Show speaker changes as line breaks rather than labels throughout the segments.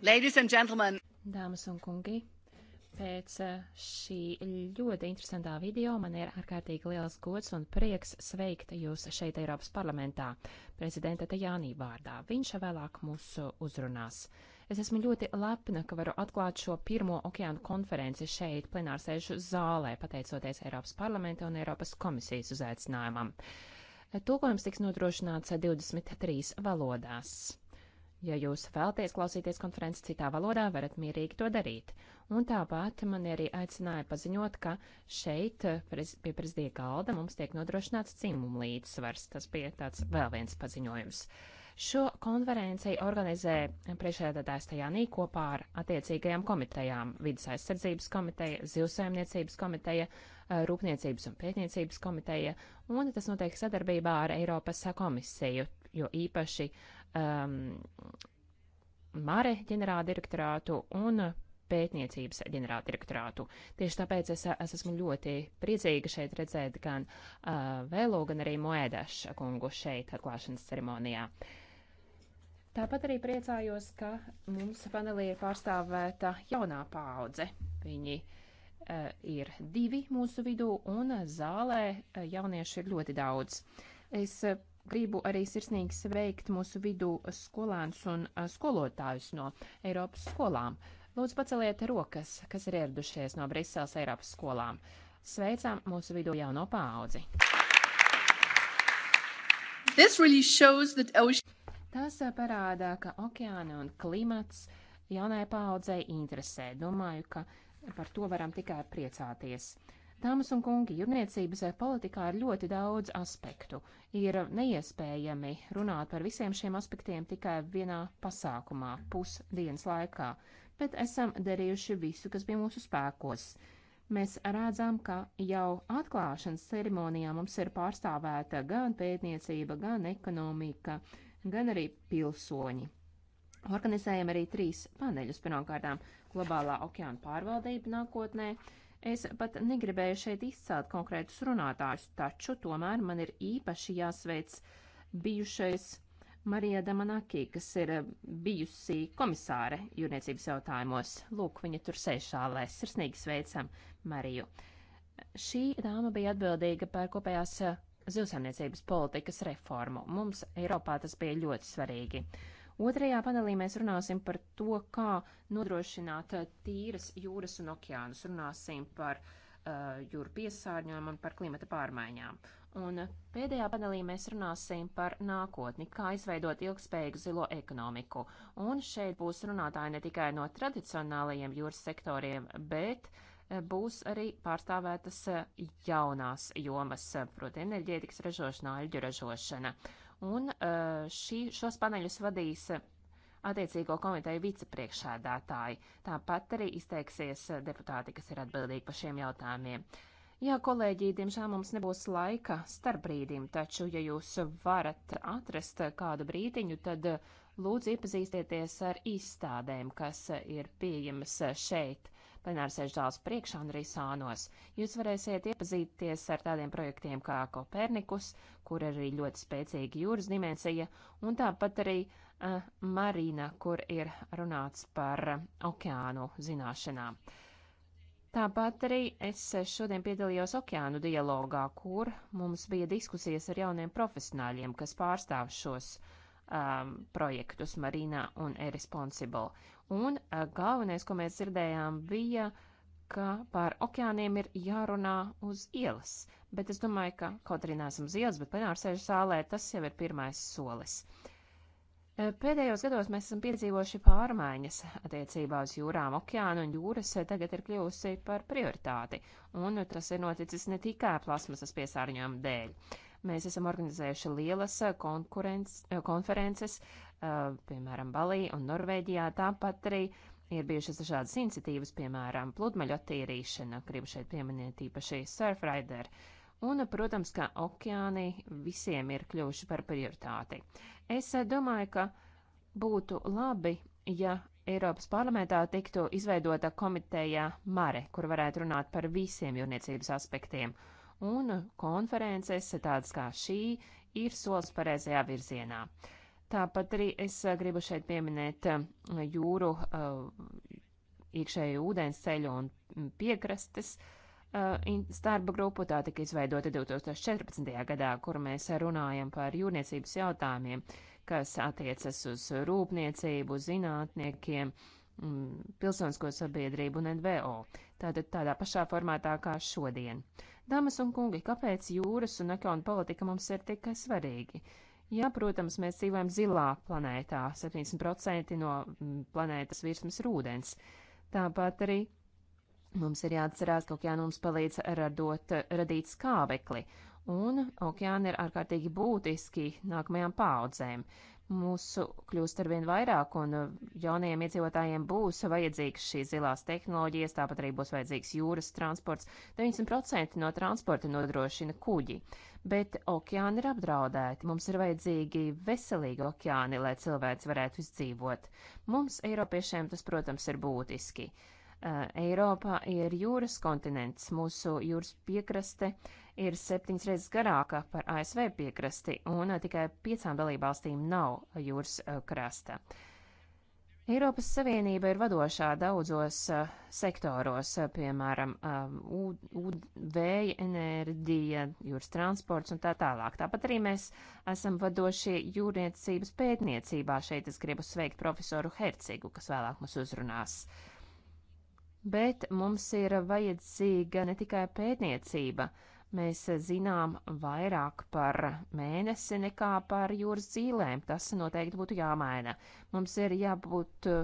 Ladies and gentlemen! Dāmas un kungi, pēc eh, šī ļoti interesantā video man ir ārkārtīgi liels gods un prieks sveikt jūs šeit Eiropas parlamentā, prezidenta Tajānī vārdā. Viņš vēlāk mūsu uzrunās. Es esmu ļoti lepna, ka varu atklāt šo pirmo okeānu konferenci šeit, plenārsēžu zālē, pateicoties Eiropas parlamenta un Eiropas komisijas uzaicinājumam. Tūkojums tiks nodrošināts 23 eh, valodās. Ja jūs vēlaties klausīties konferences citā valodā, varat mierīgi to darīt. Un tāpat man arī aicināja paziņot, ka šeit eh, prez, pie prezidija galda mums tiek nodrošināts cimuma līdzsvars. Tas bija tāds vēl viens paziņojums. Šo konferenciju organizē priekšēdētājs Tajānī kopā ar attiecīgajām komitejām - vidas aizsardzības komiteja, zivsaimniecības komiteja, eh, rūpniecības un pētniecības komiteja, un tas notiek sadarbībā ar Eiropas komisiju, jo īpaši uh, um, Mare ģenerāldirektorātu un pētniecības ģenerāldirektorātu. Tieši tāpēc es, es esmu ļoti priecīga šeit redzēt gan uh, Vēlo, gan arī Moēdašu kungu šeit atklāšanas ceremonijā. Tāpat arī priecājos, ka mums panelī ir pārstāvēta jaunā paudze. Viņi uh, ir divi mūsu vidū, un zālē uh, jaunieši ir ļoti daudz. Es uh, Gribu arī sirsnīgi sveikt mūsu vidū skolēnus un skolotājus no Eiropas skolām. Lūdzu, paceliet rokas, kas ir ieradušies no Briseles Eiropas skolām. Sveicam mūsu vidū jauno paudzi! Really ocean... Tas parādā, ka okeāni un klimats jaunai paudzei interesē. Domāju, ka par to varam tikai priecāties. Dāmas un kungi, jūrniecības politikā ir ļoti daudz aspektu. Ir neiespējami runāt par visiem šiem aspektiem tikai vienā pasākumā, pusdienas laikā, bet esam darījuši visu, kas bija mūsu spēkos. Mēs redzam, ka jau atklāšanas ceremonijā mums ir pārstāvēta gan pētniecība, gan ekonomika, gan arī pilsoņi. Organizējam arī trīs paneļus, pirmkārtām globālā okeāna pārvaldība nākotnē, uh, Es pat negribēju šeit izcelt konkrētus runātājus, taču tomēr man ir īpaši jāsveic bijušais Marija Damanakī, kas ir eh, bijusi komisāre jūrniecības jautājumos. Lūk, viņa tur sēž šālē. Sirsnīgi sveicam Mariju. Šī dāma bija atbildīga par kopējās eh, zivsaimniecības politikas reformu. Mums Eiropā tas bija ļoti svarīgi. Uh, Otrajā panelī mēs runāsim par to, kā nodrošināt eh, tīras jūras un okeānus. Runāsim par uh, jūru piesārņojumu un par klimata pārmaiņām. Un pēdējā panelī mēs runāsim par nākotni, kā izveidot ilgspējīgu zilo ekonomiku. Un šeit būs runātāji ne tikai no tradicionālajiem jūras sektoriem, bet uh, būs arī pārstāvētas jaunās jomas, proti enerģētikas ražošana, aļģu ražošana un eh, šī, šos paneļus vadīs eh, attiecīgo komiteju vicepriekšēdātāji. Tāpat arī izteiksies eh, deputāti, kas ir atbildīgi par šiem jautājumiem. Jā, kolēģi, diemžēl mums nebūs laika starp brīdim, taču, ja jūs varat atrast kādu brīdiņu, tad lūdzu iepazīstieties ar izstādēm, kas ir pieejamas šeit plenārsēžu zāles priekšā un arī sānos. Jūs varēsiet iepazīties ar tādiem projektiem kā Kopernikus, kur ir arī ļoti spēcīga jūras dimensija, un tāpat arī uh, Marīna, kur ir runāts par uh, okeānu zināšanām. Tāpat arī es šodien piedalījos okeānu dialogā, kur mums bija diskusijas ar jauniem profesionāļiem, kas pārstāv šos um, projektus Marīnā un Irresponsible. Un eh, galvenais, ko mēs dzirdējām, bija, ka par okeāniem ir jārunā uz ielas. Bet es domāju, ka kaut arī neesam uz ielas, bet plenārsēžu sālē tas jau ir pirmais solis. Eh, pēdējos gados mēs esam piedzīvojuši pārmaiņas attiecībā uz jūrām, okeānu un jūras eh, tagad ir kļuvusi par prioritāti, un tas ir noticis ne tikai plasmasas piesārņojuma dēļ. Mēs esam organizējuši lielas eh, eh, konferences, eh, piemēram, Balī un Norvēģijā, tāpat arī ir bijušas dažādas iniciatīvas, piemēram, pludmaļu attīrīšana, gribu šeit pieminēt īpaši Surfrider. Un, protams, ka okeāni visiem ir kļuvuši par prioritāti. Es domāju, ka būtu labi, ja Eiropas parlamentā tiktu izveidota komiteja Mare, kur varētu runāt par visiem jūrniecības aspektiem. Uh, un konferences, tādas kā šī, ir solis pareizajā virzienā. Tāpat arī es gribu šeit pieminēt uh, jūru, uh, iekšēju ūdens ceļu un piekrastes uh, starba grupu. Tā tika izveidota 2014. gadā, kur mēs runājam par jūrniecības jautājumiem, kas attiecas uz rūpniecību, zinātniekiem, mm, pilsonsko sabiedrību un NVO. Tātad tādā pašā formātā kā šodien. Dāmas un kungi, kāpēc jūras un ekona politika mums ir tikai svarīgi? Jā, protams, mēs dzīvojam zilā planētā, 70% no mm, planētas virsmas ir ūdens. Tāpat arī mums ir jāatcerās, ka okeāna mums palīdz radot, radīt skābekli, un okeāni ir ārkārtīgi būtiski nākamajām paudzēm mūsu kļūst arvien vairāk, un uh, jaunajiem iedzīvotājiem būs vajadzīgs šīs zilās tehnoloģijas, tāpat arī būs vajadzīgs jūras transports. 90% no transporta nodrošina kuģi, bet okeāni ir apdraudēti. Mums ir vajadzīgi veselīgi okeāni, lai cilvēks varētu izdzīvot. Mums, Eiropiešiem, tas, protams, ir būtiski. Uh, Eiropa ir jūras kontinents, mūsu jūras piekraste ir septiņas reizes garāka par ASV piekrasti, un tikai piecām dalībvalstīm nav jūras e, krasta. Eiropas Savienība ir vadošā daudzos e, sektoros, e, piemēram, vēja enerģija, jūras transports un tā tālāk. Tāpat arī mēs esam vadošie jūrniecības pētniecībā. Šeit es gribu sveikt profesoru Hercigu, kas vēlāk mūs uzrunās. Bet mums ir vajadzīga ne tikai pētniecība, Mēs eh, zinām vairāk par mēnesi nekā par jūras zīlēm. Tas noteikti būtu jāmaina. Mums ir jābūt eh,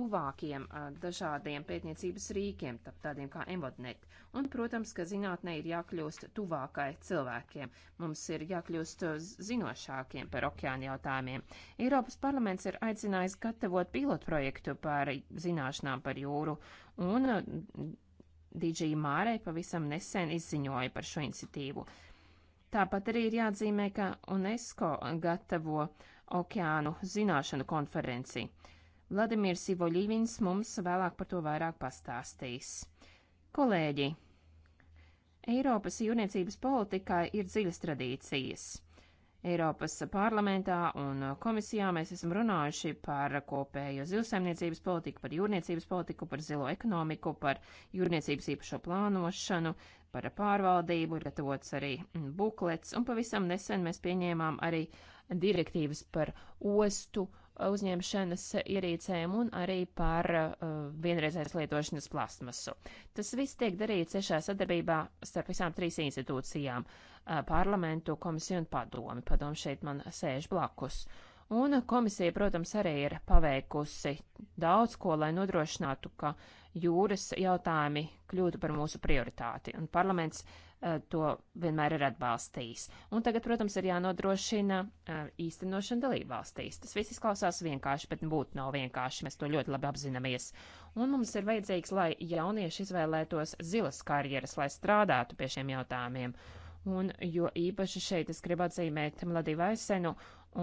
tuvākiem eh, dažādiem pētniecības rīkiem, tādiem kā emodnet. Un, protams, ka zinātnē ir jākļūst tuvākai cilvēkiem. Mums ir jākļūst zinošākiem par okeāna jautājumiem. Eiropas parlaments ir aicinājis gatavot pilotprojektu par zināšanām par jūru, un DJ Mārei pavisam nesen izziņoja par šo iniciatīvu. Tāpat arī ir jāatzīmē, ka UNESCO gatavo okeānu zināšanu konferenci. Vladimirs Ivoļīvins mums vēlāk par to vairāk pastāstīs. Kolēģi, Eiropas jūrniecības politikā ir dziļas tradīcijas. Eiropas parlamentā un komisijā mēs esam runājuši par kopējo zilsaimniecības politiku, par jūrniecības politiku, par zilo ekonomiku, par jūrniecības īpašo plānošanu, par pārvaldību, ir gatavots arī buklets, un pavisam nesen mēs pieņēmām arī direktīvas par ostu uzņemšanas ierīcēm un arī par uh, vienreizēs lietošanas plasmasu. Tas viss tiek darīts ciešā sadarbībā starp visām trīs institūcijām uh, - parlamentu, komisiju un padomi. Padomi šeit man sēž blakus. Un komisija, protams, arī ir paveikusi daudz ko, lai nodrošinātu, ka jūras jautājumi kļūtu par mūsu prioritāti. Un parlaments Eh, to vienmēr ir atbalstījis. Un tagad, protams, ir jānodrošina eh, īstenošana dalībvalstīs. Tas viss izklausās vienkārši, bet būtu nav vienkārši. Mēs to ļoti labi apzināmies. Un mums ir vajadzīgs, lai jaunieši izvēlētos zilas karjeras, lai strādātu pie šiem jautājumiem. Un jo īpaši šeit es gribu atzīmēt Mladīvu Aisenu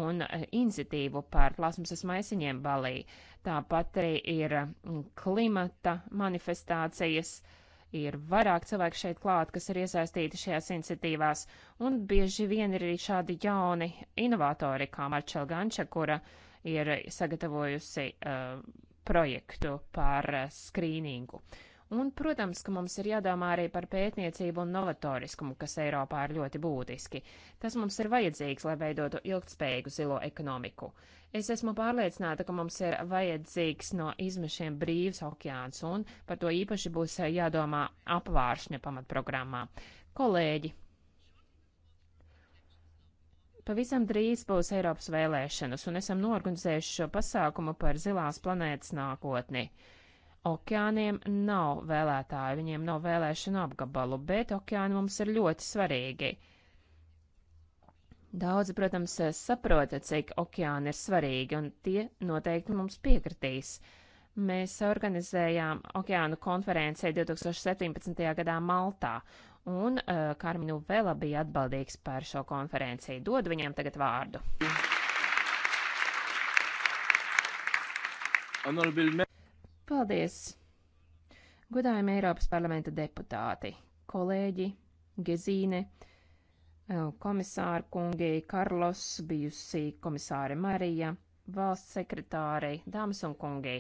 un eh, iniciatīvu par plasmasas maisiņiem Balī. Tāpat arī ir mm, klimata manifestācijas uh, Ir vairāk cilvēku šeit klāt, kas ir iesaistīti šajās iniciatīvās, un bieži vien ir arī šādi jauni inovatori, kā Marčela Ganča, kura ir sagatavojusi uh, projektu par uh, skrīningu. Uh, Un, protams, ka mums ir jādomā arī par pētniecību un novatoriskumu, kas Eiropā ir ļoti būtiski. Tas mums ir vajadzīgs, lai veidotu ilgtspējīgu zilo ekonomiku. Es esmu pārliecināta, ka mums ir vajadzīgs no izmešiem brīvs okeāns, un par to īpaši būs jādomā apvāršņa pamatprogrammā. Kolēģi! Pavisam drīz būs Eiropas vēlēšanas, un esam norganizējuši šo pasākumu par zilās planētas nākotni. Uh, Okeāniem nav vēlētāju, viņiem nav vēlēšanu apgabalu, bet okeāni mums ir ļoti svarīgi. Daudzi, protams, saprota, cik okeāni ir svarīgi, un tie noteikti mums piekritīs. Mēs organizējām okeānu konferenciju 2017. gadā Maltā, un uh, Karminu Vela bija atbildīgs par šo konferenciju. Dod viņam tagad vārdu. Honorable Paldies! Godājumi Eiropas parlamenta deputāti, kolēģi, Gezīne, eh, komisāri kungi, Karlos, bijusī komisāre Marija, valsts sekretāri, dāmas un kungi.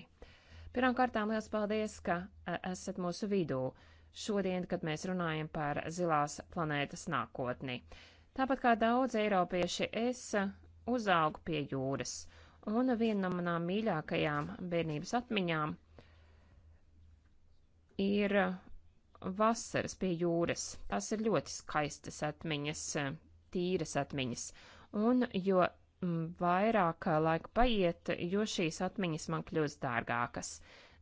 Pirmkārtām liels paldies, ka eh, esat mūsu vidū šodien, kad mēs runājam par zilās planētas nākotni. Tāpat kā daudz eiropieši, es uzaugu pie jūras, un viena no manām mīļākajām bērnības atmiņām ir eh, vasaras pie jūras. Tās ir ļoti skaistas atmiņas, eh, tīras atmiņas. Un jo mm, vairāk eh, laika paiet, jo šīs atmiņas man kļūst dārgākas.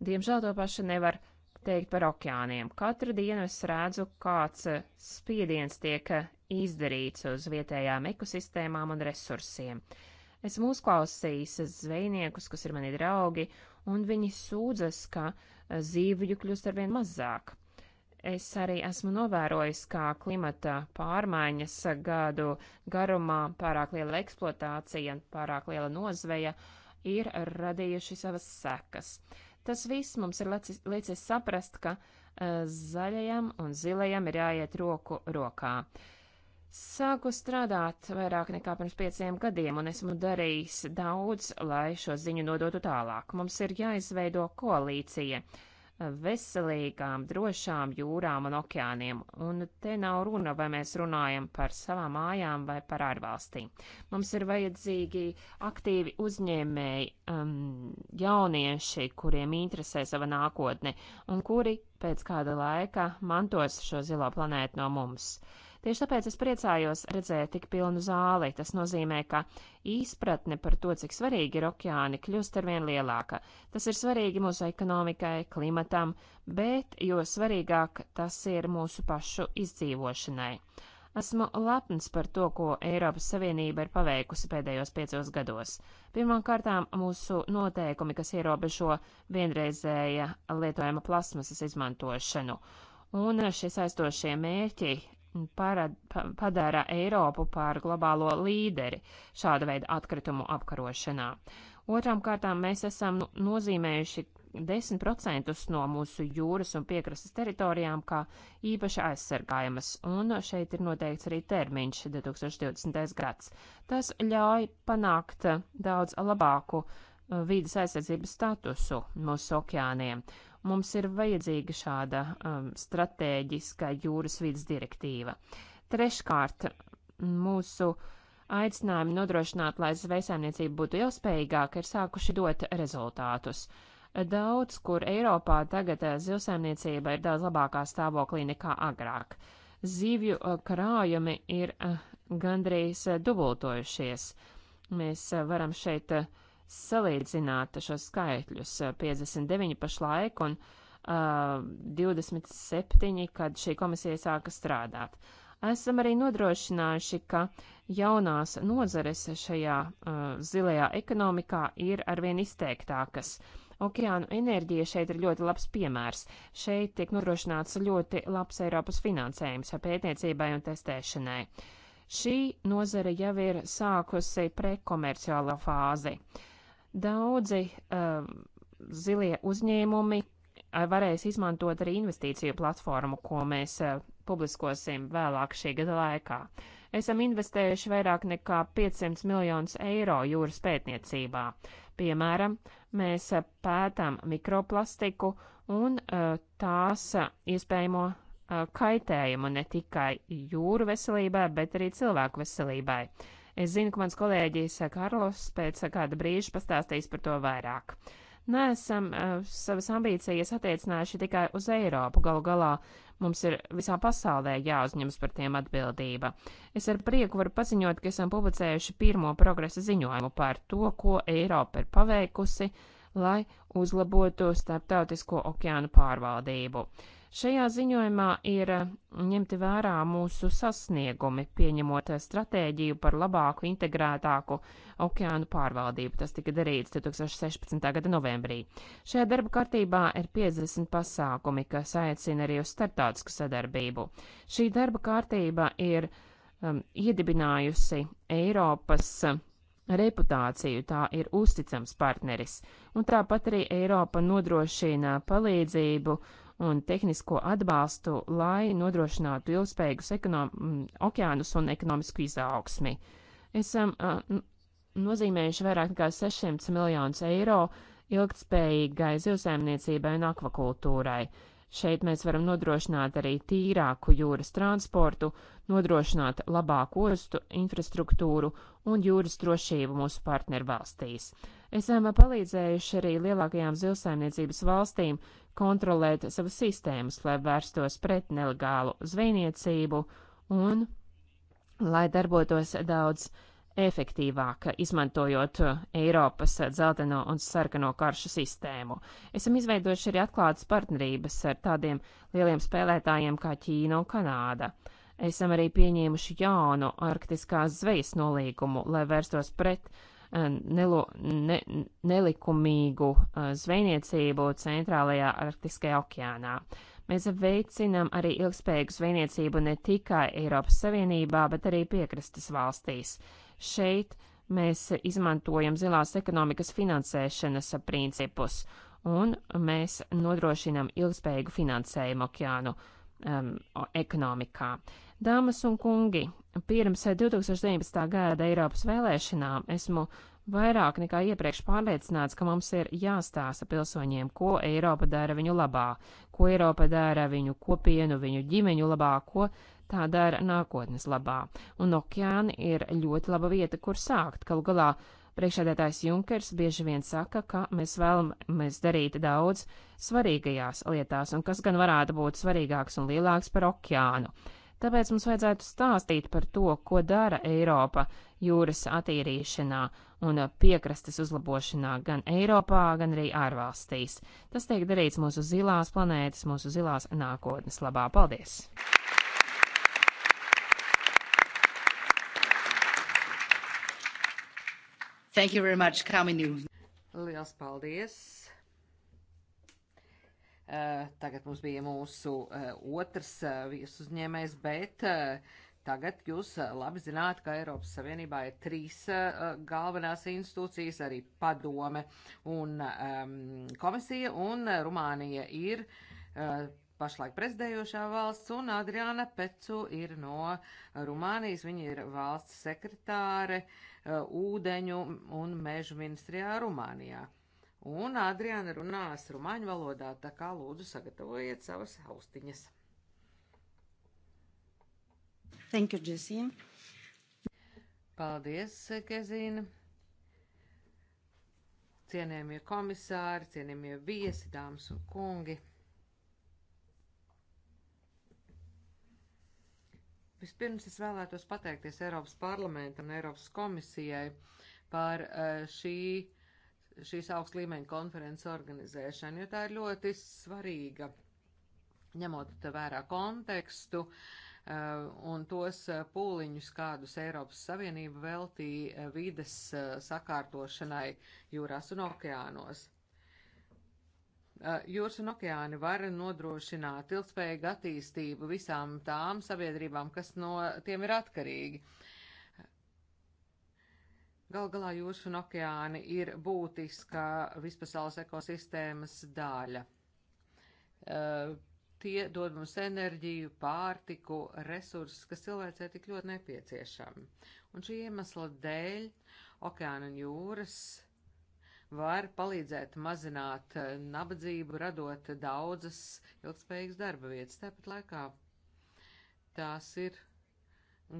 Diemžēl to pašu nevar teikt par okeāniem. Katru dienu es redzu, kāds spiediens tiek izdarīts uz vietējām ekosistēmām un resursiem. Esmu uzklausījis zvejniekus, kas ir mani draugi, un viņi sūdzas, ka uh, zīvju kļūst arvien mazāk. Es arī esmu novērojis, kā klimata pārmaiņas gadu garumā pārāk liela eksploatācija un pārāk liela nozveja ir radījuši savas sekas. Tas viss mums ir liecis saprast, ka uh, zaļajam un zilajam ir jāiet roku rokā. Uh, Sāku strādāt vairāk nekā pirms pieciem gadiem, un esmu darījis daudz, lai šo ziņu nodotu tālāk. Mums ir jāizveido koalīcija veselīgām, drošām jūrām un okeāniem, un te nav runa, vai mēs runājam par savām mājām vai par ārvalstīm. Mums ir vajadzīgi aktīvi uzņēmēji, um, jaunieši, kuriem interesē sava nākotne, un kuri pēc kāda laika mantos šo zilo planētu no mums. Uh, Tieši tāpēc es priecājos redzēt tik pilnu zāli. Tas nozīmē, ka izpratne par to, cik svarīgi ir okeāni, kļūst arvien lielāka. Tas ir svarīgi mūsu ekonomikai, klimatam, bet jo svarīgāk tas ir mūsu pašu izdzīvošanai. Esmu lepns par to, ko Eiropas Savienība ir paveikusi pēdējos piecos gados. Pirmkārtām, mūsu noteikumi, kas ierobežo vienreizēja lietojama plasmasas izmantošanu. Un šie saistošie mērķi parad, padara Eiropu par globālo līderi šāda veida atkritumu apkarošanā. Otrām kārtām mēs esam nu, nozīmējuši 10% no mūsu jūras un piekrastes teritorijām kā īpaši aizsargājamas, un šeit ir noteikts arī termiņš 2020. gads. Tas ļauj panākt daudz labāku uh, vīdas aizsardzības statusu mūsu okeāniem Mums ir vajadzīga šāda um, stratēģiskā jūras vidas direktīva. Treškārt, mūsu aicinājumi nodrošināt, lai zvejsaimniecība būtu ilgspējīgāka, ir sākuši dot rezultātus. Daudz, kur Eiropā tagad uh, zivsaimniecība ir daudz labākā stāvoklī nekā agrāk. Zivju uh, krājumi ir uh, gandrīz dubultojušies. Mēs varam šeit uh, salīdzināt šos skaitļus. 59 eh, pašlaik un uh, eh, 27, kad šī komisija sāka strādāt. Esam arī nodrošinājuši, ka jaunās nozares šajā uh, zilajā ekonomikā ir arvien izteiktākas. Okeānu enerģija šeit ir ļoti labs piemērs. Šeit tiek nodrošināts ļoti labs Eiropas finansējums pētniecībai un testēšanai. Šī nozare jau ir sākusi prekomerciālo fāzi. Uh, Daudzi uh, zilie uzņēmumi varēs izmantot arī investīciju platformu, ko mēs uh, publiskosim vēlāk šī gada laikā. Esam investējuši vairāk nekā 500 miljonus eiro jūras pētniecībā. Piemēram, mēs uh, pētām mikroplastiku un uh, tās iespējamo kaitējumu ne tikai jūru veselībai, bet arī cilvēku veselībai. Es zinu, ka mans kolēģis Karlos pēc kāda brīža pastāstīs par to vairāk. Nesam uh, savas ambīcijas attiecinājuši tikai uz Eiropu. Galu galā mums ir visā pasaulē jāuzņemas par tiem atbildība. Es ar prieku varu paziņot, ka esam publicējuši pirmo progresa ziņojumu par to, ko Eiropa ir paveikusi, lai uzlabotu starptautisko okeānu pārvaldību. Uh, Šajā ziņojumā ir eh, ņemti vērā mūsu sasniegumi, pieņemot eh, stratēģiju par labāku, integrētāku okeānu pārvaldību. Tas tika darīts 2016. gada novembrī. Šajā darba kārtībā ir 50 pasākumi, kas aicina arī uz starptautisku sadarbību. Šī darba kārtība ir um, iedibinājusi Eiropas um, reputāciju, tā ir uzticams partneris, un tāpat arī Eiropa nodrošina palīdzību un tehnisko atbalstu, lai nodrošinātu ilgspējīgus ekonom... Mm, okeānus un ekonomisku izaugsmi. Esam uh, nozīmējuši vairāk nekā 600 miljonus eiro ilgspējīgai zivsēmniecībai un akvakultūrai. Šeit mēs varam nodrošināt arī tīrāku jūras transportu, nodrošināt labāku ostu infrastruktūru un jūras drošību mūsu partnervalstīs. Esam palīdzējuši arī lielākajām zilsaimniecības valstīm kontrolēt savas sistēmas, lai vērstos pret nelegālu zvejniecību un lai darbotos daudz efektīvāk, izmantojot Eiropas dzelteno un sarkano karšu sistēmu. Esam izveidojuši arī atklātas partnerības ar tādiem lieliem spēlētājiem kā Ķīna un Kanāda. Esam arī pieņēmuši jaunu arktiskās zvejas nolīgumu, lai vērstos pret uh, nelu, ne, nelikumīgu zvejniecību centrālajā Arktiskajā okeānā. Mēs veicinām arī ilgspējīgu zvejniecību ne tikai Eiropas Savienībā, bet arī piekrastes valstīs. Šeit mēs izmantojam zilās ekonomikas finansēšanas principus, un mēs nodrošinām ilgspējīgu finansējumu okeānu um, ekonomikā. Uh, Dāmas un kungi, pirms 2019. gada Eiropas vēlēšanām esmu vairāk nekā iepriekš pārliecināts, ka mums ir jāstāsta pilsoņiem, ko Eiropa dara viņu labā, ko Eiropa dara viņu kopienu, viņu ģimeņu labā, ko tā dara nākotnes labā. Un okeāni ir ļoti laba vieta, kur sākt. Galu galā priekšādētājs Junkers bieži vien saka, ka mēs vēlamies darīt daudz svarīgajās lietās, un kas gan varētu būt svarīgāks un lielāks par okeānu. Tāpēc mums vajadzētu stāstīt par to, ko dara Eiropa jūras attīrīšanā un piekrastes uzlabošanā gan Eiropā, gan arī ārvalstīs. Tas tiek darīts mūsu zilās planētas, mūsu zilās nākotnes labā. Paldies!
Thank you very much, Kaminu.
Liels paldies! Eh, tagad mums bija mūsu eh, otrs eh, viesuzņēmējs, bet tagad jūs labi zināt, ka Eiropas Savienībā ir trīs galvenās institūcijas, arī padome un ehm, komisija, un Rumānija ir pašlaik prezidējošā valsts, un Adriāna Pecu ir no Rumānijas. Viņa ir valsts sekretāre ūdeņu un mežu ministrijā Rumānijā un Adriana runās rumāņu valodā, tā kā lūdzu sagatavojiet savas austiņas.
Thank you, Jessine.
Paldies, Kezīna. Cienējamie komisāri, cienējamie viesi, dāmas un kungi. Vispirms es vēlētos pateikties Eiropas parlamentam un Eiropas komisijai par eh, šī šīs augst līmeņa konferences organizēšanu, jo tā ir ļoti svarīga, ņemot vērā kontekstu eh, un tos eh, pūliņus, kādus Eiropas Savienība veltīja eh, vides sakārtošanai jūrās un okeānos. Jūras un okeāni var nodrošināt ilgspējīgu attīstību visām tām sabiedrībām, kas no tiem ir atkarīgi. Uh, Gal galā jūras un okeāni ir būtiska vispasaules ekosistēmas daļa. Uh, tie dod mums enerģiju, pārtiku, resursus, kas cilvēcei tik ļoti nepieciešami. Un šī iemesla dēļ okeāna un jūras var palīdzēt mazināt eh, nabadzību, radot daudzas ilgspējīgas darba vietas. Tāpat laikā tās ir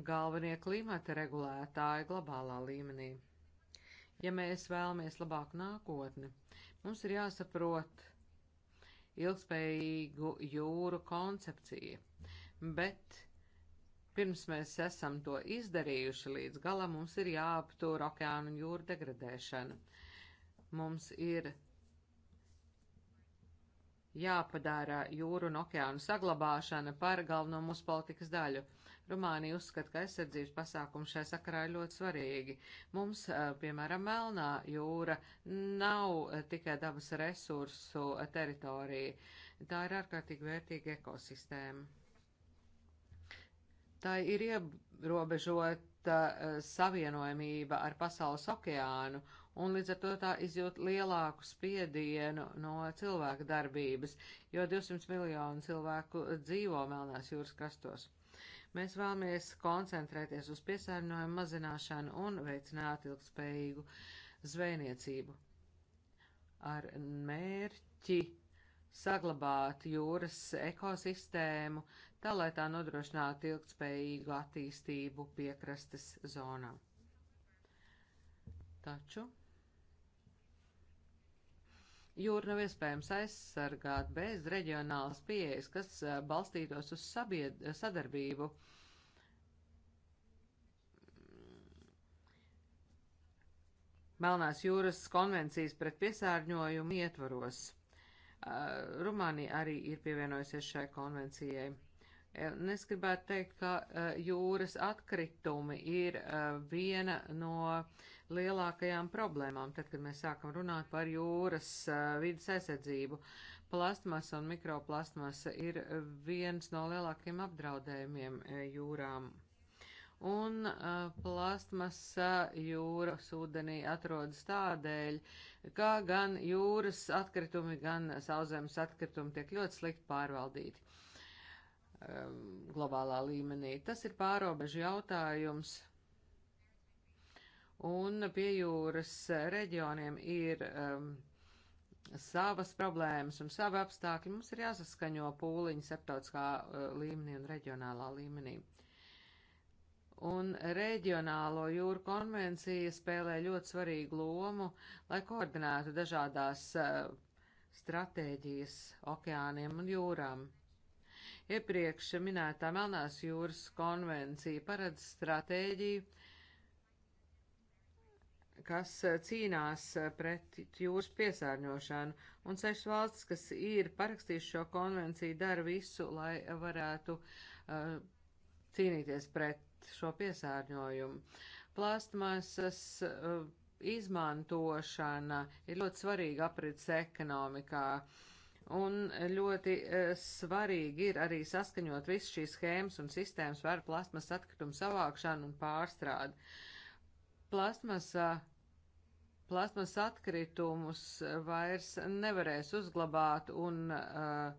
galvenie klimata regulētāji globālā līmenī. Ja mēs vēlamies labāku nākotni, mums ir jāsaprot ilgspējīgu jūru koncepciju, bet pirms mēs esam to izdarījuši līdz galam, mums ir jāaptur okeānu un jūru degradēšana. Mums ir jāpadara jūru un okeānu saglabāšana par galveno mūsu politikas daļu. Rumānija uzskata, ka aizsardzības pasākumi šai sakarā ir ļoti svarīgi. Mums, piemēram, Melnā jūra nav tikai dabas resursu teritorija. Tā ir ārkārtīgi vērtīga ekosistēma. Tā ir ierobežota savienojamība ar pasaules okeānu un līdz ar to tā izjūt lielāku spiedienu no cilvēku darbības, jo 200 miljonu cilvēku dzīvo Melnās jūras kastos. Mēs vēlamies koncentrēties uz piesārņojumu mazināšanu un veicināt ilgspējīgu zvejniecību ar mērķi saglabāt jūras ekosistēmu, tā lai tā nodrošinātu ilgtspējīgu attīstību piekrastes zonā. Taču Jūru nav iespējams aizsargāt bez reģionālas pieejas, kas balstītos uz sabied, sadarbību. Melnās jūras konvencijas pret piesārņojumu ietvaros. Rumānija arī ir pievienojusies šai konvencijai. Es gribētu teikt, ka jūras atkritumi ir viena no uh, lielākajām problēmām, tad, kad mēs sākam runāt par jūras vidas aizsardzību. Plastmasa un mikroplastmasa ir viens no lielākiem apdraudējumiem jūrām. Un plastmasa jūras ūdenī atrodas tādēļ, ka gan jūras atkritumi, gan sauszemes atkritumi tiek ļoti slikti pārvaldīti globālā līmenī. Tas ir pārobežu jautājums, un pie jūras reģioniem ir um, savas problēmas un savi apstākļi. Mums ir jāsaskaņo pūliņi starptautiskā uh, līmenī un reģionālā līmenī. Un reģionālo jūru konvencija spēlē ļoti svarīgu lomu, lai koordinētu dažādās uh, stratēģijas okeāniem un jūrām. Iepriekš minētā Melnās jūras konvencija paredz stratēģiju, uh, kas eh, cīnās eh, pret jūras piesārņošanu, un sešas valstis, kas ir parakstījuši šo konvenciju, dara visu, lai varētu uh, cīnīties pret šo piesārņojumu. Plastmasas uh, izmantošana ir ļoti svarīga aprits ekonomikā. Un ļoti uh, svarīgi ir arī saskaņot visu šīs schēmas un sistēmas par plasmas atkritumu savākšanu un pārstrādi. Uh, plasmasa plasmas atkritumus vairs nevarēs uzglabāt un, eh,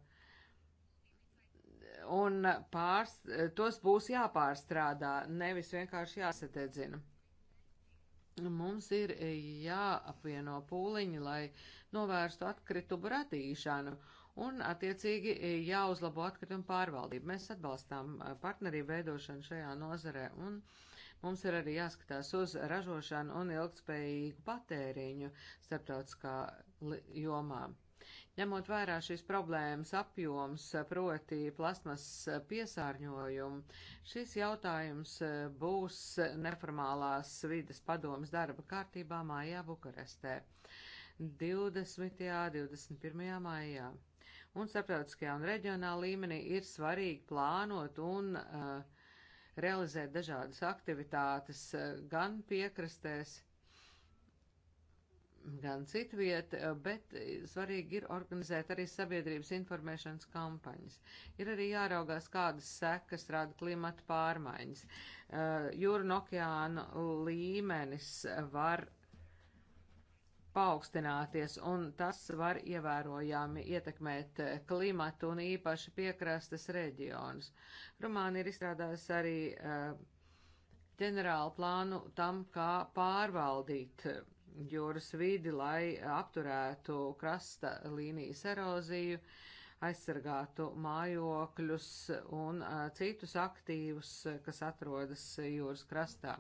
un pārs, tos būs jāpārstrādā, nevis vienkārši jāsadedzina. Mums ir jāapvieno pūliņi, lai novērstu atkritumu radīšanu un, attiecīgi, jāuzlabo atkritumu pārvaldību. Mēs atbalstām eh, partnerību veidošanu šajā nozarē un uh, Mums ir arī jāskatās uz ražošanu un ilgspējīgu patēriņu starptautiskā jomā. Ņemot vērā šīs problēmas apjoms, proti plasmas piesārņojumu, šis jautājums e, būs neformālās vides padomas darba kārtībā mājā Bukarestē 20. 21. maijā. Un starptautiskajā un reģionālā līmenī ir svarīgi plānot un uh, realizēt dažādas aktivitātes eh, gan piekrastēs, gan citviet, eh, bet svarīgi ir organizēt arī sabiedrības informēšanas kampaņas. Ir arī jāraugās, kādas sekas rada klimata pārmaiņas. Eh, jūra un okeāna līmenis var paaugstināties, un tas var ievērojami ietekmēt eh, klimatu un īpaši piekrastes reģionus. Rumāni ir izstrādājis arī eh, ģenerālu plānu tam, kā pārvaldīt eh, jūras vidi, lai apturētu krasta līnijas eroziju, aizsargātu mājokļus un citus aktīvus, kas atrodas jūras krastā.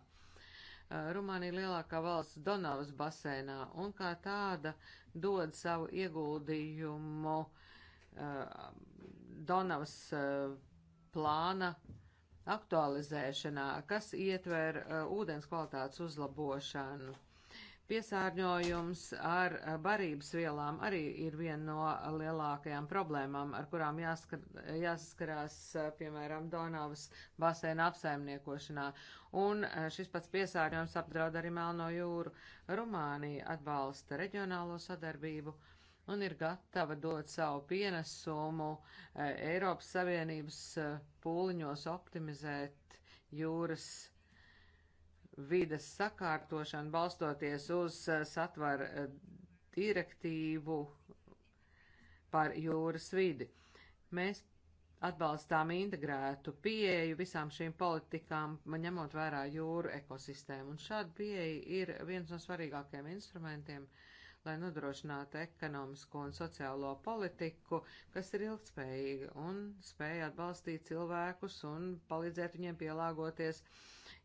Rumānija ir lielākā valsts Donavas basēnā un kā tāda dod savu ieguldījumu uh, Donavas uh, plāna aktualizēšanā, kas ietver uh, ūdens kvalitātes uzlabošanu. Piesārņojums ar eh, barības vielām arī ir viena no lielākajām problēmām, ar kurām jāskar, jāsaskarās, eh, piemēram, Donavas basēna apsaimniekošanā. Un eh, šis pats piesārņojums apdraud arī Melno jūru. Rumānija atbalsta reģionālo sadarbību un ir gatava dot savu pienesumu Eiropas Savienības pūliņos optimizēt jūras vides sakārtošanu balstoties uz eh, satvaru eh, direktīvu par jūras vidi. Mēs atbalstām integrētu pieeju visām šīm politikām, ņemot vērā jūru ekosistēmu. Un šāda pieeja ir viens no svarīgākajiem instrumentiem, lai nodrošinātu ekonomisko un sociālo politiku, kas ir ilgspējīga un spēja atbalstīt cilvēkus un palīdzēt viņiem pielāgoties uh,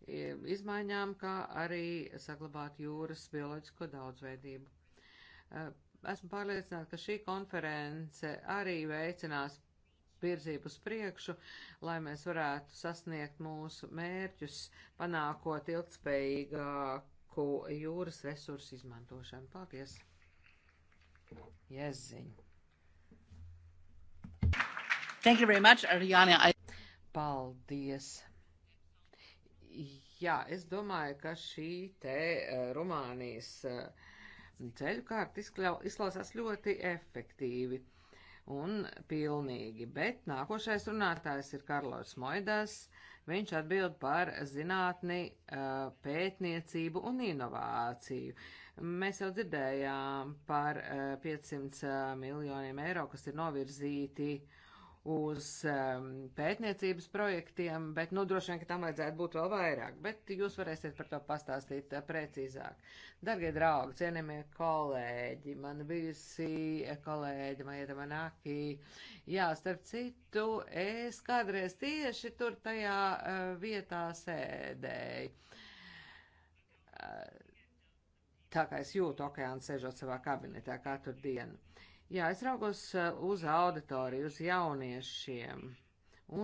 izmaiņām, kā arī saglabāt jūras bioloģisko daudzveidību. Eh, esmu pārliecināta, ka šī konference arī veicinās virzību uz priekšu, lai mēs varētu sasniegt mūsu mērķus, panākot ilgspējīgāku jūras resursu izmantošanu. Paldies! Jēziņ! Thank you very much, Ariana. I... Paldies! Jā, es domāju, ka šī te eh, Rumānijas eh, ceļu kārta izklausās ļoti efektīvi un pilnīgi, bet nākošais runātājs ir Karlos Moidas. Viņš atbild par zinātni, eh, pētniecību un inovāciju. Mēs jau dzirdējām par 500 miljoniem eiro, kas ir novirzīti uh, uz um, pētniecības projektiem, bet, nu, droši vien, ka tam vajadzētu būt vēl vairāk, bet jūs varēsiet par to pastāstīt uh, precīzāk. Dargie draugi, cienījamie kolēģi, man bijusi eh, kolēģi Maija Manaki, jā, starp citu, es kādreiz tieši tur tajā uh, vietā sēdēju. Uh, tā kā es jūtu okeānu sēžot savā kabinetā katru dienu. Jā, es raugos eh, uz auditoriju, uz jauniešiem.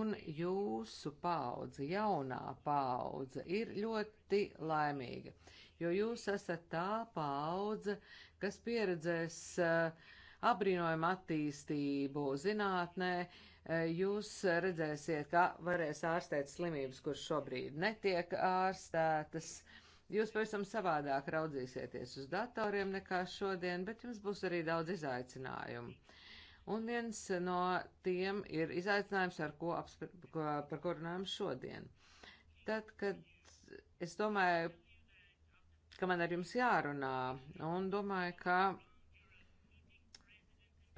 Un jūsu paudze, jaunā paudze, ir ļoti laimīga, jo jūs esat tā paudze, kas pieredzēs eh, apbrīnojumu attīstību zinātnē, eh, jūs redzēsiet, kā varēs ārstēt slimības, kuras šobrīd netiek ārstētas. Uh, Jūs pavisam savādāk raudzīsieties uz datoriem nekā šodien, bet jums būs arī daudz izaicinājumu. Un viens no tiem ir izaicinājums, ar ko, apspr, ko par ko runājam šodien. Tad, kad es domāju, ka man ar jums jārunā, un domāju, ka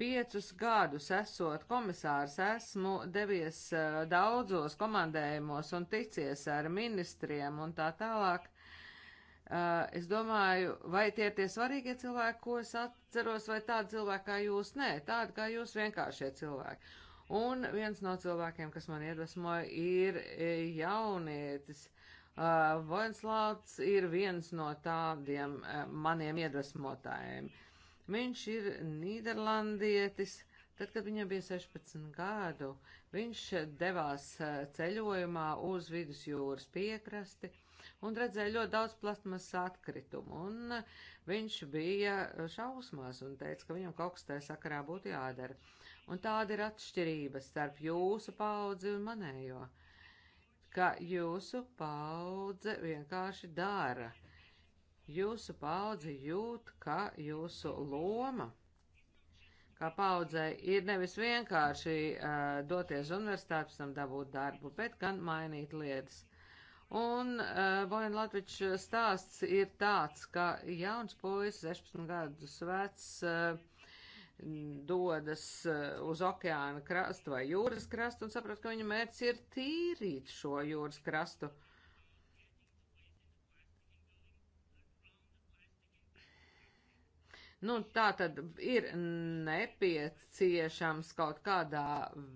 piecus gadus esot komisārs, esmu devies eh, daudzos komandējumos un ticies ar ministriem un tā tālāk Eh, es domāju, vai tie ir tie svarīgie cilvēki, ko es atceros, vai tādi cilvēki kā jūs? Nē, tādi kā jūs vienkāršie cilvēki. Un viens no cilvēkiem, kas man iedvesmoja, ir eh, jaunietis. Uh, Vojenslāts ir viens no tādiem uh, maniem iedvesmotājiem. Viņš ir Nīderlandietis. Tad, kad viņam bija 16 gadu, viņš devās uh, ceļojumā uz vidusjūras piekrasti. Uh, un redzēja ļoti daudz plasmasas atkritumu, un eh, viņš bija šausmās un teica, ka viņam kaut kas tajā sakarā būtu jādara. Un tāda ir atšķirība starp jūsu paudzi un manējo, ka jūsu paudze vienkārši dara. Jūsu paudze jūt, ka jūsu loma kā paudzei ir nevis vienkārši uh, doties universitāti, pēc tam dabūt darbu, bet gan mainīt lietas. Un uh, Bojan Latvičs stāsts ir tāds, ka jauns puisis, 16 gadus vecs, uh, dodas uh, uz okeāna krastu vai jūras krastu un saprot, ka viņa mērķis ir tīrīt šo jūras krastu. Uh, Nu, tā tad ir nepieciešams kaut kādā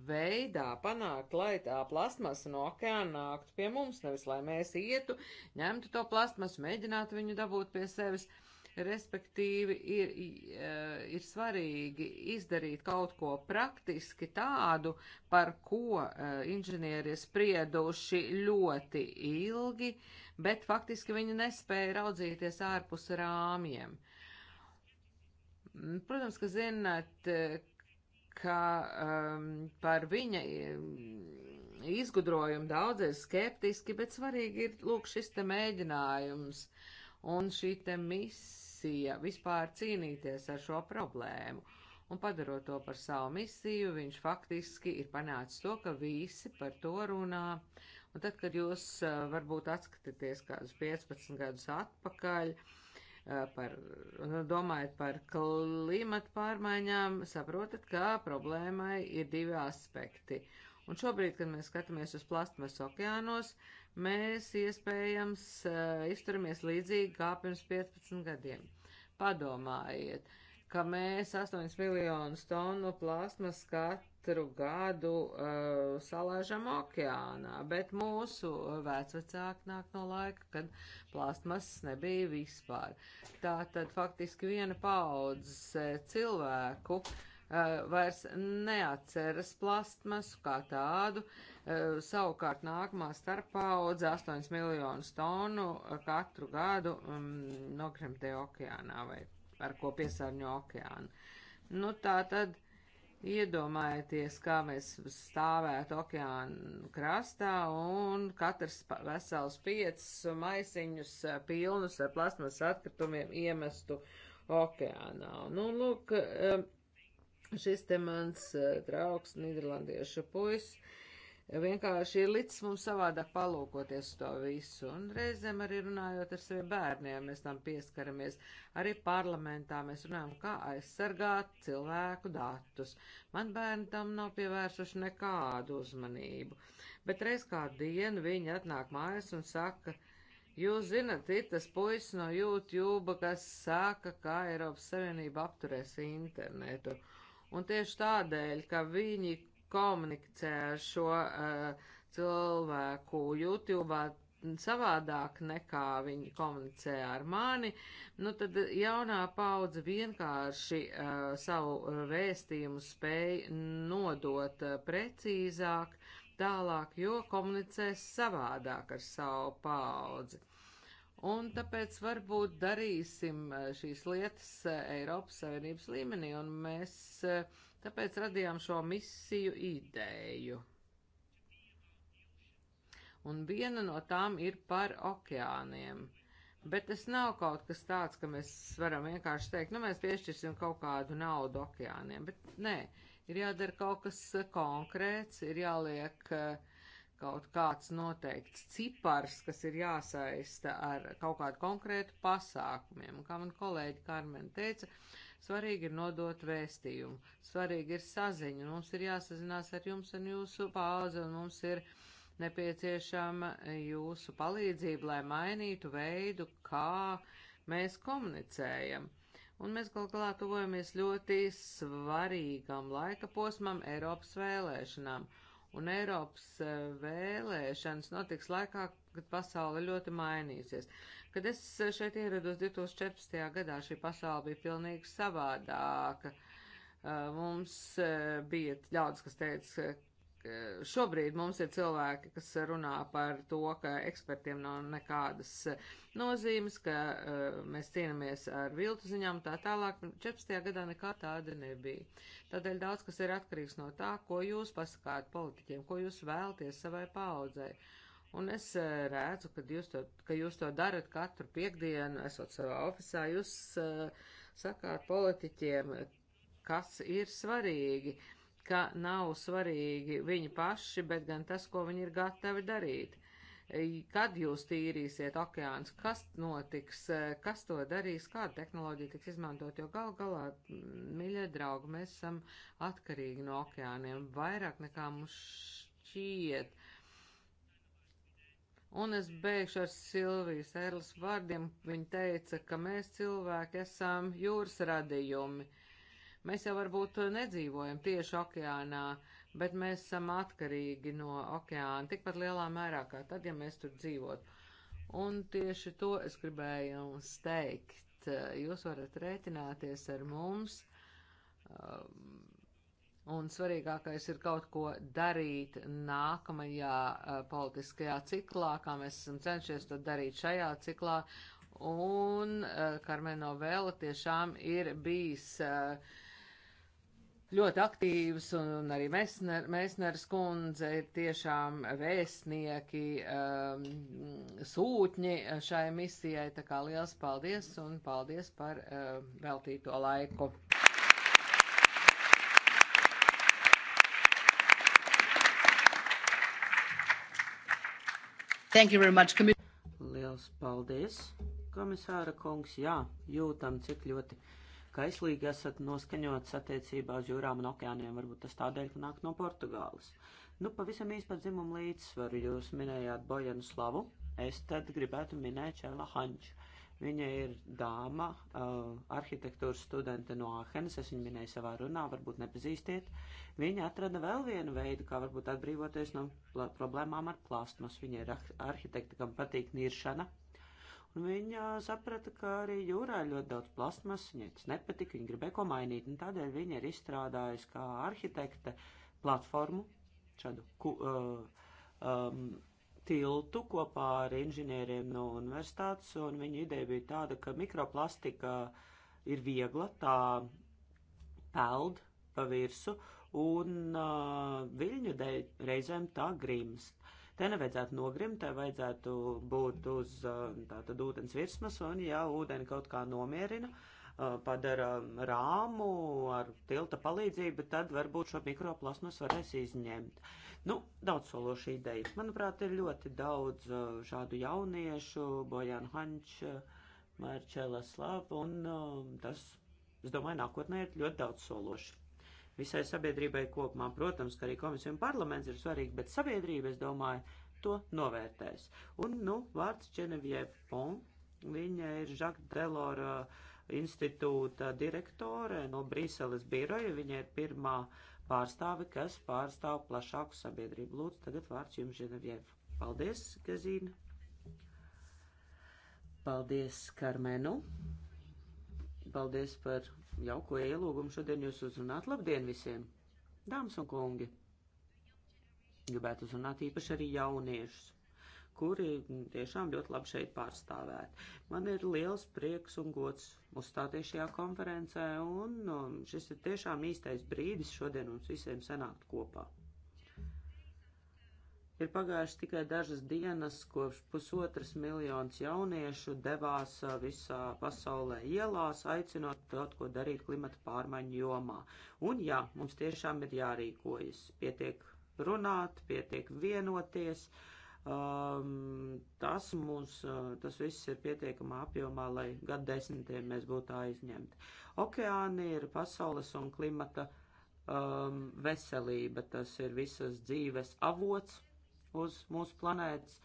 veidā panākt, lai tā plasmasa no okeāna nāktu pie mums, nevis lai mēs ietu, ņemtu to plasmasu, mēģinātu viņu dabūt pie sevis. Respektīvi, ir, e, ir svarīgi izdarīt kaut ko praktiski tādu, par ko e, inženieri ir sprieduši ļoti ilgi, bet faktiski viņi nespēja raudzīties ārpus rāmjiem. Protams, ka zināt, ka um, par viņa um, izgudrojumu daudz ir skeptiski, bet svarīgi ir, lūk, šis te mēģinājums un šī te misija vispār cīnīties ar šo problēmu. Un padarot to par savu misiju, viņš faktiski ir panācis to, ka visi par to runā. Un tad, kad jūs uh, varbūt atskatāties kādus 15 gadus atpakaļ, uh, par, domājat par klimatu pārmaiņām, saprotat, ka problēmai ir divi aspekti. Un šobrīd, kad mēs skatāmies uz plastmasu okeānos, mēs iespējams izturamies līdzīgi kā pirms 15 gadiem. Padomājiet, uh, ka mēs 8 miljonus tonu plasmas katru gadu uh, salāžam okeānā, bet mūsu vecvecāki nāk no laika, kad plasmas nebija vispār. Tā tad faktiski viena paudzes eh, cilvēku uh, vairs neatceras plastmasu kā tādu, uh, savukārt nākamā starppaudze 8 miljonus tonu katru gadu um, nokrimtē okeānā vai ar ko piesārņo okeānu. Nu, tā tad iedomājieties, kā mēs stāvētu okeāna krastā un katrs vesels piecus maisiņus pilnus ar plasmas atkritumiem iemestu okeānā. Nu, lūk, eh, šis te mans eh, draugs, Nīderlandiešu puisis, Vienkārši ir līdz mums savādāk palūkoties to visu, un reizēm arī runājot ar saviem bērniem, mēs tam pieskaramies. Arī parlamentā mēs runājam, kā aizsargāt cilvēku datus. Man bērni tam nav pievērsuši nekādu uzmanību, bet reiz kādu dienu viņi atnāk mājās un saka, jūs zinat, ir tas puisis no YouTube, kas saka, kā Eiropas Savienība apturēs internetu. Un tieši tādēļ, ka viņi komunicē ar šo uh, cilvēku YouTube savādāk nekā viņi komunicē ar mani, nu tad jaunā paudze vienkārši uh, savu vēstījumu spēj nodot uh, precīzāk, tālāk, jo komunicēs savādāk ar savu paudzi. Un tāpēc varbūt darīsim šīs lietas Eiropas Savienības līmenī, un mēs uh, Tāpēc radījām šo misiju ideju. Un viena no tām ir par okeāniem. Bet tas nav kaut kas tāds, ka mēs varam vienkārši teikt, nu mēs piešķirsim kaut kādu naudu okeāniem. Bet nē, ir jādara kaut kas eh, konkrēts, ir jāliek eh, kaut kāds noteikts cipars, kas ir jāsaista ar kaut kādu konkrētu pasākumiem. Un kā man kolēģi Karmen teica, uh, Svarīgi ir nodot vēstījumu, svarīgi ir saziņa, mums ir jāsazinās ar jums un jūsu pauze, un mums ir nepieciešama jūsu palīdzība, lai mainītu veidu, kā mēs komunicējam. Un mēs gal galā tuvojamies ļoti svarīgam laika posmam Eiropas vēlēšanām. Un Eiropas eh, vēlēšanas notiks laikā, kad pasaule ļoti mainīsies. Kad es eh, šeit ierados 2014. gadā, šī pasaule bija pilnīgi savādāka. Eh, mums eh, bija ļaudis, kas teica, šobrīd mums ir cilvēki, kas runā par to, ka ekspertiem nav nekādas nozīmes, ka uh, mēs cīnāmies ar viltu ziņām tā tālāk. 14. gadā nekā tāda nebija. Tādēļ daudz kas ir atkarīgs no tā, ko jūs pasakāt politiķiem, ko jūs vēlties savai paudzei. Uh, Un es eh, redzu, kad jūs to, ka jūs to darat katru piekdienu, esot savā ofisā, jūs uh, sakāt politiķiem, kas ir svarīgi, ka nav svarīgi viņi paši, bet gan tas, ko viņi ir gatavi darīt. Kad jūs tīrīsiet okeāns, kas notiks, eh, kas to darīs, kāda tehnoloģija tiks izmantot, jo gal galā, mm, mīļie draugi, mēs esam atkarīgi no okeāniem vairāk nekā mums šķiet Un es beigšu ar Silvijas Erlas vārdiem. Viņa teica, ka mēs cilvēki esam jūras radījumi. Mēs jau varbūt nedzīvojam tieši okeānā, bet mēs esam atkarīgi no okeāna tikpat lielā mērā kā tad, ja mēs tur dzīvotu. Un tieši to es gribēju jums teikt. Jūs varat rēķināties ar mums. Um, un svarīgākais ir kaut ko darīt nākamajā uh, politiskajā ciklā, kā mēs esam cenšies to darīt šajā ciklā, un uh, eh, Karmeno Vēla tiešām ir bijis uh, ļoti aktīvs, un, un arī Mēsner, Mēsneras kundze ir tiešām vēstnieki, um, sūtņi šai misijai, tā kā liels paldies, un paldies par uh, veltīto laiku.
Thank you very much,
Liels paldies, komisāra kungs. Jā, jūtam, cik ļoti kaislīgi esat noskaņots attiecībā uz jūrām un okeāniem. Varbūt tas tādēļ, ka nāk no Portugāles. Nu, pavisam īsti par dzimumu līdzsvaru jūs minējāt Bojanu Slavu. Es tad gribētu minēt Čēla Hanču Viņa ir dāma, uh, arhitektūras studente no Āhenes, es viņu minēju savā runā, varbūt nepazīstiet. Viņa atrada vēl vienu veidu, kā varbūt atbrīvoties no problēmām ar plastmas. Viņa ir arhitekta, kam patīk niršana. Un viņa saprata, ka arī jūrā ir ļoti daudz plastmas, viņai tas nepatika, viņa gribēja ko mainīt, un tādēļ viņa ir izstrādājusi kā arhitekte platformu, šādu ku, uh, um, tiltu kopā ar inženieriem no universitātes, un viņa ideja bija tāda, ka mikroplastika ir viegla, tā peld pa virsu, un uh, viļņu dēļ reizēm tā grimst. Te nevajadzētu nogrimt, te vajadzētu būt uz uh, tātad ūdens virsmas, un ja ūdeni kaut kā nomierina, uh, padara rāmu ar tilta palīdzību, tad varbūt šo mikroplasmas varēs izņemt. Nu, daudz sološa ideja. Manuprāt, ir ļoti daudz šādu jauniešu, Bojan Hanč, Marčela Slav, un tas, es domāju, nākotnē ir ļoti daudz sološi visai sabiedrībai kopumā. Protams, ka arī komisija un parlaments ir svarīgi, bet sabiedrība, es domāju, to novērtēs. Un, nu, vārds Čeneviev Pon, viņa ir Žak Delora uh, institūta direktore no Brīseles biroja. Viņa ir pirmā pārstāve, kas pārstāv plašāku sabiedrību. Lūdzu, tagad vārds jums, Ženeviev. Paldies, Gazīna. Paldies, Karmenu. Paldies par jauko ielūgumu šodien jūs uzrunāt. Labdien visiem! Dāmas un kungi! Gribētu uzrunāt īpaši arī jauniešus kuri tiešām ļoti labi šeit pārstāvēt. Man ir liels prieks un gods uzstāties šajā konferencē, un um, šis ir tiešām īstais brīdis šodien mums visiem sanākt kopā. Ir pagājušas tikai dažas dienas, kopš pusotras miljonus jauniešu devās uh, visā pasaulē ielās, aicinot kaut ko darīt klimata pārmaiņu jomā. Un jā, mums tiešām ir jārīkojas. Pietiek runāt, pietiek vienoties. Uh, Um, tas mums, uh, tas viss ir pietiekamā apjomā, lai gadu desmitiem mēs būtu aizņemti. Okeāni ir pasaules un klimata um, veselība, tas ir visas dzīves avots uz mūsu planētas.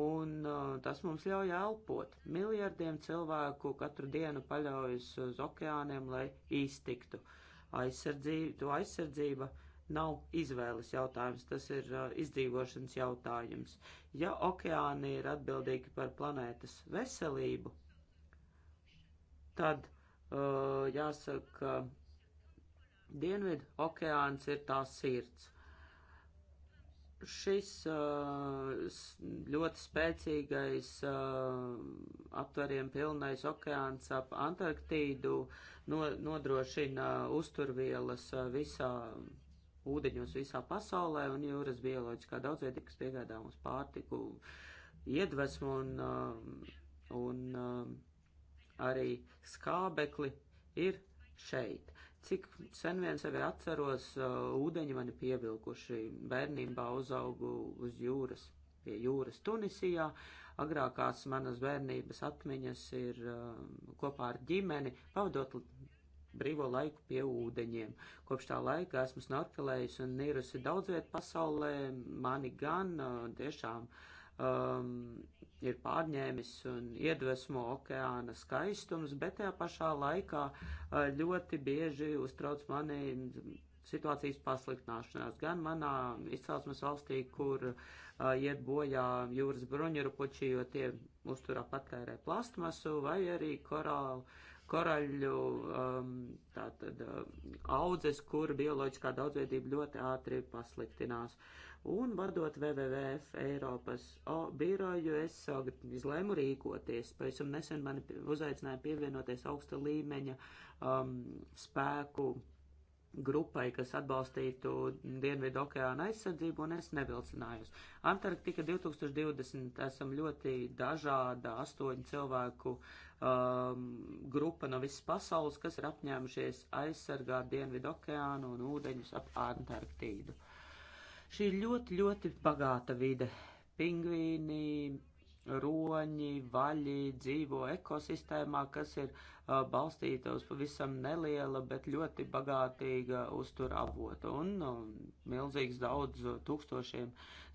Un uh, tas mums ļauj elpot. Miljardiem cilvēku katru dienu paļaujas uz okeāniem, lai iztiktu. Aizsardzība, to aizsardzība uh, nav izvēles jautājums, tas ir uh, izdzīvošanas jautājums. Ja okeāni ir atbildīgi par planētas veselību, tad uh, jāsaka, Dienvidu okeāns ir tā sirds. Šis uh, ļoti spēcīgais uh, aptveriem pilnais okeāns ap Antarktīdu no, nodrošina uh, uzturvielas uh, visā ūdeņos visā pasaulē, un jūras bioloģiskā daudzveidības piegādā mums pārtiku, iedvesmu un, um, un um, arī skābekli ir šeit. Cik sen vien sevi atceros, uh, ūdeņi mani pievilkuši bērnībā uzaugu uz jūras, pie jūras Tunisijā. Agrākās manas bērnības atmiņas ir um, kopā ar ģimeni, pavadot brīvo laiku pie ūdeņiem. Kopš tā laika esmu snorkelējis un nirusi daudz viet pasaulē, mani gan tiešām um, ir pārņēmis un iedvesmo okeāna skaistums, bet tajā pašā laikā ļoti bieži uztrauc mani situācijas pasliktināšanās gan manā izcelsmes valstī, kur uh, iet bojā jūras bruņurupuči, jo tie uzturā patērē plastmasu, vai arī korālu koraļu um, tātad uh, audzes, kur bioloģiskā daudzveidība ļoti ātri pasliktinās. Un vadot WWF Eiropas o, biroju, es izlēmu rīkoties. Pavisam nesen mani uzaicināja pievienoties augsta līmeņa um, spēku grupai, kas atbalstītu Dienvidu okeāna aizsardzību, un es nevilcinājos. Antarktika 2020 esam ļoti dažāda astoņu cilvēku uh, um, grupa no visas pasaules, kas ir apņēmušies aizsargāt Dienvidu okeānu un ūdeņus ap Antarktīdu. Šī ir ļoti, ļoti bagāta vide. Pingvīni, roņi, vaļi dzīvo ekosistēmā, kas ir uh, balstīta uz pavisam neliela, bet ļoti bagātīga uztura avota. Un uh, milzīgs daudz tūkstošiem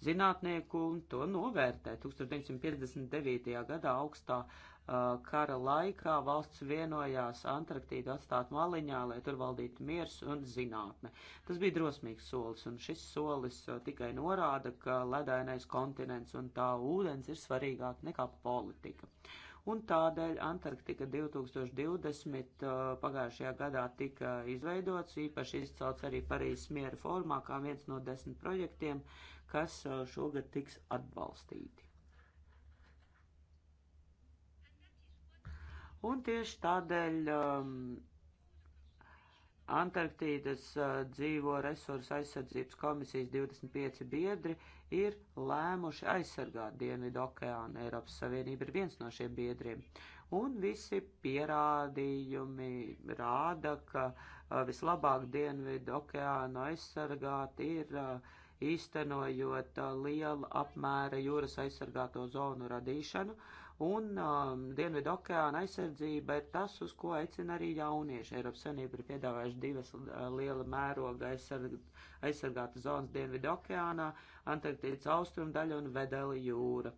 zinātnieku to novērtē. 1959. gadā augstā Uh, kara laikā valsts vienojās Antarktīdu atstāt maliņā, lai tur valdītu miers un zinātne. Tas bija drosmīgs solis, un šis solis uh, tikai norāda, ka ledainais kontinents un tā ūdens ir svarīgāk nekā politika. Un tādēļ Antarktika 2020 uh, pagājušajā gadā tika izveidots, īpaši izcelts arī Parīzes miera formā, kā viens no desmit projektiem, kas šogad tiks atbalstīti. Un tieši tādēļ um, Antarktīdas uh, dzīvo resursu aizsardzības komisijas 25 biedri ir lēmuši aizsargāt Dienvidu okeānu. Eiropas Savienība ir viens no šiem biedriem. Un visi pierādījumi rāda, ka uh, vislabāk Dienvidu okeānu aizsargāt ir uh, īstenojot uh, liela apmēra jūras aizsargāto zonu radīšanu. Uh, un um, Dienvidu okeāna aizsardzība ir tas, uz ko aicina arī jaunieši. Eiropas Savienība ir piedāvājuši divas uh, liela mēroga aizsarg aizsargāta zonas Dienvidu okeānā - Antarktīdas austrumu daļa un Vedeli jūra.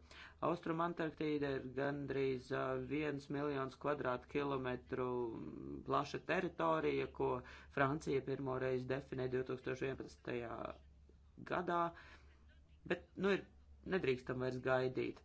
Austrum Antarktīda ir gandrīz uh, viens miljons kvadrātkilometru mm, plaša teritorija, ko Francija pirmoreiz definēja 2011. gadā, bet, nu, ir nedrīkstam vairs gaidīt.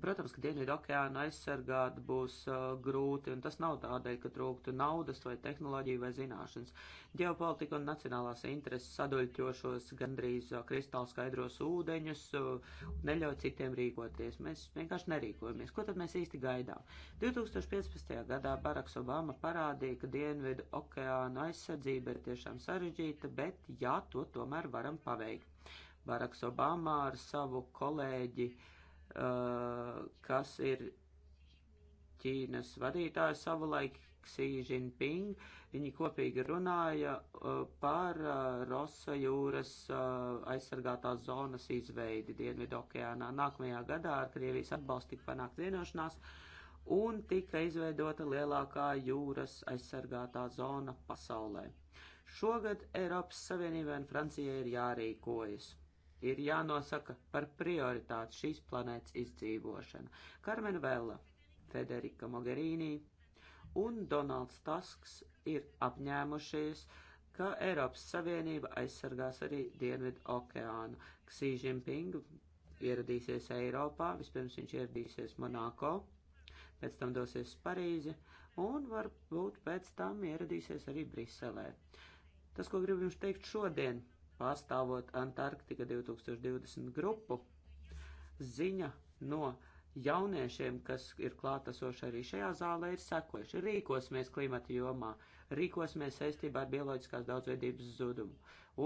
Protams, ka Dienvidu okeānu aizsargāt būs uh, grūti, un tas nav tādēļ, ka trūktu naudas vai tehnoloģiju vai zināšanas. Ģeopolitika un nacionālās intereses saduļķošos gandrīz uh, kristāli skaidros ūdeņus, uh, neļauj citiem rīkoties. Mēs vienkārši nerīkojamies. Ko tad mēs īsti gaidām? 2015. gadā Baraks Obama parādīja, ka Dienvidu okeānu aizsardzība ir tiešām sarežģīta, bet jā, to tomēr varam paveikt. Baraks Obama ar savu kolēģi. Uh, Uh, kas ir Ķīnas vadītājs savulaik Xi Jinping. Viņi kopīgi runāja uh, par uh, Rosa jūras aizsargātās zonas izveidi Dienvidu okeānā. Nākamajā gadā ar Krievijas atbalstu tika panākt vienošanās un tika izveidota lielākā jūras aizsargātā zona pasaulē. Šogad Eiropas Savienībai un Francijai ir jārīkojas ir jānosaka par prioritāti šīs planētas izdzīvošana. Karmen Vella, Federika Mogherīnī un Donalds Tasks ir apņēmušies, ka Eiropas Savienība aizsargās arī Dienvidu okeānu. Ksī Žimping ieradīsies Eiropā, vispirms viņš ieradīsies Monako, pēc tam dosies Parīzi un varbūt pēc tam ieradīsies arī Briselē. Tas, ko gribu jums teikt šodien, pārstāvot Antarktika 2020 grupu, ziņa no jauniešiem, kas ir klātesoši arī šajā zālē, ir sekojuši. Rīkosimies klimata jomā, rīkosimies saistībā ar bioloģiskās daudzveidības zudumu.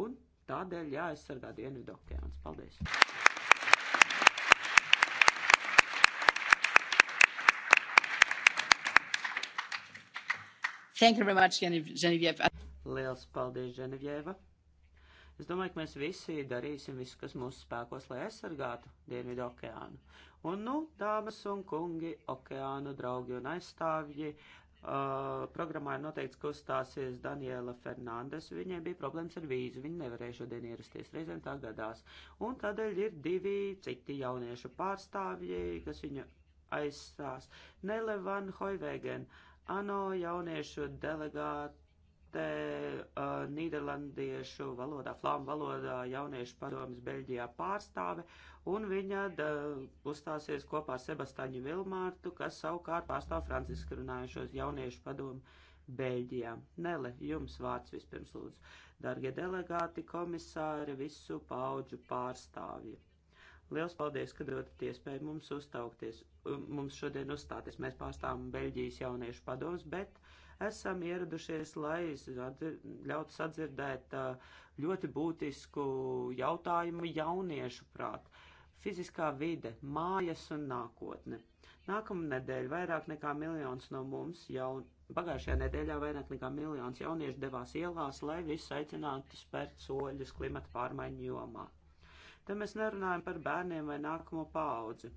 Un tādēļ jāaizsargā Dienvidu okeāns. Paldies! Thank you very much, Genevieve. Liels paldies, Genevieve! Es domāju, ka mēs visi darīsim visu, kas mūsu spēkos, lai aizsargātu Dienvidu okeānu. Un, nu, dāmas un kungi, okeānu draugi un aizstāvji, Uh, programmā ir noteikts, ka uzstāsies Daniela Fernandes. Viņai bija problēmas ar vīzu, viņa nevarēja šodien ierasties, reizēm tā gadās. Un tādēļ ir divi citi jauniešu pārstāvji, kas viņu aizstās. Nelevan Hoivēgen, ANO jauniešu delegāti debatē uh, Nīderlandiešu valodā, flāmu valodā jauniešu padomas Beļģijā pārstāve, un viņa da, uh, uzstāsies kopā ar Sebastaņu Vilmārtu, kas savukārt pārstāv franciski runājušos jauniešu padomu Beļģijā. Nele, jums vārds vispirms lūdzu. Dargie delegāti, komisāri, visu paudžu pārstāvji. Liels paldies, ka dodat iespēju mums uztaukties, um, mums šodien uzstāties. Mēs pārstāvam Beļģijas jauniešu padomus, bet uh, esam ieradušies, lai ļautu sadzirdēt ļoti būtisku jautājumu jauniešu prātu - fiziskā vide, mājas un nākotne. Nākamā nedēļa vairāk nekā miljons no mums jau pagājušajā nedēļā vairāk nekā miljons jauniešu devās ielās, lai visus aicinātu spērt soļus klimata pārmaiņu jomā. Te mēs nerunājam par bērniem vai nākamo paudzi.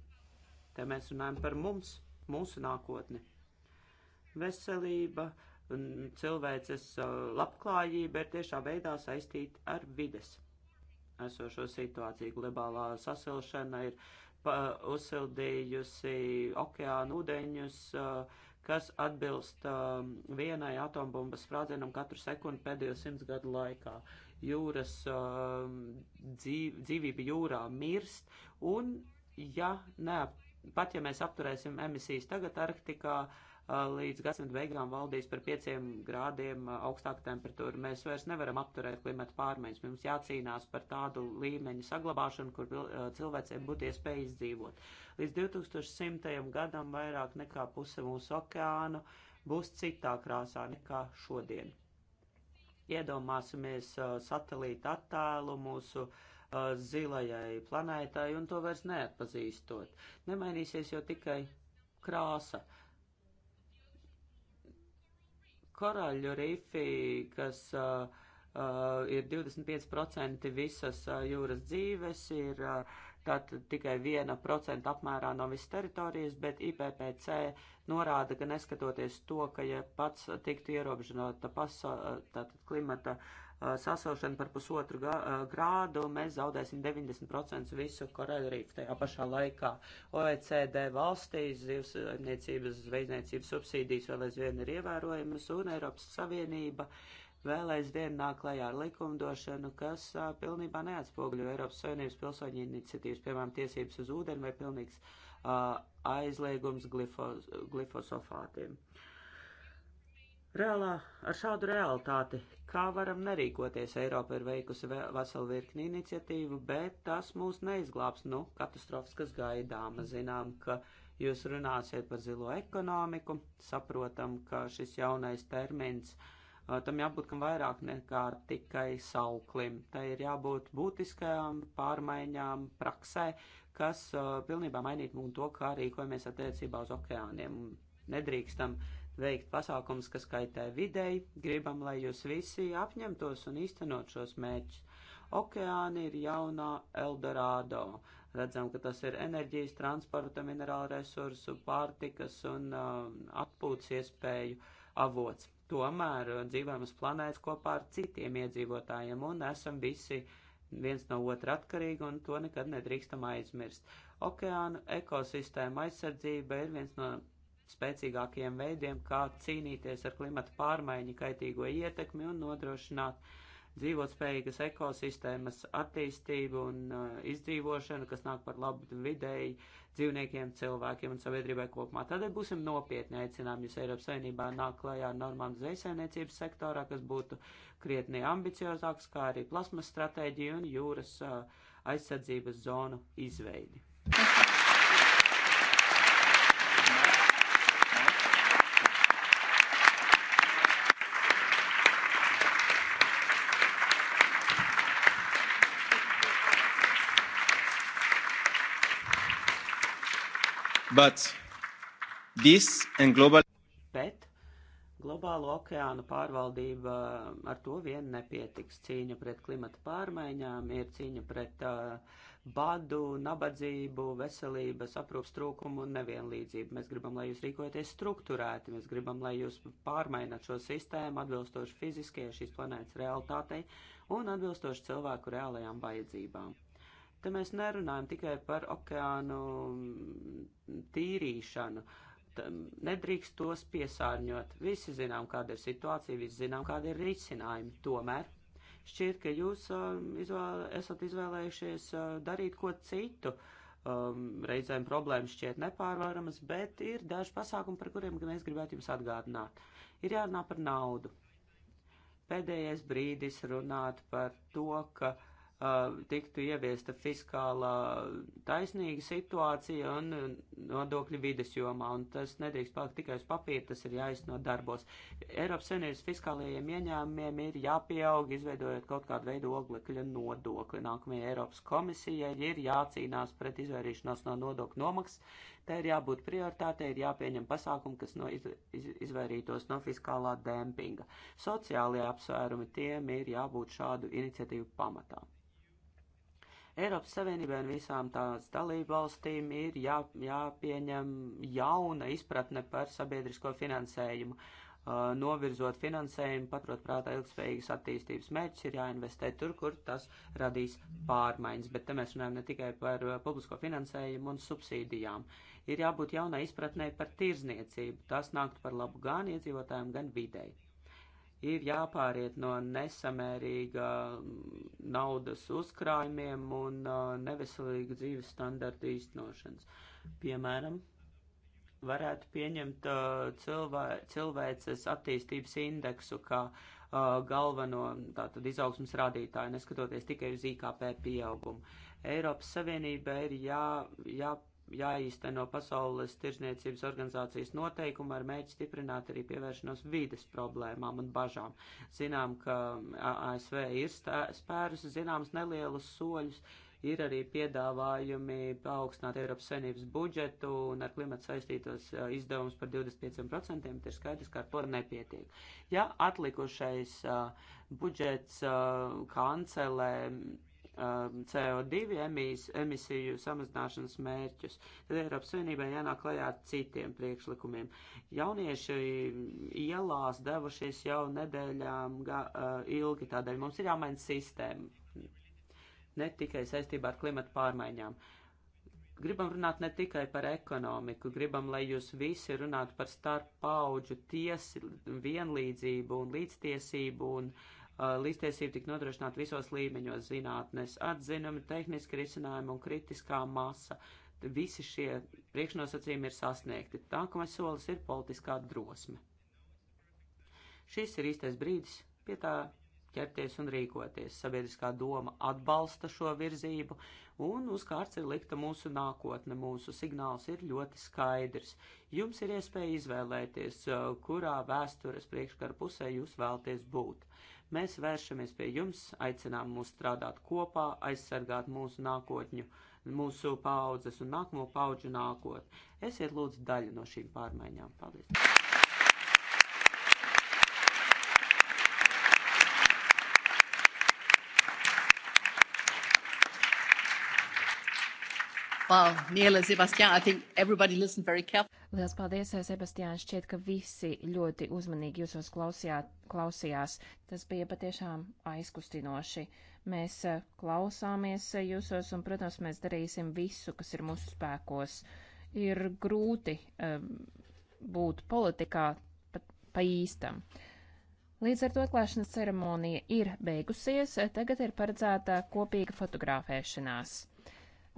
Te mēs runājam par mums, mūsu nākotni veselība un cilvēces uh, labklājība ir tiešā veidā saistīta ar vides esošo situāciju. Globālā sasilšana ir uzsildījusi okeānu ūdeņus, uh, kas atbilst um, vienai atombumbas sprādzienam katru sekundi pēdējo simts gadu laikā. Jūras um, dzīv, dzīvība jūrā mirst, un ja ne, pat ja mēs apturēsim emisijas tagad Arktikā, uh, Eh, līdz gadsimta beigām valdīs par pieciem grādiem eh, augstāka temperatūra. Mēs vairs nevaram apturēt klimata pārmaiņas. Mums jācīnās par tādu līmeņu saglabāšanu, kur eh, cilvēcei būtu iespēja izdzīvot. Līdz 2100. gadam vairāk nekā puse mūsu okeānu būs citā krāsā nekā šodien. Iedomāsimies satelīta attēlu mūsu zilajai planētai un to vairs neatpazīstot. Nemainīsies jau tikai krāsa. Uh, Koraļu rifī, kas uh, uh, ir 25% visas uh, jūras dzīves, ir uh, tātad tikai 1% apmērā no visas teritorijas, bet IPPC norāda, ka neskatoties to, ka ja pats tiktu ierobežota pasa, uh, tātad klimata uh, Uh, sasilšana par pusotru uh, grādu, mēs zaudēsim 90% visu koralrīfu. Tajā pašā laikā OECD valstīs zivsaimniecības, zvejniecības subsīdijas vēl aizvien ir ievērojamas, un Eiropas Savienība vēl aizvien nāk klajā ar likumdošanu, kas a, uh, pilnībā neatspogļo Eiropas Savienības pilsoņu iniciatīvas, piemēram, tiesības uz ūdeni vai pilnīgs a, aizliegums glifos, glifosofātiem. Reālā, ar šādu realitāti, kā varam nerīkoties, Eiropa ir veikusi veselu virkni iniciatīvu, bet tas mūs neizglābs, nu, katastrofas, kas gaidāma, zinām, ka jūs runāsiet par zilo ekonomiku, saprotam, ka šis jaunais termins, tam jābūt kam vairāk nekā tikai sauklim, tai ir jābūt būtiskajām pārmaiņām praksē, kas pilnībā mainītu mūsu to, kā rīkojamies attiecībā uz okeāniem. Nedrīkstam veikt pasākums, kas kaitē videi, gribam, lai jūs visi apņemtos un īstenot šos mērķus. Okeāni ir jaunā Eldorado. Redzam, ka tas ir enerģijas, transporta, minerāla resursu, pārtikas un uh, atpūtas iespēju avots. Tomēr uh, dzīvojam uz planētas kopā ar citiem iedzīvotājiem un esam visi viens no otra atkarīgi un to nekad nedrīkstam aizmirst. Okeānu ekosistēma aizsardzība ir viens no spēcīgākajiem veidiem, kā cīnīties ar klimata pārmaiņu kaitīgo ietekmi un nodrošināt dzīvotspējīgas ekosistēmas attīstību un uh, izdzīvošanu, kas nāk par labu videi, dzīvniekiem, cilvēkiem un sabiedrībai kopumā. Tādēļ būsim nopietni aicinām jūs Eiropas saimnībā nāk klajā ar normām zvejsaimniecības sektorā, kas būtu krietni ambiciozāks, kā arī plasmas stratēģija un jūras uh, aizsardzības zonu izveidi. Thank you.
But this and global...
Bet globālo okeānu pārvaldība eh, ar to vien nepietiks. Cīņa pret klimata pārmaiņām ir cīņa pret uh, badu, nabadzību, veselības, aprūpas trūkumu un nevienlīdzību. Mēs gribam, lai jūs rīkojaties struktūrēti, mēs gribam, lai jūs pārmainat šo sistēmu atbilstoši fiziskajai šīs planētas realitātei un atbilstoši cilvēku reālajām vajadzībām. Te mēs nerunājam tikai par okeānu tīrīšanu. Nedrīkst tos piesārņot. Visi zinām, kāda ir situācija, visi zinām, kāda ir risinājumi. Tomēr šķiet, ka jūs um, izvēl, esat izvēlējušies uh, darīt ko citu. Um, reizēm problēmas šķiet nepārvaramas, bet ir daži pasākumi, par kuriem mēs gribētu jums atgādināt. Ir jārunā par naudu. Pēdējais brīdis runāt par to, ka uh, tiktu ieviesta fiskālā taisnīga situācija un nodokļu vides jomā, un tas nedrīkst palikt tikai uz papīra, tas ir jāizno darbos. Eiropas Savienības fiskālajiem ieņēmumiem ir jāpieaug, izveidojot kaut kādu veidu oglekļa nodokli. Nākamajai Eiropas komisijai ir jācīnās pret izvairīšanos no nodokļu nomaksas, tā ir jābūt prioritātei, ir jāpieņem pasākumi, kas no iz, iz, izvairītos no fiskālā dempinga. Sociālajie apsvērumi tiem ir jābūt šādu iniciatīvu pamatām. Eiropas Savienībai un visām tās dalību valstīm ir jā, jāpieņem jauna izpratne par sabiedrisko finansējumu. Uh, novirzot finansējumu, paturot prātā ilgspējīgas attīstības mērķus, ir jāinvestē tur, kur tas radīs pārmaiņas. Bet te mēs runājam ne tikai par uh, publisko finansējumu un subsīdijām. Ir jābūt jaunai izpratnē par tirzniecību. Tas nākt par labu gan iedzīvotājiem, gan videi ir jāpāriet no nesamērīga mm, naudas uzkrājumiem un neveselīga dzīves standarta īstenošanas. Piemēram, varētu pieņemt cilvē, cilvēces attīstības indeksu kā galveno tātad izaugsmas rādītāju, neskatoties tikai uz IKP pieaugumu. Eiropas Savienībai ir jā, jā jāīsteno Pasaules tirzniecības organizācijas noteikumi ar mēģi stiprināt arī pievēršanos vides problēmām un bažām. Zinām, ka ASV ir spērus zināms nelielus soļus, ir arī piedāvājumi paaugstināt Eiropas saimnības budžetu un ar klimatu saistītos izdevumus par 25%, ir skaidrs, ka ar to nepietiek. Ja atlikušais uh, budžets uh, kancelē um, CO2 emijas, emisiju samazināšanas mērķus, tad Eiropas Savienībai jānāk klajā ar citiem priekšlikumiem. Jaunieši ielās devušies jau nedēļām ga, uh, ilgi, tādēļ mums ir jāmaina sistēma, ne tikai saistībā ar klimatu pārmaiņām. Gribam runāt ne tikai par ekonomiku, gribam, lai jūs visi runātu par starp paudžu tiesi, vienlīdzību un līdztiesību un uh, Uh, līdztiesība tik nodrošināta visos līmeņos - zinātnes, atzinumi, tehniski risinājumi un kritiskā masa. Visi šie priekšnosacījumi ir sasniegti. Nākamais solis ir politiskā drosme. Šis ir īstais brīdis pie tā ķerties un rīkoties. Sabiedriskā doma atbalsta šo virzību, un uz kārts ir likta mūsu nākotne. Mūsu signāls ir ļoti skaidrs. Jums ir iespēja izvēlēties, uh, kurā vēstures priekškara pusē jūs vēlties būt. Uh, Mēs vēršamies pie jums, aicinām mūs strādāt kopā, aizsargāt mūsu nākotņu, mūsu paudzes un nākamo paudžu nākotni. Esiet lūdzu daļa no šīm pārmaiņām. Paldies!
Wow, Niela,
Sebastian, I think everybody listened very carefully. Liels paldies, eh, Sebastiāns. Šķiet, ka visi ļoti uzmanīgi jūsos klausījā, klausījās. Tas bija patiešām aizkustinoši. Mēs eh, klausāmies eh, jūsos un, protams, mēs darīsim visu, kas ir mūsu spēkos. Ir grūti um, būt politikā pa, pa īstam. Līdz ar to atklāšanas ceremonija ir beigusies, tagad ir paredzēta kopīga fotografēšanās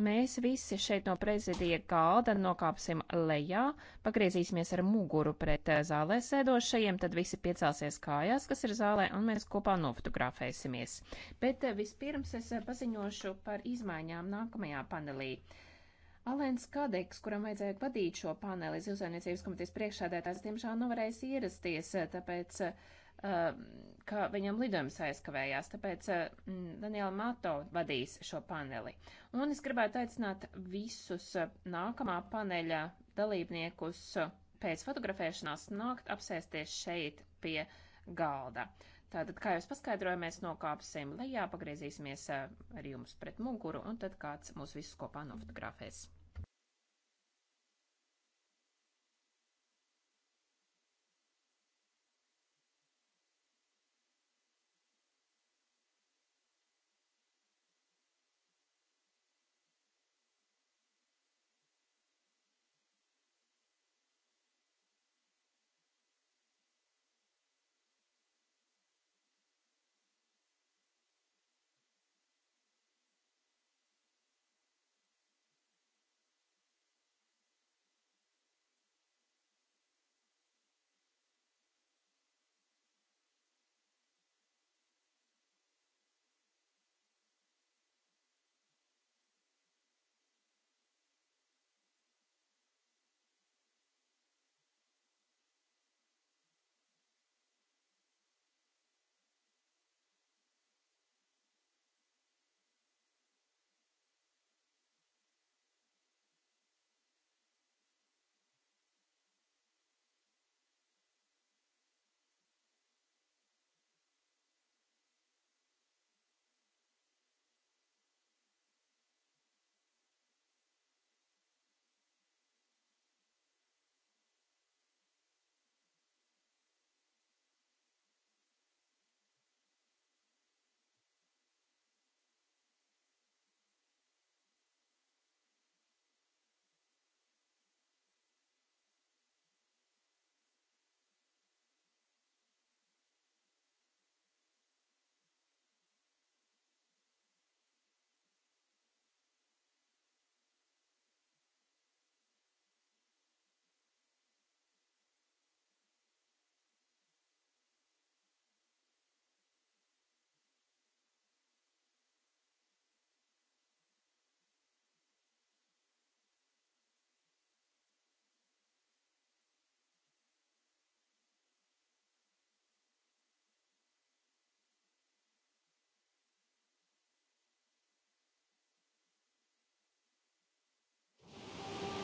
mēs visi šeit no prezidija galda nokāpsim lejā, pagriezīsimies ar muguru pret eh, zālē sēdošajiem, tad visi piecelsies kājās, kas ir zālē, un mēs kopā nofotografēsimies. Bet eh, vispirms es eh, paziņošu par izmaiņām nākamajā panelī. Alēns Kadeks, kuram vajadzēja vadīt šo paneli, Zilzēniecības komitejas priekšādētājs, diemžēl nevarēs ierasties, tāpēc uh, Um, ka viņam lidojums aizkavējās, tāpēc uh, Daniela Mato vadīs šo paneli. Un es gribētu aicināt visus uh, nākamā paneļa dalībniekus uh, pēc fotografēšanās nākt apsēsties šeit pie galda. Tātad, kā jūs paskaidrojam, mēs nokāpsim lejā, pagriezīsimies ar jums pret muguru, un tad kāds mūs visus kopā nofotografēs.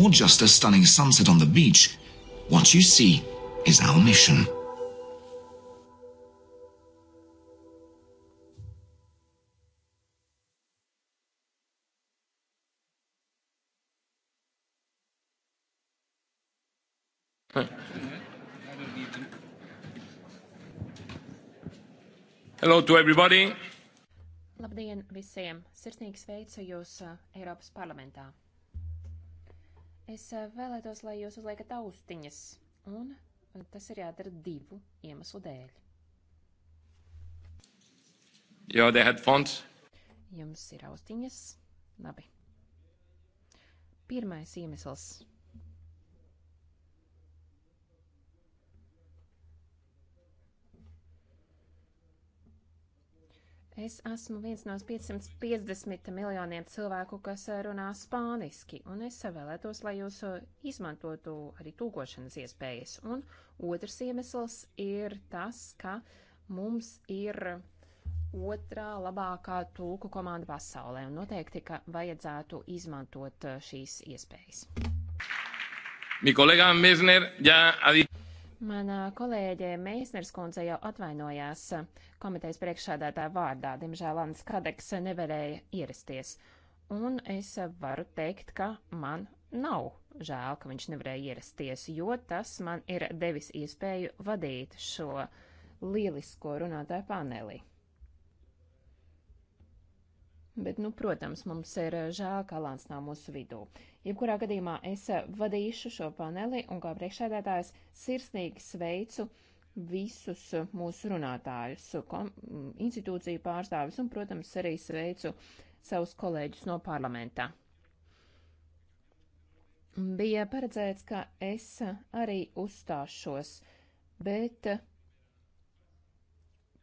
or just a stunning sunset on the beach, what you see is our mission. Hi. Hello to everybody.
Labdien visiem! Sirsnīgi sveicu jūs uh, Eiropas parlamentā. Es eh, vēlētos, lai jūs uzliekat austiņas, un tas ir jādara divu iemeslu dēļ.
Jo, they had fonts.
Jums ir austiņas? Labi. Pirmais iemesls Es esmu viens no 550 miljoniem cilvēku, kas runā spāniski, un es vēlētos, lai jūs uh, izmantotu arī tūkošanas iespējas. Un otrs iemesls ir tas, ka mums ir otrā labākā tulku komanda pasaulē, un noteikti, ka vajadzētu izmantot uh, šīs iespējas.
Mi kolēģa Mesner, ja...
Manā kolēģe Meisners kundze jau atvainojās komitejas priekšsādātāja vārdā. Diemžēl Annas Kadeks nevarēja ierasties. Un es varu teikt, ka man nav žēl, ka viņš nevarēja ierasties, jo tas man ir devis iespēju vadīt šo lielisko runātāju paneli. Bet, nu, protams, mums ir žēl, ka Lāns nav mūsu vidū. Uh, Jebkurā gadījumā es eh, vadīšu šo paneli un kā priekšsēdētājs sirsnīgi sveicu visus mūsu runātājus, kom, institūciju pārstāvis un, protams, arī sveicu savus kolēģus no parlamentā. Bija paredzēts, ka es arī uzstāšos, bet,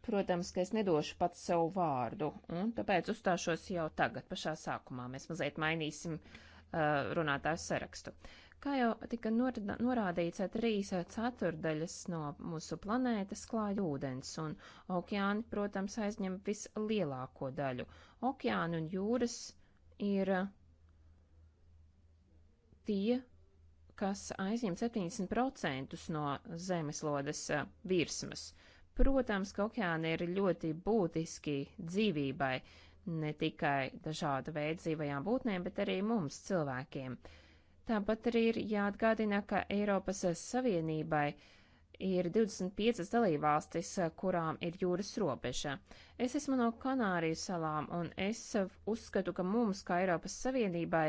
protams, ka es nedošu pats sev vārdu, un tāpēc uzstāšos jau tagad, pašā sākumā. Mēs mazliet mainīsim uh, Uh, runātājs sarakstu. Kā jau tika norādīts, trīs ceturdaļas no mūsu planētas klāj ūdens, un okeāni, protams, aizņem vislielāko daļu. Okeāni un jūras ir tie, kas aizņem 70% no zemeslodes uh, virsmas. Protams, ka okeāni ir ļoti būtiski dzīvībai, ne tikai dažādu veidu dzīvajām būtnēm, bet arī mums, cilvēkiem. Tāpat arī ir jāatgādina, ka Eiropas Savienībai ir 25 dalībvalstis, kurām ir jūras robeža. Es esmu no Kanārijas salām, un es uzskatu, ka mums, kā Eiropas Savienībai,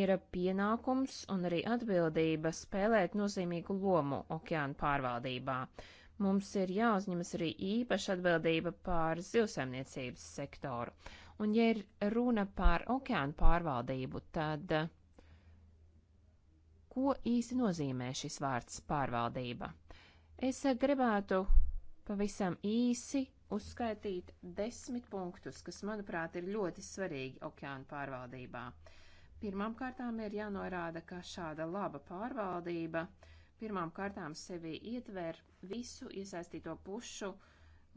ir pienākums un arī atbildība spēlēt nozīmīgu lomu okeāna pārvaldībā mums ir jāuzņemas arī īpaša atbildība pār zivsaimniecības sektoru. Un, ja ir runa par okeānu pārvaldību, tad eh, ko īsi nozīmē šis vārds pārvaldība? Es eh, gribētu pavisam īsi uzskaitīt desmit punktus, kas, manuprāt, ir ļoti svarīgi okeānu pārvaldībā. Pirmām kārtām ir jānorāda, ka šāda laba pārvaldība pirmām kārtām sevi ietver visu iesaistīto pušu uh,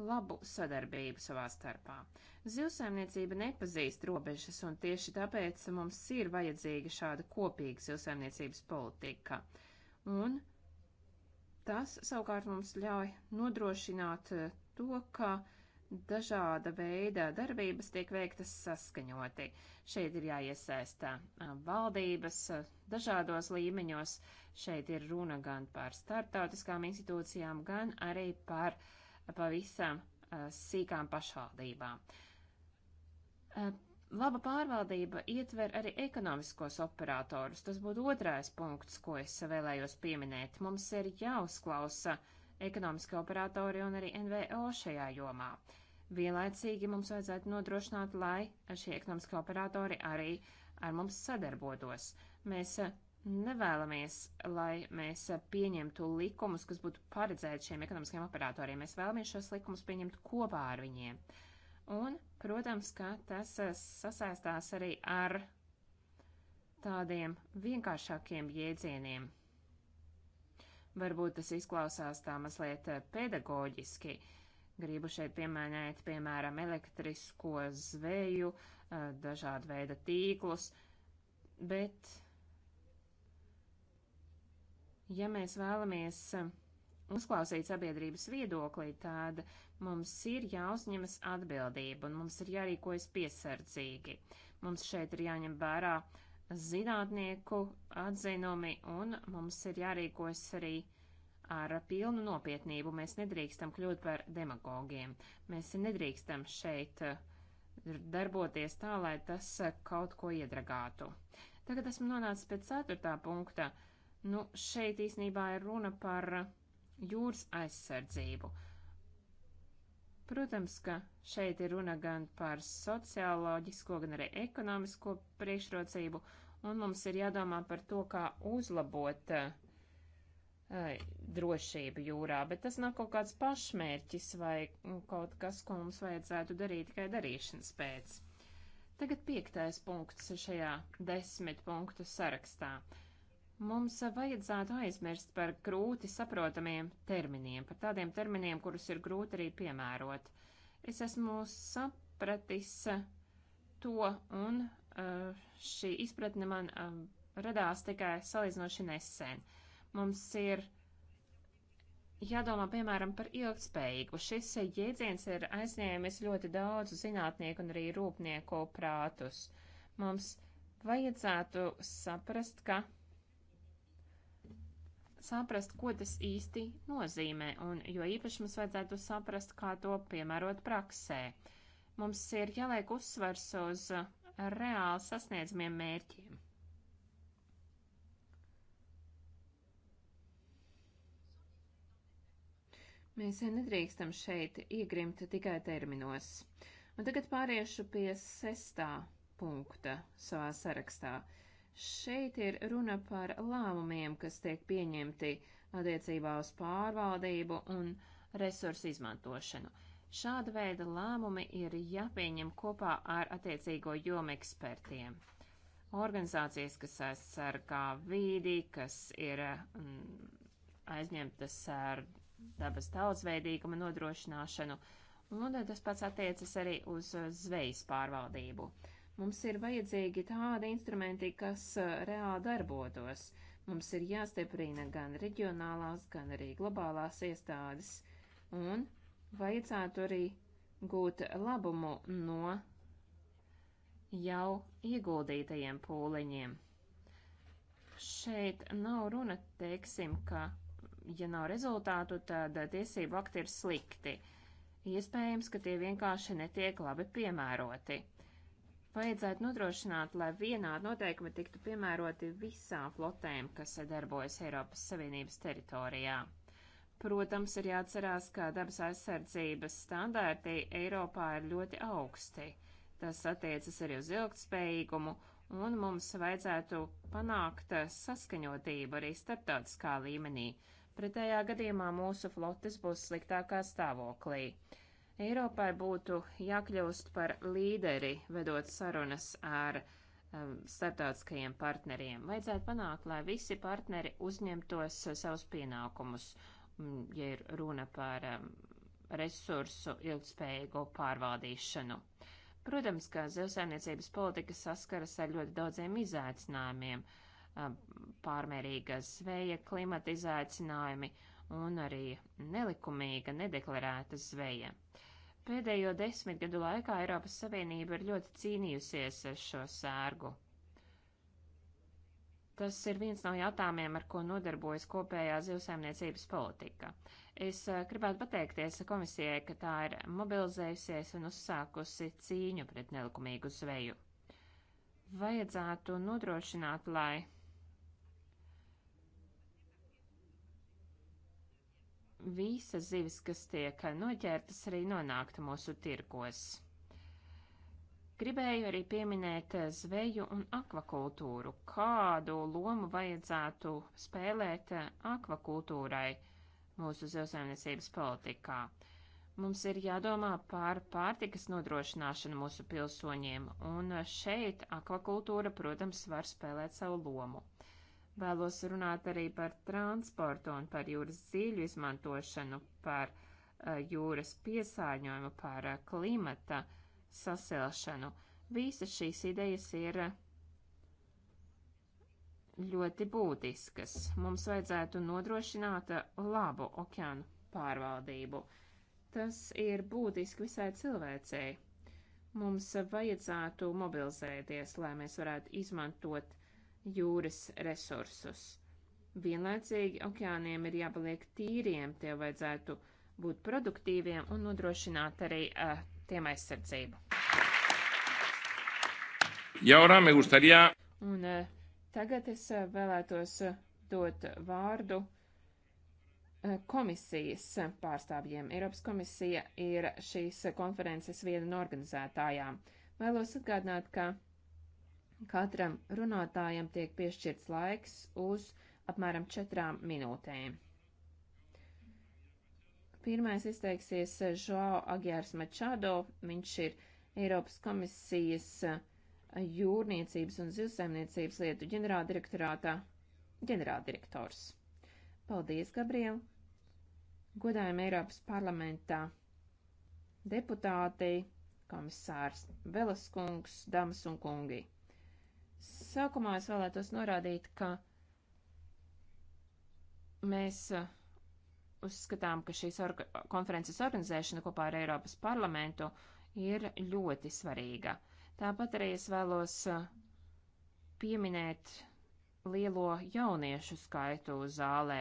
labu sadarbību savā starpā. Zivsaimniecība nepazīst robežas, un tieši tāpēc mums ir vajadzīga šāda kopīga zivsaimniecības politika. Un tas savukārt mums ļauj nodrošināt eh, to, ka dažāda veida darbības tiek veiktas saskaņoti. Šeit ir jāiesaistā eh, valdības eh, dažādos līmeņos, šeit ir runa gan par starptautiskām institūcijām, gan arī par uh, pavisam eh, sīkām pašvaldībām. Eh, laba pārvaldība ietver arī ekonomiskos operatorus. Tas būtu otrais punkts, ko es vēlējos pieminēt. Mums ir jāuzklausa ekonomiski operatori un arī NVO šajā jomā. Vienlaicīgi mums vajadzētu nodrošināt, lai šie ekonomiski operatori arī ar mums sadarbotos. Mēs eh, nevēlamies, lai mēs pieņemtu likumus, kas būtu paredzēti šiem ekonomiskiem operatoriem. Mēs vēlamies šos likumus pieņemt kopā ar viņiem. Un, protams, ka tas eh, sasaistās arī ar tādiem vienkāršākiem jēdzieniem. Varbūt tas izklausās tā mazliet eh, pedagoģiski. Gribu šeit pieminēt, piemēram, elektrisko zveju, eh, dažādu veidu tīklus, bet Ja mēs vēlamies eh, uzklausīt sabiedrības viedoklī, tad mums ir jāuzņemas atbildība un mums ir jārīkojas piesardzīgi. Mums šeit ir jāņem vērā zinātnieku atzinumi un mums ir jārīkojas arī ar pilnu nopietnību. Mēs nedrīkstam kļūt par demagogiem. Mēs nedrīkstam šeit eh, darboties tā, lai tas eh, kaut ko iedragātu. Tagad esmu nonācis pie ceturtā punkta. Uh, Nu, šeit īsnībā ir runa par jūras aizsardzību. Protams, ka šeit ir runa gan par sociāloģisko, gan arī ekonomisko priekšrocību, un mums ir jādomā par to, kā uzlabot uh, drošību jūrā, bet tas nav kaut kāds pašmērķis vai mm, kaut kas, ko mums vajadzētu darīt tikai darīšanas pēc. Tagad piektais punkts šajā desmit punktu sarakstā. Uh, Mums vajadzētu aizmirst par grūti saprotamiem terminiem, par tādiem terminiem, kurus ir grūti arī piemērot. Es esmu sapratis to, un eh, šī izpratne man eh, radās tikai salīdzinoši nesen. Mums ir jādomā, piemēram, par ilgspējīgu. Šis jēdziens ir aizņēmis ļoti daudzu zinātnieku un arī rūpnieku prātus. Mums vajadzētu saprast, ka saprast, ko tas īsti nozīmē, un jo īpaši mums vajadzētu saprast, kā to piemērot praksē. Mums ir jāliek uzsvars uz reāli sasniedzamiem mērķiem. Mēs nedrīkstam šeit iegrimt tikai terminos. Un tagad pāriešu pie sestā punkta savā sarakstā. Uh, Šeit ir runa par lēmumiem, kas tiek pieņemti attiecībā uz pārvaldību un resursu izmantošanu. Šāda veida lēmumi ir jāpieņem kopā ar attiecīgo jomu ekspertiem. Organizācijas, kas aizsargā vīdi, kas ir mm, aizņemtas ar dabas daudzveidīguma nodrošināšanu, un tas pats attiecas arī uz zvejas pārvaldību. Uh, Mums ir vajadzīgi tādi instrumenti, kas eh, reāli darbotos. Mums ir jāstiprina gan reģionālās, gan arī globālās iestādes, un vajadzētu arī gūt labumu no jau ieguldītajiem pūliņiem. Šeit nav runa, teiksim, ka ja nav rezultātu, tad tiesību akti ir slikti. Iespējams, ka tie vienkārši netiek labi piemēroti vajadzētu nodrošināt, lai vienādi noteikumi tiktu piemēroti visām flotēm, kas darbojas Eiropas Savienības teritorijā. Protams, ir jāatcerās, ka dabas aizsardzības standārti Eiropā ir ļoti augsti. Tas attiecas arī uz ilgtspējīgumu, un mums vajadzētu panākt saskaņotību arī starptautiskā līmenī. Pretējā gadījumā mūsu flotes būs sliktākā stāvoklī. Eiropai būtu jākļūst par līderi, vedot sarunas ar um, starptautiskajiem partneriem. Vajadzētu panākt, lai visi partneri uzņemtos uh, savus pienākumus, mm, ja ir runa par um, resursu ilgspējīgu pārvaldīšanu. Protams, ka zivsaimniecības politika saskaras ar ļoti daudziem izaicinājumiem um, pārmērīga zveja, klimata izaicinājumi un arī nelikumīga, nedeklarēta zveja. Pēdējo desmitgadu laikā Eiropas Savienība ir ļoti cīnījusies ar šo sērgu. Tas ir viens no jautājumiem, ar ko nodarbojas kopējā zivsaimniecības politika. Es eh, gribētu pateikties komisijai, ka tā ir mobilizējusies un uzsākusi cīņu pret nelikumīgu zveju. Vajadzētu nodrošināt, lai visas zivis, kas tiek noķertas, arī nonāktu mūsu tirgos. Gribēju arī pieminēt eh, zveju un akvakultūru. Kādu lomu vajadzētu spēlēt eh, akvakultūrai mūsu zivsaimniecības politikā? Mums ir jādomā par pārtikas nodrošināšanu mūsu pilsoņiem, un šeit akvakultūra, protams, var spēlēt savu lomu. Vēlos runāt arī par transportu un par jūras zīļu izmantošanu, par uh, jūras piesārņojumu, par uh, klimata sasilšanu. Visas šīs idejas ir uh, ļoti būtiskas. Mums vajadzētu nodrošināt uh, labu okeānu pārvaldību. Tas ir būtiski visai cilvēcei. Mums vajadzētu mobilizēties, lai mēs varētu izmantot jūras resursus. Vienlaicīgi okeāniem ir jāpaliek tīriem, tie vajadzētu būt produktīviem un nodrošināt arī uh, tiem aizsardzību.
Jaurā, me gustaría.
Un uh, tagad es uh, vēlētos uh, dot vārdu komisijas pārstāvjiem. Eiropas komisija ir šīs konferences viena no organizētājām. Vēlos atgādināt, ka Katram runātājam tiek piešķirts laiks uz apmēram četrām minūtēm. Pirmais izteiksies Žoao Agjārs Mačado. Viņš ir Eiropas komisijas eh, jūrniecības un zivsaimniecības lietu ģenerāldirektorātā ģenerāldirektors. Paldies, Gabriel! Godājam Eiropas parlamentā deputāti, komisārs Velaskungs, dāmas un kungi! Sākumā es vēlētos norādīt, ka mēs uh, uzskatām, ka šīs orga konferences organizēšana kopā ar Eiropas parlamentu ir ļoti svarīga. Tāpat arī es vēlos uh, pieminēt lielo jauniešu skaitu zālē.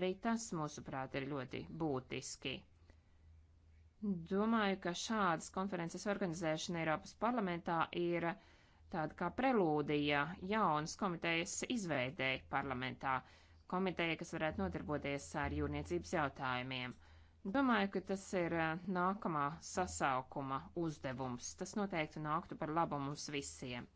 Arī tas, mūsuprāt, ir ļoti būtiski. Domāju, ka šādas konferences organizēšana Eiropas parlamentā ir uh, tāda kā prelūdija jaunas komitejas izveidēji parlamentā, komiteja, kas varētu nodarboties ar jūrniecības jautājumiem. Domāju, ka tas ir eh, nākamā sasaukuma uzdevums. Tas noteikti nāktu par labu mums visiem.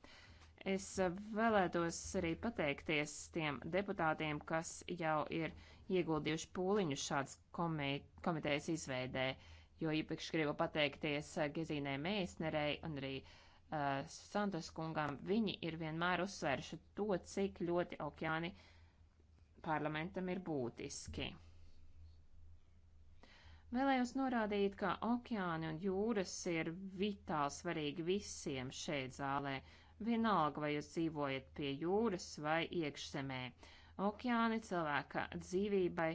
Es eh, vēlētos arī pateikties tiem deputātiem, kas jau ir ieguldījuši pūliņu šādas komitejas izveidē, jo īpaši gribu pateikties eh, Gezīnai Meisnerei un arī uh, uh, Santos kungam, viņi ir vienmēr uzsvērši to, cik ļoti okeāni parlamentam ir būtiski. Vēlējos norādīt, ka okeāni un jūras ir vitāli svarīgi visiem šeit zālē, vienalga vai jūs dzīvojat pie jūras vai iekšzemē. Okeāni cilvēka dzīvībai,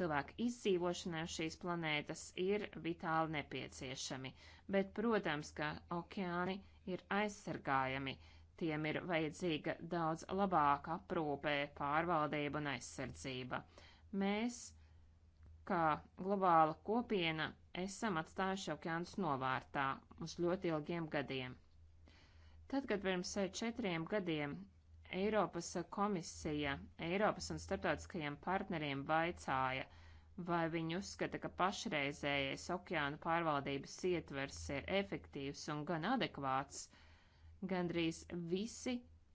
cilvēka izdzīvošanai uz šīs planētas ir vitāli nepieciešami, bet, protams, ka okeāni ir aizsargājami, tiem ir vajadzīga daudz labāka aprūpē, pārvaldība un aizsardzība. Mēs, kā globāla kopiena, esam atstājuši okeānus novārtā uz ļoti ilgiem gadiem. Tad, kad pirms eh, četriem gadiem Eiropas komisija Eiropas un starptautiskajiem partneriem vaicāja, vai viņi uzskata, ka pašreizējais okeāna pārvaldības ietvers ir efektīvs un gan adekvāts, gandrīz visi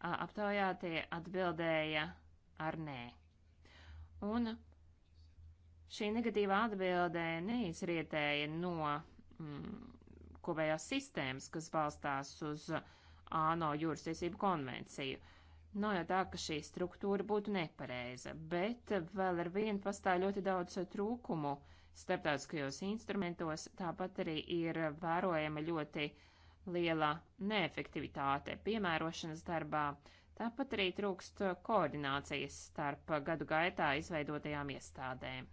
aptaujātie atbildēja ar nē. Un šī negatīvā atbildē neizrietēja no mm, kopējās sistēmas, kas balstās uz ANO jūras tiesību konvenciju. Uh, Nav jau tā, ka šī struktūra būtu nepareiza, bet vēl ar vienu pastāv ļoti daudz trūkumu starptautiskajos instrumentos, tāpat arī ir vērojama ļoti liela neefektivitāte piemērošanas darbā, tāpat arī trūkst koordinācijas starp gadu gaitā izveidotajām iestādēm.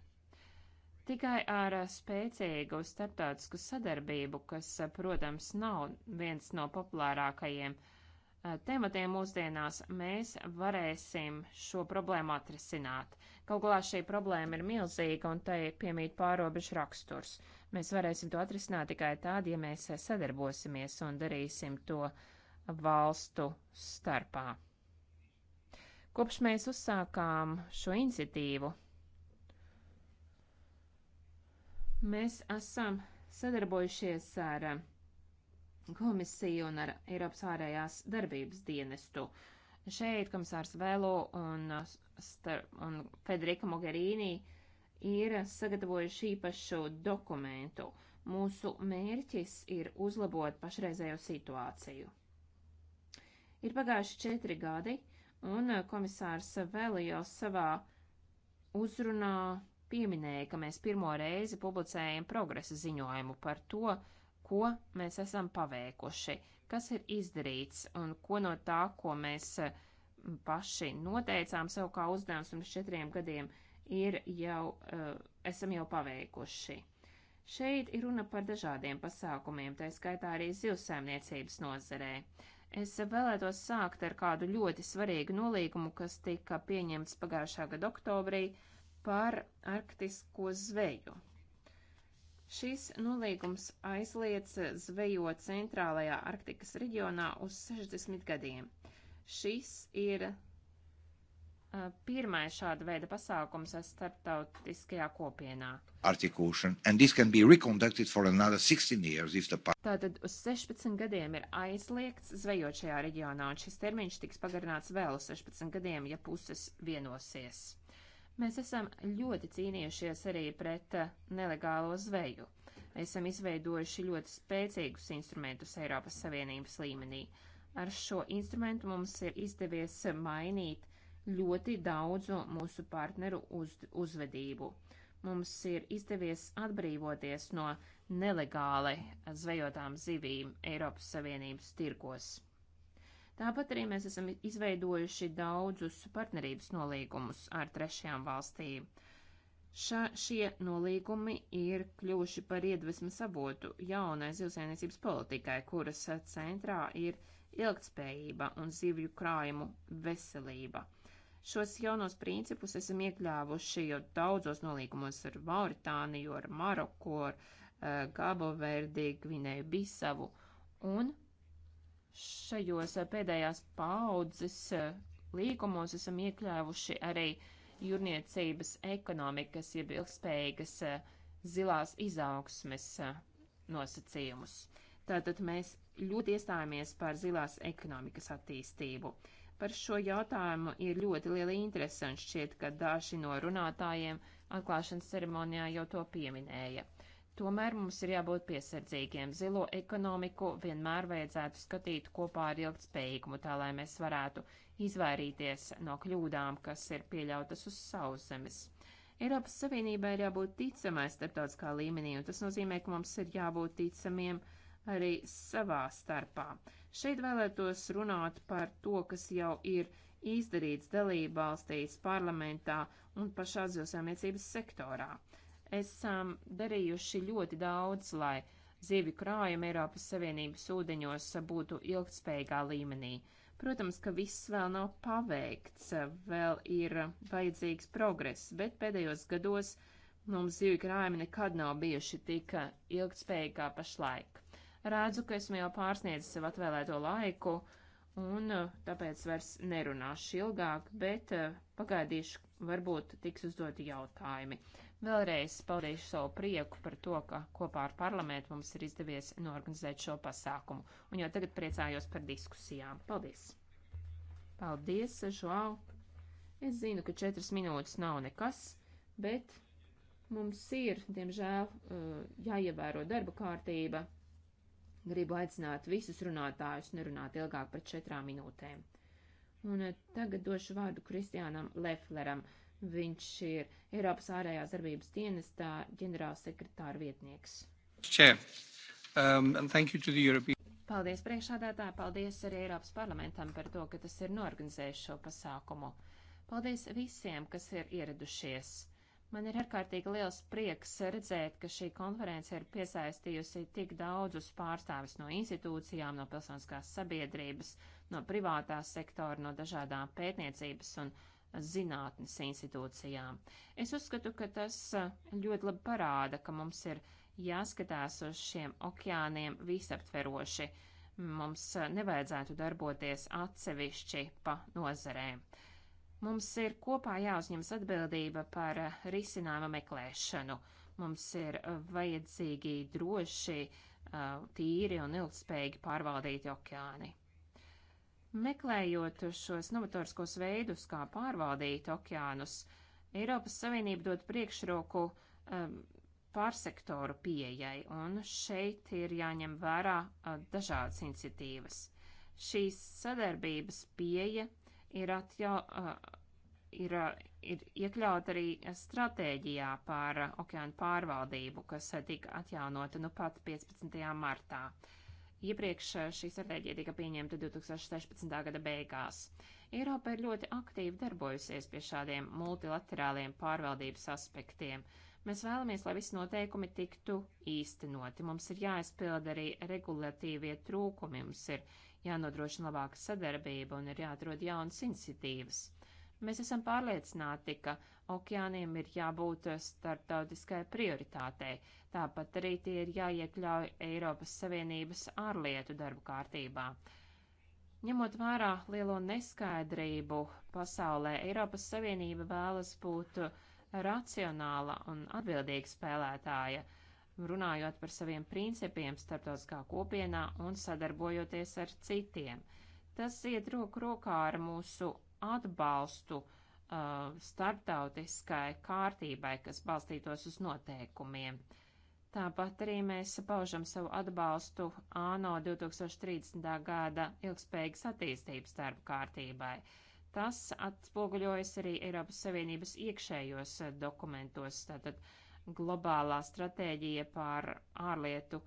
Tikai ar spēcīgu starptautisku sadarbību, kas, protams, nav viens no populārākajiem, uh, Eh, tematiem mūsdienās mēs varēsim šo problēmu atrisināt. Kaut galā šī problēma ir milzīga un tai piemīt pārobežu raksturs. Mēs varēsim to atrisināt tikai tad, ja mēs sadarbosimies un darīsim to valstu starpā. Kopš mēs uzsākām šo iniciatīvu, mēs esam sadarbojušies ar komisiju un ar Eiropas ārējās darbības dienestu. Šeit komisārs Velo un, uh, un Federika Mogherīni ir sagatavojuši īpašu dokumentu. Mūsu mērķis ir uzlabot pašreizējo situāciju. Ir pagājuši četri gadi, un uh, komisārs Velo jau savā uzrunā pieminēja, ka mēs pirmo reizi publicējam progresa ziņojumu par to, uh, ko mēs esam paveikuši, kas ir izdarīts un ko no tā, ko mēs paši noteicām sev kā uzdevums pirms četriem gadiem, ir jau, uh, esam jau paveikuši. Šeit ir runa par dažādiem pasākumiem, tā skaitā arī zivsēmniecības nozarē. Es vēlētos sākt ar kādu ļoti svarīgu nolīgumu, kas tika pieņemts pagājušā gada oktobrī par arktisko zveju. Šis nolīgums aizliedz zvejot centrālajā Arktikas reģionā uz 60 gadiem. Šis ir uh, pirmais šāda veida pasākums starptautiskajā kopienā.
Years, the...
Tātad uz 16 gadiem ir aizliegts zvejot šajā reģionā, un šis termiņš tiks pagarināts vēl uz 16 gadiem, ja puses vienosies. Mēs esam ļoti cīnījušies arī pret eh, nelegālo zveju. Esam izveidojuši ļoti spēcīgus instrumentus Eiropas Savienības līmenī. Ar šo instrumentu mums ir izdevies mainīt ļoti daudzu mūsu partneru uz, uzvedību. Mums ir izdevies atbrīvoties no nelegāli zvejotām zivīm Eiropas Savienības tirgos. Tāpat arī mēs esam izveidojuši daudzus partnerības nolīgumus ar trešajām valstīm. Ša, šie nolīgumi ir kļuvuši par iedvesmu savotu jaunai zivsainiecības politikai, kuras centrā ir ilgtspējība un zivju krājumu veselība. Šos jaunos principus esam iekļāvuši jau daudzos nolīgumos ar Mauritāniju, ar Maroku, ar uh, Gabo Verdi, Gvinēju Bisavu un šajos pēdējās paaudzes eh, līgumos esam iekļāvuši arī jūrniecības ekonomikas, jeb ilgspējīgas eh, zilās izaugsmes eh, nosacījumus. Tātad mēs ļoti iestājāmies par zilās ekonomikas attīstību. Par šo jautājumu ir ļoti liela interese, un šķiet, ka daži no runātājiem atklāšanas ceremonijā jau to pieminēja. Tomēr mums ir jābūt piesardzīgiem. Zilo ekonomiku vienmēr vajadzētu skatīt kopā ar ilgtspējīgumu, tā lai mēs varētu izvairīties no kļūdām, kas ir pieļautas uz savas zemes. Eiropas Savienībai ir jābūt ticamai starptautiskā līmenī, un tas nozīmē, ka mums ir jābūt ticamiem arī savā starpā. Šeit vēlētos runāt par to, kas jau ir izdarīts dalība valstīs, parlamentā un pašā zilsēmniecības sektorā esam darījuši ļoti daudz, lai zivju krājumi Eiropas Savienības ūdeņos būtu ilgtspējīgā līmenī. Protams, ka viss vēl nav paveikts, vēl ir vajadzīgs progress, bet pēdējos gados mums zivju krājumi nekad nav bijuši tik ilgtspējīgi kā pašlaik. Redzu, ka esmu jau pārsniedzis sev atvēlēto laiku, un tāpēc vairs nerunāšu ilgāk, bet pagaidīšu, varbūt tiks uzdoti jautājumi. Vēlreiz paudīšu savu prieku par to, ka kopā ar parlamentu mums ir izdevies norganizēt šo pasākumu, un jau tagad priecājos par diskusijām. Paldies! Paldies, Žuau! Es zinu, ka četras minūtes nav nekas, bet mums ir, diemžēl, eh, jāievēro darba kārtība. Gribu aicināt visus runātājus nerunāt ilgāk par četrām minūtēm. Un eh, tagad došu vārdu Kristiānam Lefleram Viņš ir Eiropas ārējās darbības dienestā ģenerālsekretāra vietnieks.
Chair, um, and thank you to the European.
Paldies priekšādātāji, paldies arī Eiropas parlamentam par to, ka tas ir norganizējis šo pasākumu. Paldies visiem, kas ir ieradušies. Man ir ārkārtīgi liels prieks redzēt, ka šī konference ir piesaistījusi tik daudzus pārstāvis no institūcijām, no pilsoniskās sabiedrības, no privātā sektora, no dažādām pētniecības un zinātnes institūcijām. Es uzskatu, ka tas ļoti labi parāda, ka mums ir jāskatās uz šiem okeāniem visaptveroši. Mums nevajadzētu darboties atsevišķi pa nozarēm. Mums ir kopā jāuzņemas atbildība par risinājuma meklēšanu. Mums ir vajadzīgi droši, tīri un ilgspējīgi pārvaldīti okeāni. Meklējot šos novatoriskos veidus, kā pārvaldīt okeānus, Eiropas Savienība dod priekšroku um, pārsektoru pieejai, un šeit ir jāņem vērā uh, dažādas iniciatīvas. Šīs sadarbības pieeja ir, atjau, uh, ir, uh, ir iekļaut arī stratēģijā par uh, okeānu pārvaldību, kas uh, tika atjaunota nu pat 15. martā. Uh, Iepriekš eh, šī stratēģija tika pieņemta 2016. gada beigās. Eiropa ir ļoti aktīvi darbojusies pie šādiem multilaterāliem pārvaldības aspektiem. Mēs vēlamies, lai visi noteikumi tiktu īstenoti. Mums ir jāizpild arī regulatīvie trūkumi, mums ir jānodrošina labāka sadarbība un ir jāatrod jaunas iniciatīvas. Mēs esam pārliecināti, ka okeāniem ir jābūt startautiskai prioritātei, tāpat arī tie ir jāiekļauj Eiropas Savienības ārlietu darbu kārtībā. Ņemot vērā lielo neskaidrību pasaulē, Eiropas Savienība vēlas būt racionāla un atbildīga spēlētāja, runājot par saviem principiem starptautiskā kopienā un sadarbojoties ar citiem. Tas iet roku rokā ar mūsu atbalstu uh, starptautiskai kārtībai, kas balstītos uz noteikumiem. Tāpat arī mēs paužam savu atbalstu ANO 2030. gada ilgspējīgas attīstības darba kārtībai. Tas atspoguļojas arī Eiropas Savienības iekšējos uh, dokumentos, tātad globālā stratēģija pār ārlietu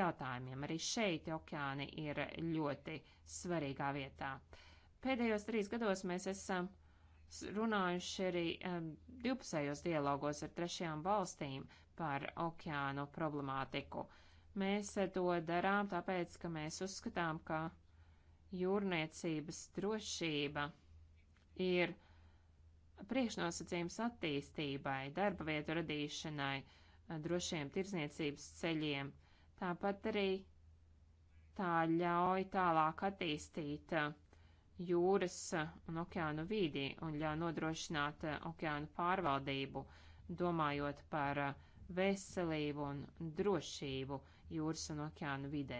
jautājumiem. Arī šeit okeāni ir ļoti svarīgā vietā. Uh, Pēdējos trīs gados mēs esam runājuši arī um, divpusējos dialogos ar trešajām valstīm par okeānu problemātiku. Mēs eh, to darām tāpēc, ka mēs uzskatām, ka jūrniecības drošība ir priekšnosacījums attīstībai, darba vietu radīšanai, eh, drošiem tirzniecības ceļiem. Tāpat arī tā ļauj tālāk attīstīt uh, jūras un okeānu vīdi un ļauj nodrošināt eh, okeānu pārvaldību, domājot par eh, veselību un drošību jūras un okeānu vidē.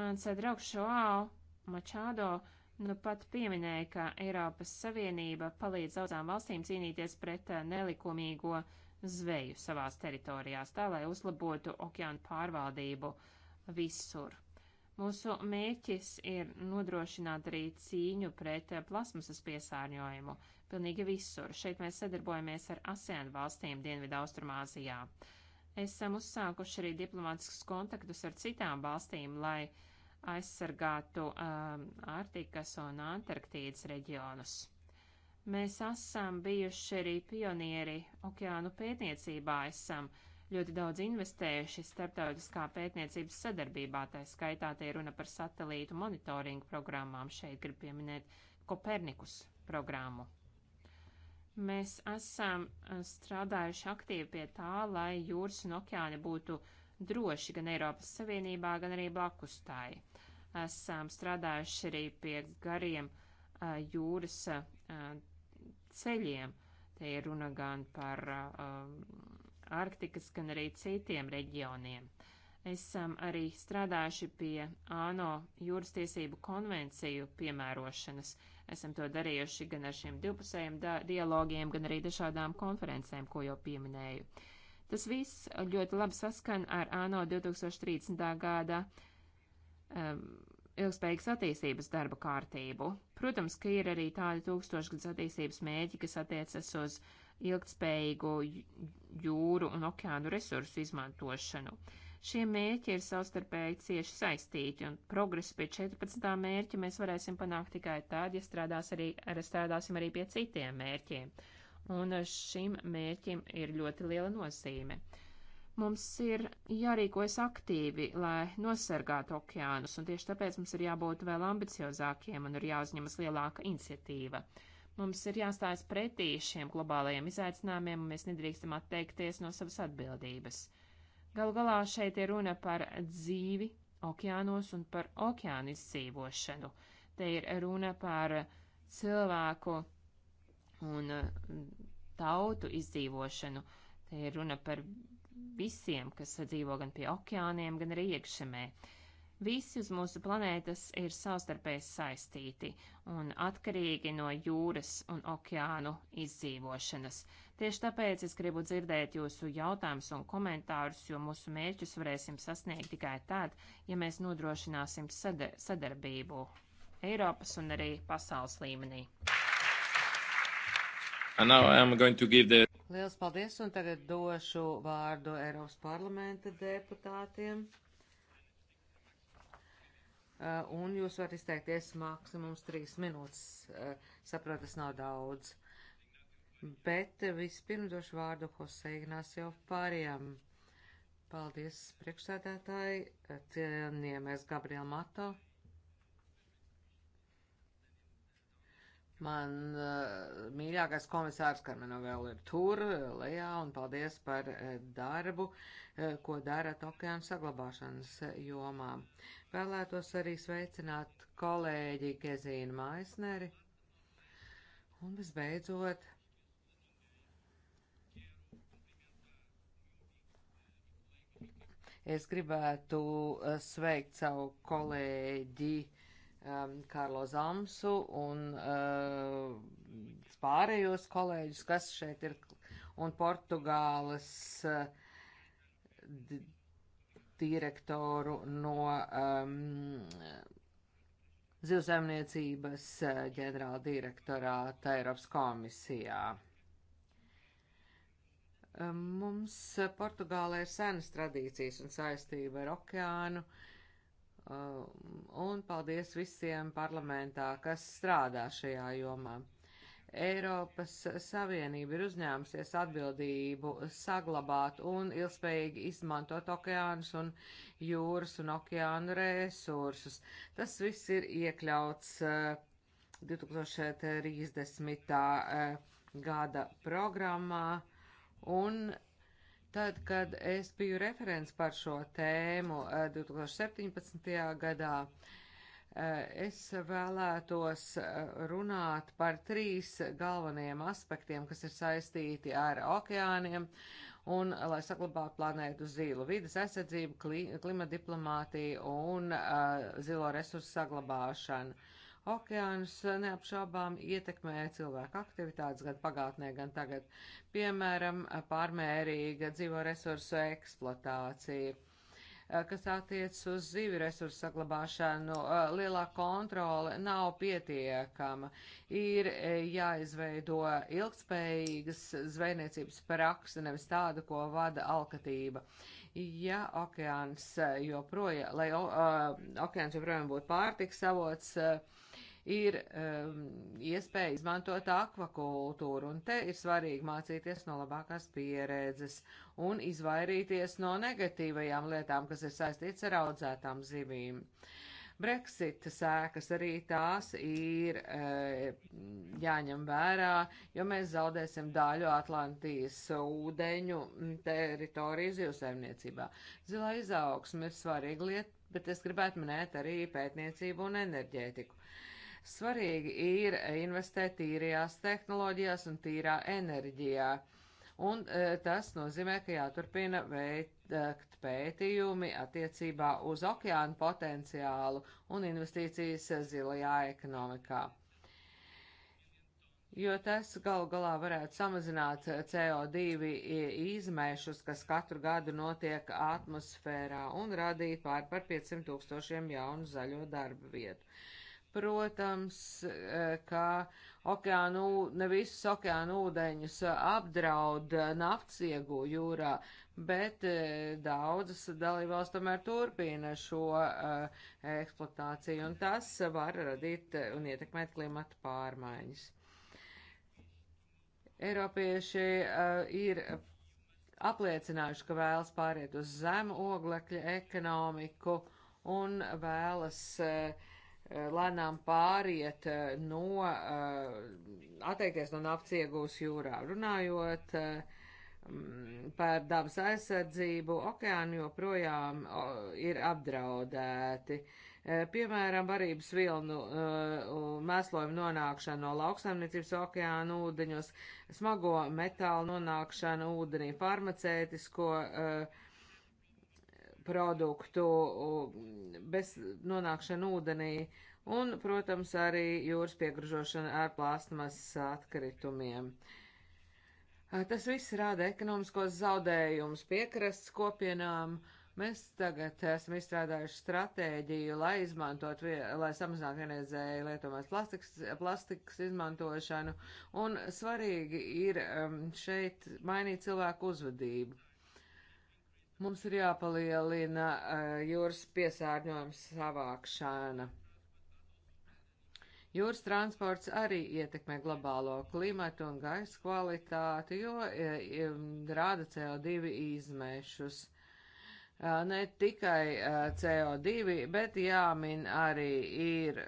Mans draugs Šoāo Mačādo nu pat pieminēja, ka Eiropas Savienība palīdz daudzām valstīm cīnīties pret eh, nelikumīgo zveju savās teritorijās, tā lai uzlabotu okeānu pārvaldību visur. Mūsu mērķis ir nodrošināt arī cīņu pret plasmasas piesārņojumu pilnīgi visur. Šeit mēs sadarbojamies ar ASEAN valstīm Dienvidu Austrumāzijā. Esam uzsākuši arī diplomātiskus kontaktus ar citām valstīm, lai aizsargātu um, Arktikas un Antarktīdas reģionus. Mēs esam bijuši arī pionieri okeānu pētniecībā, esam uh, ļoti daudz investējuši starptautiskā pētniecības sadarbībā, tā skaitā te runa par satelītu monitoringu programmām, šeit grib pieminēt Kopernikus programmu. Mēs esam eh, strādājuši aktīvi pie tā, lai jūras un okeāni būtu droši gan Eiropas Savienībā, gan arī blakus tai. Esam strādājuši arī pie gariem a, eh, jūras a, eh, ceļiem. Te ir runa gan par uh, Arktikas, gan arī citiem reģioniem. Esam arī strādājuši pie ANO jūras tiesību konvenciju piemērošanas. Esam to darījuši gan ar šiem divpusējiem dialogiem, gan arī dažādām konferencēm, ko jau pieminēju. Tas viss ļoti labi saskan ar ANO 2030. gada um, ilgspējīgas attīstības darba kārtību. Protams, ka ir arī tādi tūkstošgads attīstības mēģi, kas attiecas uz uh, ilgtspējīgu jūru un okeānu resursu izmantošanu. Šie mērķi ir savstarpēji cieši saistīti, un progresu pie 14. mērķa mēs varēsim panākt tikai tad, ja strādās arī, ar strādāsim arī pie citiem mērķiem. Un šim mērķim ir ļoti liela nozīme. Mums ir jārīkojas aktīvi, lai nosargātu okeānus, un tieši tāpēc mums ir jābūt vēl ambiciozākiem un ir jāuzņemas lielāka iniciatīva. Uh, Mums ir jāstājas pretī šiem globālajiem izaicinājumiem, un mēs nedrīkstam atteikties no savas atbildības. Galu galā šeit ir runa par dzīvi okeānos un par okeānu izdzīvošanu. Te ir runa par cilvēku un mm, tautu izdzīvošanu. Te ir runa par visiem, kas dzīvo gan pie okeāniem, gan arī iekšemē. Uh, Visi uz mūsu planētas ir savstarpēji saistīti un atkarīgi no jūras un okeānu izdzīvošanas. Tieši tāpēc es gribu dzirdēt jūsu jautājumus un komentārus, jo mūsu mērķus varēsim sasniegt tikai tad, ja mēs nodrošināsim sadar sadarbību Eiropas un arī pasaules līmenī.
The...
Liels paldies, un tagad došu
vārdu Eiropas parlamenta deputātiem. Eh, un jūs varat izteikties maksimums trīs minūtes. Eh, saprotu, tas nav daudz. Bet eh, vispirms došu vārdu Hosei Ignācijau pārējām. Paldies, priekšsēdētāji, cieniemies Gabriela Mato. Man uh, mīļākais komisārs Karmena vēl ir tur, lejā, un paldies par uh, darbu, uh, ko dara okeāna saglabāšanas jomā. Vēlētos arī sveicināt kolēģi Gezīnu Maisneri. Un visbeidzot, es gribētu eh, sveikt savu kolēģi um, Karlo Zamsu un uh, pārējos kolēģus, kas šeit ir, un Portugāles uh, direktoru no um, Zivsaimniecības uh, ģenerāla direktorāta Eiropas komisijā. Um, mums uh, Portugālē ir senas tradīcijas un saistība ar okeānu, um, un paldies visiem parlamentā, kas strādā šajā jomā. Eiropas Savienība ir uzņēmusies atbildību saglabāt un ilgspējīgi izmantot okeānus un jūras un okeānu resursus. Tas viss ir iekļauts uh, 2030. Uh, gada programmā un tad, kad es biju referents par šo tēmu uh, eh, 2017. gadā, Eh, es vēlētos eh, runāt par trīs galvenajiem aspektiem, kas ir saistīti ar okeāniem un eh, lai saglabātu planētu zīlu - vidas aizsardzību, kli, klima diplomātiju un uh, zilo resursu saglabāšanu. Okeānus neapšaubām ietekmē cilvēku aktivitātes gan pagātnē, gan tagad. Piemēram, pārmērīga dzīvo resursu eksploatācija Eh, kas attiec uz zīvi resursu saglabāšanu, eh, lielā kontrole nav pietiekama. Ir eh, jāizveido ilgspējīgas zvejniecības praksa, nevis tāda, ko vada alkatība. Ja okeāns joprojām, lai o, okeāns joprojām būtu pārtiks avots, ir um, iespēja izmantot akvakultūru, un te ir svarīgi mācīties no labākās pieredzes un izvairīties no negatīvajām lietām, kas ir saistīts ar audzētām zivīm. Brexit sēkas arī tās ir e, jāņem vērā, jo mēs zaudēsim daļu Atlantijas ūdeņu teritoriju zivsaimniecībā. Zilā izaugsme ir svarīga lieta, bet es gribētu minēt arī pētniecību un enerģētiku. Svarīgi ir investēt tīrajās tehnoloģijās un tīrā enerģijā. Uh, un e, tas nozīmē, ka jāturpina veikt pētījumi attiecībā uz okeānu potenciālu un investīcijas zilajā ekonomikā. Jo tas galu galā varētu samazināt CO2 izmēšus, kas katru gadu notiek atmosfērā un radīt pār par 500 tūkstošiem jaunu zaļo darba vietu. Uh, Protams, eh, kā okeānu, ne visus okeānu ūdeņus eh, apdraud eh, naftas iegū jūrā, bet daudzas dalībvalsts tomēr turpina šo uh, eksploatāciju, un tas var radīt un ietekmēt klimata pārmaiņas. Eiropieši uh, ir apliecinājuši, ka vēlas pāriet uz zemu oglekļa ekonomiku un vēlas uh, Eh, lēnām pāriet eh, no, eh, atteikties no naftas iegūs jūrā. Runājot mm, par dabas aizsardzību, okeāni joprojām ir apdraudēti. Piemēram, varības vilnu mēslojumu nonākšana no lauksaimniecības okeāna ūdeņos, smago metālu nonākšana ūdenī, farmacētisko uh, produktu bez nonākšana ūdenī un, protams, arī jūras piegražošana ar plāstmas atkritumiem. Tas viss rāda ekonomiskos zaudējumus piekrasts kopienām. Mēs tagad esam izstrādājuši stratēģiju, lai izmantot, lai samazinātu vienreizēji lietomās plastikas, plastikas izmantošanu, un svarīgi ir um, šeit mainīt cilvēku uzvedību Mums ir jāpalielina eh, jūras piesārņojums savākšana. Jūras transports arī ietekmē globālo klimatu un gaisa kvalitāti, jo eh, rāda CO2 izmešus eh, ne tikai CO2, bet jāmin arī ir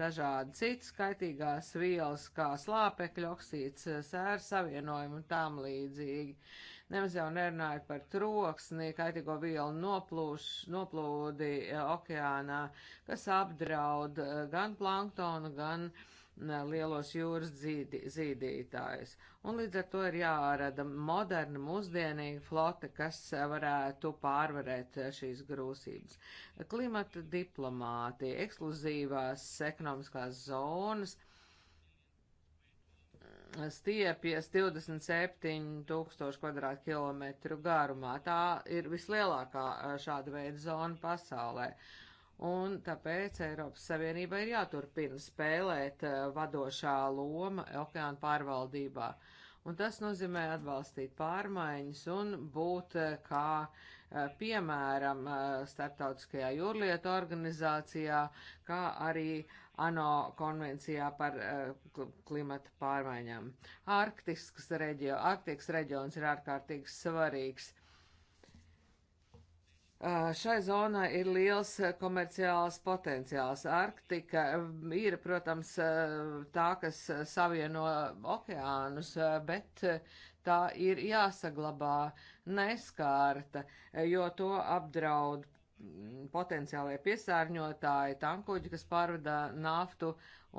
dažādi citas kaitīgās vielas, kā slāpekļa oksīds, sēra savienojumi un tām līdzīgi. Nemaz jau nerunājot par troksni, kaitīgo vielu noplūš, noplūdi e, okeānā, kas apdraud e, gan planktonu, gan lielos jūras dzīdi, zīdītājus. Un līdz ar to ir jārada moderna, mūsdienīga flote, kas varētu pārvarēt e, šīs grūsības. Klimata diplomātija, ekskluzīvās ekonomiskās zonas, uh, stiepjas 27 tūkstoši kvadrātkilometru garumā. Tā ir vislielākā šāda veida zona pasaulē. Un tāpēc Eiropas Savienībai ir jāturpina spēlēt vadošā loma okeāna pārvaldībā. Uh, Un tas nozīmē atbalstīt pārmaiņas un būt eh, kā eh, piemēram eh, starptautiskajā jūrlietu organizācijā, kā arī ANO konvencijā par klimata pārmaiņām. Arktisks reģio, Arktikas reģions ir ārkārtīgi svarīgs Eh, šai zonai ir liels eh, komerciāls potenciāls. Arktika mm, ir, protams, eh, tā, kas savieno okeānus, bet tā ir jāsaglabā neskārta, jo to apdraud mm, potenciālie piesārņotāji, tankuģi, kas pārvada naftu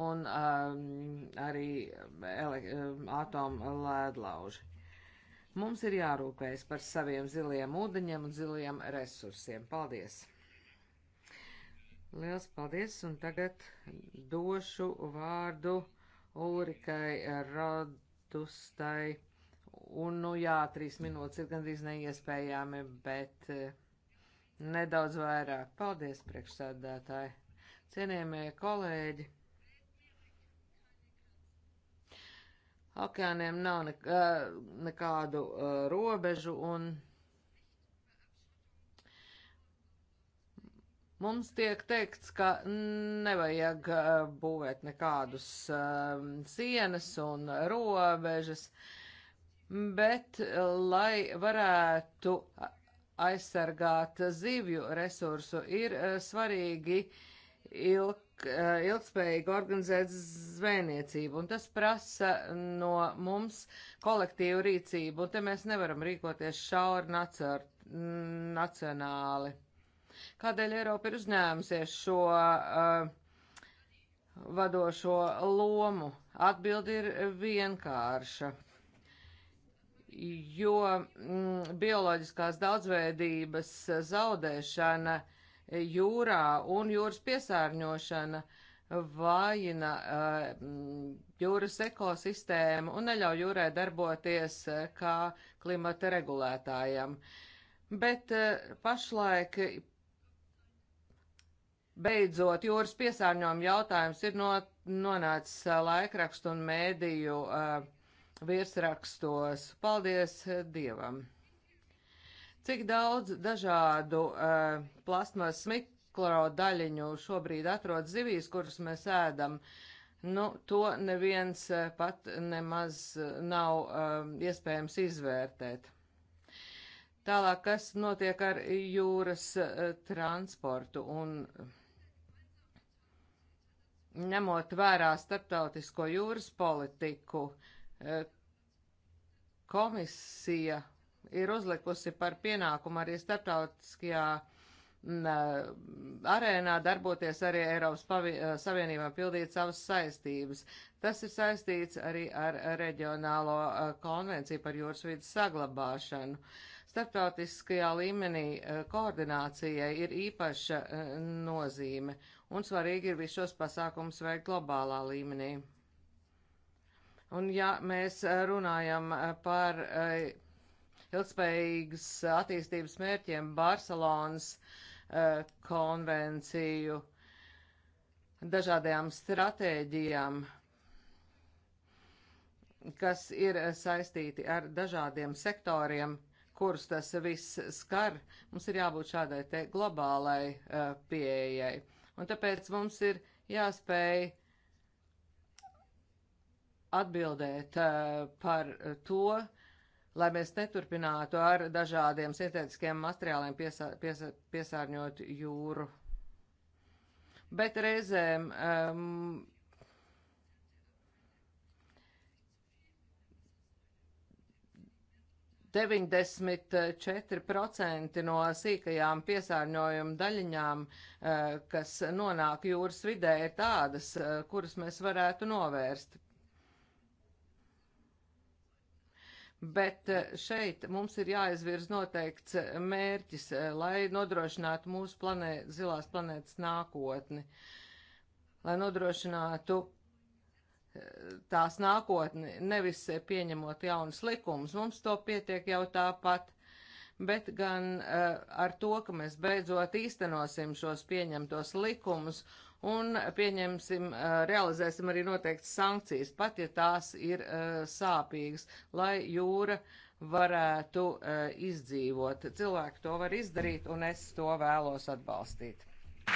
un um, arī ele, um, atomu lēdlauži. Mums ir jārūpējas par saviem zilajiem ūdeņiem un zilajiem resursiem. Paldies! Liels paldies, un tagad došu vārdu Ulrikai Radustai. Un, nu jā, trīs minūtes ir gandrīz neiespējami, bet eh, nedaudz vairāk. Paldies, priekšsēdētāji! Cienījamie kolēģi! Okeāniem nav nek nekādu uh, robežu un mums tiek teikts, ka nevajag uh, būvēt nekādus uh, sienas un robežas, bet lai varētu aizsargāt zivju resursu, ir svarīgi ilg Eh, ilgspējīgi organizēt zvejniecību, un tas prasa no mums kolektīvu rīcību, un te mēs nevaram rīkoties šauri nacer, nacionāli. Kādēļ Eiropa ir uzņēmusies šo uh, vadošo lomu? Atbildi ir vienkārša jo mm, bioloģiskās daudzveidības zaudēšana uh, jūrā un jūras piesārņošana vājina eh, mm, jūras ekosistēmu un neļauj jūrai darboties eh, kā klimata regulētājam. Bet eh, pašlaik beidzot jūras piesārņojuma jautājums ir no, nonācis laikrakstu un mēdīju virsrakstos. Paldies Dievam! Cik daudz dažādu uh, plasmas mikro daļiņu šobrīd atrod zivīs, kuras mēs ēdam? Nu, to neviens uh, pat nemaz eh, nav uh, iespējams izvērtēt. Tālāk, kas notiek ar jūras uh, transportu un ņemot vērā starptautisko jūras politiku, komisija ir uzlikusi par pienākumu arī starptautiskajā mm, eh, arēnā darboties arī Eiropas eh, Savienībā pildīt savas saistības. Tas ir saistīts arī ar reģionālo eh, konvenciju par jūras vidas saglabāšanu. Starptautiskajā līmenī koordinācijai ir īpaša nozīme, un svarīgi ir visus šos pasākumus veikt globālā līmenī. Un ja mēs runājam par ilgspējīgas attīstības mērķiem Barcelonas uh, konvenciju, dažādajām stratēģijām, kas ir eh, saistīti ar dažādiem sektoriem, kurus tas viss skar. Mums ir jābūt šādai te globālai uh, pieejai. Un tāpēc mums ir jāspēj atbildēt uh, par to, lai mēs neturpinātu ar dažādiem sintētiskiem materiāliem piesā, piesā, piesārņot jūru. Bet reizēm um, Deviņdesmit četri procenti no sīkajām piesārņojuma daļiņām, uh, kas nonāk jūras vidē, ir tādas, uh, kuras mēs varētu novērst Bet eh, šeit mums ir jāizvirz noteikts eh, mērķis, eh, lai nodrošinātu mūsu planēt, zilās planētas nākotni, lai nodrošinātu tās nākotni, nevis pieņemot jaunas likumus. Mums to pietiek jau tāpat, bet gan uh, ar to, ka mēs beidzot īstenosim šos pieņemtos likumus un pieņemsim, realizēsim arī noteikti sankcijas, pat ja tās ir sāpīgas, lai jūra varētu izdzīvot. Cilvēki to var izdarīt, un es to vēlos atbalstīt.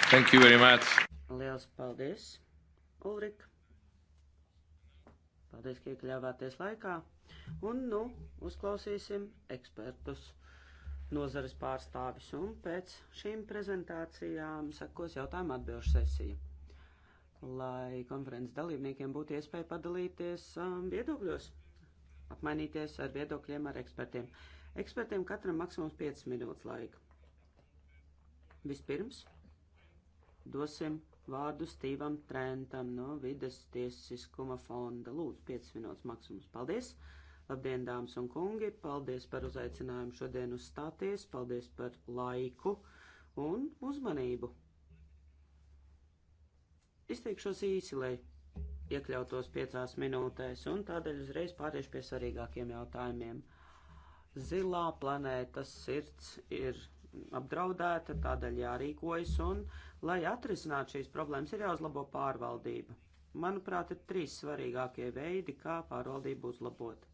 Thank you very much.
Liels paldies, Ulrik. Paldies, ka iekļāvāties laikā. Un, nu, uzklausīsim ekspertus nozares pārstāvis, un pēc šīm prezentācijām sekos jautājuma atbilžu sesija, lai konferences dalībniekiem būtu iespēja padalīties um, viedokļos, apmainīties ar viedokļiem ar ekspertiem. Ekspertiem katram maksimums 5 minūtes laika. Vispirms dosim vārdu Stīvam Trentam no Vides tiesiskuma fonda. Lūdzu, 5 minūtes maksimums. Paldies! Uh, Labdien, dāmas un kungi! Paldies par uzaicinājumu šodien uzstāties, paldies par laiku un uzmanību. Izteikšos īsi, lai iekļautos piecās minūtēs, un tādēļ uzreiz pāriešu pie svarīgākiem jautājumiem. Zilā planētas sirds ir apdraudēta, tādēļ jārīkojas, un, lai atrisinātu šīs problēmas, ir jāuzlabo pārvaldība. Manuprāt, ir trīs svarīgākie veidi, kā pārvaldību uzlabot.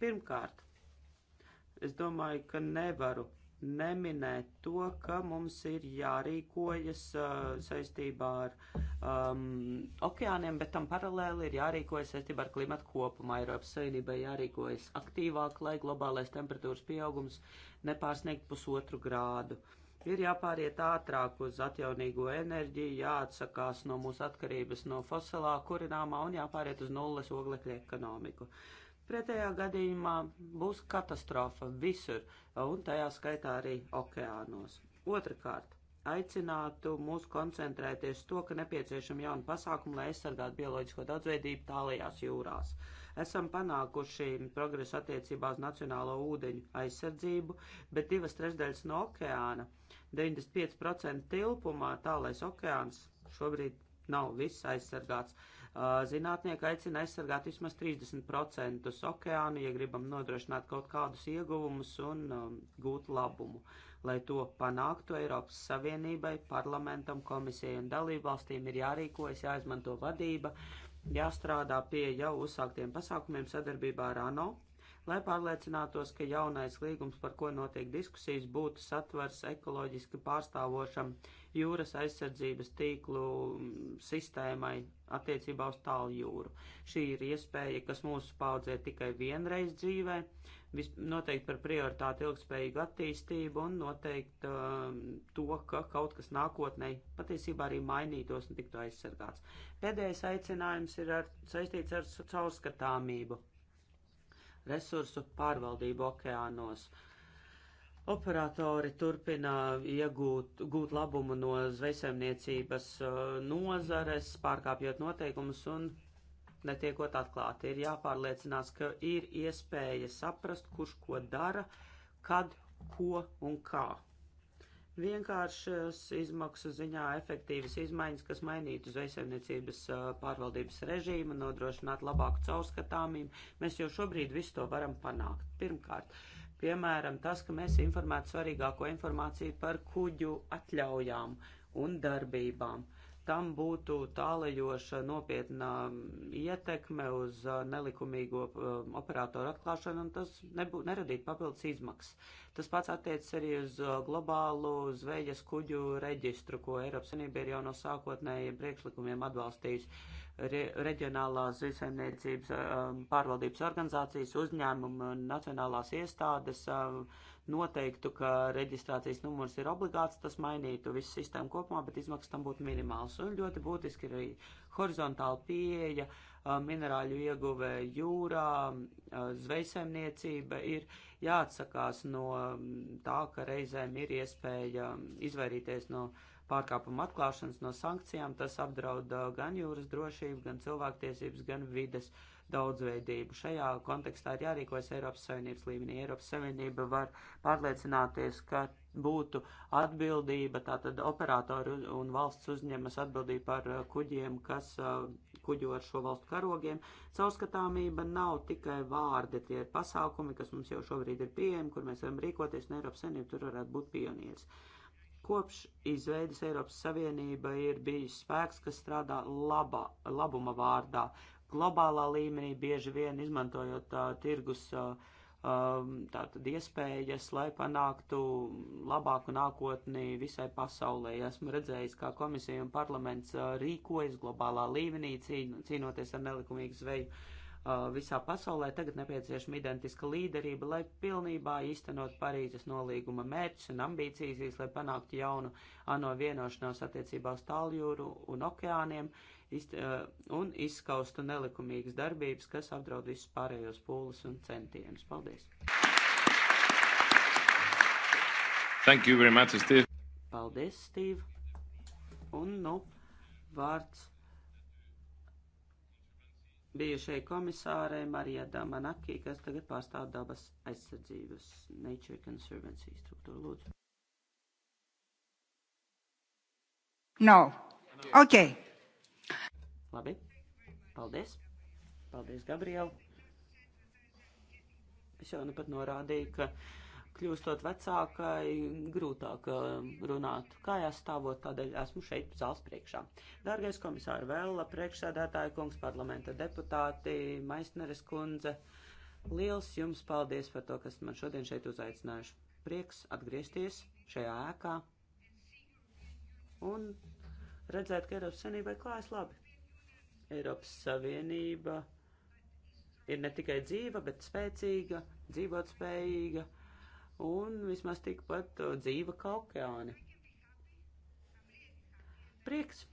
Pirmkārt, es domāju, ka nevaru neminēt to, ka mums ir jārīkojas uh, saistībā ar um, okeāniem, bet tam paralēli ir jārīkojas saistībā ar klimatu kopumā. Eiropas Savienībai jārīkojas aktīvāk, lai globālais temperatūras pieaugums nepārsniegt pusotru grādu. Ir jāpāriet ātrāk uz atjaunīgo enerģiju, jāatsakās no mūsu atkarības no fosilā kurināmā un jāpāriet uz nulles oglekļa ekonomiku. Uh, Pretējā gadījumā būs katastrofa visur, un tajā skaitā arī okeānos. Otrakārt, aicinātu mūs koncentrēties to, ka nepieciešama jauna pasākuma, lai aizsargātu bioloģisko daudzveidību tālajās jūrās. Esam panākuši progresu attiecībā uz nacionālo ūdeņu aizsardzību, bet divas trešdaļas no okeāna, 95% tilpumā tālais okeāns šobrīd nav viss aizsargāts. Uh, Zinātnieki aicina aizsargāt vismaz 30% okeānu, ja gribam nodrošināt kaut kādus ieguvumus un um, gūt labumu. Lai to panāktu, Eiropas Savienībai, parlamentam, komisijai un dalībvalstīm ir jārīkojas, jāizmanto vadība, jāstrādā pie jau uzsāktiem pasākumiem sadarbībā ar ANO, lai pārliecinātos, ka jaunais līgums, par ko notiek diskusijas, būtu satvers ekoloģiski pārstāvošam uh, jūras aizsardzības tīklu sistēmai attiecībā uz tālu jūru. Šī ir iespēja, kas mūsu paudzē tikai vienreiz dzīvē, vis, noteikti par prioritāti ilgspējīgu attīstību un noteikti uh, to, ka kaut kas nākotnē patiesībā arī mainītos un tiktu aizsargāts. Pēdējais aicinājums ir ar, saistīts ar caurskatāmību, resursu pārvaldību okeānos. Uh, Operatori turpina iegūt gūt labumu no zvejsaimniecības uh, nozares, pārkāpjot noteikumus un netiekot atklāti. Ir jāpārliecinās, ka ir iespēja saprast, kurš ko dara, kad, ko un kā. Vienkāršas izmaksu ziņā efektīvas izmaiņas, kas mainītu zvejsaimniecības uh, pārvaldības režīmu, nodrošinātu labāku caurskatāmību, mēs jau šobrīd visu to varam panākt. Pirmkārt, uh, Piemēram, tas, ka mēs informētu svarīgāko informāciju par kuģu atļaujām un darbībām. Uh, tam būtu tālajoša nopietnā mm, ietekme uz uh, nelikumīgo uh, operātoru atklāšanu, un tas nebūtu neradīt papildus izmaksas. Tas pats attiecas arī uz uh, globālu zvejas kuģu reģistru, ko Eiropas Savienība ir jau no sākotnējiem priekšlikumiem atbalstījusi. Re reģionālās zvejasemniecības um, pārvaldības organizācijas, uzņēmumu, nacionālās iestādes. Um, noteiktu, ka reģistrācijas numurs ir obligāts, tas mainītu visu sistēmu kopumā, bet izmaksas tam būtu minimāls. Un ļoti būtiski ir arī horizontāla pieeja, minerāļu ieguve jūrā, zvejsaimniecība ir jāatsakās no tā, ka reizēm ir iespēja izvairīties no pārkāpuma atklāšanas, no sankcijām. Tas apdraud gan jūras drošību, gan cilvēktiesības, gan vides drošību daudzveidību. Šajā kontekstā ir jārīkojas Eiropas Savienības līmenī. Eiropas Savienība var pārliecināties, ka būtu atbildība, tātad operatori un valsts uzņemas atbildību par uh, kuģiem, kas uh, kuģo ar šo valstu karogiem. Caurskatāmība nav tikai vārdi, tie ir pasākumi, kas mums jau šobrīd ir pieejami, kur mēs varam rīkoties, un Eiropas Savienība tur varētu būt pionieris. Kopš izveidas Eiropas Savienība ir bijis spēks, kas strādā laba, labuma vārdā, globālā līmenī, bieži vien izmantojot uh, tirgus uh, tātad iespējas, lai panāktu labāku nākotni visai pasaulē. Esmu redzējis, kā komisija un parlaments rīkojas globālā līmenī, cīnoties ar nelikumīgu zveju visā pasaulē. Tagad nepieciešama identiska līderība, lai pilnībā īstenot Parīzes nolīguma mērķus un ambīcijas, lai panāktu jaunu ANO vienošanos attiecībā uz tāljūru un okeāniem, izt, eh, un izskaustu nelikumīgas darbības, kas apdraud visus pārējos pūles un centienus. Paldies!
Thank you very much, Steve.
Paldies, Steve. Un, nu, vārds bijušai komisārai Marijai Damanakī, kas tagad pārstāv dabas aizsardzības Nature Conservancy struktūru. Lūdzu.
No.
Ok.
Labi. Paldies. Paldies, Gabriela. Es jau nepat norādīju, ka kļūstot vecākai, grūtāk eh, runāt kājās stāvot, tādēļ esmu šeit zāles priekšā. Dārgais komisāri Vēla, priekšsēdētāja kungs, parlamenta deputāti, Maisneres kundze, liels jums paldies par to, kas man šodien šeit uzaicinājuši. Prieks atgriezties šajā ēkā un redzēt, ka Eiropas senībai klājas labi. Eiropas Savienība ir ne tikai dzīva, bet spēcīga, dzīvotspējīga un vismaz tikpat dzīva kā okeāni. Prieks!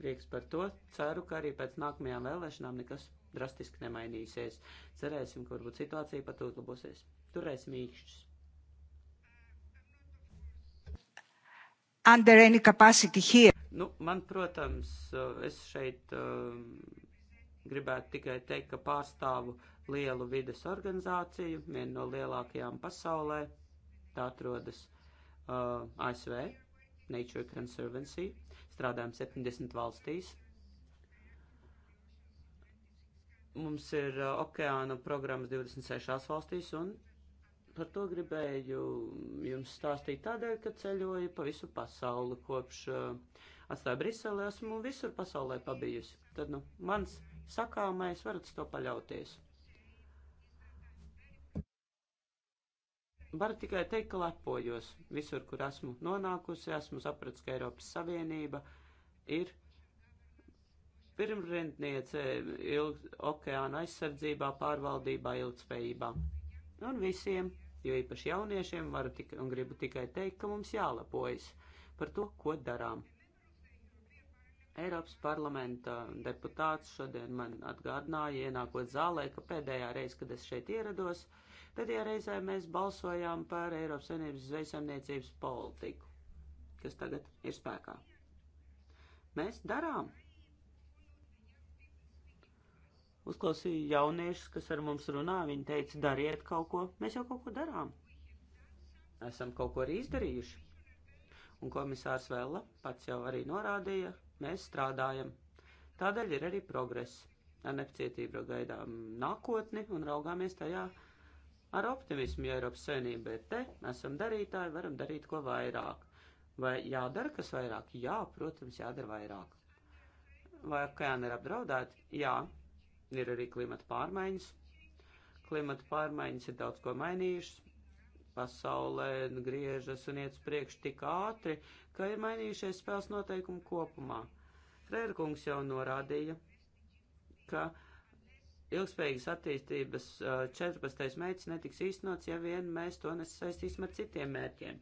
Prieks par to. Ceru, ka arī pēc nākamajām vēlēšanām nekas drastiski nemainīsies. Cerēsim, ka varbūt situācija pat uzlabosies. Turēsim īkšķus.
Under
any capacity here.
Nu, man, protams, eh, es šeit eh, gribētu tikai teikt, ka pārstāvu lielu vides organizāciju, vienu no lielākajām pasaulē. Tā atrodas uh, eh, ASV, Nature Conservancy. Strādājam 70 valstīs. Mums ir uh, okeāna programmas 26 valstīs, un par to gribēju jums stāstīt tādēļ, ka ceļoju pa visu pasauli kopš uh, atstāju Briselē, esmu visur pasaulē pabijusi. Tad, nu, mans sakāmais varat to paļauties. Varu tikai teikt, ka lepojos visur, kur esmu nonākusi, esmu sapratis, ka Eiropas Savienība ir pirmrendniece ilg, okeāna aizsardzībā, pārvaldībā, ilgspējībā. Un visiem, jo īpaši jauniešiem, varu tik, un gribu tikai teikt, ka mums jālepojas par to, ko darām. Eiropas parlamenta deputāts šodien man atgādināja, ienākot zālē, ka pēdējā reize, kad es šeit ierados, pēdējā reizē mēs balsojām par Eiropas Savienības zvejsaimniecības politiku, kas tagad ir spēkā. Mēs darām. Uzklausīju jauniešus, kas ar mums runā, viņi teica, dariet kaut ko, mēs jau kaut ko darām. Esam kaut ko arī izdarījuši. Un komisārs Vela pats jau arī norādīja, Mēs strādājam. Tādēļ ir arī progress. Ar nepacietību gaidām nākotni un raugāmies tajā ar optimismu, jo Eiropas Savienība ir te, esam darītāji, varam darīt ko vairāk. Vai jādara kas vairāk? Jā, protams, jādara vairāk. Vai okeāni ir apdraudēti? Jā, ir arī klimata pārmaiņas. Klimata pārmaiņas ir daudz ko mainījušas, pasaulē griežas un iet uz priekšu tik ātri, ka ir mainījušies spēles noteikumi kopumā. Frērkungs jau norādīja, ka ilgspējīgas attīstības 14. mērķis netiks īstenots, ja vien mēs to nesaistīsim ar citiem mērķiem.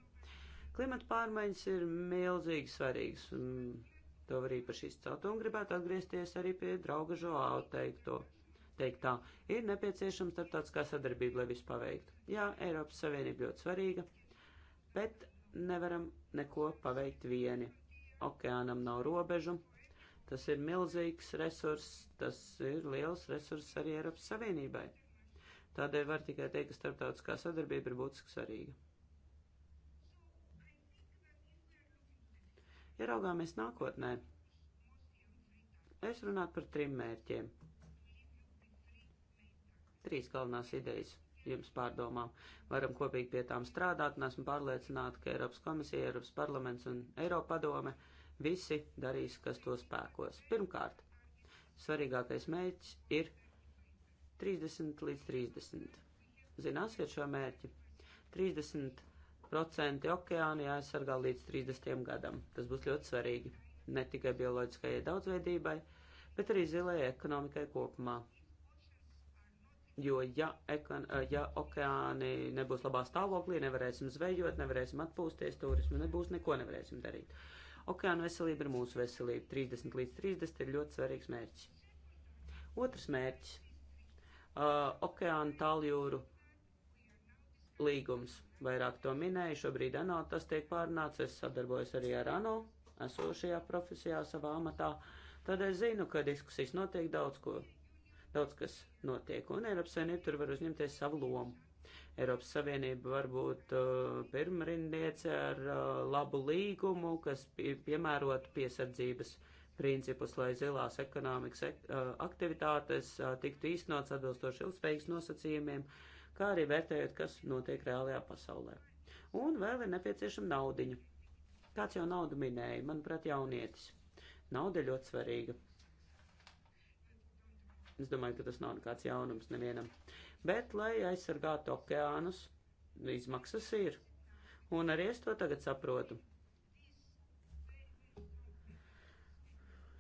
Klimata pārmaiņas ir milzīgi svarīgas. To var īpaši izcelt un gribētu atgriezties arī pie drauga Žoā teikto teiktā, ir nepieciešama starptautiskā sadarbība, lai visu paveiktu. Jā, Eiropas Savienība ļoti svarīga, bet nevaram neko paveikt vieni. Okeānam nav robežu, tas ir milzīgs resurss, tas ir liels resurss arī Eiropas Savienībai. Tādēļ var tikai teikt, ka starptautiskā sadarbība ir būtiski svarīga. Ieraugāmies nākotnē. Es runātu par trim mērķiem trīs galvenās idejas jums pārdomām. Varam kopīgi pie tām strādāt, un esmu pārliecināta, ka Eiropas komisija, Eiropas parlaments un Eiropa padome visi darīs, kas to spēkos. Pirmkārt, svarīgākais mērķis ir 30 līdz 30. Zināsiet šo mērķi? 30% okeāna jāaizsargā līdz 30. gadam. Tas būs ļoti svarīgi ne tikai bioloģiskajai daudzveidībai, bet arī zilajai ekonomikai kopumā. Jo, ja, ekon, eh, ja okeāni nebūs labā stāvoklī, nevarēsim zvejot, nevarēsim atpūsties, turismu nebūs, neko nevarēsim darīt. Okeāna veselība ir mūsu veselība. 30 līdz 30 ir ļoti svarīgs mērķis. Otrs mērķis uh, eh, - okeāna tāljūru līgums. Vairāk to minēju, šobrīd ANO tas tiek pārnāts, es sadarbojos arī ar ANO, esošajā profesijā, savā amatā. Tad es zinu, ka diskusijas notiek daudz ko daudz kas notiek, un Eiropas Savienība tur var uzņemties savu lomu. Eiropas Savienība var būt uh, pirmrindiece ar uh, labu līgumu, kas pie, piemērot piesardzības principus, lai zilās ekonomikas ek, uh, aktivitātes uh, tiktu īstenots atbilstoši ilgspējīgas nosacījumiem, kā arī vērtējot, kas notiek reālajā pasaulē. Un vēl ir nepieciešama naudiņa. Kāds jau naudu minēja, manuprāt, jaunietis. Nauda ļoti svarīga. Es domāju, ka tas nav nekāds jaunums nevienam. Bet, lai aizsargātu okeānus, izmaksas ir. Un arī es to tagad saprotu.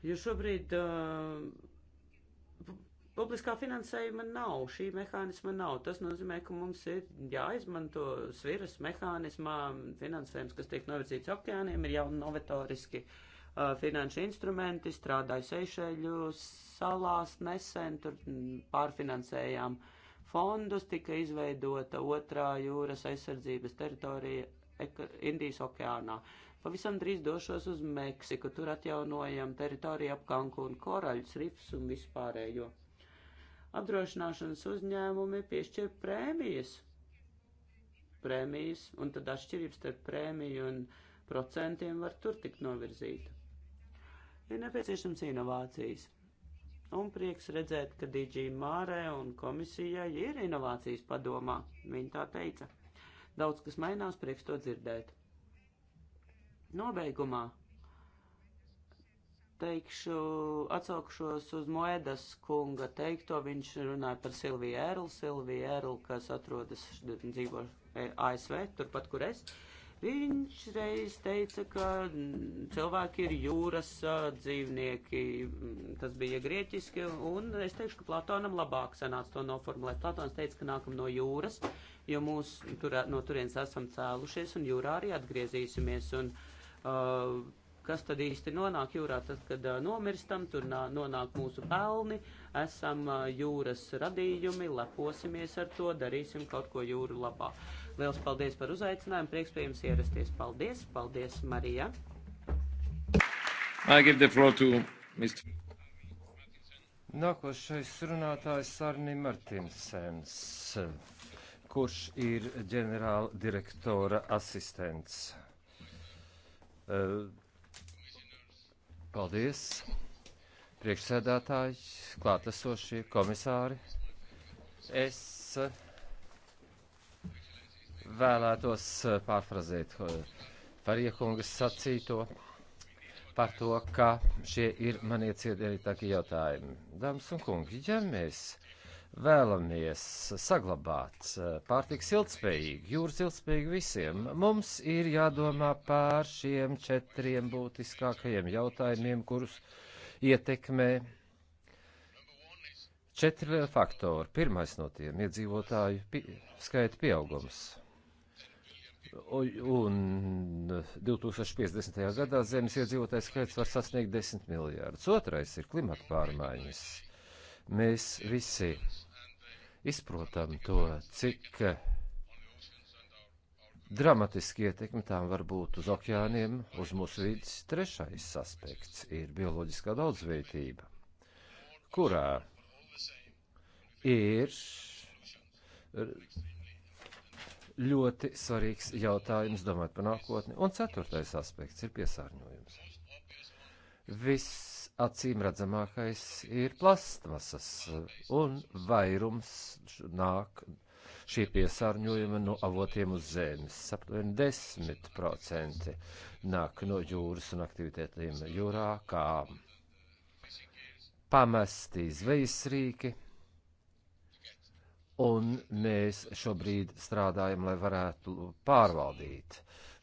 Jo šobrīd uh, publiskā finansējuma nav, šī mehānisma nav. Tas nozīmē, ka mums ir jāizmanto sviras mehānismā finansējums, kas tiek novirzīts okeāniem, ir jau novatoriski uh, Uh, finanšu instrumenti, strādāju Seišeļu salās nesen, tur mm, pārfinansējām fondus, tika izveidota otrā jūras aizsardzības teritorija Indijas okeānā. Pavisam drīz došos uz Meksiku, tur atjaunojam teritoriju ap Cancūnu, koraļus, rifus un vispārējo. Apdrošināšanas uzņēmumi piešķir prēmijas. Prēmijas, un tad atšķirības starp prēmiju un procentiem var tur tikt novirzīta. Ir nepieciešams inovācijas. Un prieks redzēt, ka DG Mārē un komisijai ir inovācijas padomā. Viņa tā teica. Daudz kas mainās, prieks to dzirdēt. Nobeigumā teikšu, atsaukšos uz Moedas kunga teikto, viņš runāja par Silviju Ērlu, Silviju Ērlu, kas atrodas, dzīvo e, ASV, turpat, kur es. Uh, Viņš reiz teica, ka mm, cilvēki ir jūras dzīvnieki. Mm, tas bija grieķiski, un es teikšu, ka Platonam labāk sanāca to noformulēt. Platons teica, ka nākam no jūras, jo mūs tur, no turienes esam cēlušies, un jūrā arī atgriezīsimies. Un, uh, kas tad īsti nonāk jūrā, tad, kad uh, nomirstam, tur nā, nonāk mūsu pelni, esam uh, jūras radījumi, leposimies ar to, darīsim kaut ko jūru labā. Uh, Liels paldies par uzaicinājumu, prieks pie jums ierasties. Paldies, paldies, Marija.
Nākošais runātājs Arni Martinsens, kurš ir ģenerāla direktora asistents. Eh, paldies, priekšsēdētāji, klātesošie komisāri. Es uh, vēlētos eh, pārfrazēt eh, Fariekungas sacīto par to, ka šie ir manie cienītākie jautājumi. Dāmas un kungi, ja mēs vēlamies saglabāt eh, pārtiks ilgspējīgi, jūras ilgspējīgi visiem, mums ir jādomā pār šiem četriem būtiskākajiem jautājumiem, kurus ietekmē četri faktori. Pirmais no tiem - iedzīvotāju pi skaita pieaugums. Un 2050. Eh, gadā zemes iedzīvotājs skaits var sasniegt 10 miljārdus. Otrais ir klimata pārmaiņas. Mēs visi izprotam to, cik eh, Dramatiski ietekmi tām var būt uz okeāniem, uz mūsu vidas. Trešais aspekts ir bioloģiskā daudzveidība, kurā ir ļoti svarīgs jautājums domāt par nākotni. Un ceturtais aspekts ir piesārņojums. Viss acīm redzamākais ir plastmasas, un vairums nāk šī piesārņojuma no avotiem uz zemes. Aptuveni 10% nāk no jūras un aktivitātiem jūrā, kā pamesti zvejas rīki un mēs šobrīd strādājam, lai varētu pārvaldīt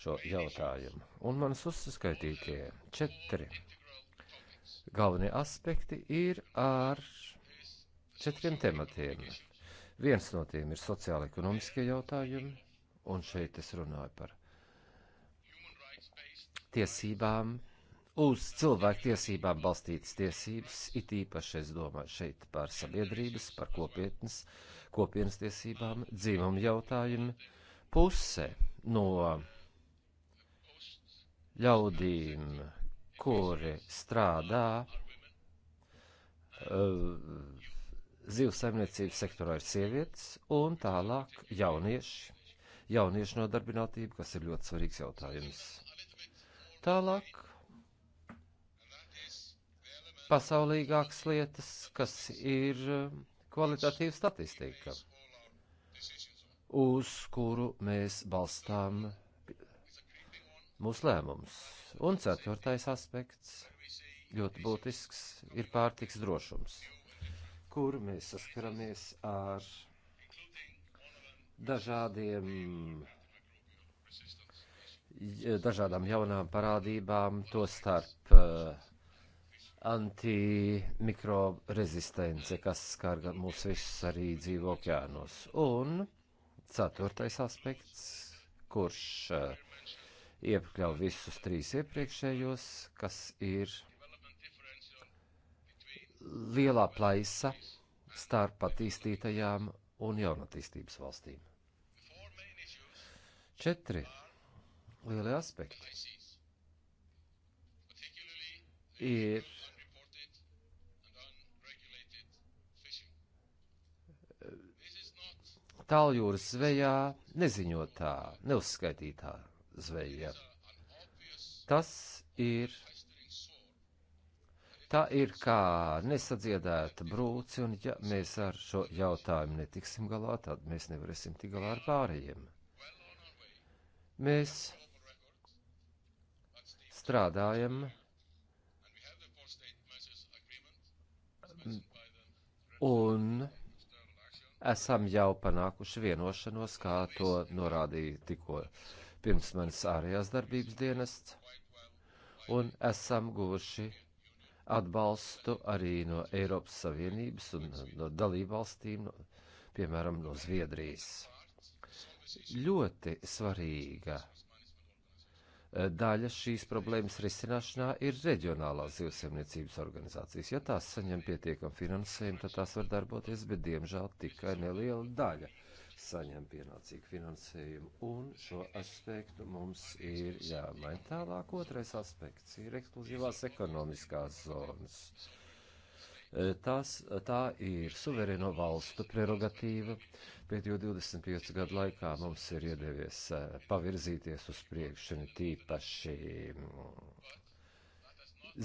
šo jautājumu. Un manas uzskaitītie četri galvenie aspekti ir ar četriem tematiem. Viens no tiem ir sociāla-ekonomiskie jautājumi, un šeit es runāju par tiesībām, uz cilvēku tiesībām balstītas tiesības, it īpaši es domāju šeit par sabiedrības, par kopietnes uh, kopienas tiesībām, dzīvumu jautājumi. Puse no ļaudīm, kuri strādā uh, zivsaimniecības sektorā, ir sievietes un tālāk jaunieši. Jauniešu nodarbinātība, kas ir ļoti svarīgs jautājums. Tālāk pasaulīgākas lietas, kas ir kvalitatīva statistika, uz kuru mēs balstām mūsu lēmumus. Un ceturtais aspekts, ļoti būtisks, ir pārtiks drošums, kur mēs saskaramies ar dažādiem dažādām jaunām parādībām, to starp uh, eh, antimikrobu rezistence, kas skar mūs visus arī dzīvo okeānos. Un ceturtais aspekts, kurš eh, iekļauj visus trīs iepriekšējos, kas ir lielā plaisa starp attīstītajām un jaunatīstības valstīm. Četri lielie aspekti ir tāljūras zvejā, neziņotā, neuzskaitītā zvejā. Tas ir, tā ir kā nesadziedēta brūci, un ja mēs ar šo jautājumu netiksim galā, tad mēs nevarēsim tik galā ar pārējiem. Mēs strādājam un esam jau panākuši vienošanos, kā to norādīja tikko pirms manis ārējās darbības dienests, un esam guvuši atbalstu arī no Eiropas Savienības un no dalībvalstīm, no, piemēram, no Zviedrijas. Ļoti svarīga Eh, daļa šīs problēmas risināšanā ir reģionālās zivsemniecības organizācijas. Ja tās saņem pietiekam finansējumu, tad tās var darboties, bet diemžēl tikai neliela daļa saņem pienācīgu finansējumu, un šo aspektu mums ir jāmaina tālāk. Otrais aspekts ir ekskluzīvās ekonomiskās zonas. Uh, Tās, tā ir suverēno valstu prerogatīva. Pēdējo 25 gadu laikā mums ir iedevies eh, pavirzīties uz priekšu, tīpaši mm,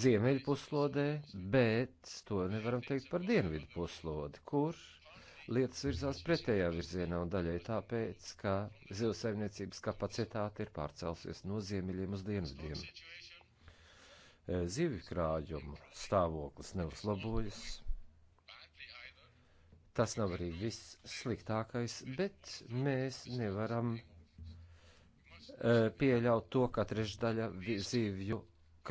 ziemeļu puslodē, bet to nevaram teikt par dienvidu puslodi, kur lietas virzās pretējā virzienā un daļai tāpēc, ka zivsaimniecības kapacitāte ir pārcelsies no ziemeļiem uz dienvidiem. Eh, zivju krājumu stāvoklis neuzlabojas. Tas nav arī viss sliktākais, bet mēs nevaram eh, pieļaut to, ka trešdaļa zivju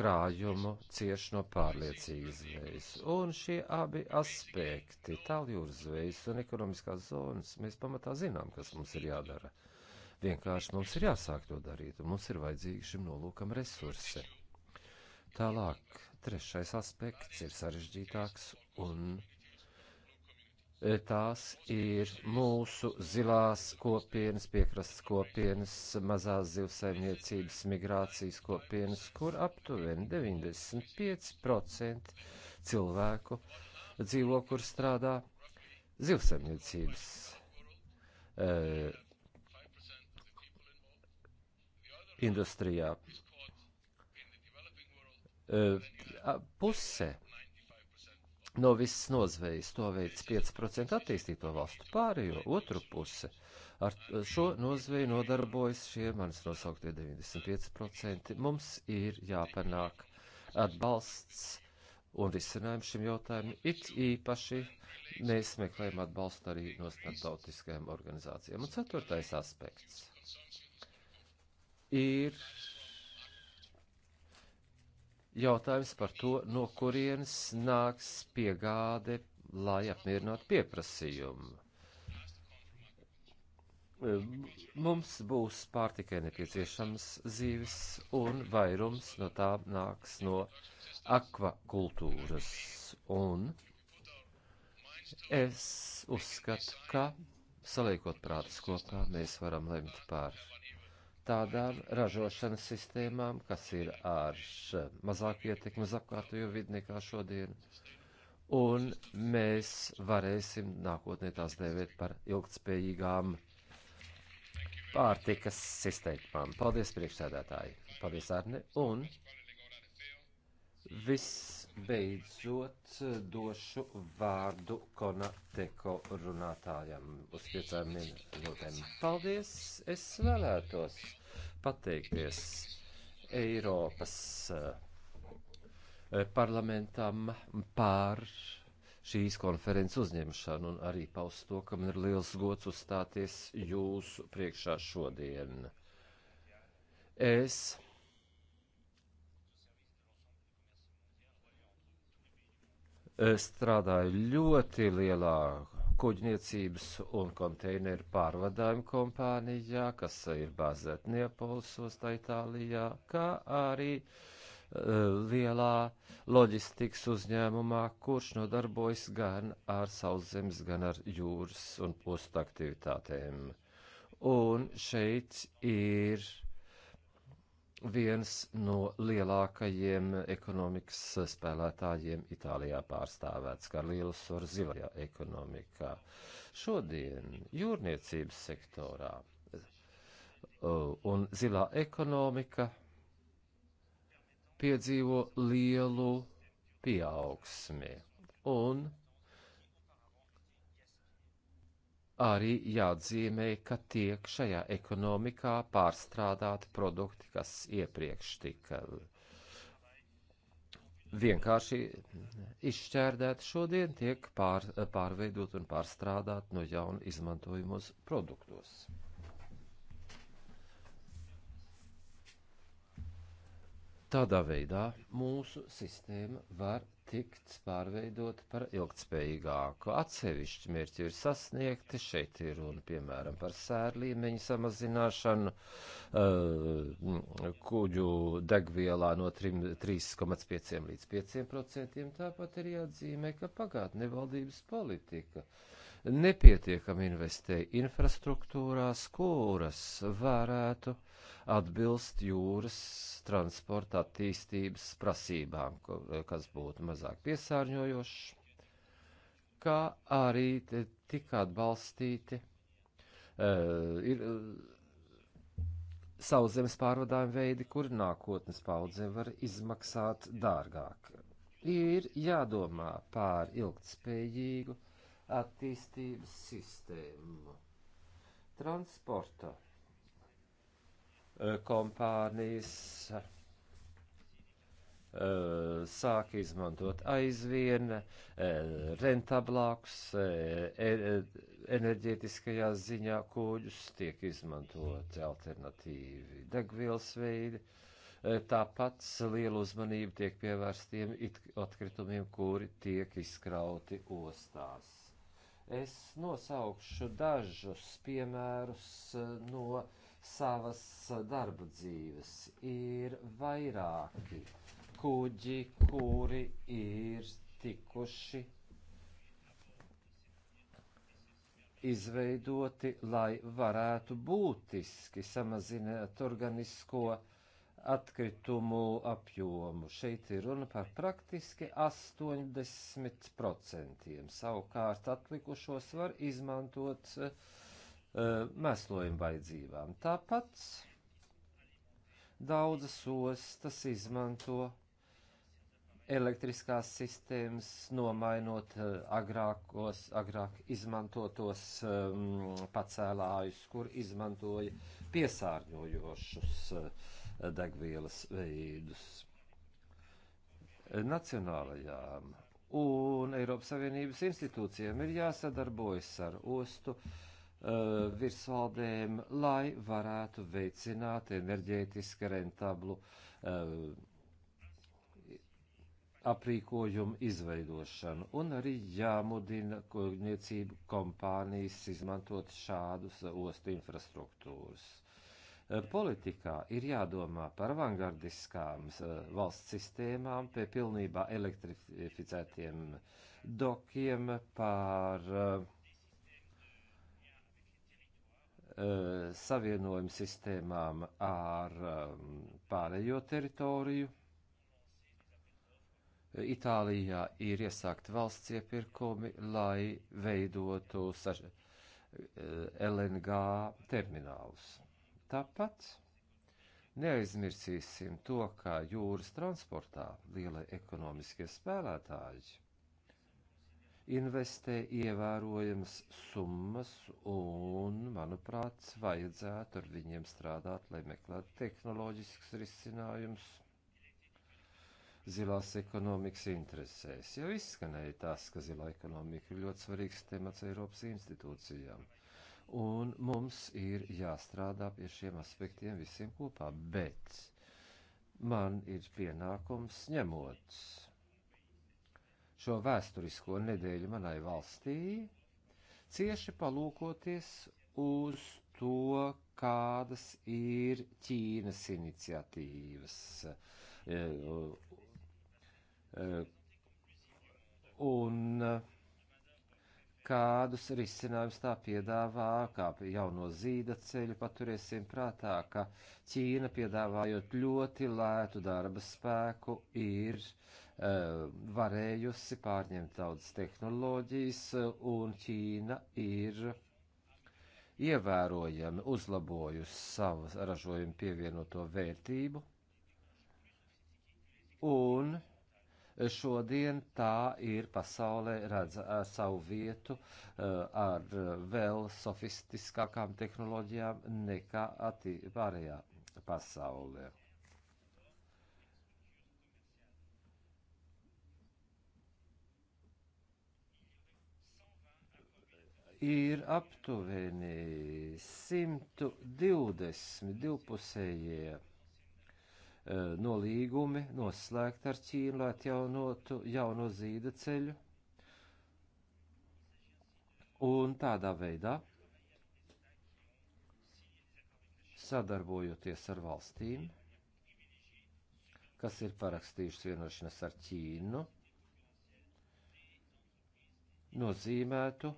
krājumu cieš no pārliecīgas zvejas. Un šie abi aspekti, tāljūras zvejas un ekonomiskās zonas, mēs pamatā zinām, kas mums ir jādara. Vienkārši mums ir jāsāk to darīt, un mums ir vajadzīgi šim nolūkam resursi. Tālāk, trešais aspekts ir sarežģītāks un e, tās ir mūsu zilās kopienas, piekrastas kopienas, mazās zivsaimniecības, migrācijas kopienas, kur aptuveni 95% cilvēku dzīvo, kur strādā zivsaimniecības. Uh, industrijā Eh, puse no visas nozvejas to veids 5% attīstīto valstu pārējo, otru pusi. Ar šo nozveju nodarbojas šie manis nosauktie 95%. Mums ir jāpanāk atbalsts un risinājums šim jautājumam. It īpaši mēs meklējam atbalstu arī no starptautiskajām organizācijām. Un ceturtais aspekts ir jautājums par to, no kurienes nāks piegāde, lai apmierinātu pieprasījumu. Mums būs pārtikai nepieciešams zīves, un vairums no tā nāks no akvakultūras. Un es uzskatu, ka saliekot prātus kopā, mēs varam lemt par tādām ražošanas sistēmām, kas ir ar mazāku ietekmi uz apkārtējo vidi nekā šodien, un mēs varēsim nākotnē tās dēvēt par ilgtspējīgām pārtikas sistēmām. Paldies, priekšsēdētāji! Paldies, Arne! Un visbeidzot došu vārdu Konateko runātājam uz piecām minūtēm. Paldies! Es vēlētos! pateikties Eiropas eh, parlamentam par šīs konferences uzņemšanu un arī paust to, ka man ir liels gods uzstāties jūsu priekšā šodien. Es strādāju ļoti lielā kuģniecības un konteineru pārvadājumu kompānijā, kas ir bāzēta Niepolsostā, Itālijā, kā arī e, lielā loģistikas uzņēmumā, kurš nodarbojas gan ar sauszemes, gan ar jūras un postu aktivitātēm. Un šeit ir viens no lielākajiem ekonomikas spēlētājiem Itālijā pārstāvēts, kā lielsvaru zilajā ekonomikā. Šodien jūrniecības sektorā un zilā ekonomika piedzīvo lielu pieaugsmi un arī jāatzīmē, ka tiek šajā ekonomikā pārstrādāti produkti, kas iepriekš tika vienkārši izšķērdēti, šodien tiek pār, pārveidot un pārstrādāt no jauna izmantojumos produktos. Tādā veidā mūsu sistēma var tikt pārveidot par ilgtspējīgāku. Atsevišķi mērķi ir sasniegti, šeit ir runa piemēram par sēru līmeņu samazināšanu, eh, kuģu degvielā no 3,5 līdz 5%. Tāpat ir jāatzīmē, ka pagātne valdības politika nepietiekami investē infrastruktūrās, kuras varētu uh, atbilst jūras transporta attīstības prasībām, kas būtu mazāk piesārņojošs, kā arī tika atbalstīti uh, ir, uh, sauszemes pārvadājuma veidi, kuri nākotnes paudzēm var izmaksāt dārgāk. Ir jādomā pār ilgtspējīgu attīstības sistēmu, transporta Eh, kompānijas eh, sāka izmantot aizvien eh, rentablākus e-, enerģētiskajā ziņā kūģus, tiek izmantot alternatīvi degvielas veidi. Tāpat liela uzmanība tiek pievērstiem atkritumiem, kuri tiek izkrauti ostās. Es nosaukšu dažus piemērus no uh, savas darba dzīves. Ir vairāki kuģi, kuri ir tikuši izveidoti, lai varētu būtiski samazināt organisko atkritumu apjomu. Šeit ir runa par praktiski 80%. Savukārt atlikušos var izmantot uh, Uh, mēslojuma vajadzībām. Tāpat daudzas ostas izmanto elektriskās sistēmas, nomainot uh, agrākos, agrāk izmantotos um, pacēlājus, kur izmantoja piesārņojošus uh, degvielas veidus. Nacionālajām un Eiropas Savienības institūcijām ir jāsadarbojas ar ostu uh, Uh, virsvaldēm, lai varētu veicināt enerģētiski rentablu uh, aprīkojumu izveidošanu un arī jāmudina kuģniecību kompānijas izmantot šādus ostu infrastruktūras. Uh, politikā ir jādomā par avangardiskām valsts sistēmām, pie pilnībā elektrificētiem dokiem, par uh, Eh, savienojumu sistēmām ar ehm, pārējo teritoriju. Itālijā ir iesākti valsts iepirkumi, lai veidotu saš, eh, LNG terminālus. Tāpat neaizmirsīsim to, ka jūras transportā lielie ekonomiskie spēlētāji investē ievērojamas summas un, manuprāt, vajadzētu ar viņiem strādāt, lai meklētu tehnoloģisks risinājums zilās ekonomikas interesēs. Jau izskanēja tas, ka zilā ekonomika ir ļoti svarīgs temats Eiropas institūcijām. Un mums ir jāstrādā pie šiem aspektiem visiem kopā, bet man ir pienākums ņemot šo vēsturisko nedēļu manai valstī, cieši palūkoties uz to, kādas ir Ķīnas iniciatīvas. E, e, un kādus risinājumus tā piedāvā, kā jauno zīda ceļu paturēsim prātā, ka Ķīna piedāvājot ļoti lētu darba spēku ir Eh, varējusi pārņemt daudzas tehnoloģijas, eh, un Ķīna ir ievērojami uzlabojusi savu ražojumu pievienoto vērtību, un šodien tā ir pasaulē redz eh, savu vietu ar vēl sofistiskākām tehnoloģijām nekā pārējā pasaulē. ir aptuveni 120 divpusējie e, nolīgumi noslēgt ar Ķīnu, lai atjaunotu jauno zīda ceļu. Un tādā veidā, sadarbojoties ar valstīm, kas ir parakstījušas vienošanas ar Ķīnu, nozīmētu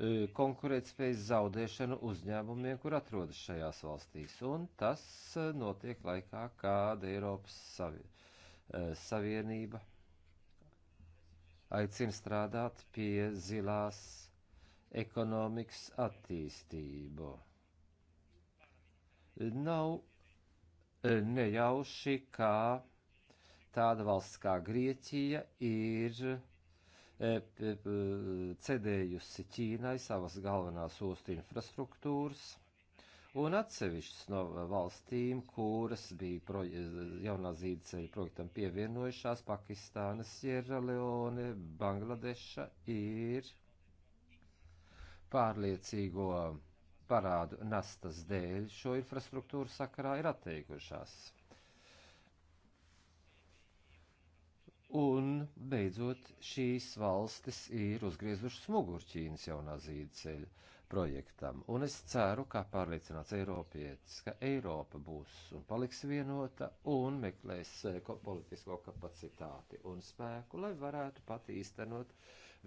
E, konkurētspējas zaudēšanu uzņēmumiem, kur atrodas šajās valstīs. Un tas e, notiek laikā, kāda Eiropas savi, e, Savienība aicina strādāt pie zilās ekonomikas attīstību. Nav nejauši, kā tāda valsts kā Grieķija ir E, e, e, cedējusi Ķīnai savas galvenās ostu infrastruktūras un atsevišķas no valstīm, kuras bija proje, jaunā zīdceļa projektam pievienojušās, Pakistāna, Sierra Leone, Bangladeša, ir pārliecīgo parādu nastas dēļ šo infrastruktūru sakarā ir atteikušās. Un, beidzot, šīs valstis ir uzgriezušas muguru Ķīnas jaunā zīda ceļa projektam. Un es ceru, kā pārliecināts Eiropietis, ka Eiropa būs un paliks vienota un meklēs eh, politisko kapacitāti un spēku, lai varētu pat īstenot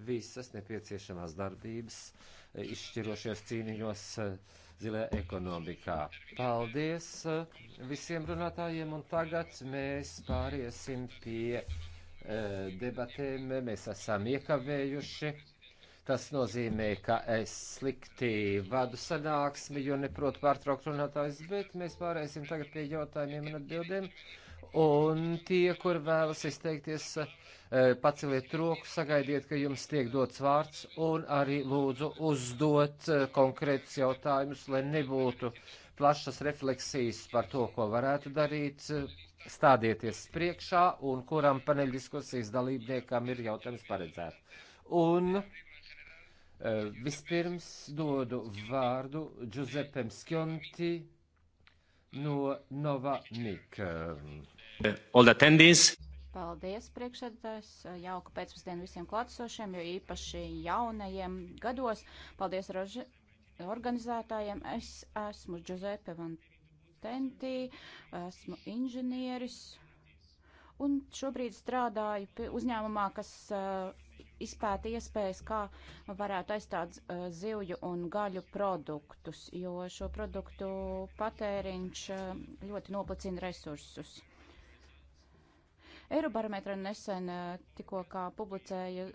visas nepieciešamās darbības eh, izšķirošajos cīniņos eh, zilē ekonomikā. Paldies visiem runātājiem, un tagad mēs pāriesim pie Eh, debatēm mēs esam iekavējuši. Tas nozīmē, ka es slikti vadu sanāksmi, jo neprotu pārtraukt runātājs, bet mēs pārēsim tagad pie jautājumiem un atbildēm. Un tie, kur vēlas izteikties, eh, paceliet roku, sagaidiet, ka jums tiek dots vārds un arī lūdzu uzdot eh, konkrētus jautājumus, lai nebūtu plašas refleksijas par to, ko varētu darīt, stādieties priekšā un kuram paneļdiskusijas dalībniekam ir jautājums paredzēt. Un eh, vispirms dodu vārdu Giuseppem Skjonti no Nova Nik. Eh, all attendees.
Paldies, priekšsēdētājs. Jauka pēcpusdiena visiem klātesošiem, jo īpaši jaunajiem gados. Paldies roži, organizētājiem. Es esmu Giuseppe Vantu. TNT, esmu inženieris un šobrīd strādāju pie uzņēmumā, kas uh, izpēta iespējas, kā varētu aizstāt uh, zivju un gaļu produktus, jo šo produktu patēriņš uh, ļoti noplicina resursus. Eirobarometra nesen tikko kā publicēja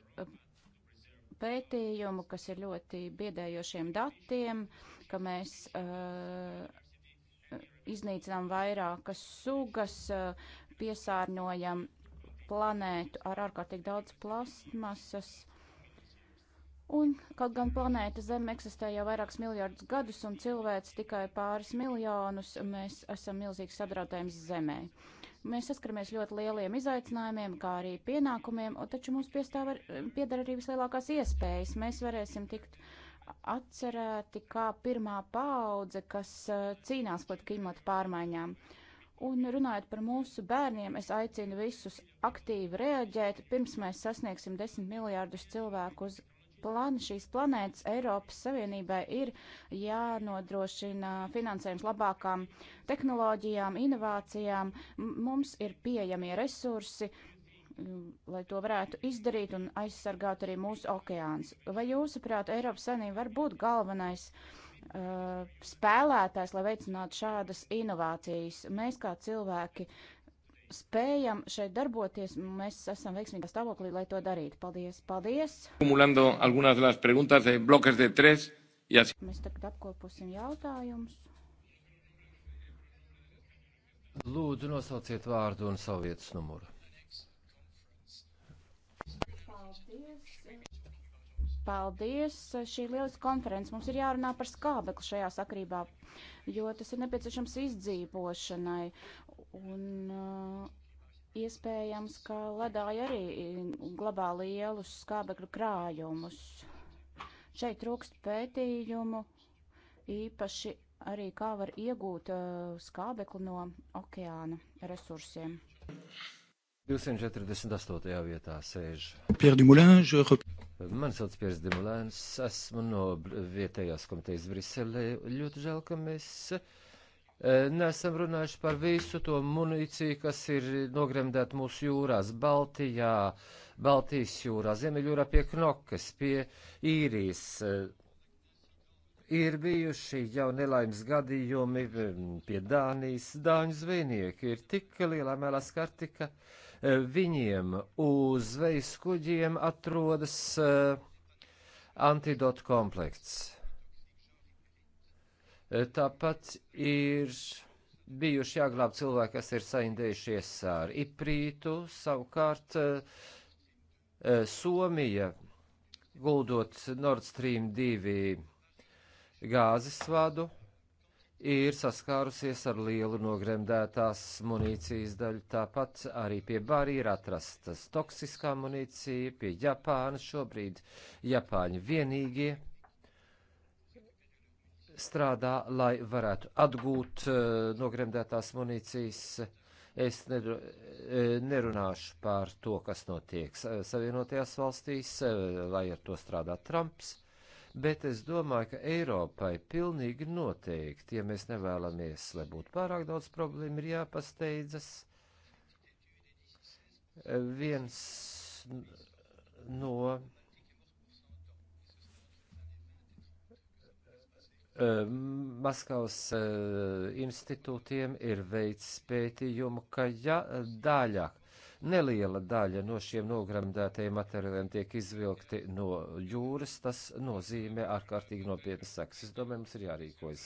pētījumu, kas ir ļoti biedējošiem datiem, ka mēs uh, iznīcinām vairākas sugas, eh, piesārņojam planētu ar ārkārtīgi daudz plastmasas. Un, kaut gan planēta Zeme eksistē jau vairākus miljardus gadus un cilvēks tikai pāris miljonus, mēs esam milzīgs sadraudējums Zemē. Mēs saskaramies ļoti lieliem izaicinājumiem, kā arī pienākumiem, un taču mums piestāv ar, piedara arī vislielākās iespējas. Mēs varēsim tikt uh, atcerēti kā pirmā paudze, kas eh, cīnās pret klimatu pārmaiņām. Un runājot par mūsu bērniem, es aicinu visus aktīvi reaģēt, pirms mēs sasniegsim 10 miljārdus cilvēku uz plan, šīs planētas Eiropas Savienībai ir jānodrošina finansējums labākām tehnoloģijām, inovācijām. Mums ir pieejamie resursi, uh, Mm, lai to varētu izdarīt un aizsargāt arī mūsu okeāns. Vai jūsuprāt, Eiropas Savienība var būt galvenais uh, spēlētājs, lai veicinātu šādas inovācijas? Mēs kā cilvēki spējam šeit darboties, mēs esam veiksmīgā stāvoklī, lai to darītu. Paldies! Paldies! Mēs tagad apkoposim jautājumus.
Lūdzu, nosauciet vārdu un savu vietas numuru.
Paldies! Šī ir lieliska konference. Mums ir jārunā par skābekli šajā sakrībā, jo tas ir nepieciešams izdzīvošanai. Un uh, iespējams, ka ledāji arī glabā lielus skābekļu krājumus. Šeit trūkst pētījumu, īpaši arī kā var iegūt uh, skābekli no okeāna resursiem.
248. vietā sēž.
Mani
sauc Piers Dimulēns, esmu no vietējās komitejas Briselē. Ļoti žēl, ka mēs e, nesam runājuši par visu to munīciju, kas ir nogremdēta mūsu jūrās, Baltijā, Baltijas jūrā, Ziemeļjūrā pie Knokas, pie īrijas. E, ir bijuši jau nelaimes gadījumi pie Dānijas. Dāņu zvejnieki ir tik lielā mērā skarti, ka. Uh, Eh, viņiem uz zvejas kuģiem atrodas eh, antidotu komplekts. Eh, tāpat ir bijuši jāglāb cilvēki, kas ir saindējušies ar iprītu, savukārt Somija guldot Nord Stream 2 gāzes vadu ir saskārusies ar lielu nogremdētās munīcijas daļu. Tāpat arī pie Bari ir atrastas toksiskā munīcija, pie Japāna šobrīd Japāņi vienīgie strādā, lai varētu atgūt uh, nogremdētās munīcijas. Es neru, eh, nerunāšu par to, kas notiek Savienotajās valstīs, eh, lai ar to strādā Trumps bet es domāju, ka Eiropai pilnīgi noteikti, ja mēs nevēlamies, lai būtu pārāk daudz problēmu, ir jāpasteidzas. Viens no eh, Maskavas eh, institūtiem ir veids pētījumu, ka ja daļa Neliela daļa no šiem nogremdētajiem materiāliem tiek izvilkti no jūras. Tas nozīmē ārkārtīgi nopietnas sekas. Es domāju, mums ir jārīkojas.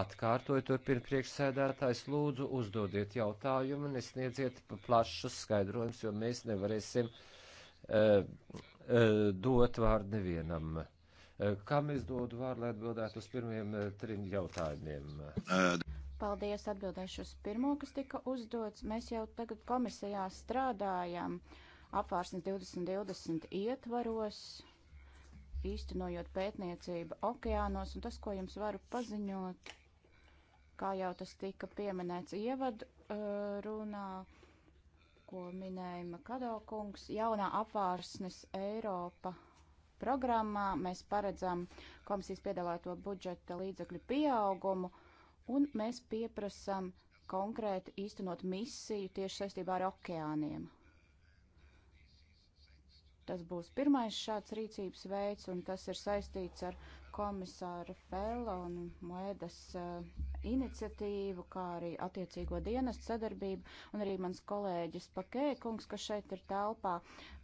Atkārtoju turpina priekšsēdētājs, lūdzu, uzdodiet jautājumu, nesniedziet plašus skaidrojumus, jo mēs nevarēsim uh, uh, dot vārdu nevienam. Uh, kam es dodu vārdu, lai atbildētu uz pirmiem uh, trim jautājumiem? Uh.
Paldies, atbildēšu uz pirmo, kas tika uzdots. Mēs jau tagad komisijā strādājam apvārsnes 2020 ietvaros, īstenojot pētniecību okeānos, un tas, ko jums varu paziņot, kā jau tas tika pieminēts ievadu uh, runā, ko minēja Makado kungs, jaunā apvārsnes Eiropa programmā mēs paredzam komisijas piedāvāto budžeta līdzekļu pieaugumu un mēs pieprasām konkrēti īstenot misiju tieši saistībā ar okeāniem. Tas būs pirmais šāds rīcības veids, un tas ir saistīts ar komisāra Fela un Moedas uh, iniciatīvu, kā arī attiecīgo dienestu sadarbību, un arī mans kolēģis Pakēkungs, kas šeit ir telpā.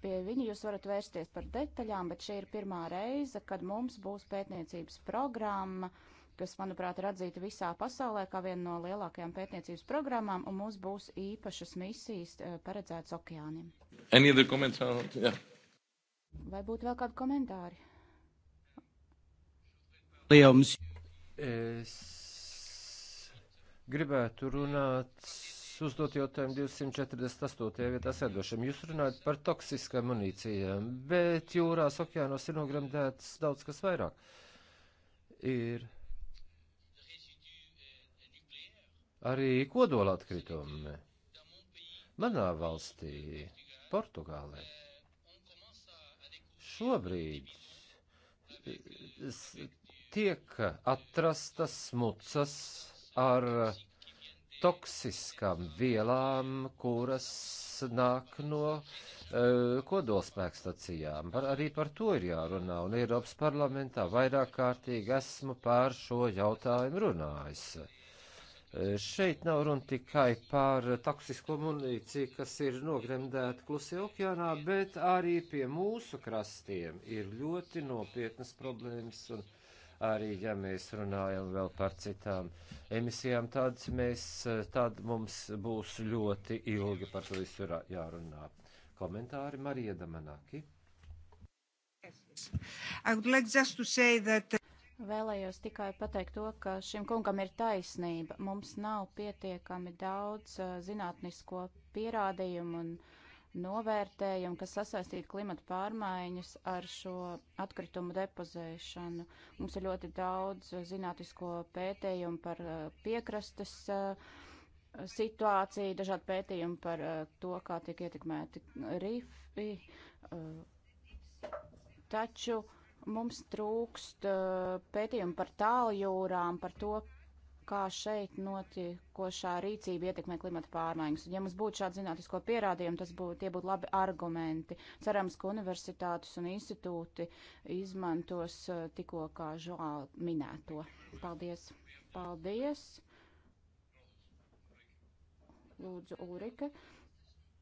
Pie viņa jūs varat vērsties par detaļām, bet šī ir pirmā reize, kad mums būs pētniecības programma uh, kas, manuprāt, ir atzīta visā pasaulē kā viena no lielākajām pētniecības programmām, un mums būs īpašas misijas eh, paredzētas okeāniem.
Yeah.
Vai būtu vēl kādi komentāri? Lielums.
Es gribētu runāt, uzdot jautājumu 248. vietā sēdošam. Jūs runājat par toksiskām munīcijām, bet jūrās, okeānos ir nogremdēts daudz kas vairāk. Ir arī kodolatkritumi. Manā valstī, Portugālē, šobrīd tiek atrastas mucas ar toksiskām vielām, kuras nāk no uh, kodolspēkstacijām. Par, arī par to ir jārunā, un Eiropas parlamentā vairāk kārtīgi esmu pār šo jautājumu runājis. Šeit nav runa tikai par toksisko munīciju, kas ir nogremdēta klusajā okeānā, bet arī pie mūsu krastiem ir ļoti nopietnas problēmas. Un arī, ja mēs runājam vēl par citām emisijām, tad, mēs, tad mums būs ļoti ilgi par to visu jārunā. Komentāri Marija Damanaki.
Yes, yes. I would like just to say that Vēlējos tikai pateikt to, ka šim kungam ir taisnība. Mums nav pietiekami daudz uh, zinātnisko pierādījumu un novērtējumu, kas sasaistītu klimata pārmaiņas ar šo atkritumu depozēšanu. Mums ir ļoti daudz uh, zinātnisko pētījumu par uh, piekrastes situāciju, dažādi pētījumi par to, kā tiek ietekmēti rifi. Taču uh, Mums trūkst eh, pētījumu par tāljūrām, par to, kā šeit notiekošā rīcība ietekmē klimata pārmaiņas. Ja mums būtu šādi zinātnisko pierādījumi, tas būtu, tie būtu labi argumenti. Cerams, ka universitātes un institūti izmantos eh, tikko kā žāl minēto. Paldies! Paldies! Lūdzu, Ulrike.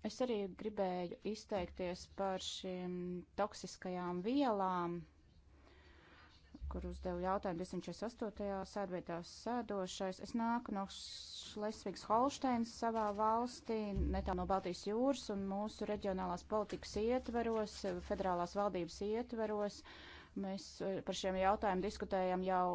Es arī gribēju izteikties par šīm toksiskajām vielām kur uzdevu jautājumu 248. sēdvietā sēdošais. Es nāku no Šlesvigs Holšteins savā valstī, netā no Baltijas jūras, un mūsu reģionālās politikas ietveros, federālās valdības ietveros, mēs eh, par šiem jautājumiem diskutējam jau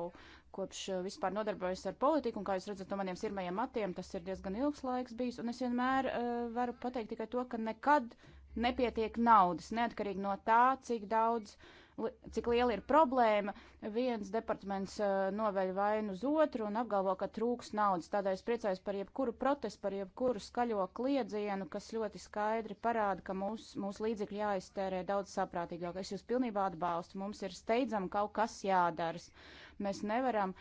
kopš eh, vispār nodarbojos ar politiku, un kā jūs redzat no maniem sirmajiem matiem, tas ir diezgan ilgs laiks bijis, un es vienmēr uh, varu pateikt tikai to, ka nekad nepietiek naudas, neatkarīgi no tā, cik daudz uh, cik liela ir problēma, viens departaments uh, noveļ vainu uz otru un apgalvo, ka trūks naudas. Tādēļ es priecājos par jebkuru protestu, par jebkuru skaļo kliedzienu, kas ļoti skaidri parāda, ka mūs, mūs līdzekļi jāiztērē daudz saprātīgāk. Es jūs pilnībā atbalstu. Mums ir steidzam kaut kas jādara. Mēs nevaram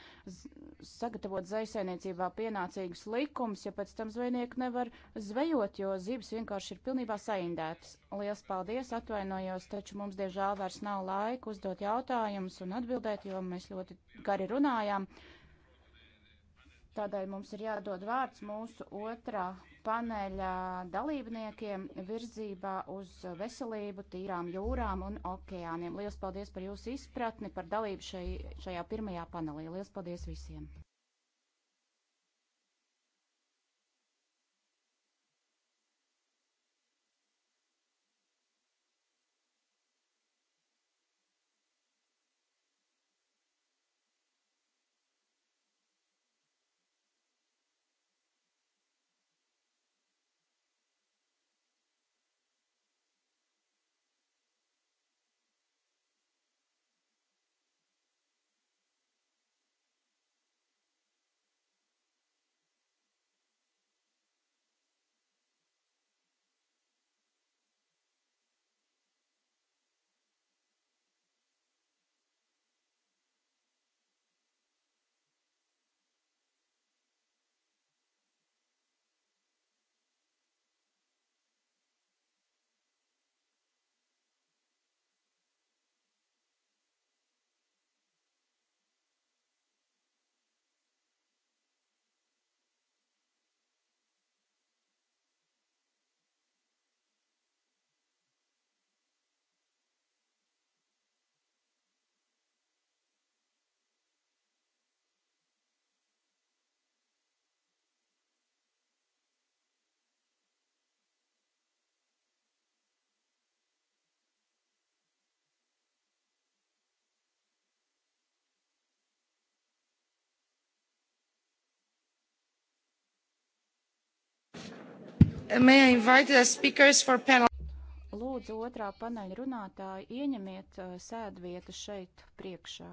sagatavot zvejsainiecībā pienācīgus likumus, ja pēc tam zvejnieki nevar zvejot, jo zivs vienkārši ir pilnībā saindētas. Lielas paldies, atvainojos, taču mums diemžēl vairs nav laika uzdot jautājumus un atbildēt, jo mēs ļoti gari runājām. Tādēļ mums ir jādod vārds mūsu otrā paneļa dalībniekiem virzībā uz veselību, tīrām jūrām un okeāniem. Lielas paldies par jūsu izpratni, par dalību šai, šajā pirmajā panelī. Lielas paldies visiem!
May I invite the speakers for panel?
Lūdzu, otrā paneļa runātāji, ieņemiet uh, sēdvietu šeit priekšā.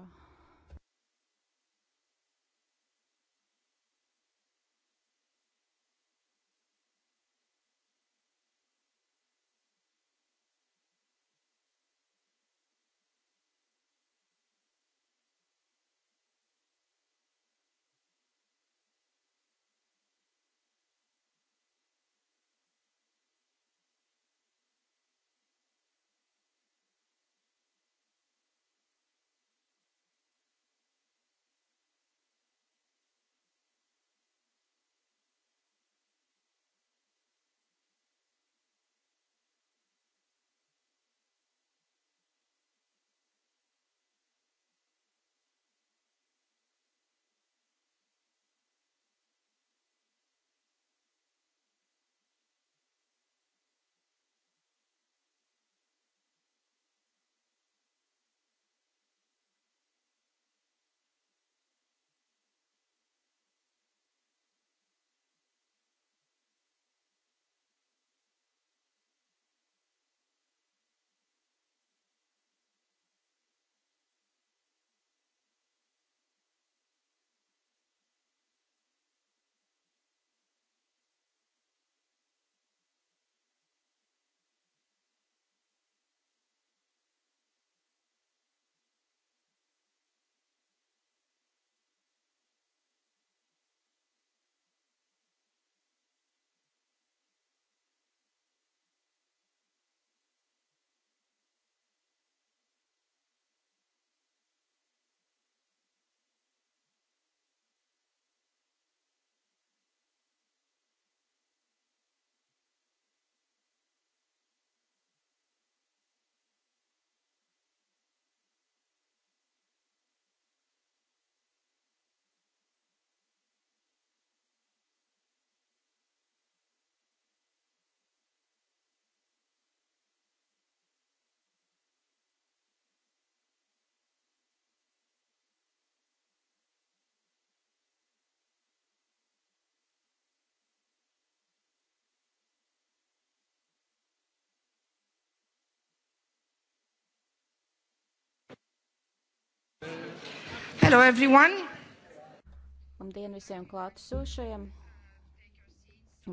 Hello everyone! Labdien visiem klātesošajiem!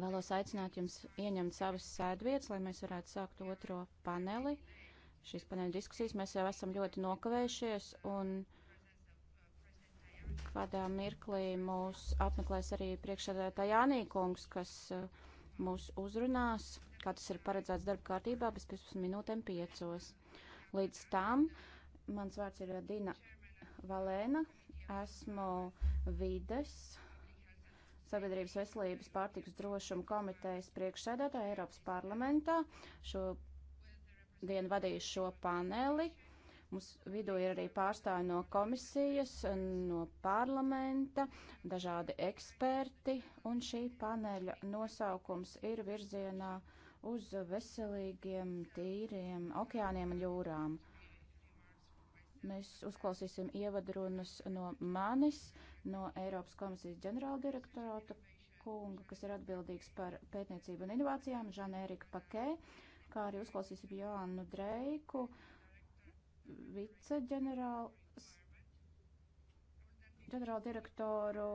Vēlos aicināt jums ieņemt savas sēdvietas, lai mēs varētu sākt otro paneli. Šīs paneļa diskusijas mēs jau esam ļoti nokavējušies un kādā mirklī mūs apmeklēs arī priekšsēdētā Jānī kungs, kas uh, mūs uzrunās, kā tas ir paredzēts darba kārtībā, bez 15 minūtēm 5. Līdz tam mans vārds ir Dina Valēna, esmu vides Sabiedrības veselības pārtiks drošuma komitejas priekšsēdētāja Eiropas parlamentā. Šo dienu vadīju šo paneli. Mums vidū ir arī pārstāvi no komisijas, no parlamenta, dažādi eksperti, un šī paneļa nosaukums ir virzienā uz veselīgiem, tīriem okeāniem un jūrām. Mēs uzklausīsim ievadrunas no manis, no Eiropas komisijas ģenerāldirektorāta kunga, kas ir atbildīgs par pētniecību un inovācijām, Žana Erika Pakē, kā arī uzklausīsim Joannu Dreiku, viceģenerāls, ģenerāldirektoru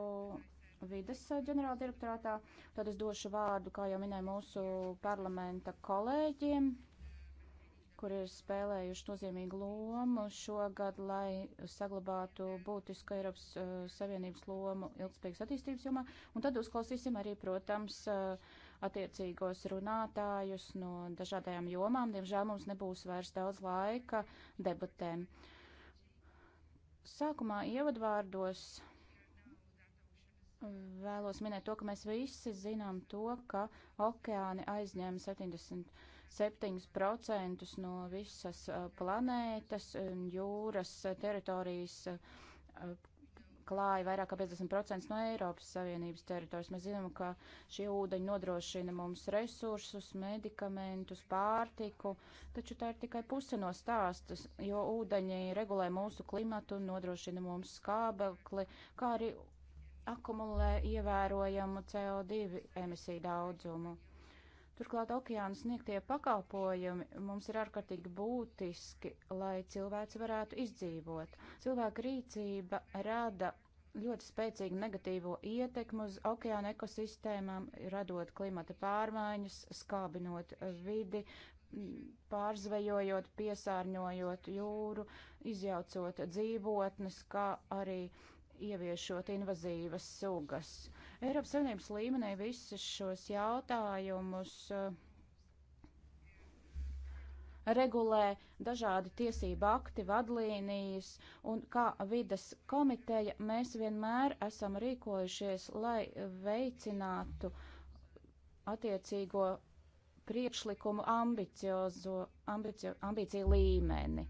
vides ģenerāldirektorātā. Tad es došu vārdu, kā jau minēju, mūsu parlamenta kolēģiem, kur ir spēlējuši nozīmīgu lomu šogad, lai saglabātu būtisku Eiropas uh, Savienības lomu ilgspējīgas attīstības jomā. Un tad uzklausīsim arī, protams, uh, attiecīgos runātājus no dažādajām jomām. Diemžēl mums nebūs vairs daudz laika debatēm. Sākumā ievadvārdos uh, vēlos minēt to, ka mēs visi zinām to, ka okeāni aizņem 70 7% no visas uh, planētas un jūras uh, teritorijas uh, klāja vairāk kā 50% no Eiropas Savienības teritorijas. Mēs zinām, ka šie ūdeņi nodrošina mums resursus, medikamentus, pārtiku, taču tā ir tikai puse no stāstas, jo ūdeņi regulē mūsu klimatu, nodrošina mums skābekli, kā arī akumulē ievērojamu CO2 emisiju daudzumu. Turklāt okeāna sniegtie pakalpojumi mums ir ārkārtīgi būtiski, lai cilvēks varētu izdzīvot. Cilvēka rīcība rada ļoti spēcīgu negatīvo ietekmu uz okeāna ekosistēmām, radot klimata pārmaiņas, skābinot vidi, pārzvejojot, piesārņojot jūru, izjaucot dzīvotnes, kā arī ieviešot invazīvas sugas. Uh, Eiropas Savienības līmenī visus šos jautājumus uh, regulē dažādi tiesība akti, vadlīnijas, un kā vidas komiteja mēs vienmēr esam rīkojušies, lai veicinātu attiecīgo priekšlikumu ambiciozo, ambicio, ambīciju līmeni.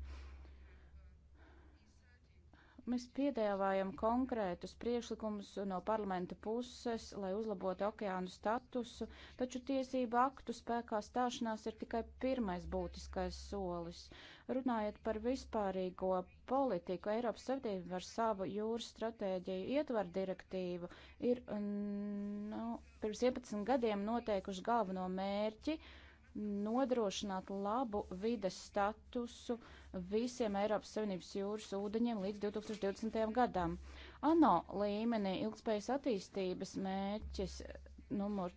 Mēs piedāvājam konkrētus priekšlikumus no parlamenta puses, lai uzlabotu okeānu statusu, taču tiesību aktu spēkā stāšanās ir tikai pirmais būtiskais solis. Runājot par vispārīgo politiku, Eiropas Savienība ar savu jūras stratēģiju ietvar direktīvu ir nu, pirms 11 gadiem noteikuši galveno mērķi nodrošināt labu vides statusu uh, visiem Eiropas Savienības jūras ūdeņiem līdz 2020. gadam. ANO līmenī ilgspējas attīstības mērķis numur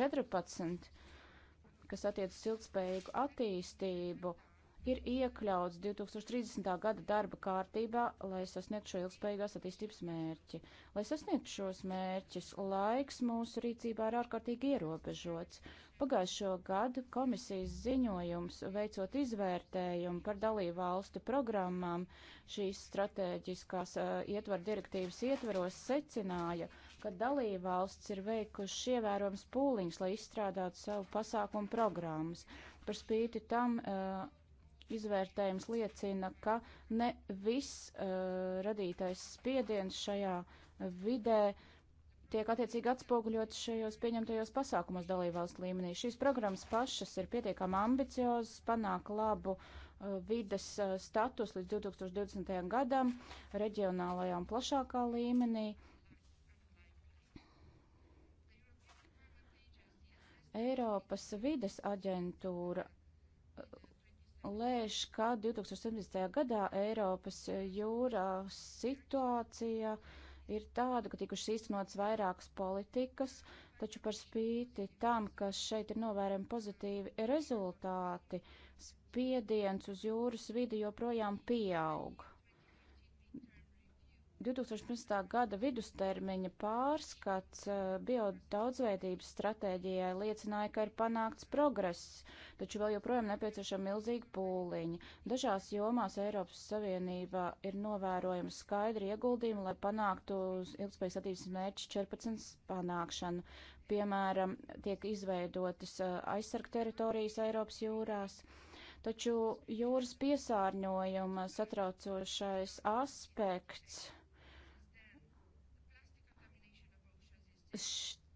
14, kas attiecas ilgspējīgu attīstību, ir iekļauts 2030. gada darba kārtībā, lai sasniegtu šo ilgspējīgās attīstības mērķi. Lai sasniegtu šos mērķus, laiks mūsu rīcībā ir ārkārtīgi ierobežots. Pagājušo gadu komisijas ziņojums veicot izvērtējumu par dalību valstu programmām šīs strateģiskās uh, ietvar direktīvas ietvaros secināja, ka dalību valsts ir veikuši ievērojams pūliņus, lai izstrādātu savu pasākumu programmas. Par spīti tam uh, izvērtējums liecina, ka ne viss uh, radītais spiediens šajā vidē uh, tiek attiecīgi atspoguļots šajos pieņemtajos pasākumos dalībvalstu līmenī. Šīs programmas pašas ir pietiekami ambiciozas, panāk labu uh, vides uh, status līdz 2020. gadam, reģionālajā un plašākā līmenī. Eiropas vides aģentūra uh, lēš, ka 2017. gadā Eiropas uh, jūrā situācija uh, ir tāda, ka tikušas īstenotas vairākas politikas, taču par spīti tam, ka šeit ir novērojami pozitīvi rezultāti, spiediens uz jūras vidi joprojām pieaug. 2015. gada vidustermiņa pārskats eh, biodaudzveidības stratēģijai liecināja, ka ir panākts progress, taču vēl joprojām nepieciešama milzīga pūliņa. Dažās jomās Eiropas Savienībā ir novērojama skaidra ieguldījuma, lai panāktu ilgspējas attīstības mērķis 14 panākšanu. Piemēram, tiek izveidotas eh, aizsarg teritorijas Eiropas jūrās. Taču jūras piesārņojuma satraucošais aspekts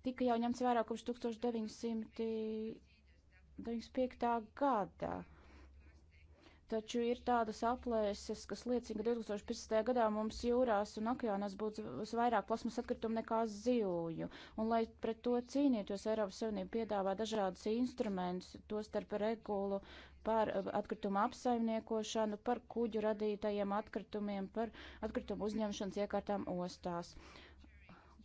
tika jau ņemts vērā kopš 1995. gada. Taču ir tādas aplēses, kas liecina, ka 2015. gadā mums jūrās un okeānos būs vairāk plasmas atkritumu nekā zivju. Un, lai pret to cīnītos, Eiropas Savienība piedāvā dažādus instrumentus, tostarp regulu par uh, atkritumu apsaimniekošanu, par kuģu radītajiem atkritumiem, par atkritumu uzņemšanas iekārtām ostās. Uh,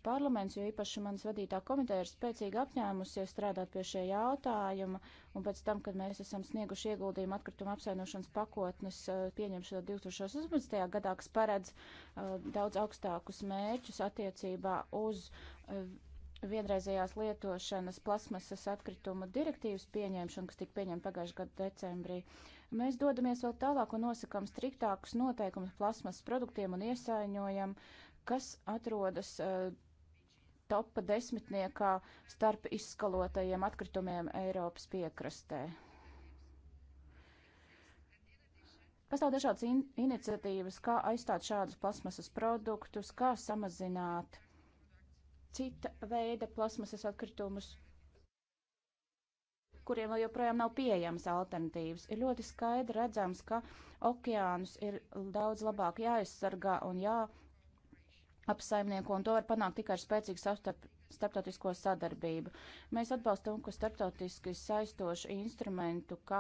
Parlaments, jo īpaši manas vadītā komiteja ir spēcīgi apņēmusies strādāt pie šie jautājuma, un pēc tam, kad mēs esam snieguši ieguldījumu atkrituma apsainošanas pakotnes eh, pieņemšanā 2018. gadā, kas paredz uh, daudz augstākus mērķus attiecībā uz uh, vienreizējās lietošanas plasmasas atkrituma direktīvas pieņemšanu, kas tika pieņemta pagājušā gada decembrī. Mēs dodamies vēl tālāk un nosakam striktākus noteikumus plasmasas produktiem un iesaiņojam, kas atrodas uh, topa desmitniekā starp izskalotajiem atkritumiem Eiropas piekrastē. Pastāv dažādas in iniciatīvas, kā aizstāt šādus plasmasas produktus, kā samazināt cita veida plasmasas atkritumus, kuriem vēl joprojām nav pieejamas alternatīvas. Ir ļoti skaidri redzams, ka okeānus ir daudz labāk jāaizsargā un jāaizsargā apsaimnieko, un to var panākt tikai ar spēcīgu savstarp, starptautisko sadarbību. Mēs atbalstam, ka starptautiski saistošu instrumentu, kā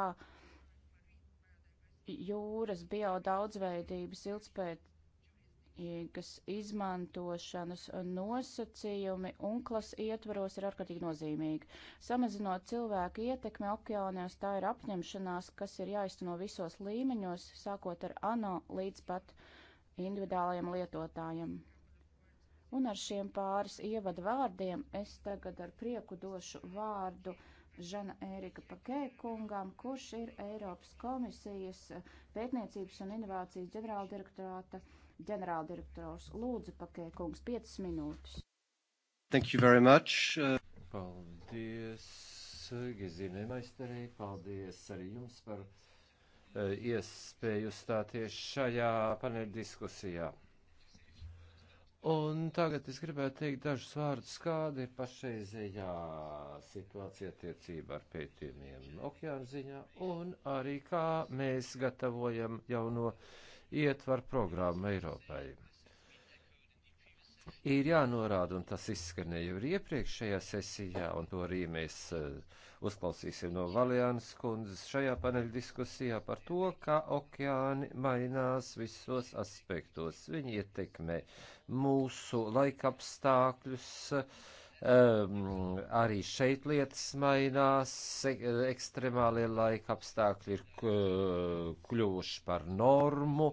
jūras biodaudzveidības ilgspējīgas izmantošanas nosacījumi UNCLAS ietvaros ir ārkārtīgi nozīmīgi. Samazinot cilvēku ietekmi okeānos, tā ir apņemšanās, kas ir jāizteno visos līmeņos, sākot ar ANO līdz pat individuālajiem lietotājiem. Un ar šiem pāris ievadu vārdiem es tagad ar prieku došu vārdu Žana Ērika Pakē kungam, kurš ir Eiropas komisijas eh, pētniecības un inovācijas ģenerāldirektorāta ģenerāldirektors. Lūdzu, Pakē kungs, 5 minūtes.
Thank you very much. Uh... Paldies, Gezīne Maisterī, paldies arī jums par uh, iespēju stāties šajā paneļdiskusijā. diskusijā Un tagad es gribētu teikt dažus vārdus, kāda ir pašreizējā situācija attiecībā ar pētījumiem okeāna ziņā un arī kā mēs gatavojam jauno ietvaru programmu Eiropai. Ir jānorāda, un tas izskanēja jau iepriekšējā sesijā, un to arī mēs uh, uzklausīsim no Valjānas kundzes šajā paneļa diskusijā par to, kā okeāni mainās visos aspektos. Viņi ietekmē mūsu laikapstākļus. Um, arī šeit lietas mainās, e, ekstremālie laikapstākļi ir kļuvuši par normu.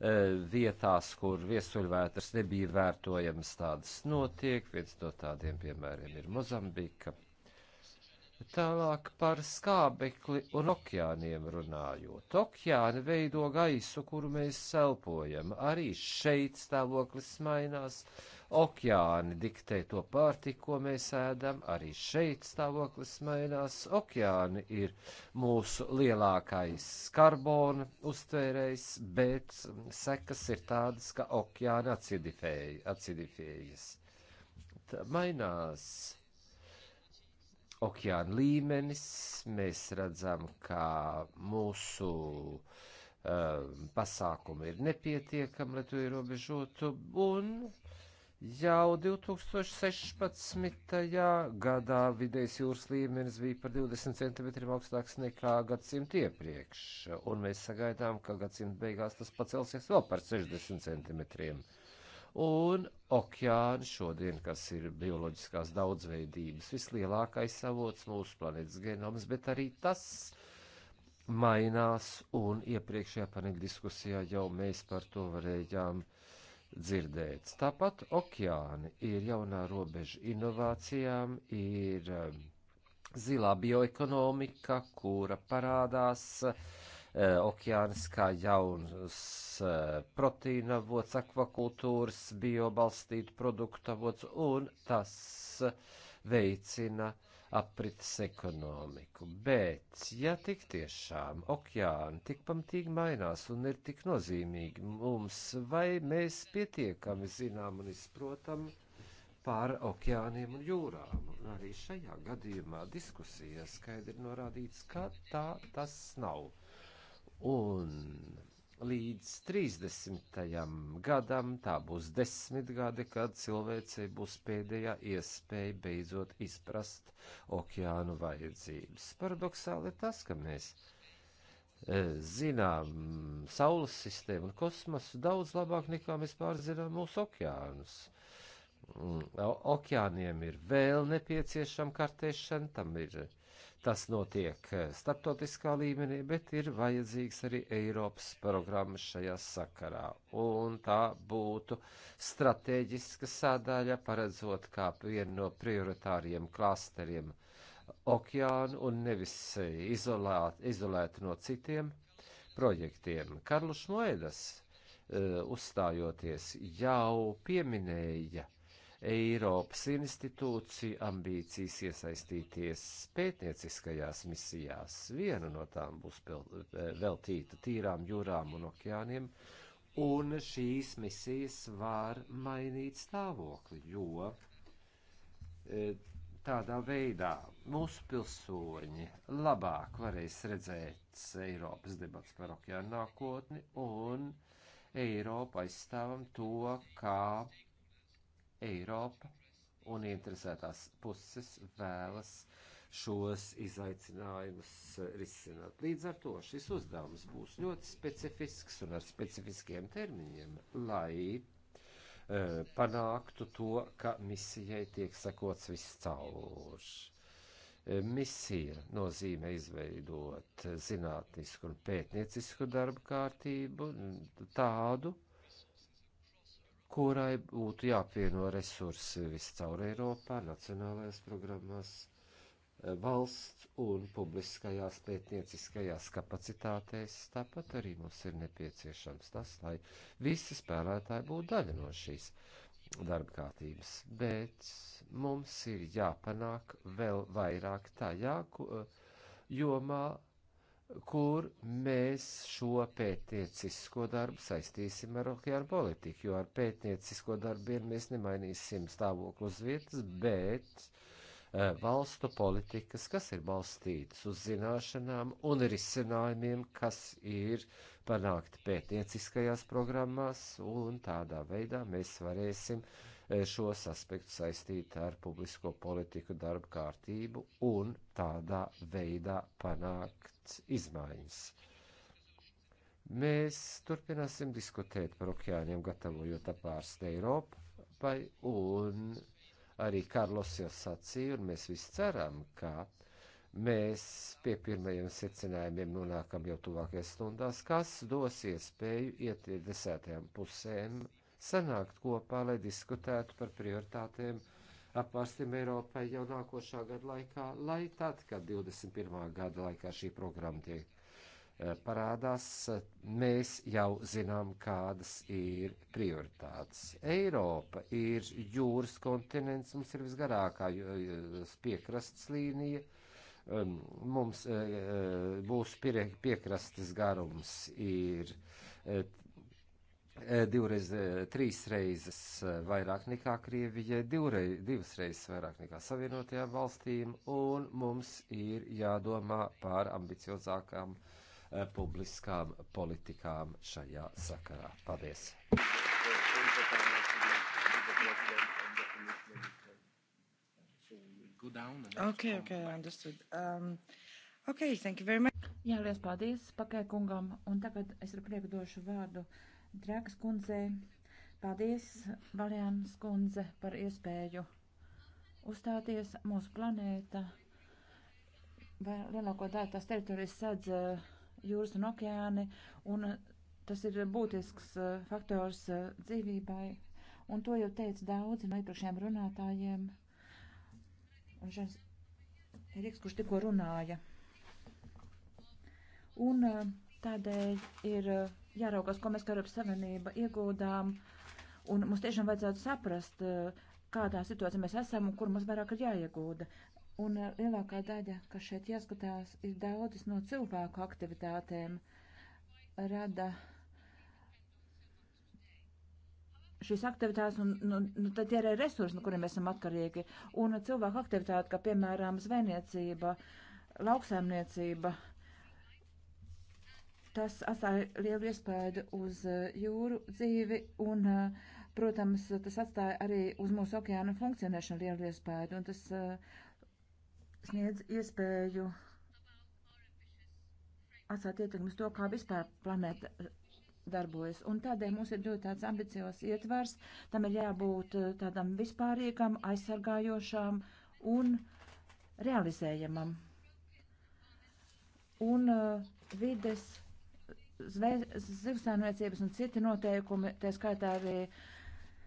E, vietās, kur viesuļvētras nebija vērtojams, tādas notiek. Viens no tādiem piemēriem ir Mozambika Tālāk par skābekli un okeāniem runājot. Okeāni veido gaisu, kuru mēs selpojam. Arī šeit stāvoklis mainās. Okeāni diktē to pārtiku, ko mēs ēdam. Arī šeit stāvoklis mainās. Okeāni ir mūsu lielākais karbona uztvērējs, bet sekas ir tādas, ka okeāni acidifējas. Tā mainās okeāna līmenis, mēs redzam, ka mūsu um, pasākumi ir nepietiekami, lai to ierobežotu, un jau 2016. gadā vidējs jūras līmenis bija par 20 cm augstāks nekā gadsimt iepriekš, un mēs sagaidām, ka gadsimt beigās tas pacelsies vēl par 60 cm un okeāni šodien, kas ir bioloģiskās daudzveidības vislielākais avots mūsu planētas genoms, bet arī tas mainās, un iepriekšējā paneļa diskusijā jau mēs par to varējām dzirdēt. Tāpat okeāni ir jaunā robeža inovācijām, ir um, zilā bioekonomika, kura parādās uh, Eh, okeānis kā jauns eh, proteīna avots, akvakultūras, biobalstītu produktu avots, un tas veicina aprits ekonomiku. Bet, ja tik tiešām okeāni tik pamatīgi mainās un ir tik nozīmīgi mums, vai mēs pietiekami zinām un izprotam pār okeāniem un jūrām? Un arī šajā gadījumā diskusijā skaidri norādīts, ka tā tas nav Un līdz 30. gadam tā būs desmit gadi, kad cilvēcei būs pēdējā iespēja beidzot izprast okeānu vajadzības. Paradoxāli ir tas, ka mēs e, zinām Saules sistēmu un kosmosu daudz labāk nekā mēs pārzinām mūsu okeānus. Mm, okeāniem ir vēl nepieciešama kartēšana, tam ir Tas notiek eh, starptautiskā līmenī, bet ir vajadzīgs arī Eiropas programmas šajā sakarā. Un tā būtu strateģiska sadaļa, paredzot kā vienu no prioritāriem klasteriem okeānu un nevis eh, izolēt, izolēt no citiem projektiem. Karluš Moedas, eh, uzstājoties, jau pieminēja Eiropas institūciju ambīcijas iesaistīties pētnieciskajās misijās. Viena no tām būs e, veltīta tīrām jūrām un okeāniem, un šīs misijas var mainīt stāvokli, jo e, tādā veidā mūsu pilsoņi labāk varēs redzēt Eiropas debats par okeānu nākotni, un Eiropa aizstāvam to, kā Eiropa un interesētās puses vēlas šos izaicinājumus risināt. Līdz ar to šis uzdevums būs ļoti specifisks un ar specifiskiem termiņiem, lai uh, panāktu to, ka misijai tiek sekots viss cauri. E, misija nozīmē izveidot zinātnisku un pētniecisku darbu kārtību tādu, kurai būtu jāpieno resursi viscaur Eiropā, nacionālajās programmās, eh, valsts un publiskajās pētnieciskajās kapacitātēs. Tāpat arī mums ir nepieciešams tas, lai visi spēlētāji būtu daļa no šīs darba kārtības. Bet mums ir jāpanāk vēl vairāk tajā eh, jomā, kur mēs šo pētniecisko darbu saistīsim ar okeānu politiku, jo ar pētniecisko darbiem mēs nemainīsim stāvokli uz vietas, bet uh, valstu politikas, kas ir balstītas uz zināšanām un risinājumiem, kas ir panākti pētnieciskajās programmās, un tādā veidā mēs varēsim uh, E, šos aspektus saistīt ar publisko politiku darba kārtību un tādā veidā panākt izmaiņas. Mēs turpināsim diskutēt par okeāņiem, gatavojot apārstu Eiropai, un arī Karlos jau sacīja, un mēs visi ceram, ka mēs pie pirmajiem secinājumiem nonākam jau tuvākajās stundās, kas dos iespēju ietiet desētajām pusēm sanākt kopā, lai diskutētu par prioritātēm apvārstiem Eiropai jau nākošā gada laikā, lai tad, kad 21. gada laikā šī programma tiek eh, parādās, mēs jau zinām, kādas ir prioritātes. Eiropa ir jūras kontinents, mums ir visgarākā eh, eh, piekrastes līnija, um, mums būs piekrastes garums ir Eh, divreiz, eh, trīs reizes eh, vairāk nekā Krievijai, divreiz, divas reizes vairāk nekā Savienotajām valstīm, un mums ir jādomā par ambiciozākām publiskām politikām šajā sakarā. Paldies! Okay, okay, understood. Um,
okay, thank you very much. Jā, liels paldies pakai kungam, un tagad es ar prieku došu vārdu uh, Drēkas kundzei. Paldies, Valjānas kundze, par iespēju uzstāties. Mūsu planēta vai lielāko daļu tās teritorijas sadz eh, jūras un okeāni, un eh, tas ir būtisks eh, faktors dzīvībai. Un to jau teica daudzi no iepriekšējiem runātājiem. Un šis Eriks, kurš tikko runāja. Un uh, Tādēļ ir eh, jāraugās, ko mēs kā Eiropas Savienība iegūdām, un mums tiešām vajadzētu saprast, eh, kādā situācijā mēs esam un kur mums vairāk ir jāiegūda. Un eh, lielākā daļa, kas šeit jāskatās, ir daudzas no cilvēku aktivitātēm rada šīs aktivitātes, un nu, nu, tad ir arī resursi, no kuriem mēs esam atkarīgi. Un cilvēku aktivitāte, kā piemēram zvejniecība, lauksaimniecība, uh, Tas atstāja lielu iespaidu uz eh, jūru dzīvi un, eh, protams, tas atstāja arī uz mūsu okeāna funkcionēšanu lielu iespaidu un tas eh, sniedz iespēju atstāt ietekmi uz to, kā vispār planēta darbojas. Un tādēļ mums ir ļoti tāds ambiciozs ietvars, tam ir jābūt tādam vispārīgam, aizsargājošam un realizējamam. Un uh, vides zivsāniecības un citi noteikumi, tā skaitā arī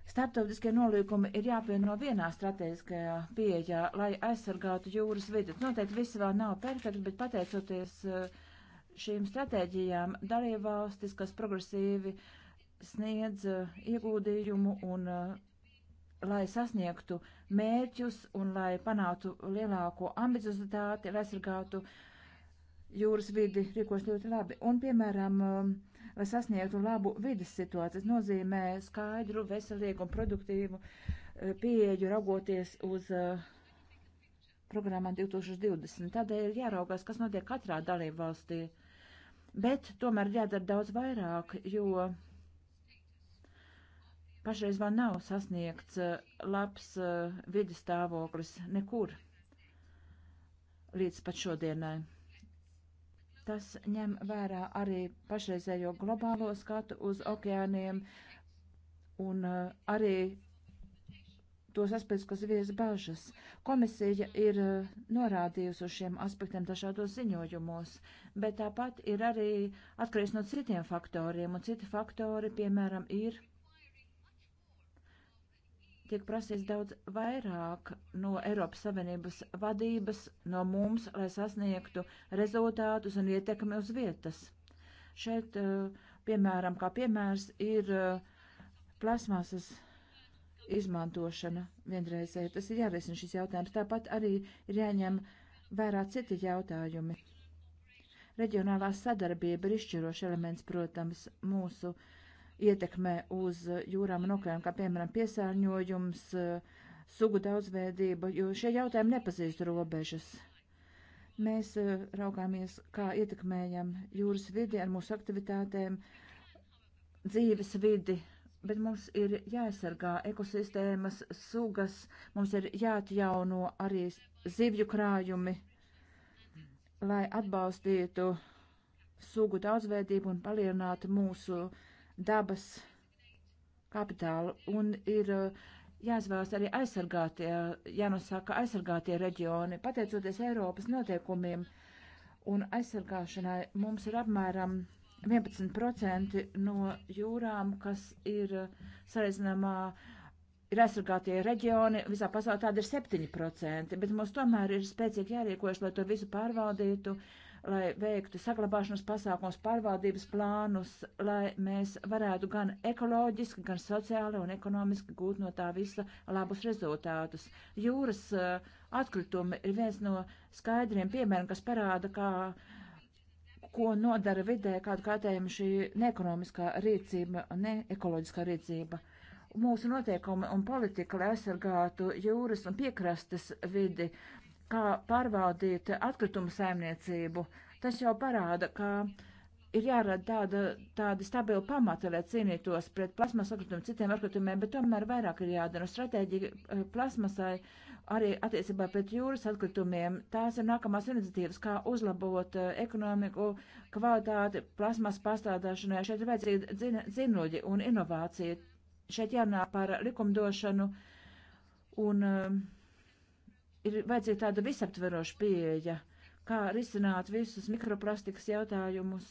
starptautiskie nolīgumi ir jāpieno vienā strateģiskajā pieejā, lai aizsargātu jūras vidi. Noteikti viss vēl nav perfekts, bet pateicoties eh, šīm stratēģijām dalībvalstis, kas progresīvi sniedz eh, ieguldījumu un eh, lai sasniegtu mērķus un lai panātu lielāko ambiciozitāti, lai aizsargātu uh, jūras vidi rīkos ļoti labi. Un, piemēram, lai um, sasniegtu labu vidas situāciju, tas nozīmē skaidru, veselīgu un produktīvu uh, pieeju raugoties uz uh, programmām 2020. Tādēļ ir jāraugās, kas notiek katrā dalību valstī. Bet tomēr jādara daudz vairāk, jo pašreiz vēl nav sasniegts uh, labs vidas stāvoklis nekur līdz pat šodienai. Tas ņem vērā arī pašreizējo globālo skatu uz okeāniem un uh, arī tos aspektus, kas vies bažas. Komisija ir uh, norādījusi uz šiem aspektiem dažādos ziņojumos, bet tāpat ir arī atkarīgs no citiem faktoriem, un citi faktori, piemēram, ir tiek prasīts daudz vairāk no Eiropas Savienības vadības, no mums, lai sasniegtu rezultātus un ietekmi uz vietas. Šeit, eh, piemēram, kā piemērs ir eh, plasmasas izmantošana vienreizēji. Tas ir jārisina šis jautājums. Tāpat arī ir jāņem vērā citi jautājumi. Reģionālā sadarbība ir izšķirošs elements, protams, mūsu uh, ietekme uz jūrām un okeāniem, kā piemēram piesārņojums, sugu daudzveidība, jo šie jautājumi nepazīst robežas. Mēs eh, raugāmies, kā ietekmējam jūras vidi ar mūsu aktivitātēm, dzīves vidi, bet mums ir jāaizsargā ekosistēmas, sugas, mums ir jāatjauno arī zivju krājumi, lai atbalstītu sugu daudzveidību un palielinātu mūsu uh, dabas kapitālu un ir eh, jāizvēlas arī aizsargātie, eh, jānosaka aizsargātie reģioni. Pateicoties Eiropas noteikumiem un aizsargāšanai, mums ir apmēram 11% no jūrām, kas ir eh, sarezinamā ir aizsargātie reģioni, visā pasaulē tāda ir 7%, bet mums tomēr ir spēcīgi jārīkojas, lai to visu pārvaldītu. Uh, lai veiktu saglabāšanas pasākums, pārvaldības plānus, lai mēs varētu gan ekoloģiski, gan sociāli un ekonomiski gūt no tā visa labus rezultātus. Jūras uh, atkritumi ir viens no skaidriem piemēriem, kas parāda, kā ko nodara vidē, kādu kaitējumu šī neekonomiskā rīcība, neekoloģiskā rīcība. Mūsu noteikumi un politika, lai aizsargātu jūras un piekrastes vidi, uh, kā pārvaldīt atkritumu saimniecību. Tas jau parāda, ka ir jārada tāda, tāda stabila pamata, lai cīnītos pret plasmas atkritumiem, citiem atkritumiem, bet tomēr vairāk ir jādara stratēģija eh, plasmasai, arī attiecībā pret jūras atkritumiem. Tās ir nākamās iniciatīvas, kā uzlabot eh, ekonomiku, kvalitāti plasmas pārstrādāšanai. Šeit ir vajadzīga dzin, zinuļi un inovācija. Šeit jārunā par likumdošanu un uh, ir vajadzīga tāda visaptveroša pieeja, kā risināt visus mikroplastikas jautājumus,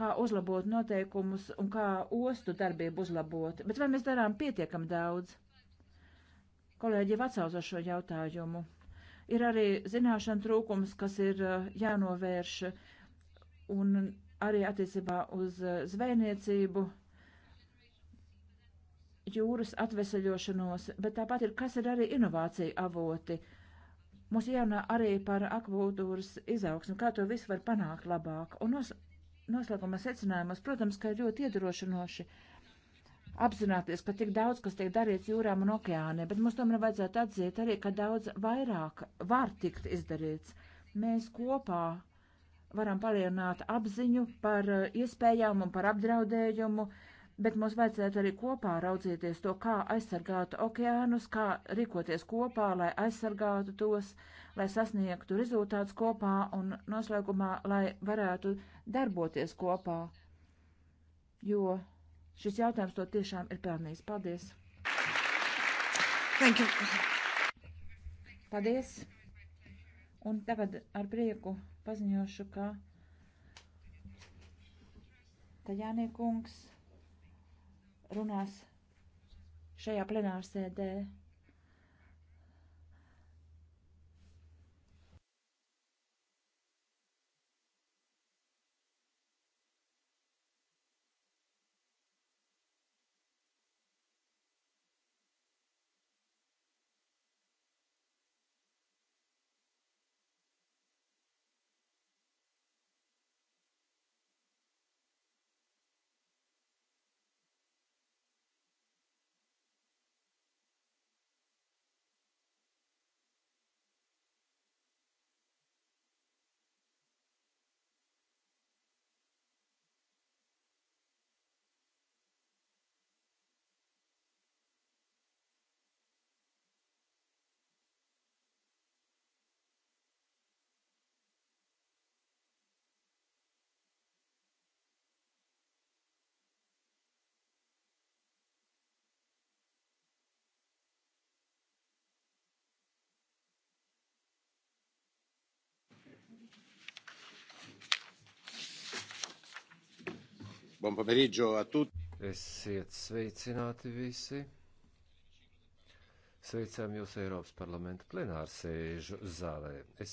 kā uzlabot noteikumus un kā ostu darbību uzlabot. Bet vai mēs darām pietiekam daudz? Kolēģi jau atsauza šo jautājumu. Ir arī zināšana trūkums, kas ir eh, jānovērš, un arī attiecībā uz eh, zvejniecību jūras atveseļošanos, bet tāpat ir, kas ir arī inovācija avoti. Mums jārunā arī par akvūtūras izaugsmu, kā to visu var panākt labāk. Un nos, noslēguma secinājumos, protams, ka ir ļoti iedrošinoši apzināties, ka tik daudz, kas tiek darīts jūrām un okeāniem, bet mums tomēr vajadzētu atzīt arī, ka daudz vairāk var tikt izdarīts. Mēs kopā varam palielināt apziņu par uh, iespējām un par apdraudējumu. Uh, bet mums vajadzētu arī kopā raudzīties to, kā aizsargāt okeānus, kā rīkoties kopā, lai aizsargātu tos, lai sasniegtu rezultātus kopā un noslēgumā, lai varētu darboties kopā, jo šis jautājums to tiešām ir pelnījis. Paldies! Thank you. Paldies! Un tagad ar prieku paziņošu, ka Tajānie kungs runās šajā plenārsēdē.
Buon pomeriggio a tutti. Esiet sveicināti visi. Sveicām jūs Eiropas parlamenta plenārsēžu zālē. Es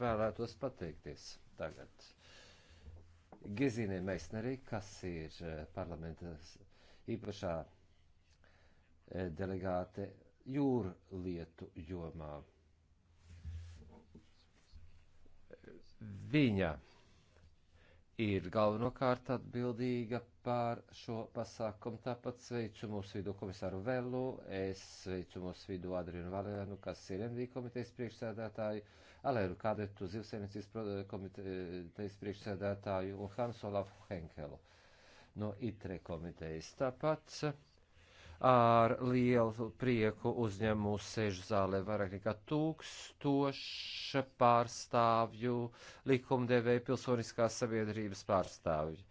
vēlētos pateikties tagad Gezīnē Meisnerī, kas ir eh, parlamenta īpašā eh, delegāte jūrlietu jomā. Viņa ir galvenokārt atbildīga par šo pasākumu. Tāpat sveicu mūsu vidu komisāru Velu, es sveicu mūsu vidu Adrienu Valēnu, kas ir MV komitejas priekšsēdētāju, Alēru Kadetu zivsēmniecības komitejas priekšsēdētāju un Hansu Olafu Henkelu no ITRE komitejas. Tāpat ar lielu prieku uzņemu sežu zālē vairāk nekā tūkstoša pārstāvju, likumdevēju, pilsoniskās sabiedrības pārstāvju.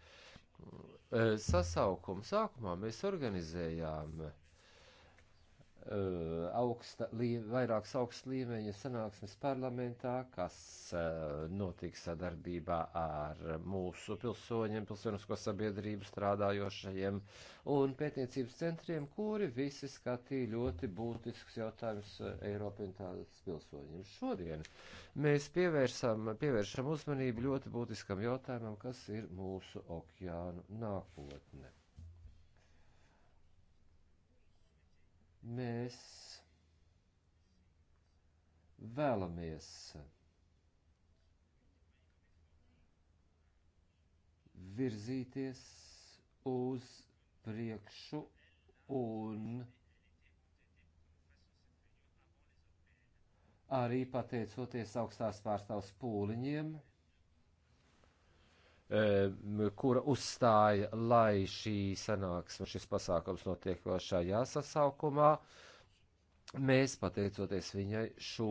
Sasaukuma sākumā mēs organizējām uh, Eh, augsta, lī, vairākas augsta līmeņa sanāksmes parlamentā, kas uh, notiks sadarbībā ar mūsu pilsoņiem, pilsonisko sabiedrību strādājošajiem un pētniecības centriem, kuri visi skatīja ļoti būtisks jautājums eh, Eiropai un tādas pilsoņiem. Šodien mēs pievērsam, pievēršam uzmanību ļoti būtiskam jautājumam, kas ir mūsu okeānu nākotne. Mēs vēlamies virzīties uz priekšu un arī pateicoties augstās pārstāvs pūliņiem kura uzstāja, lai šī sanāksme, šis pasākums notiek vēl šajā sasaukumā. Mēs, pateicoties viņai, šo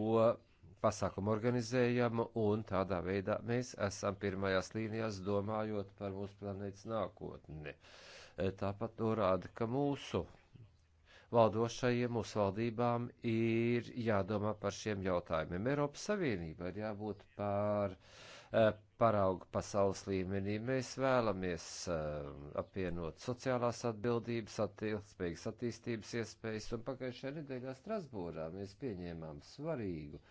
pasākumu organizējam, un tādā veidā mēs esam pirmajās līnijās domājot par mūsu planētas nākotni. Tāpat norāda, ka mūsu valdošajiem, mūsu valdībām ir jādomā par šiem jautājumiem. Eiropas Savienība ir jābūt par uh, Eh, paraugu pasaules līmenī. Mēs vēlamies eh, apvienot sociālās atbildības, attīstības, attīstības iespējas, un pagājušajā nedēļā Strasbūrā mēs pieņēmām svarīgu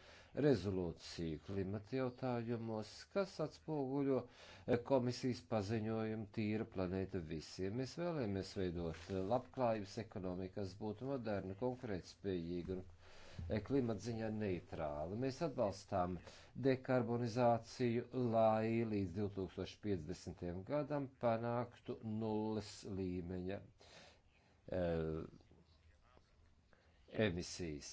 rezolūciju klimata jautājumos, kas atspoguļo eh, komisijas paziņojumu tīra planēta visiem. Mēs vēlamies veidot labklājības ekonomiku, kas būtu moderna, konkurētspējīga un klimatziņā neitrāli. Mēs atbalstām dekarbonizāciju, lai līdz 2050. gadam panāktu nulles līmeņa uh, emisijas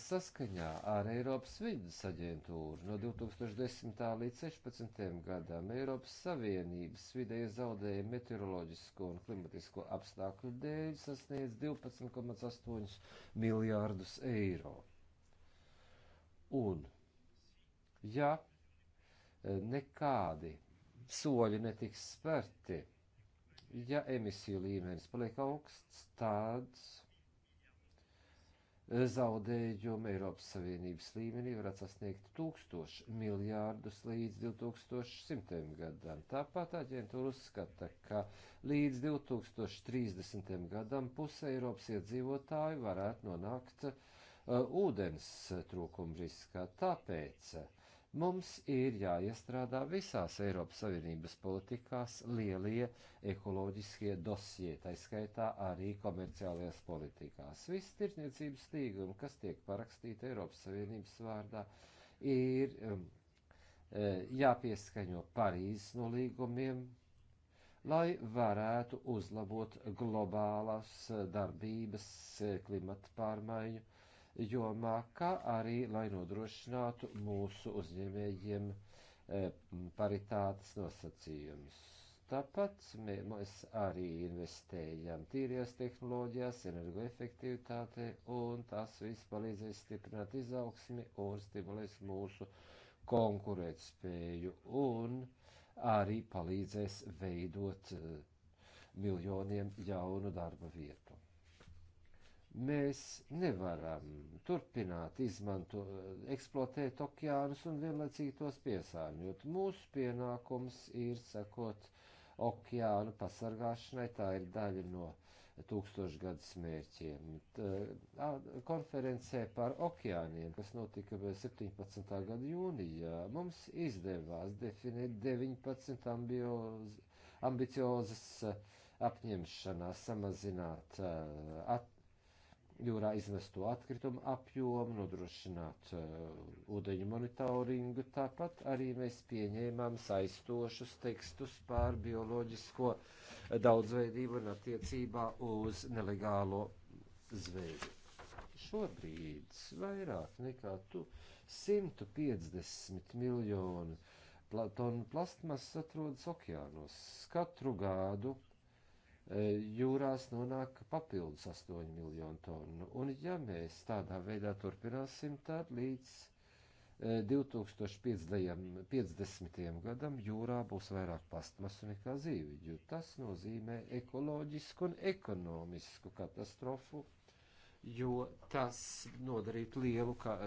Saskaņā ar Eiropas vidas aģentūru no 2010. līdz 2016. gadam Eiropas Savienības vidēja zaudējumi meteoroloģisko un klimatisko apstākļu dēļ sasniedz 12,8 miljārdus eiro. Un, ja eh, nekādi soļi netiks sperti, ja emisiju līmenis paliek augsts, tāds zaudējumu Eiropas Savienības līmenī varētu sasniegt tūkstošu miljārdus līdz 2100. gadam. Tāpat aģentūra uzskata, ka līdz 2030. gadam puse Eiropas iedzīvotāju varētu nonākt uh, ūdens trūkuma riskā. Tāpēc uh, Mums ir jāiestrādā visās Eiropas Savienības politikās lielie ekoloģiskie dosie, tā skaitā arī komerciālajās politikās. Viss tirniecības līgumi, kas tiek parakstīti Eiropas Savienības vārdā, ir um, e, jāpieskaņo Parīzes nolīgumiem, lai varētu uzlabot globālās e, darbības e, klimata pārmaiņu jomā, kā arī, lai nodrošinātu mūsu uzņēmējiem e, paritātes nosacījumus. Tāpat mēs arī investējam tīrajās tehnoloģijās, energoefektivitātē, un tas viss palīdzēs stiprināt izaugsmi un stimulēs mūsu konkurētspēju un arī palīdzēs veidot e, miljoniem jaunu darba vietu. Mēs nevaram turpināt izmanto, eksploatēt okeānus un vienlaicīgi tos piesārņot. Mūsu pienākums ir sakot okeānu pasargāšanai, tā ir daļa no tūkstošgadu smērķiem. Tā, konferencē par okeāniem, kas notika 17. gada jūnijā, mums izdevās definēt 19 ambioz, ambiciozas apņemšanās samazināt at, jūrā iznesto atkritumu apjomu, nodrošināt uh, ūdeņu monitoringu. Tāpat arī mēs pieņēmām saistošus tekstus pār bioloģisko daudzveidību un attiecībā uz nelegālo zvēju. Šobrīd vairāk nekā tu 150 miljonu pla tonu plastmasas atrodas okeānos. Katru gadu E, jūrās nonāk papildus 8 miljonu tonu. Un ja mēs tādā veidā turpināsim, tad līdz 2050. E, gadam jūrā būs vairāk plastmasu nekā zīviņu. Tas nozīmē ekoloģisku un ekonomisku katastrofu, jo tas nodarītu lielu ka, e,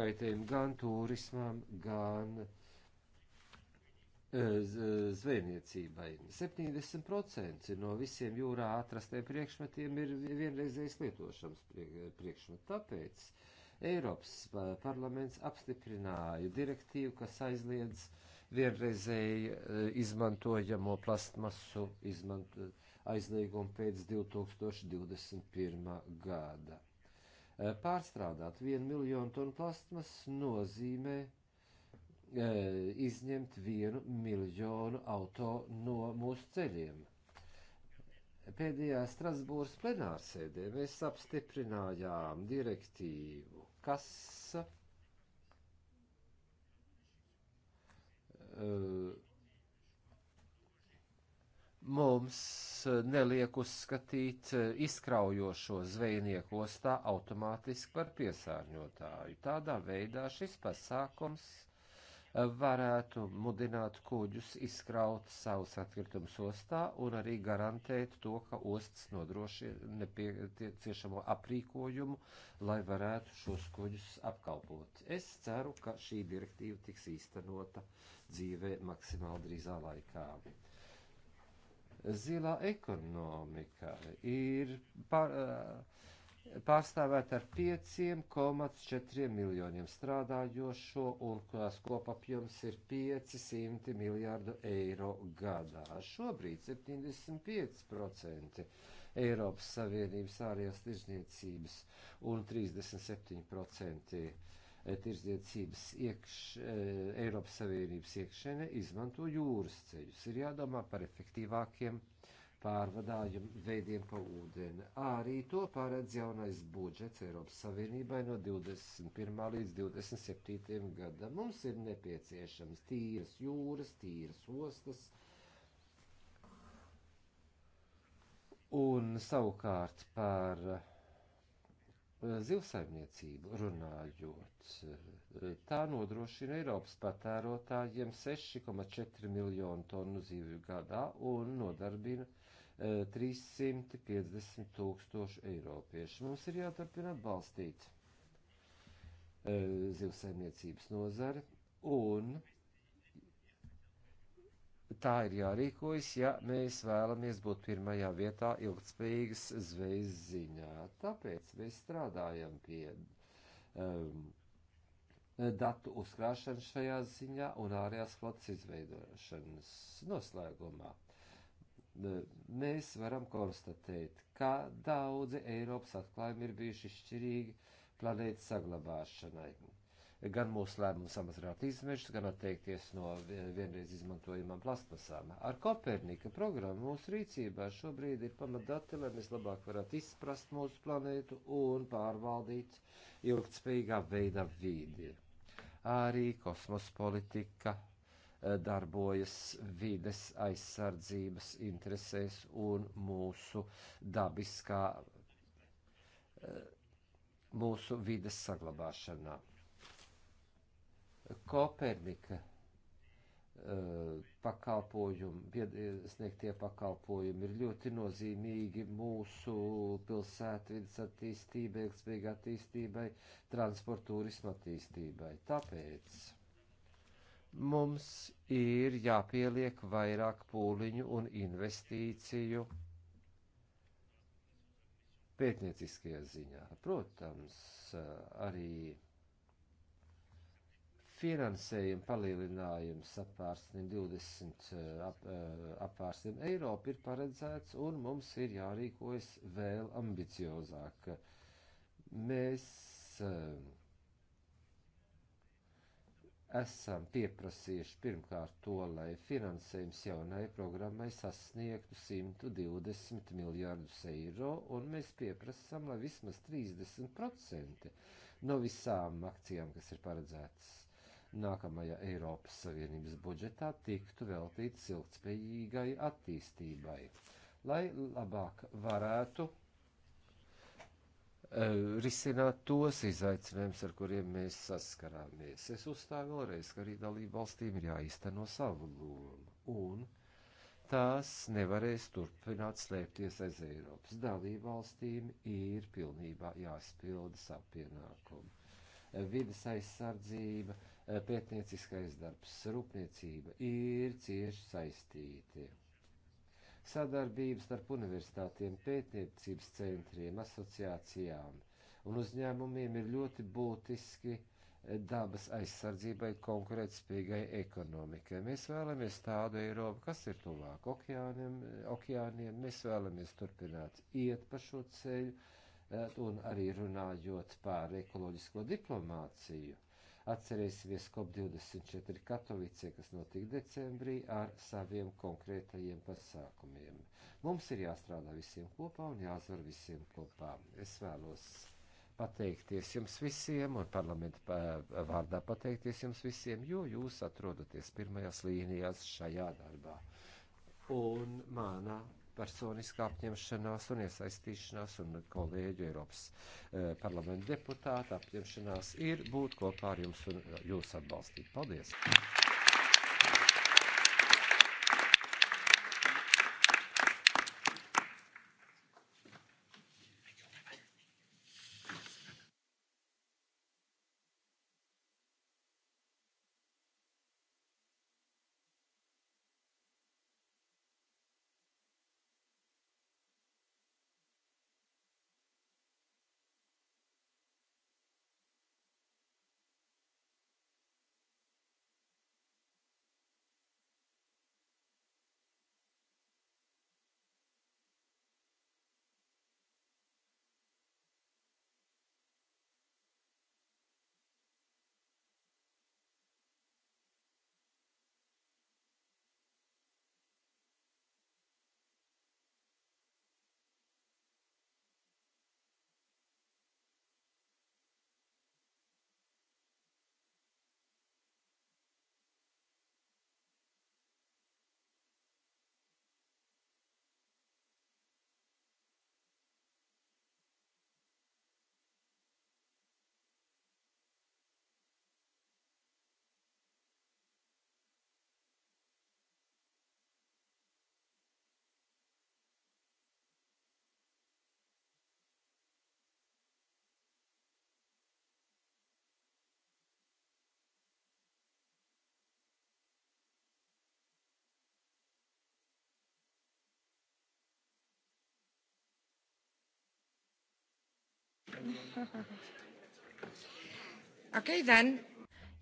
kaitējumu gan turismam, gan uh, Eh, zvejniecībai. 70% no visiem jūrā atrastiem priekšmetiem ir vienreizējs lietošams priekšmets. Tāpēc Eiropas parlaments apstiprināja direktīvu, kas aizliedz vienreizēji eh, izmantojamo plastmasu izmanto, aizliegumu pēc 2021. gada. Eh, pārstrādāt vienu miljonu tonu plastmas nozīmē Eh, izņemt vienu miljonu auto no mūsu ceļiem. Pēdējā Strasbūras plenārsēdē mēs apstiprinājām direktīvu, kas eh, mums neliek uzskatīt eh, izkraujošo zvejnieku ostā automātiski par piesārņotāju. Tādā veidā šis pasākums varētu mudināt kuģus izkraut savus atkritumus ostā un arī garantēt to, ka osts nodrošina nepieciešamo aprīkojumu, lai varētu šos kuģus apkalpot. Es ceru, ka šī direktīva tiks īstenota dzīvē maksimāli drīzā laikā. Zilā ekonomika ir par. Uh, pārstāvēt ar 5,4 miljoniem strādājošo un tās kopapjoms ir 500 miljārdu eiro gadā. Šobrīd 75% Eiropas Savienības ārējās tirzniecības un 37% tirdzniecības iekš, eh, Eiropas Savienības iekšēne izmanto jūras ceļus. Ir jādomā par efektīvākiem pārvadājumu veidiem pa ūdeni. Arī to paredz jaunais budžets Eiropas Savienībai no 21. līdz 27. gadam. Mums ir nepieciešams tīras jūras, tīras ostas. Un savukārt par eh, zivsaimniecību runājot, eh, tā nodrošina Eiropas patērotājiem 6,4 miljonu tonu zivju gadā un nodarbina 350 tūkstoši eiropiešu. Mums ir jāturpina atbalstīt e, zivsaimniecības nozari un tā ir jārīkojas, ja mēs vēlamies būt pirmajā vietā ilgtspējīgas zvejas ziņā. Tāpēc mēs strādājam pie um, datu uzkrāšanas šajā ziņā un ārējās flotas izveidošanas noslēgumā mēs varam konstatēt, ka daudzi Eiropas atklājumi ir bijuši izšķirīgi planētas saglabāšanai. Gan mūsu lēmumu samazināt izmešus, gan atteikties no vienreiz izmantojamām plastmasām. Ar Kopernika programmu mūsu rīcībā šobrīd ir pamatdati, lai mēs labāk varētu izprast mūsu planētu un pārvaldīt ilgtspējīgā veidā vīdi. Arī kosmos politika darbojas vides aizsardzības interesēs un mūsu dabiskā, eh, mūsu vides saglabāšanā. Kopernika eh, pakalpojumi, sniegtie pakalpojumi ir ļoti nozīmīgi mūsu pilsētvidas attīstībai, ilgspējīgai attīstībai, transportūrismu attīstībai. Tāpēc mums ir jāpieliek vairāk pūliņu un investīciju pētnieciskajā ziņā. Protams, arī finansējuma palielinājums apvārsnim 20 ap, eh, apvārsnim Eiropu ir paredzēts un mums ir jārīkojas vēl ambiciozāk. Mēs uh, esam pieprasījuši pirmkārt to, lai finansējums jaunai programmai sasniegtu 120 miljārdus eiro, un mēs pieprasām, lai vismaz 30% no visām akcijām, kas ir paredzētas nākamajā Eiropas Savienības budžetā, tiktu veltīts ilgspējīgai attīstībai, lai labāk varētu Eh, risināt tos izaicinājumus, ar kuriem mēs saskarāmies. Es uzstāju vēlreiz, ka arī dalību valstīm ir jāizteno savu lomu, un tās nevarēs turpināt slēpties aiz Eiropas. Dalību valstīm ir pilnībā jāizpilda savu pienākumu. Eh, Vides aizsardzība, eh, pētnieciskais darbs, rūpniecība ir cieši saistīti sadarbības starp universitātiem, pētniecības centriem, asociācijām un uzņēmumiem ir ļoti būtiski eh, dabas aizsardzībai, konkurētspējīgai ekonomikai. Mēs vēlamies tādu Eiropu, kas ir tuvāk okeāniem, okeāniem. Mēs vēlamies turpināt iet pa šo ceļu eh, un arī runājot par ekoloģisko diplomāciju Atcerēsimies COP24 Katovice, kas notika decembrī ar saviem konkrētajiem pasākumiem. Mums ir jāstrādā visiem kopā un jāzvar visiem kopā. Es vēlos pateikties jums visiem un parlamenta eh, vārdā pateikties jums visiem, jo jūs atrodaties pirmajās līnijās šajā darbā. Un manā personiskā apņemšanās un iesaistīšanās un kolēģu Eiropas eh, parlamenta deputāta apņemšanās ir būt kopā ar jums un jūs atbalstīt. Paldies!
Okay, then.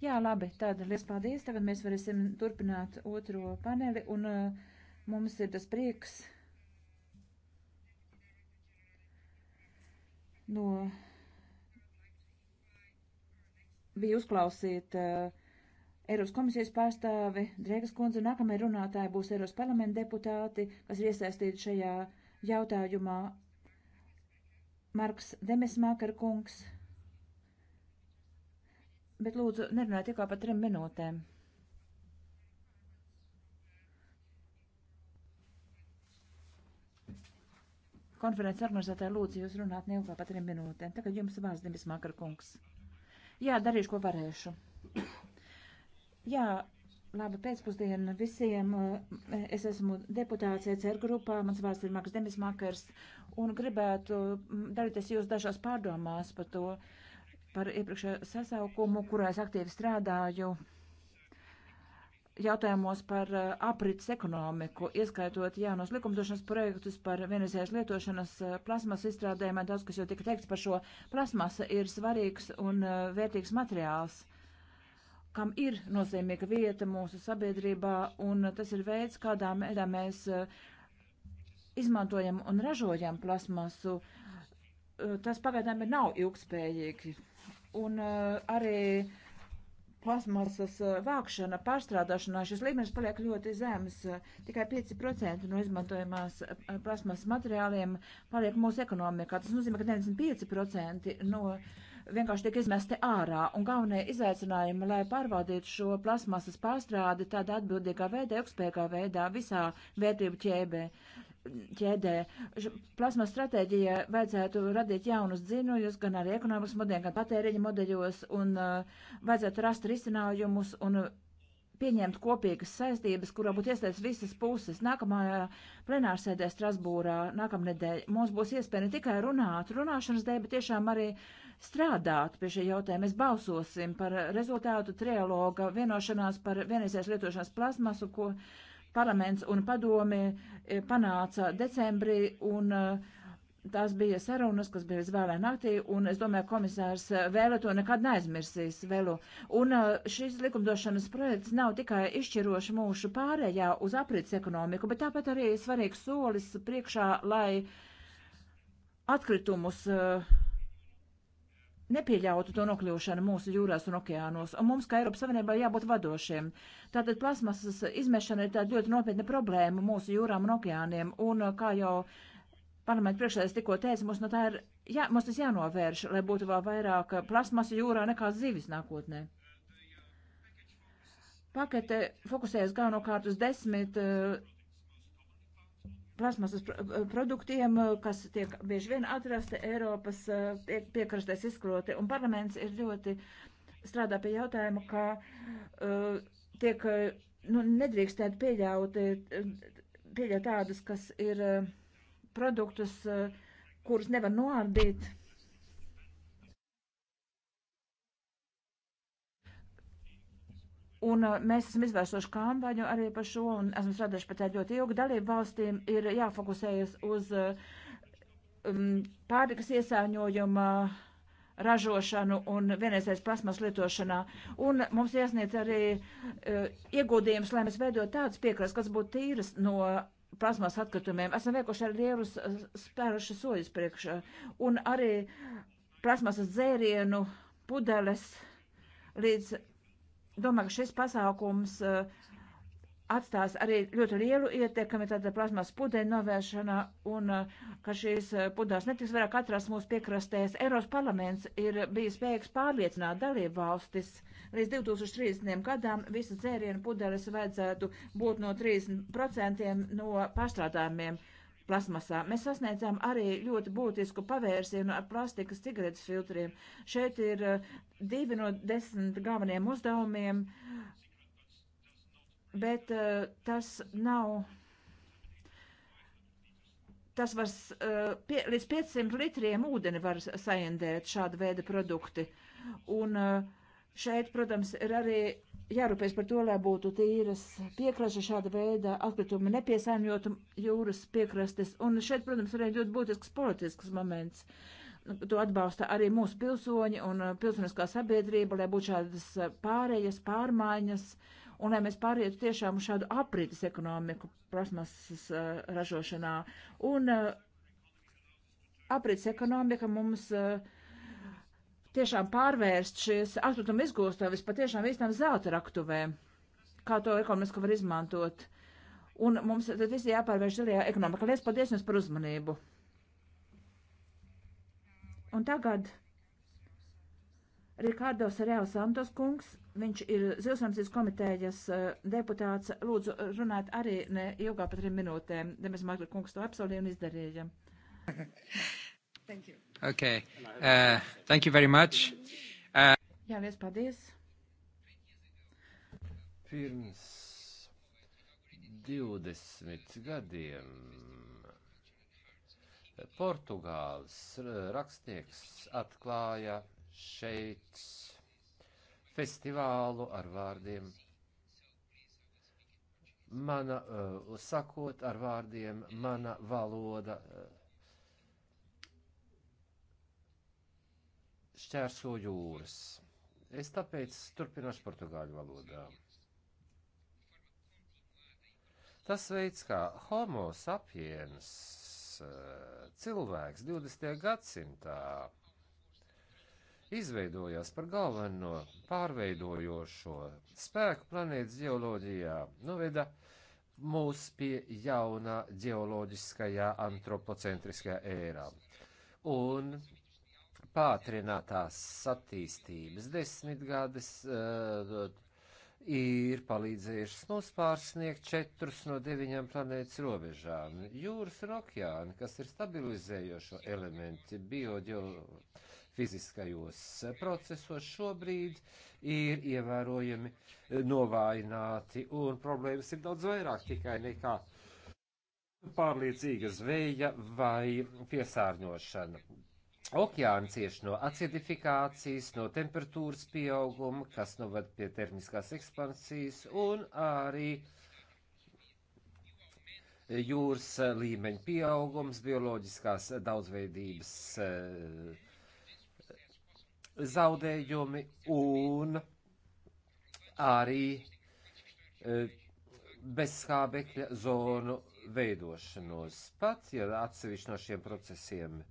Jā, labi, tad liels paldies. Tagad mēs varēsim turpināt otro paneli, un uh, mums ir tas prieks no bija uzklausīt uh, Eiropas komisijas pārstāvi Drēgas kundze, un nākamajai runātāji būs Eiropas parlamenta deputāti, kas ir iesaistīti šajā jautājumā Marks Demesmākar kungs. Bet lūdzu, nerunājiet tikko par trim minūtēm. Konferences organizētāji lūdzu jūs runāt neilgāk par trim minūtēm. Tagad jums vārds Dimis Makar kungs. Jā, darīšu, ko varēšu. Jā, Labi pēcpusdienu visiem. Es esmu deputāts ECR grupā, mans vārds ir Maks Demismakers, un gribētu dalīties jūs dažās pārdomās par to, par iepriekšējo sasaukumu, kurā es aktīvi strādāju jautājumos par uh, aprits ekonomiku, ieskaitot jaunos likumdošanas projektus par vienreizējās lietošanas uh, plasmas izstrādēm, daudz, kas jau tika teikts par šo plasmasa, ir svarīgs un uh, vērtīgs materiāls kam ir nozīmīga vieta mūsu sabiedrībā, un tas ir veids, kādā veidā mēs eh, izmantojam un ražojam plasmasu. Eh, tas pagaidām ir nav ilgspējīgi. Un eh, arī plasmasas vākšana, pārstrādāšanā šis līmenis paliek ļoti zems. Tikai 5% no izmantojamās plasmasas materiāliem paliek mūsu ekonomikā. Tas nozīmē, ka 95% no uh, vienkārši tiek izmesti ārā, un galvenie izaicinājumi, lai pārvaldītu šo plasmasas pārstrādi tādā atbildīgā veidā, ekspēkā veidā, visā vērtību ķēbē. Ķēdē. Plasmas stratēģija vajadzētu radīt jaunus dzinojus, gan arī ekonomikas modeļos, gan patēriņa modeļos, un uh, vajadzētu rast risinājumus un pieņemt kopīgas saistības, kurā būtu iesaistīts visas puses. Nākamajā uh, plenārsēdē Strasbūrā nākamnedēļ mums būs iespēja ne tikai runāt, runāšanas dēļ, bet tiešām arī uh, strādāt pie šī jautājuma. Mēs balsosim par rezultātu trialoga vienošanās par vienreizēs lietošanas plasmasu, ko parlaments un padomi e, panāca decembrī. Un, uh, Tās bija sarunas, kas bija vēlē naktī, un es domāju, komisārs Vēle to nekad neaizmirsīs vēlu. Un e, šis likumdošanas projekts nav tikai izšķiroši mūsu pārējā uz aprits ekonomiku, bet tāpat arī svarīgs solis priekšā, lai atkritumus uh, nepieļautu to nokļūšanu mūsu jūrās un okeānos, un mums, kā Eiropas Savienībā, jābūt vadošiem. Tātad plasmasas izmešana ir tāda ļoti nopietna problēma mūsu jūrām un okeāniem, un uh, kā jau parlamenta priekšsēdētājs tikko teica, mums, no tā ir, jā, mums tas jānovērš, lai būtu vēl vairāk uh, plasmasu jūrā nekā zivis nākotnē. Pakete fokusējas galvenokārt uz desmit uh, plasmasas eh, produktiem, eh, kas tiek bieži vien atrasti Eiropas eh, piekrastēs izkloti. Un parlaments ir ļoti strādā pie jautājuma, ka uh, tiek, nu, nedrīkstētu pieļaut, pieļaut tādus, kas ir uh, produktus, uh, kurus nevar noārdīt. Un uh, mēs esam izvērsuši kampaņu arī par šo, un esam strādājuši pēc tā ļoti ilgi. Dalību valstīm ir jāfokusējas uz uh, um, pārtikas iesāņojuma ražošanu un vienreizēs plasmas lietošanā. Un mums iesniedz arī uh, ieguldījums, lai mēs veidot tādas piekras, kas būtu tīras no plasmas atkritumiem. Esam veikuši arī lielus uh, spēruši soļus priekšā. Un arī plasmasas dzērienu pudeles līdz domāju, ka šis pasākums eh, atstās arī ļoti lielu ietekmi tāda plasmas pudeļu novēršanā un eh, ka šīs eh, pudās netiks vairāk atrast mūsu piekrastēs. Eiros parlaments ir bijis spējīgs pārliecināt dalību valstis. Līdz 2030. gadam visas dzērienu pudeles vajadzētu būt no 30% no pārstrādājumiem. Uh, plasmasā. Mēs sasniedzām arī ļoti būtisku pavērsienu ar plastikas cigaretes filtriem. Šeit ir eh, divi no desmit galveniem uzdevumiem, bet eh, tas nav. Tas var eh, pie, līdz 500 litriem ūdeni var saindēt šāda veida produkti. Un šeit, protams, ir arī jārūpēs par to, lai būtu tīras piekrašas šāda veida atkritumi nepiesaimjot jūras piekrastes. Un šeit, protams, arī ļoti būtisks politisks moments. To atbalsta arī mūsu pilsoņi un uh, pilsoniskā sabiedrība, lai būtu šādas uh, pārējas, pārmaiņas, un lai mēs pārietu tiešām uz šādu aprītas ekonomiku plasmasas uh, ražošanā. Un uh, aprītas ekonomika mums uh, tiešām pārvērst šīs atkrituma izgūstāvis patiešām īstām zelta raktuvēm, kā to ekonomiski var izmantot. Un mums tad viss jāpārvērš zaļajā ekonomikā. Lies paldies jums par uzmanību. Un tagad Rikārdo Sarēl Santos kungs, viņš ir Zilsramsīs komitējas eh, deputāts. Lūdzu, runāt arī ne ilgāk par trim minūtēm. Demes Makli kungs to apsolīja un izdarīja. Thank you.
Okay. Uh, thank you very much. Uh...
Jā, liels paldies. Pirms 20 gadiem Portugāles rakstnieks atklāja šeit festivālu ar vārdiem mana, uh, sakot ar vārdiem mana valoda. Uh, šķērso jūras. Es tāpēc turpināšu portugāļu valodā. Tas veids, kā homo sapiens eh, cilvēks 20. gadsimtā izveidojās par galveno pārveidojošo spēku planētas geoloģijā, noveda mūs pie jaunā geoloģiskajā antropocentriskajā ērā. Un pātrinātās attīstības desmitgades uh, ir palīdzējušas mums pārsniegt četrus no deviņām planētas robežām. Jūras un okeāni, kas ir stabilizējošo elementi bioģeofiziskajos procesos, šobrīd ir ievērojami eh, novājināti, un problēmas ir daudz vairāk tikai nekā pārliecīga zveja vai piesārņošana Okeāni cieš no acidifikācijas, no temperatūras pieauguma, kas novad pie termiskās ekspansijas un arī jūras līmeņa pieaugums, bioloģiskās daudzveidības eh, zaudējumi un arī eh, bezskābekļa zonu veidošanos. Pat, ja atsevišķi no šiem procesiem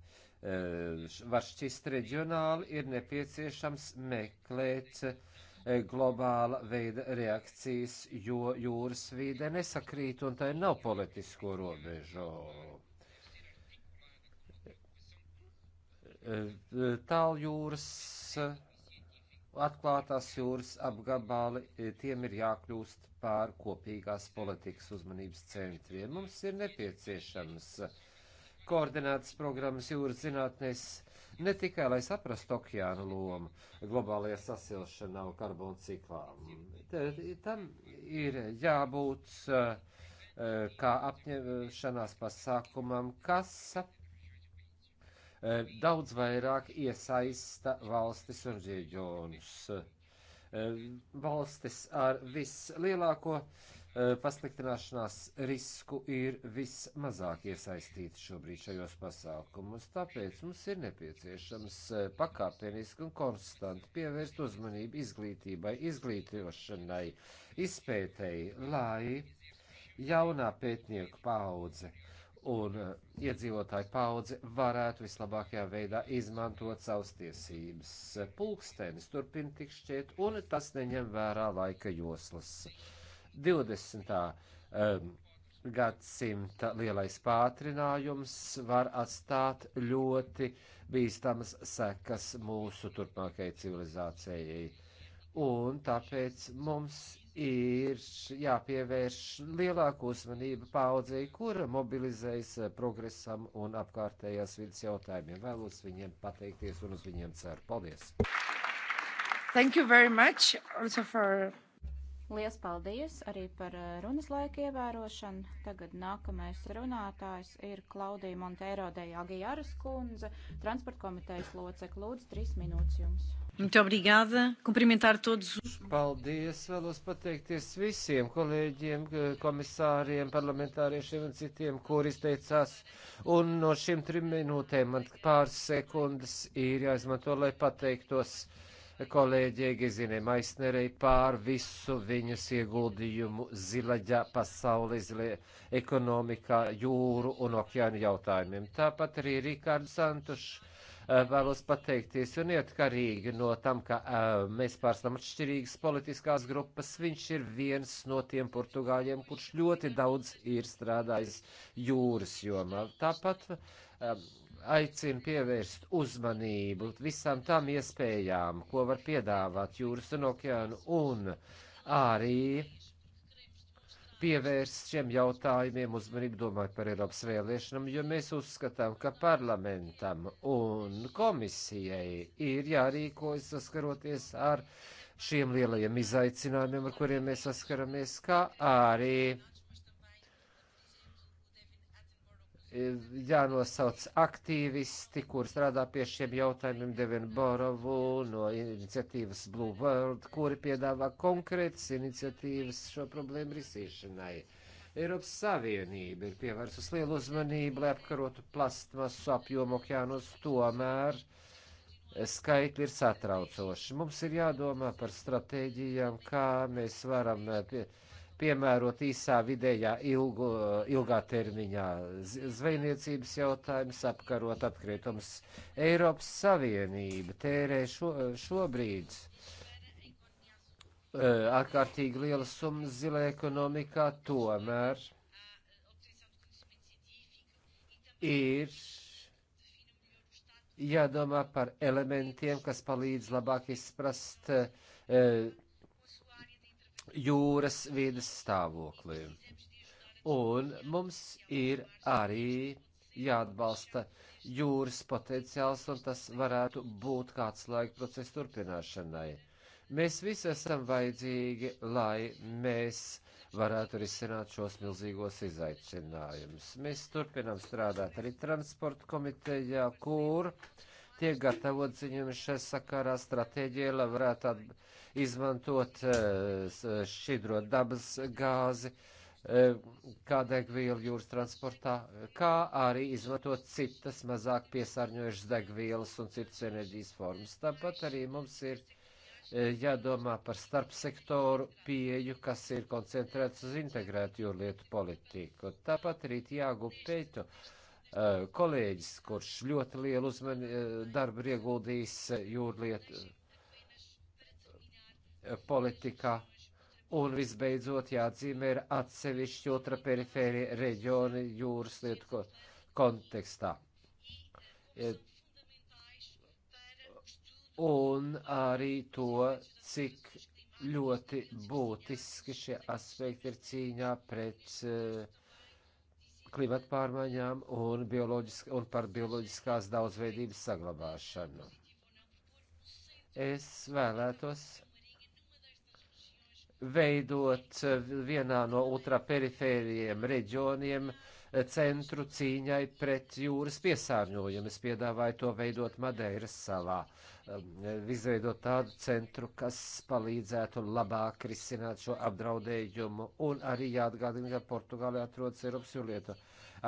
Ehm, var šķist reģionāli, ir nepieciešams meklēt e, globāla veida reakcijas, jo jūras vīde nesakrīt un tai nav politisko robežu. E, e, Tāljūras, atklātās jūras apgabali, tiem ir jākļūst pār kopīgās politikas uzmanības centriem. Mums ir nepieciešams uh, koordinētas programmas jūras zinātnēs ne tikai, lai saprastu okeānu lomu globālajā sasilšanā un karbonu ciklā. Tam ir jābūt eh, kā apņemšanās pasākumam, kas eh, daudz vairāk iesaista valstis un reģionus. Eh, valstis ar vislielāko uh, pasliktināšanās risku ir vismazāk iesaistīti šobrīd šajos pasākumus. Tāpēc mums ir nepieciešams pakāpeniski un konstanti pievērst uzmanību izglītībai, izglītošanai, izpētēji, lai jaunā pētnieku paudze un iedzīvotāju paudze varētu vislabākajā veidā izmantot savas tiesības. Pulkstenis turpin tik šķiet, un tas neņem vērā laika joslas. 20. Um, gadsimta lielais pātrinājums var atstāt ļoti bīstamas sekas mūsu turpmākajai civilizācijai. Un tāpēc mums ir jāpievērš lielāku uzmanību paudzei, kura mobilizējas eh, progresam un apkārtējās vidas jautājumiem. Vēlos viņiem pateikties un uz viņiem ceru. Paldies!
Thank you very much also for Liels paldies arī par eh, runas laika ievērošanu. Tagad nākamais runātājs ir Klaudija Monteiro de Agijaras kundze, transporta komitejas locekla. Lūdzu, trīs
minūtes
jums. Muito obrigada. Cumprimentar todos.
Paldies. Vēlos pateikties visiem kolēģiem, eh, komisāriem, parlamentāriešiem un citiem, kur izteicās. Un no šiem trim minūtēm man pāris sekundes ir jāizmanto, lai pateiktos. Uh, kolēģijai Gezinē Maisnerei pār visu viņas ieguldījumu zilaģa pasauli, zilē ekonomikā, jūru un okeānu jautājumiem. Tāpat arī Rikārds Santušs eh, vēlos pateikties, jo neatkarīgi no tam, ka uh, mēs pārstāvam atšķirīgas politiskās grupas, viņš ir viens no tiem portugāļiem, kurš ļoti daudz ir strādājis jūras jomā. Tāpat uh, aicinu pievērst uzmanību visām tām iespējām, ko var piedāvāt jūras un okeānu, un arī pievērst šiem jautājumiem uzmanību, domājot par Eiropas vēlēšanām, jo mēs uzskatām, ka parlamentam un komisijai ir jārīkojas saskaroties ar šiem lielajiem izaicinājumiem, ar kuriem mēs saskaramies, kā arī jānosauc aktīvisti, kur strādā pie šiem jautājumiem, Devina Borovu no iniciatīvas Blue World, kuri piedāvā konkrētas iniciatīvas šo problēmu risīšanai. Eiropas Savienība ir pievērsus lielu uzmanību, lai apkarotu plastmasu apjomu okeānos, tomēr skaitļi ir satraucoši. Mums ir jādomā par stratēģijām, kā mēs varam pie. Uh, piemērot īsā, vidējā, ilgu, ilgā termiņā zvejniecības jautājums, apkarot atkritums. Eiropas Savienība tērē šo, šobrīd e, ārkārtīgi lielas summas zilē ekonomikā, tomēr ir jādomā par elementiem, kas palīdz labāk izprast uh, jūras vidas stāvoklī. Un mums ir arī jāatbalsta jūras potenciāls, un tas varētu būt kāds laika procesa turpināšanai. Mēs visi esam vajadzīgi, lai mēs varētu risināt šos milzīgos izaicinājumus. Mēs turpinām strādāt arī transporta komitejā, kur uh, tiek gatavot ziņojumi šai sakarā stratēģijai, lai varētu izmantot eh, šķidrot dabas gāzi eh, kā degvielu jūras transportā, kā arī izmantot citas mazāk piesārņojušas degvielas un citas enerģijas formas. Tāpat arī mums ir eh, jādomā par starpsektoru pieju, kas ir koncentrēts uz integrētu jūrlietu politiku. Tāpat arī jāgūp peitu. Uh, Eh, kolēģis, kurš ļoti lielu uzmani eh, darbu ir ieguldījis eh, jūrlietu politikā. Un visbeidzot jāatzīmē ir atsevišķi ultraperifērija reģioni jūras lietu kontekstā. Un arī to, cik ļoti būtiski šie aspekti ir cīņā pret uh, klimata pārmaiņām un, un par bioloģiskās daudzveidības saglabāšanu. Es vēlētos veidot vienā no ultraperifēriem reģioniem uh, centru cīņai pret jūras piesārņojumu. Es piedāvāju to veidot Madeiras salā, um, izveidot tādu centru, kas palīdzētu labāk risināt šo apdraudējumu, un arī jāatgādina, ka Portugālē atrodas Eiropas jūlieta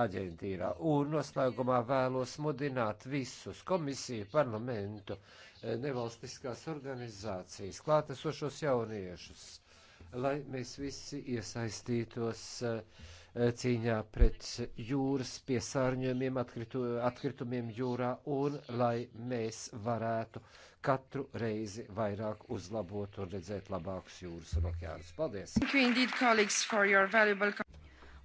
aģentīrā. Un noslēgumā vēlos mudināt visus komisiju, parlamentu, eh, nevalstiskās organizācijas, klātesošos jauniešus, lai mēs visi iesaistītos uh, Eh, cīņā pret jūras piesārņojumiem, atkritu, atkritumiem jūrā un lai mēs varētu katru reizi vairāk uzlabot un redzēt labākus jūras un okeānus. Paldies!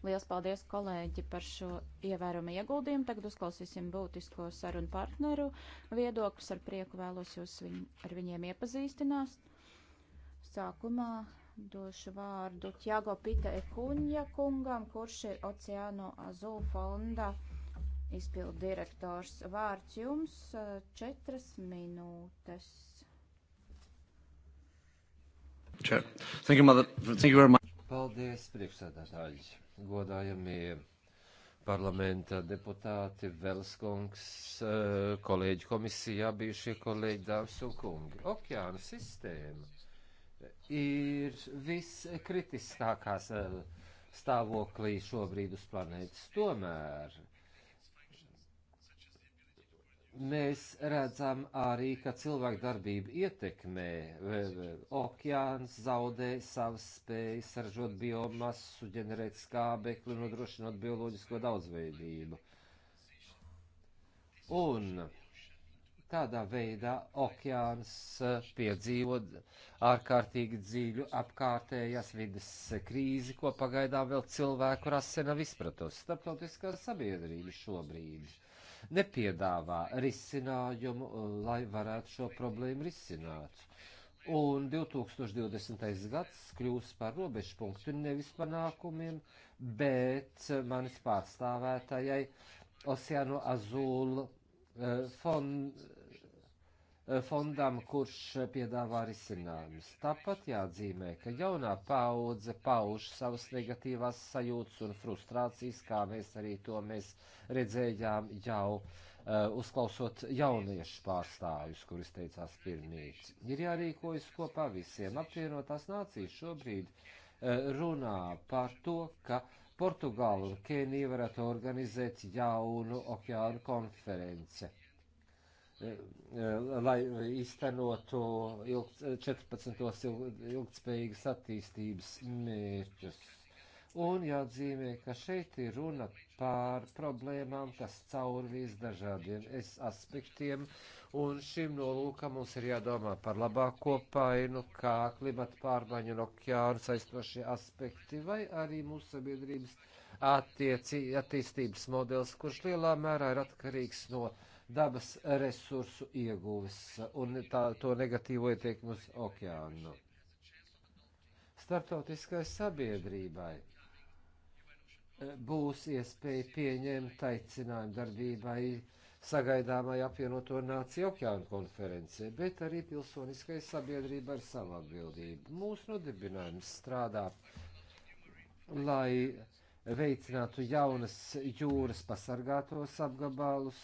Liels paldies, kolēģi, par šo ievērumu ieguldījumu. Tagad uzklausīsim būtisko sarunu partneru viedokļus. Ar prieku vēlos jūs viņ, ar viņiem iepazīstināt. Sākumā došu vārdu Tjago Pita Ekuņa kungam, kurš ir Oceāno Azul fonda izpildu direktors. Vārds jums četras minūtes.
Sure. Thank you, mother. Thank you very much. Paldies, priekšsēdētāji, godājamie parlamenta deputāti, Velskungs, kolēģi komisijā, bijušie kolēģi, dāmas un kungi. Okeāna sistēma ir viskritiskākās eh, stāvoklī šobrīd uz planētas. Tomēr mēs redzam arī, ka cilvēku darbība ietekmē eh, okeāns, zaudē savas spējas saržot biomasu, ģenerēt skābekli, nodrošinot bioloģisko daudzveidību. Un Tādā veidā okeāns eh, piedzīvo ārkārtīgi dziļu apkārtējas vidas eh, krīzi, ko pagaidām vēl cilvēku rase nav izpratusi. Starptautiskā sabiedrība šobrīd nepiedāvā risinājumu, eh, lai varētu šo problēmu risināt. Un 2020. gads kļūs par robežpunktu nevis panākumiem, bet manis pārstāvētājai Oceāno Azul fond, Eh, fondam, kurš eh, piedāvā risinājumus. Tāpat jāatzīmē, ka jaunā paudze pauž savas negatīvās sajūtas un frustrācijas, kā mēs arī to mēs redzējām jau uh, uzklausot jauniešu pārstāvjus, kuris teicās pirmīt. Ir jārīkojas kopā visiem. Apvienotās nācijas šobrīd uh, runā par to, ka Portugāla un Kenija varētu organizēt jaunu okeānu konferenci lai īstenotu ilg, 14. Ilg, ilgtspējīgas attīstības mērķus. Un jāatzīmē, ka šeit ir runa pār problēmām, kas caur visdažādiem es aspektiem, un šim nolūkam mums ir jādomā par labāko painu, kā klimata pārmaiņu un okeānu saistošie aspekti, vai arī mūsu sabiedrības attieci, attīstības modelis, kurš lielā mērā ir atkarīgs no uh, dabas resursu ieguves un tā, to negatīvo ietekmu uz okeānu. Startautiskai sabiedrībai eh, būs iespēja pieņemt aicinājumu darbībai sagaidāmai apvienoto nāciju okeānu konferencē, bet arī pilsoniskai sabiedrība ar savu atbildību. Mūsu nodibinājums strādā, lai veicinātu jaunas jūras pasargātos apgabalus,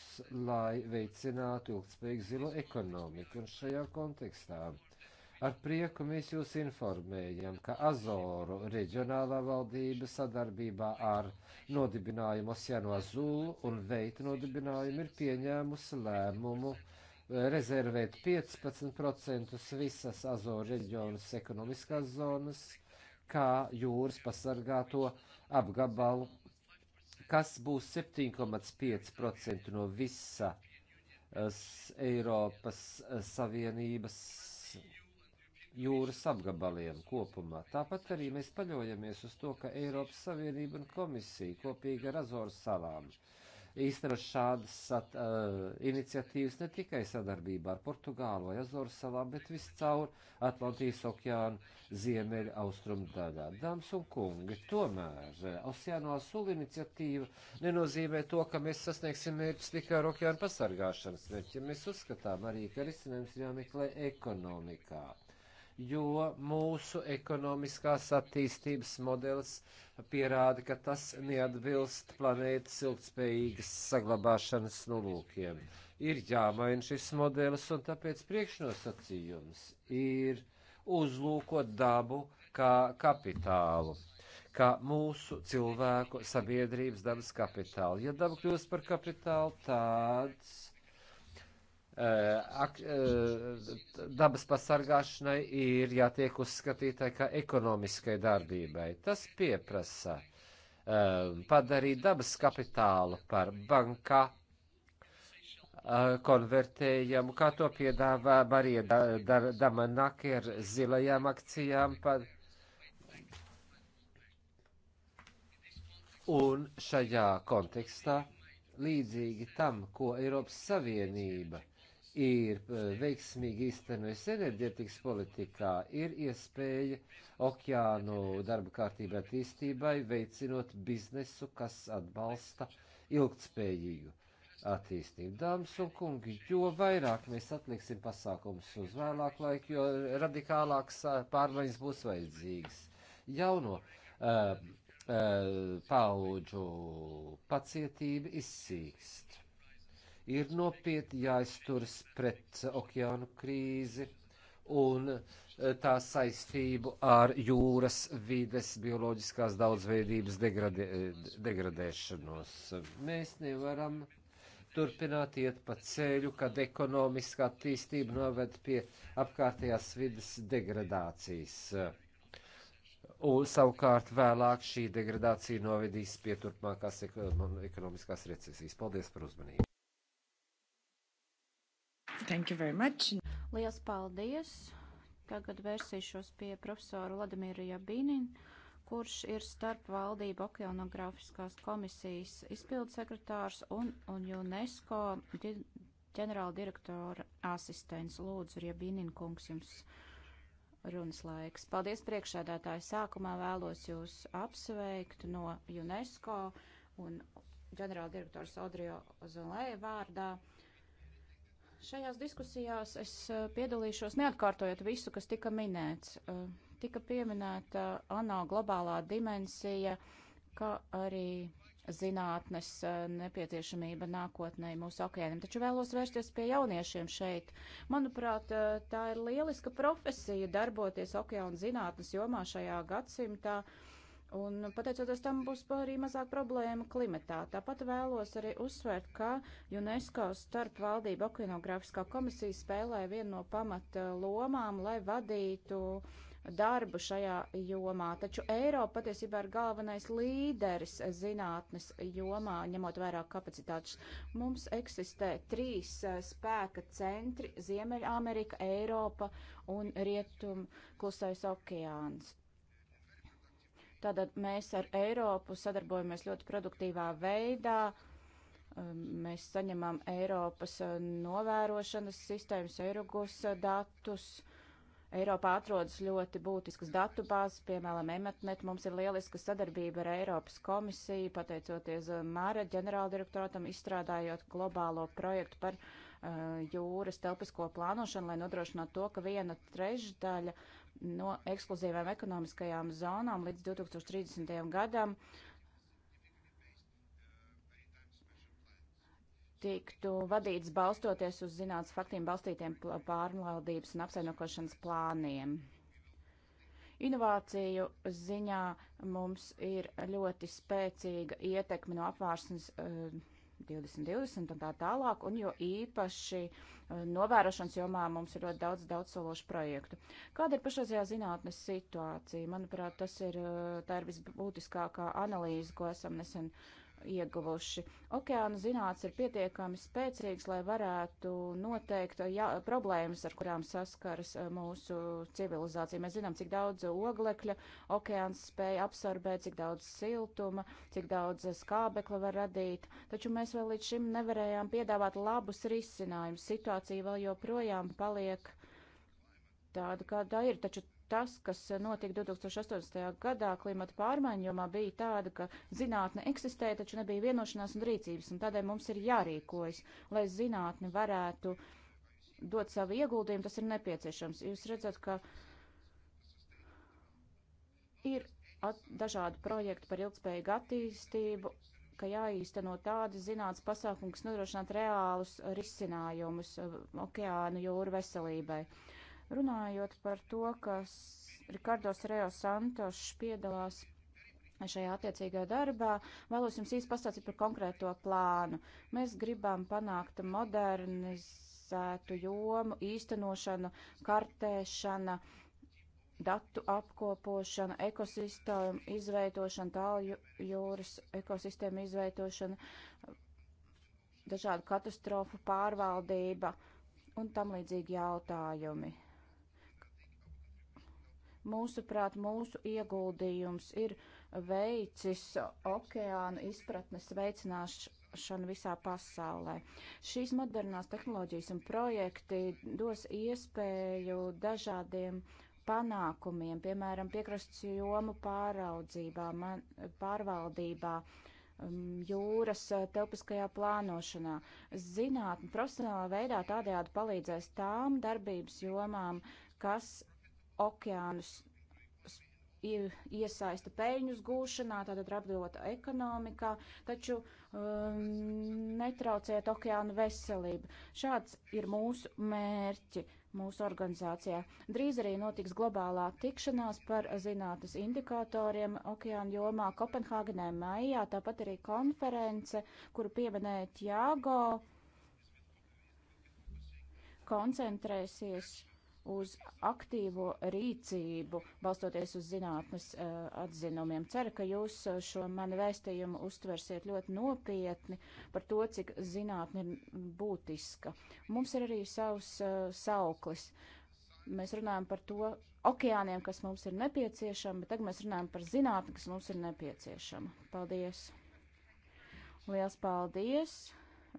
lai veicinātu ilgspējīgu zilo ekonomiku. Un šajā kontekstā ar prieku mēs jūs informējam, ka Azoru reģionālā valdība sadarbībā ar nodibinājumu Oceāno Azulu un veitu nodibinājumu ir pieņēmusi lēmumu eh, rezervēt 15% visas Azoru reģionas ekonomiskās zonas kā jūras pasargāto apgabalu, kas būs 7,5% no visa Eiropas Savienības jūras apgabaliem kopumā. Tāpat arī mēs paļaujamies uz to, ka Eiropas Savienība un komisija kopīgi ar Azoru salām īstenot šādas sat, uh, eh, iniciatīvas ne tikai sadarbībā ar Portugālu vai Azoru salām, bet viscaur Atlantijas okeānu ziemeļa austrumu daļā. Dāmas un kungi, tomēr eh, Oceāno Asulu iniciatīva nenozīmē to, ka mēs sasniegsim mērķus tikai ar okeānu pasargāšanas mērķiem. Mēs uzskatām arī, ka risinājums jāmeklē ekonomikā jo mūsu ekonomiskās attīstības modelis pierāda, ka tas neatbilst planētas ilgtspējīgas saglabāšanas nolūkiem. Ir jāmaina šis modelis, un tāpēc priekšnosacījums ir uzlūkot dabu kā kapitālu kā mūsu cilvēku sabiedrības dabas kapitālu. Ja daba kļūst par kapitālu, tāds Eh, ak, eh, dabas pasargāšanai ir jātiek uzskatītai kā ekonomiskai darbībai. Tas pieprasa eh, padarīt dabas kapitālu par bankā konvertējamu, kā to piedāvā Marija Damanaki ar zilajām akcijām. Par... Un šajā kontekstā līdzīgi tam, ko Eiropas Savienība ir eh, veiksmīgi īstenojas enerģetikas politikā, ir iespēja okeānu darba kārtībā attīstībai, veicinot biznesu, kas atbalsta ilgtspējīgu attīstību. Dāmas un kungi, jo vairāk mēs atliksim pasākumus uz vēlāku laiku, jo radikālāks eh, pārmaiņas būs vajadzīgas. Jauno uh, eh, uh, paudžu pacietība izsīkst ir nopietni jāizturas pret okeānu krīzi un eh, tā saistību ar jūras vides bioloģiskās daudzveidības degradē, degradēšanos. Mēs nevaram turpināt iet pa ceļu, kad ekonomiskā attīstība noved pie apkārtējās vidas degradācijas. Un savukārt vēlāk šī degradācija novedīs pie turpmākās ekonomiskās recesijas. Paldies par uzmanību!
Thank you very much.
Liels paldies! Tagad vērsīšos pie profesora Vladimira Jabīnina, kurš ir starp valdību okeanogrāfiskās komisijas izpildu sekretārs un, un UNESCO di ģenerāla direktora asistents. Lūdzu, Jabīnina kungs jums runas laiks. Paldies priekšādātāji. Sākumā vēlos jūs apsveikt no UNESCO un ģenerāla direktors Audrio Zolēja vārdā. Šajās diskusijās es eh, piedalīšos neatkārtojot visu, kas tika minēts. Eh, tika pieminēta ANO globālā dimensija, kā arī zinātnes eh, nepieciešamība nākotnē mūsu okeāniem. Taču vēlos vērsties pie jauniešiem šeit. Manuprāt, tā ir lieliska profesija darboties okeāna zinātnes jomā šajā gadsimtā. Uh, Un pateicoties tam būs arī mazāk problēmu klimatā. Tāpat vēlos arī uzsvērt, ka UNESCO starp valdību okeanogrāfiskā komisija spēlē vienu no pamata eh, lomām, lai vadītu darbu šajā jomā. Taču Eiropa patiesībā ir galvenais līderis zinātnes jomā, ņemot vairāk kapacitātes. Mums eksistē trīs eh, spēka centri - Ziemeļamerika, Eiropa un Rietum klusais okeāns Tātad mēs ar Eiropu sadarbojamies ļoti produktīvā veidā. Um, mēs saņemam Eiropas uh, novērošanas sistēmas, Eirogus uh, datus. Eiropā atrodas ļoti būtiskas datubāzes, piemēram, Emetnet. Mums ir lieliska sadarbība ar Eiropas komisiju, pateicoties uh, Māra ģenerāldirektoratam, izstrādājot globālo projektu par uh, jūras telpisko plānošanu, lai nodrošinātu to, ka viena trešdaļa uh, no ekskluzīvām ekonomiskajām zonām līdz 2030. gadam tiktu vadīts balstoties uz zinātnes faktiem balstītiem pārvaldības un apsainokošanas plāniem. Inovāciju ziņā mums ir ļoti spēcīga ietekme no apvārsnes uh, eh, 2020 un tā tālāk, un jo īpaši uh, Uh, novērošanas jomā mums ir ļoti daudz daudzsološu projektu. Kāda ir pašreizējā zinātnes situācija? Manuprāt, tas ir, uh, tā ir visbūtiskākā analīze, ko esam nesen uh, ieguvuši. Okeāna zinātnes ir pietiekami spēcīgs, lai varētu noteikt jā, problēmas, ar kurām saskaras eh, mūsu civilizācija. Mēs zinām, cik daudz oglekļa okeāns spēja absorbēt, cik daudz siltuma, cik daudz eh, skābekla var radīt, taču mēs vēl līdz šim nevarējām piedāvāt labus risinājumus. Situācija vēl joprojām paliek tāda, kāda ir, taču tas, kas notika 2018. gadā klimata pārmaiņu jomā, bija tāda, ka zinātne eksistēja, taču nebija vienošanās un rīcības, un tādēļ mums ir jārīkojas, lai zinātne varētu dot savu ieguldījumu, tas ir nepieciešams. Jūs redzat, ka ir dažādi projekti par ilgspējīgu attīstību, ka jāīsteno tādi zināts pasākums, nodrošināt reālus risinājumus uh, okeānu jūru veselībai. Uh, Runājot par to, ka Rikardo Sereo Santošs piedalās šajā attiecīgajā darbā, vēlos jums īsti pastāstīt par konkrēto plānu. Mēs gribam panākt modernizētu jomu, īstenošanu, kartēšana, datu apkopošana, ekosistēmu izveidošana, tālu jūras ekosistēmu izveidošana, dažādu katastrofu pārvaldība un tam līdzīgi jautājumi. Mūsuprāt, mūsu ieguldījums ir veicis okeānu izpratnes veicināšanu visā pasaulē. Šīs modernās tehnoloģijas un projekti dos iespēju dažādiem panākumiem, piemēram, piekrasts jomu pāraudzībā, man, pārvaldībā, um, jūras uh, telpiskajā plānošanā. Zinātni profesionālā veidā tādējādi palīdzēs tām darbības jomām, kas okeānus iesaista peļņus gūšanā, tātad apdota ekonomikā, taču um, netraucēt okeānu veselību. Šāds ir mūsu mērķi mūsu organizācijā. Drīz arī notiks globālā tikšanās par zinātnes indikatoriem okeānu jomā Kopenhāgenē maijā, tāpat arī konference, kuru pieminēja Tiago, koncentrēsies uz aktīvo rīcību, balstoties uz zinātnes uh, atzinumiem. Ceru, ka jūs eh, šo manu vēstījumu uztversiet ļoti nopietni par to, cik zinātne ir būtiska. Mums ir arī savs uh, sauklis. Mēs runājam par to okeāniem, kas mums ir nepieciešama, bet tagad mēs runājam par zinātni, kas mums ir nepieciešama. Paldies! Liels paldies!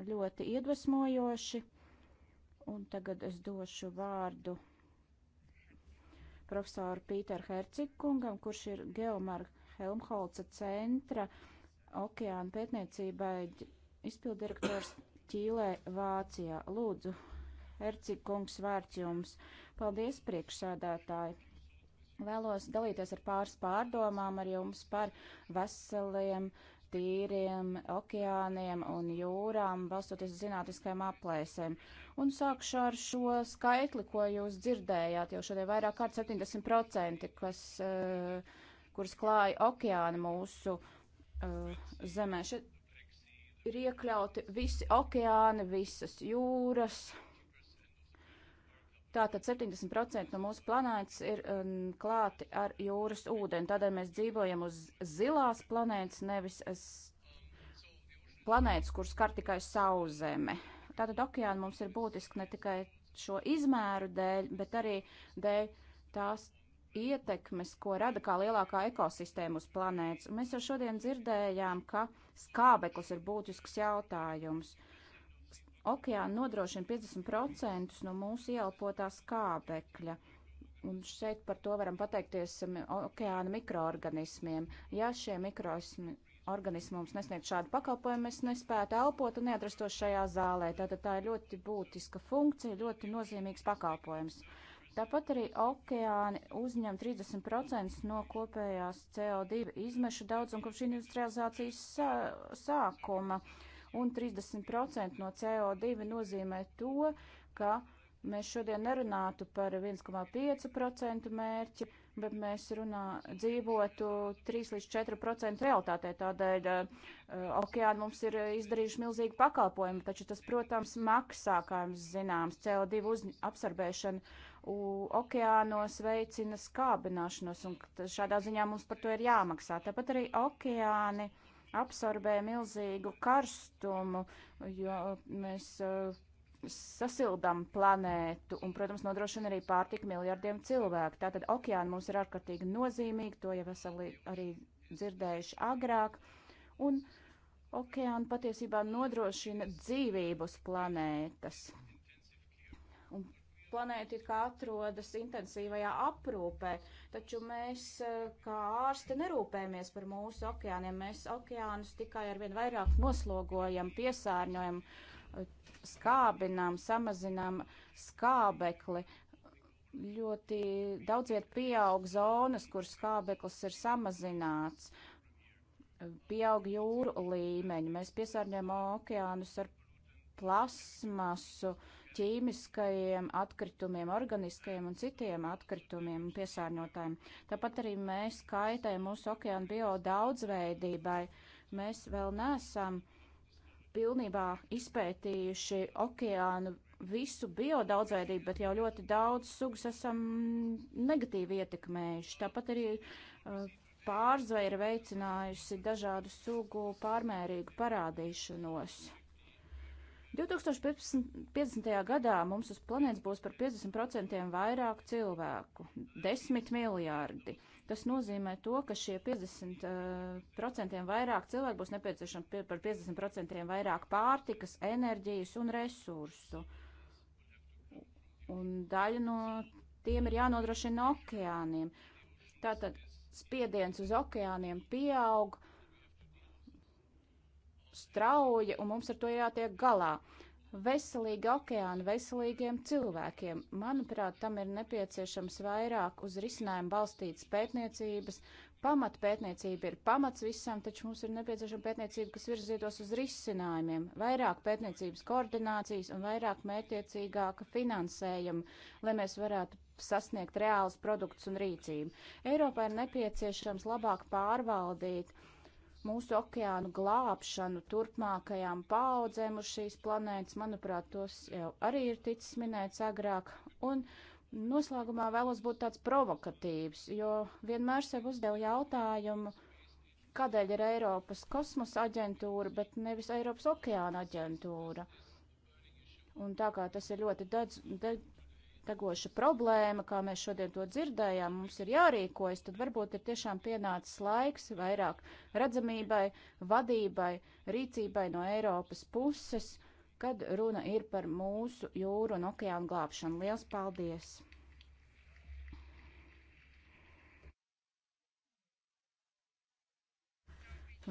Ļoti iedvesmojoši! Un tagad es došu vārdu profesoru Pīteru Hercikungam, kurš ir Geomar Helmholca centra okeāna pētniecībai izpildirektors Ķīlē, Vācijā. Lūdzu, Hercikungs, vārds jums. Paldies, priekšsēdētāji! Vēlos dalīties ar pāris pārdomām ar jums par veseliem uh, tīriem okeāniem un jūrām, balstoties zinātniskajām aplēsēm. Un sākšu ar šo skaitli, ko jūs dzirdējāt, jau šodien vairāk kārt 70%, kas, eh, kuras klāja okeāni mūsu eh, zemē. Šeit ir iekļauti visi okeāni, visas jūras, Tātad 70% no mūsu planētas ir um, klāti ar jūras ūdeni. Tādēļ mēs dzīvojam uz zilās planētas, nevis planētas, kur skar tikai sauszeme. Tātad okeāni mums ir būtiski ne tikai šo izmēru dēļ, bet arī dēļ tās ietekmes, ko rada kā lielākā ekosistēma uz planētas. Un mēs jau šodien dzirdējām, ka skābeklis ir būtisks jautājums. Uh, Okeāni nodrošina 50% no mūsu ielpotā skābekļa. Un šeit par to varam pateikties um, okeāna mikroorganismiem. Ja šie mikroorganismi mums nesniegtu šādu pakalpojumu, mēs nespētu elpot un neatrastos šajā zālē. Tātad tā ir ļoti būtiska funkcija, ļoti nozīmīgs pakalpojums. Tāpat arī okeāni uzņem 30% no kopējās CO2 izmešu daudzuma kopš industrializācijas sākuma. Uh, un 30% no CO2 nozīmē to, ka mēs šodien nerunātu par 1,5% mērķi, bet mēs runā, dzīvotu 3 līdz 4% realitātē. Tādēļ uh, okeāni mums ir izdarījuši milzīgi pakalpojumi, taču tas, protams, maksā, kā jums zināms, CO2 uz, absorbēšana U, okeānos veicina skābināšanos, un šādā ziņā mums par to ir jāmaksā. Tāpat arī okeāni. Uh, absorbē milzīgu karstumu, jo mēs uh, sasildām planētu un, protams, nodrošina arī pārtika miljardiem cilvēku. Tātad okeāni mums ir ārkārtīgi nozīmīgi, to jau esam arī dzirdējuši agrāk. Un okeāni patiesībā nodrošina dzīvības planētas planēta it kā atrodas intensīvajā aprūpē, taču mēs e, kā ārsti nerūpējamies par mūsu okeāniem. Mēs okeānus tikai arvien vairāk noslogojam, piesārņojam, e, skābinām, samazinām skābekli. Ļoti daudziet pieaug zonas, kur skābeklis ir samazināts. E, pieaug jūru līmeņi. Mēs piesārņojam okeānus ar plasmasu. Uh, ķīmiskajiem atkritumiem, organiskajiem un citiem atkritumiem un piesārņotājiem. Tāpat arī mēs kaitējam mūsu okeāna bio daudzveidībai. Mēs vēl nesam pilnībā izpētījuši okeānu visu biodaudzveidību, bet jau ļoti daudz sugas esam negatīvi ietekmējuši. Tāpat arī uh, pārzvei ir veicinājusi dažādu sugu pārmērīgu parādīšanos. 2050. gadā mums uz planētas būs par 50% vairāk cilvēku - 10 miljārdi. Tas nozīmē to, ka šie 50% uh, eh, vairāk cilvēku būs nepieciešami par 50% vairāk pārtikas, enerģijas un resursu. Un daļa no tiem ir jānodrošina okeāniem. Tātad spiediens uz okeāniem pieaug, strauja, un mums ar to jātiek galā. Veselīgi okeāni, veselīgiem cilvēkiem. Manuprāt, tam ir nepieciešams vairāk uz risinājumu balstītas pētniecības. Pamat pētniecība ir pamats visam, taču mums ir nepieciešama pētniecība, kas virzītos uz risinājumiem, vairāk pētniecības koordinācijas un vairāk mērķiecīgāka finansējuma, lai mēs varētu sasniegt reālus produktus un rīcību. Eiropai ir nepieciešams labāk pārvaldīt uh, mūsu okeānu glābšanu turpmākajām paaudzēm uz šīs planētas. Manuprāt, tos jau arī ir ticis minēts agrāk. Un noslēgumā vēlos būt tāds provokatīvs, jo vienmēr sev uzdevu jautājumu, kādēļ ir Eiropas kosmosa aģentūra, bet nevis Eiropas okeāna aģentūra. Un tā kā tas ir ļoti dedz, dedz, tegoša problēma, kā mēs šodien to dzirdējām, mums ir jārīkojas, tad varbūt ir tiešām pienācis laiks vairāk redzamībai, vadībai, rīcībai no Eiropas puses, kad runa ir par mūsu jūru un okeānu glābšanu. Liels paldies!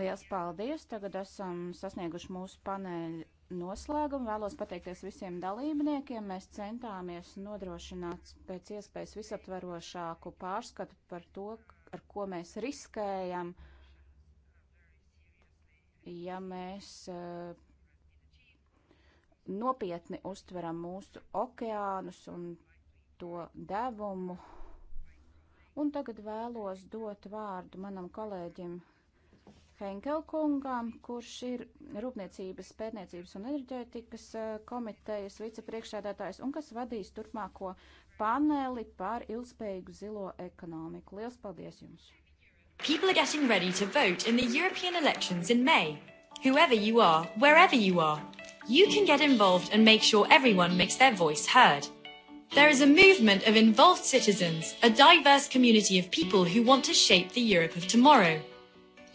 Liels paldies! Tagad esam sasnieguši mūsu paneļa noslēgumu vēlos pateikties visiem dalībniekiem. Mēs centāmies nodrošināt pēc iespējas visaptvarošāku pārskatu par to, ar ko mēs riskējam, ja mēs uh, nopietni uztveram mūsu okeānus un to devumu. Un tagad vēlos dot vārdu manam kolēģim Henkel kungām, kurš ir Rūpniecības, Pētniecības un enerģētikas eh, komitejas vicepriekšsēdētājs un kas vadīs turpmāko paneli par ilgspējīgu zilo ekonomiku. Lielas paldies jums!
People are getting ready to vote in the European elections in May. Whoever you are, wherever you are, you can get involved and make sure everyone makes their voice heard. There is a movement of involved citizens, a diverse community of people who want to shape the Europe of tomorrow.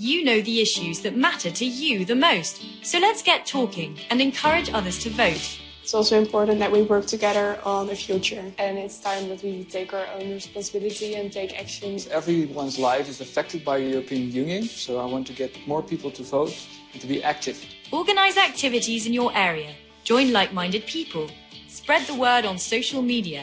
You know the issues that matter to you the most. So let's get talking and encourage others to vote. It's also important that we work together on the future. And it's time that we take our own responsibility and take actions. Everyone's life is affected by the European Union, so I want to get more people to vote and to be active. Organise activities in your area. Join like minded people. Spread the word on social media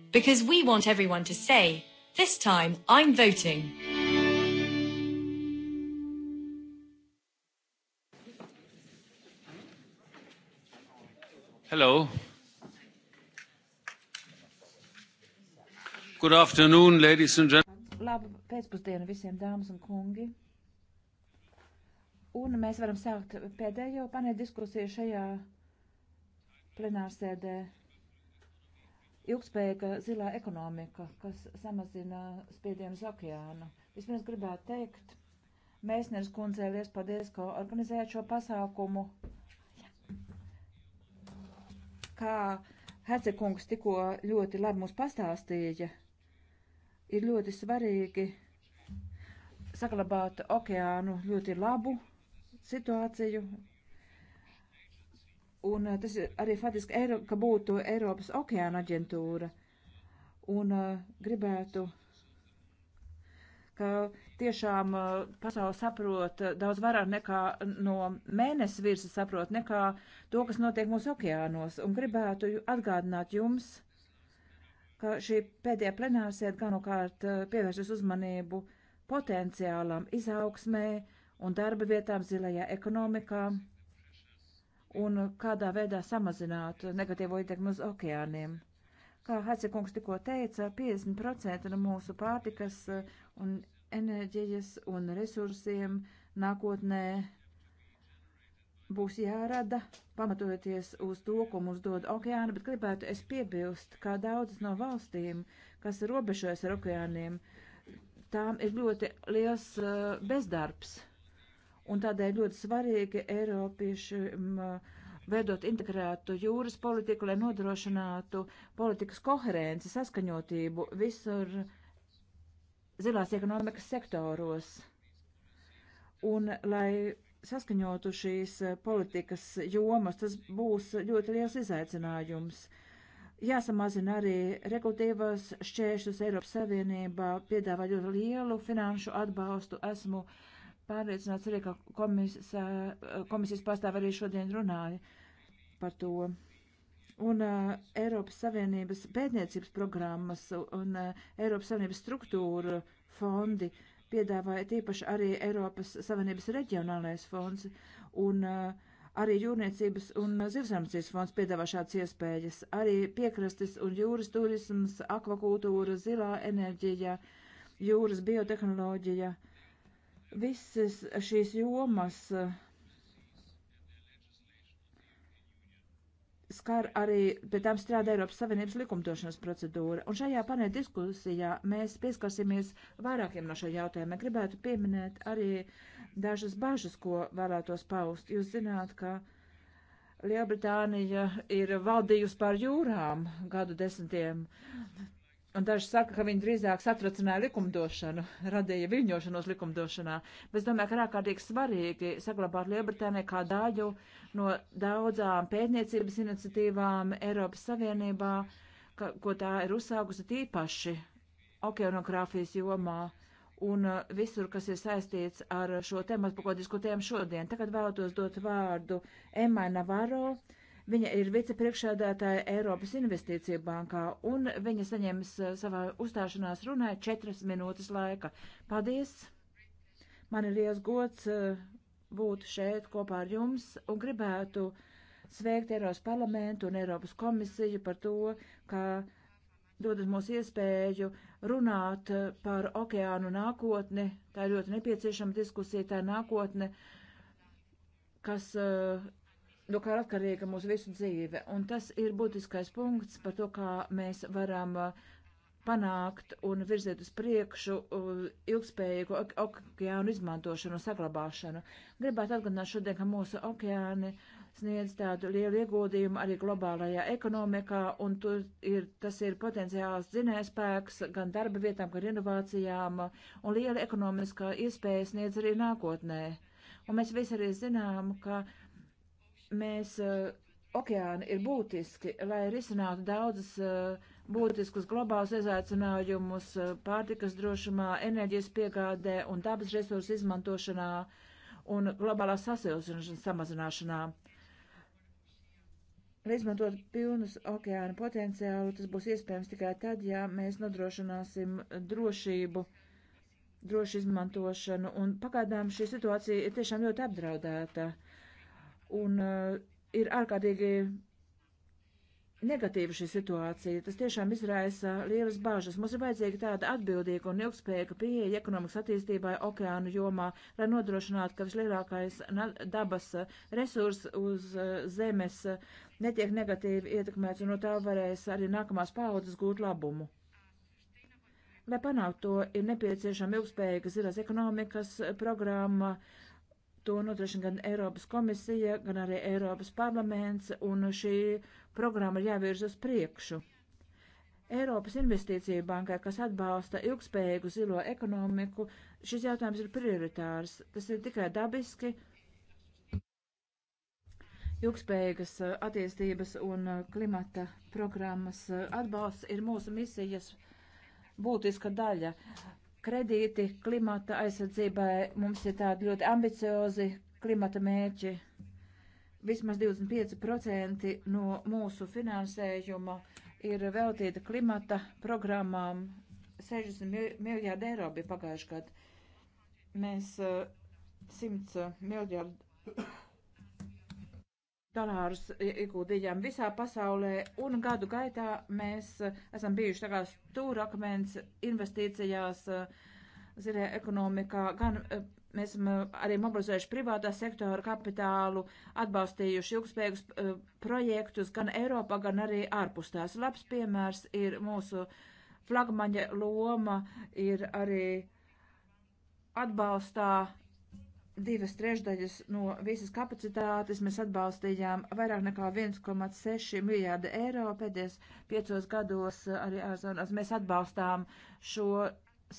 because we want everyone to say, this time I'm voting. Hello. Good
afternoon, ladies and gentlemen.
Labu pēcpusdienu visiem dāmas un kungi. Un mēs varam sākt pēdējo paneļa diskusiju šajā plenārsēdē ilgspējīga zilā ekonomika, kas samazina spiedienu uz okeānu. Vispirms gribētu teikt, Mēsners kundzei liels paldies, ka organizējāt šo pasākumu. Kā Hercekungs tikko ļoti labi mums pastāstīja, ir ļoti svarīgi saglabāt okeānu ļoti labu situāciju, Un eh, tas arī faktiski, Eiro, ka būtu Eiropas okeāna aģentūra. Un uh, gribētu, ka tiešām uh, eh, pasauli saprot uh, daudz vairāk nekā no mēnesis virsas saprot, nekā to, kas notiek mūsu okeānos. Un gribētu atgādināt jums, ka šī pēdējā plenārsēta galvenokārt uh, pievēršas uzmanību potenciālam izaugsmē un darba vietām zilajā ekonomikā un kādā veidā samazināt negatīvo ietekmi uz okeāniem. Kā Hasekungs tikko teica, 50% no mūsu pārtikas uh, un enerģijas un resursiem nākotnē būs jārada, pamatojoties uz to, ko mums dod okeāni, bet gribētu es piebilst, kā daudzas no valstīm, kas robežojas ar okeāniem, tām ir ļoti liels uh, bezdarbs un tādēļ ļoti svarīgi Eiropiešiem veidot integrētu jūras politiku, lai nodrošinātu politikas koherenci, saskaņotību visur zilās ekonomikas sektoros. Un lai saskaņotu šīs politikas jomas, tas būs ļoti liels izaicinājums. Jāsamazina arī regulatīvas šķēršļus Eiropas Savienībā, piedāvā ļoti lielu finanšu atbalstu. Esmu uh, pārliecināts arī, ka komisā, komisijas pārstāv arī šodien runāja par to. Un uh, Eiropas Savienības pētniecības programmas un uh, Eiropas Savienības struktūra fondi piedāvāja tīpaši arī Eiropas Savienības reģionālais fonds un uh, arī jūrniecības un zivsarmcības fonds piedāvā šādas iespējas. Arī piekrastes un jūras turisms, akvakultūra, zilā enerģija, jūras biotehnoloģija. Uh, visas šīs jomas eh, skar arī, pie tām strādā Eiropas Savienības likumdošanas procedūra. Un šajā panēta diskusijā mēs pieskarsimies vairākiem no šo jautājumu. Gribētu pieminēt arī dažas bažas, ko vēlētos paust. Jūs zināt, ka Lielbritānija ir valdījusi pār jūrām gadu desmitiem. Un daži saka, ka viņi drīzāk satracināja likumdošanu, radīja viļņošanos likumdošanā. Bet es domāju, ka ir ārkārtīgi svarīgi saglabāt Lielbritāniju kā daļu no daudzām pētniecības iniciatīvām Eiropas Savienībā, ka, ko tā ir uzsākusi tīpaši okeanogrāfijas jomā un uh, visur, kas ir saistīts ar šo tematu, par ko diskutējam šodien. Tagad vēlētos dot vārdu Emma Navaro Viņa ir vicepriekšēdētāja Eiropas investīcija bankā, un viņa saņems eh, savā uzstāšanās runā četras minūtes laika. Paldies! Man ir liels gods eh, būt šeit kopā ar jums un gribētu sveikt Eiropas parlamentu un Eiropas komisiju par to, ka dodas mums iespēju runāt eh, par okeānu nākotni. Tā ir ļoti nepieciešama diskusija, tā ir nākotne, kas uh, no kā ir atkarīga mūsu visu dzīve. Un tas ir būtiskais punkts par to, kā mēs varam uh, panākt un virzīt uz priekšu uh, ilgspējīgu okeānu izmantošanu un saglabāšanu. Gribētu atgādināt šodien, ka mūsu okeāni sniedz tādu lielu ieguldījumu arī globālajā ekonomikā, un ir, tas ir potenciāls dzinējspēks gan darba vietām, gan inovācijām, uh, un liela ekonomiskā iespēja sniedz arī nākotnē. Un mēs visi arī zinām, ka uh, Mēs, eh, okeāni ir būtiski, lai risinātu daudzas eh, būtiskus globālus izaicinājumus eh, pārtikas drošumā, enerģijas piegādē un dabas resursu izmantošanā un globālās sasilšanas samazināšanā. Lai izmantot pilnus okeāna potenciālu, tas būs iespējams tikai tad, ja mēs nodrošināsim drošību, drošu izmantošanu, un pagaidām šī situācija ir tiešām ļoti apdraudēta. Uh, Un uh, ir ārkārtīgi negatīva šī situācija. Tas tiešām izraisa lielas bāžas. Mums ir vajadzīga tāda atbildīga un ilgspējīga pieeja ekonomikas attīstībai okeānu jomā, lai nodrošinātu, ka vislielākais dabas resurs uz eh, zemes netiek negatīvi ietekmēts, un no tā varēs arī nākamās paudzes gūt labumu. Lai panāktu to, ir nepieciešama ilgspējīga zilas ekonomikas programma. Uh, To nodrošina gan Eiropas komisija, gan arī Eiropas parlaments, un šī programma ir jāvirz uz priekšu. Eiropas investīcija bankai, kas atbalsta ilgspējīgu zilo ekonomiku, šis jautājums ir prioritārs. Tas ir tikai dabiski ilgspējīgas eh, attīstības un eh, klimata programmas eh, atbalsts ir mūsu misijas būtiska daļa kredīti klimata aizsardzībai. Mums ir tādi ļoti ambiciozi klimata mērķi. Vismaz 25% no mūsu finansējuma ir veltīta klimata programmām. 60 miljārdi eiro bija pagājuši gadu. Mēs 100 eh, eh, miljārdu dolārus ieguldījām visā pasaulē, un gadu gaitā mēs esam bijuši tā kā stūrakmens investīcijās zilē ekonomikā, gan e, mēs esam e, arī mobilizējuši privātā sektora kapitālu, atbalstījuši ilgspējīgus e, projektus gan Eiropā, gan arī ārpus tās. Labs piemērs ir mūsu flagmaņa loma, ir arī atbalstā divas trešdaļas no visas kapacitātes mēs atbalstījām vairāk nekā 1,6 miljārda eiro pēdējos piecos gados arī ārzonas. Mēs atbalstām šo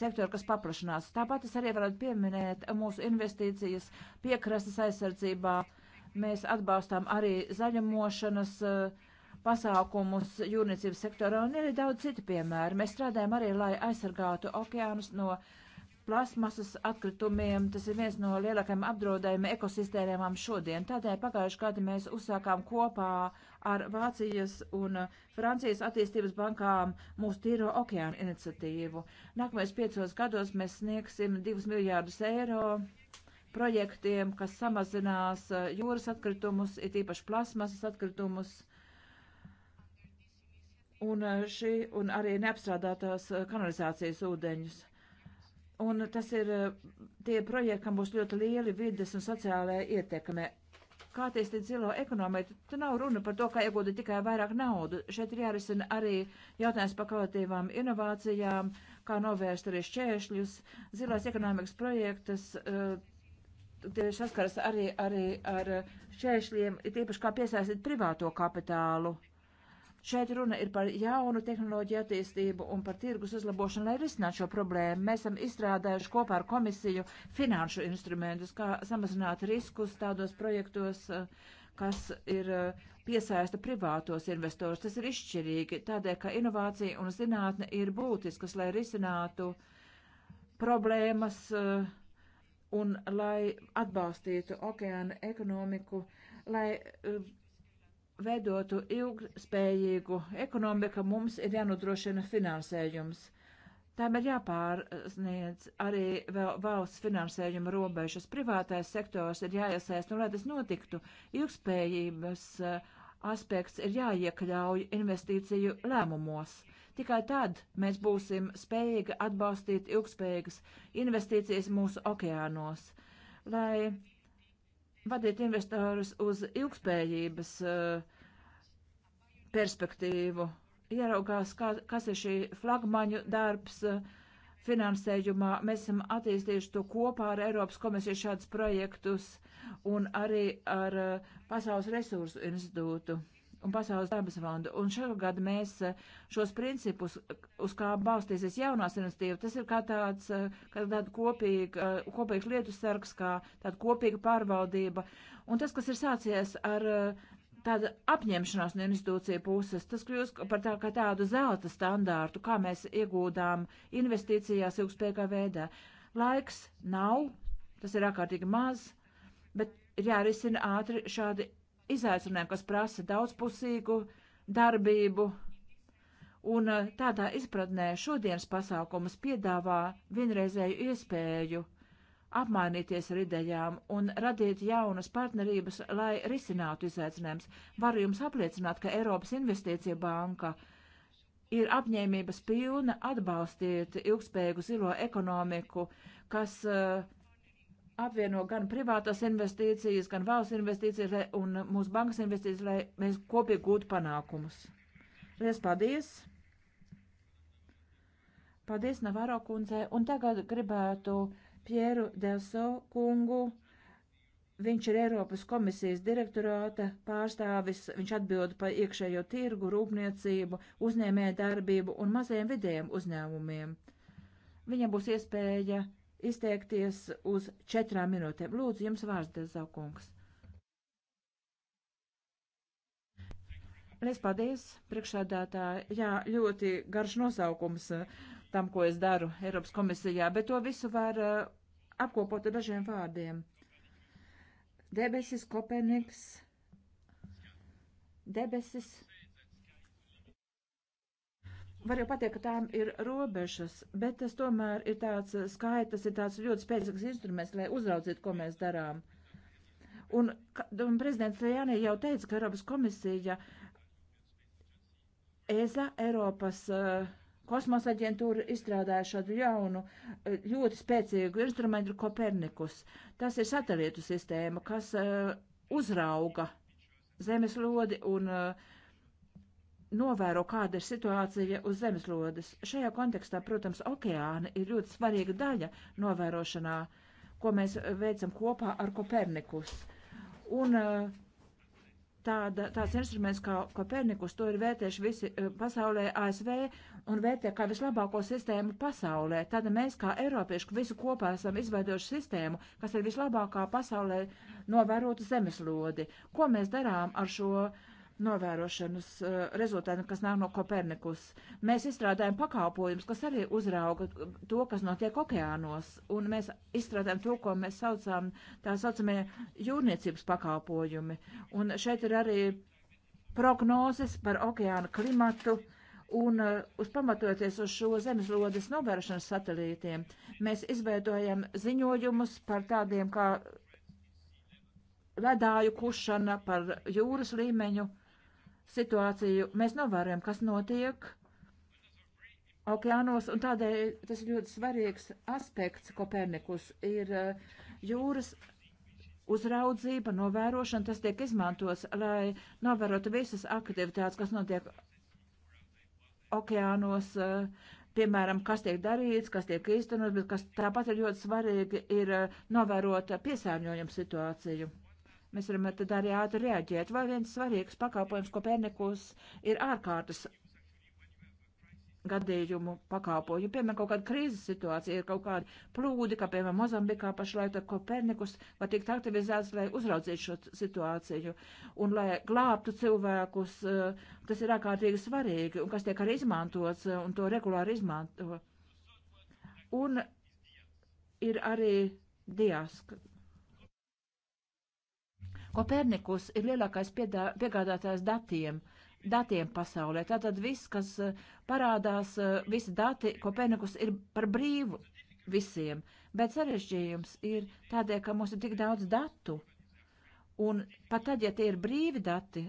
sektoru, kas paplašinās. Tāpat es arī varētu pieminēt mūsu investīcijas piekrastes aizsardzībā. Mēs atbalstām arī zaļumošanas eh, pasākumus jūrniecības sektorā un ir daudz citu piemēru. Mēs strādājam arī, lai aizsargātu okeānus no uh, plasmasas atkritumiem. Tas ir viens no lielākajiem apdraudējumiem ekosistēmām šodien. Tādēļ pagājuši gadi mēs uzsākām kopā ar Vācijas un Francijas attīstības bankām mūsu tīro okeānu iniciatīvu. Nākamais piecos gados mēs sniegsim 2 miljārdus eiro projektiem, kas samazinās eh, jūras atkritumus, it īpaši plasmasas atkritumus un, eh, šī, un arī neapstrādātās eh, kanalizācijas ūdeņus. Un tas ir eh, tie projekti, kam būs ļoti lieli vides un sociālā ietekme. Kā attīstīt zilo ekonomiku? Tur nav runa par to, kā iegūt tikai vairāk naudu. Šeit ir jārisina arī jautājums par kvalitīvām inovācijām, kā novērst arī šķēršļus. Zilās ekonomikas projektas eh, tie saskaras arī, arī ar šķēršļiem, tīpaši kā piesaistīt privāto kapitālu Šeit runa ir par jaunu tehnoloģiju attīstību un par tirgus uzlabošanu, lai risinātu šo problēmu. Mēs esam izstrādājuši kopā ar komisiju finanšu instrumentus, kā samazināt riskus tādos projektos, eh, kas ir eh, piesaista privātos investors. Tas ir izšķirīgi, tādēļ, ka inovācija un zinātne ir būtiskas, lai risinātu problēmas eh, un lai atbalstītu okeāna ekonomiku, lai veidotu ilgspējīgu ekonomiku, mums ir jānodrošina finansējums. Tām ir jāpārsniedz arī vēl valsts finansējuma robežas. Privātais sektors ir jāiesaist, un lai tas notiktu, ilgspējības eh, aspekts ir jāiekļauj investīciju lēmumos. Tikai tad mēs būsim spējīgi atbalstīt ilgspējīgas investīcijas mūsu okeānos. Lai vadīt investorus uz ilgspējības eh, perspektīvu, ieraugās, kā, kas ir šī flagmaņu darbs eh, finansējumā. Mēs esam attīstījuši to kopā ar Eiropas komisiju šādus projektus un arī ar eh, Pasaules resursu institūtu un Pasaules dabas fondu. Un šogad mēs eh, šos principus, uz kā balstīsies jaunās iniciatīvas, tas ir kā tāds, eh, kā tāda kopīga, eh, kopīgs lietu sargs, kā tāda kopīga pārvaldība. Un tas, kas ir sācies ar tāda apņemšanās no institūcija puses, tas kļūst par tā, kā tādu zelta standārtu, kā mēs iegūdām investīcijās ilgspējīgā veidā. Laiks nav, tas ir ārkārtīgi maz, bet ir jārisina ātri šādi izaicinājumu, kas prasa daudzpusīgu darbību, un eh, tādā izpratnē šodienas pasākumus piedāvā vienreizēju iespēju apmainīties ar idejām un radīt jaunas partnerības, lai risinātu izaicinājums. Varu jums apliecināt, ka Eiropas Investīcija banka ir apņēmības pilna atbalstīt ilgspējīgu zilo ekonomiku, kas uh, apvieno gan privātās investīcijas, gan valsts investīcijas lai, un mūsu bankas investīcijas, lai mēs kopīgi gūtu panākumus. Lies paldies! Paldies Navaro kundze, un tagad gribētu Pieru Delso kungu. Viņš ir Eiropas komisijas direktorāta pārstāvis, viņš atbild par iekšējo tirgu, rūpniecību, uzņēmē darbību un mazajiem vidējiem uzņēmumiem. Viņam būs iespēja izteikties uz četrām minūtēm. Lūdzu, jums vārds, Dezaukungs. Lies paldies, priekšādātāji. Jā, ļoti garš nosaukums eh, tam, ko es daru Eiropas komisijā, bet to visu var eh, apkopot ar dažiem vārdiem. Debesis, Kopenīgs, debesis, Var jau pateikt, ka tām ir robežas, bet tas tomēr ir tāds eh, skaitlis, ir tāds ļoti spēcīgs instruments, lai uzraudzītu, ko mēs darām. Un, un prezidents Tajānī jau teica, ka Eiropas komisija, ESA, Eiropas uh, kosmosa aģentūra izstrādāja šādu jaunu, eh, ļoti spēcīgu instrumentu Kopernikus. Tas ir satelītu sistēma, kas uh, uzrauga zemeslodi un uh, novēro, kāda ir situācija uz zemeslodes. Šajā kontekstā, protams, okeāna ir ļoti svarīga daļa novērošanā, ko mēs veicam kopā ar Kopernikus. Un eh, tāda, tāds instruments kā Kopernikus, to ir vērtējuši visi eh, pasaulē ASV un vērtē kā vislabāko sistēmu pasaulē. Tad mēs kā Eiropieši visu kopā esam izveidojuši sistēmu, kas ir vislabākā pasaulē novērotu zemeslodi. Ko mēs darām ar šo uh, novērošanas uh, rezultātiem, kas nāk no Kopernikus. Mēs izstrādājam pakalpojumus, kas arī uzrauga to, kas notiek okeānos, un mēs izstrādājam to, ko mēs saucam, tā saucamie jūrniecības pakalpojumi. Un šeit ir arī prognozes par okeāna klimatu. Un uh, uz pamatoties uz šo zemeslodes novērošanas satelītiem, mēs izveidojam ziņojumus par tādiem kā ledāju kušana, par jūras līmeņu situāciju, mēs novērojam, kas notiek okeānos, un tādēļ tas ir ļoti svarīgs aspekts, Kopernikus, ir eh, jūras uzraudzība, novērošana, tas tiek izmantots, lai novērotu visas aktivitātes, kas notiek okeānos, eh, piemēram, kas tiek darīts, kas tiek īstenots, bet kas tāpat ir ļoti svarīgi, ir eh, novērot piesārņojumu situāciju. Mēs varam tad arī ātri reaģēt. Vēl viens svarīgs pakāpojums, ko Pērnikus ir ārkārtas gadījumu pakāpoju. Piemēram, kaut kāda krīzes situācija ir kaut kāda plūdi, kā piemēram Mozambikā pašlaik, tad Kopernikus var tikt aktivizēts, lai uzraudzītu šo situāciju un lai glābtu cilvēkus. Tas ir ārkārtīgi svarīgi un kas tiek arī izmantots un to regulāri izmanto. Un ir arī diask Kopernikus ir lielākais piedā, piegādātājs datiem datiem pasaulē. Tātad viss, kas eh, parādās, eh, visi dati, Kopernikus ir par brīvu visiem, bet sarežģījums ir tādēļ, ka mums ir tik daudz datu, un pat tad, ja tie ir brīvi dati,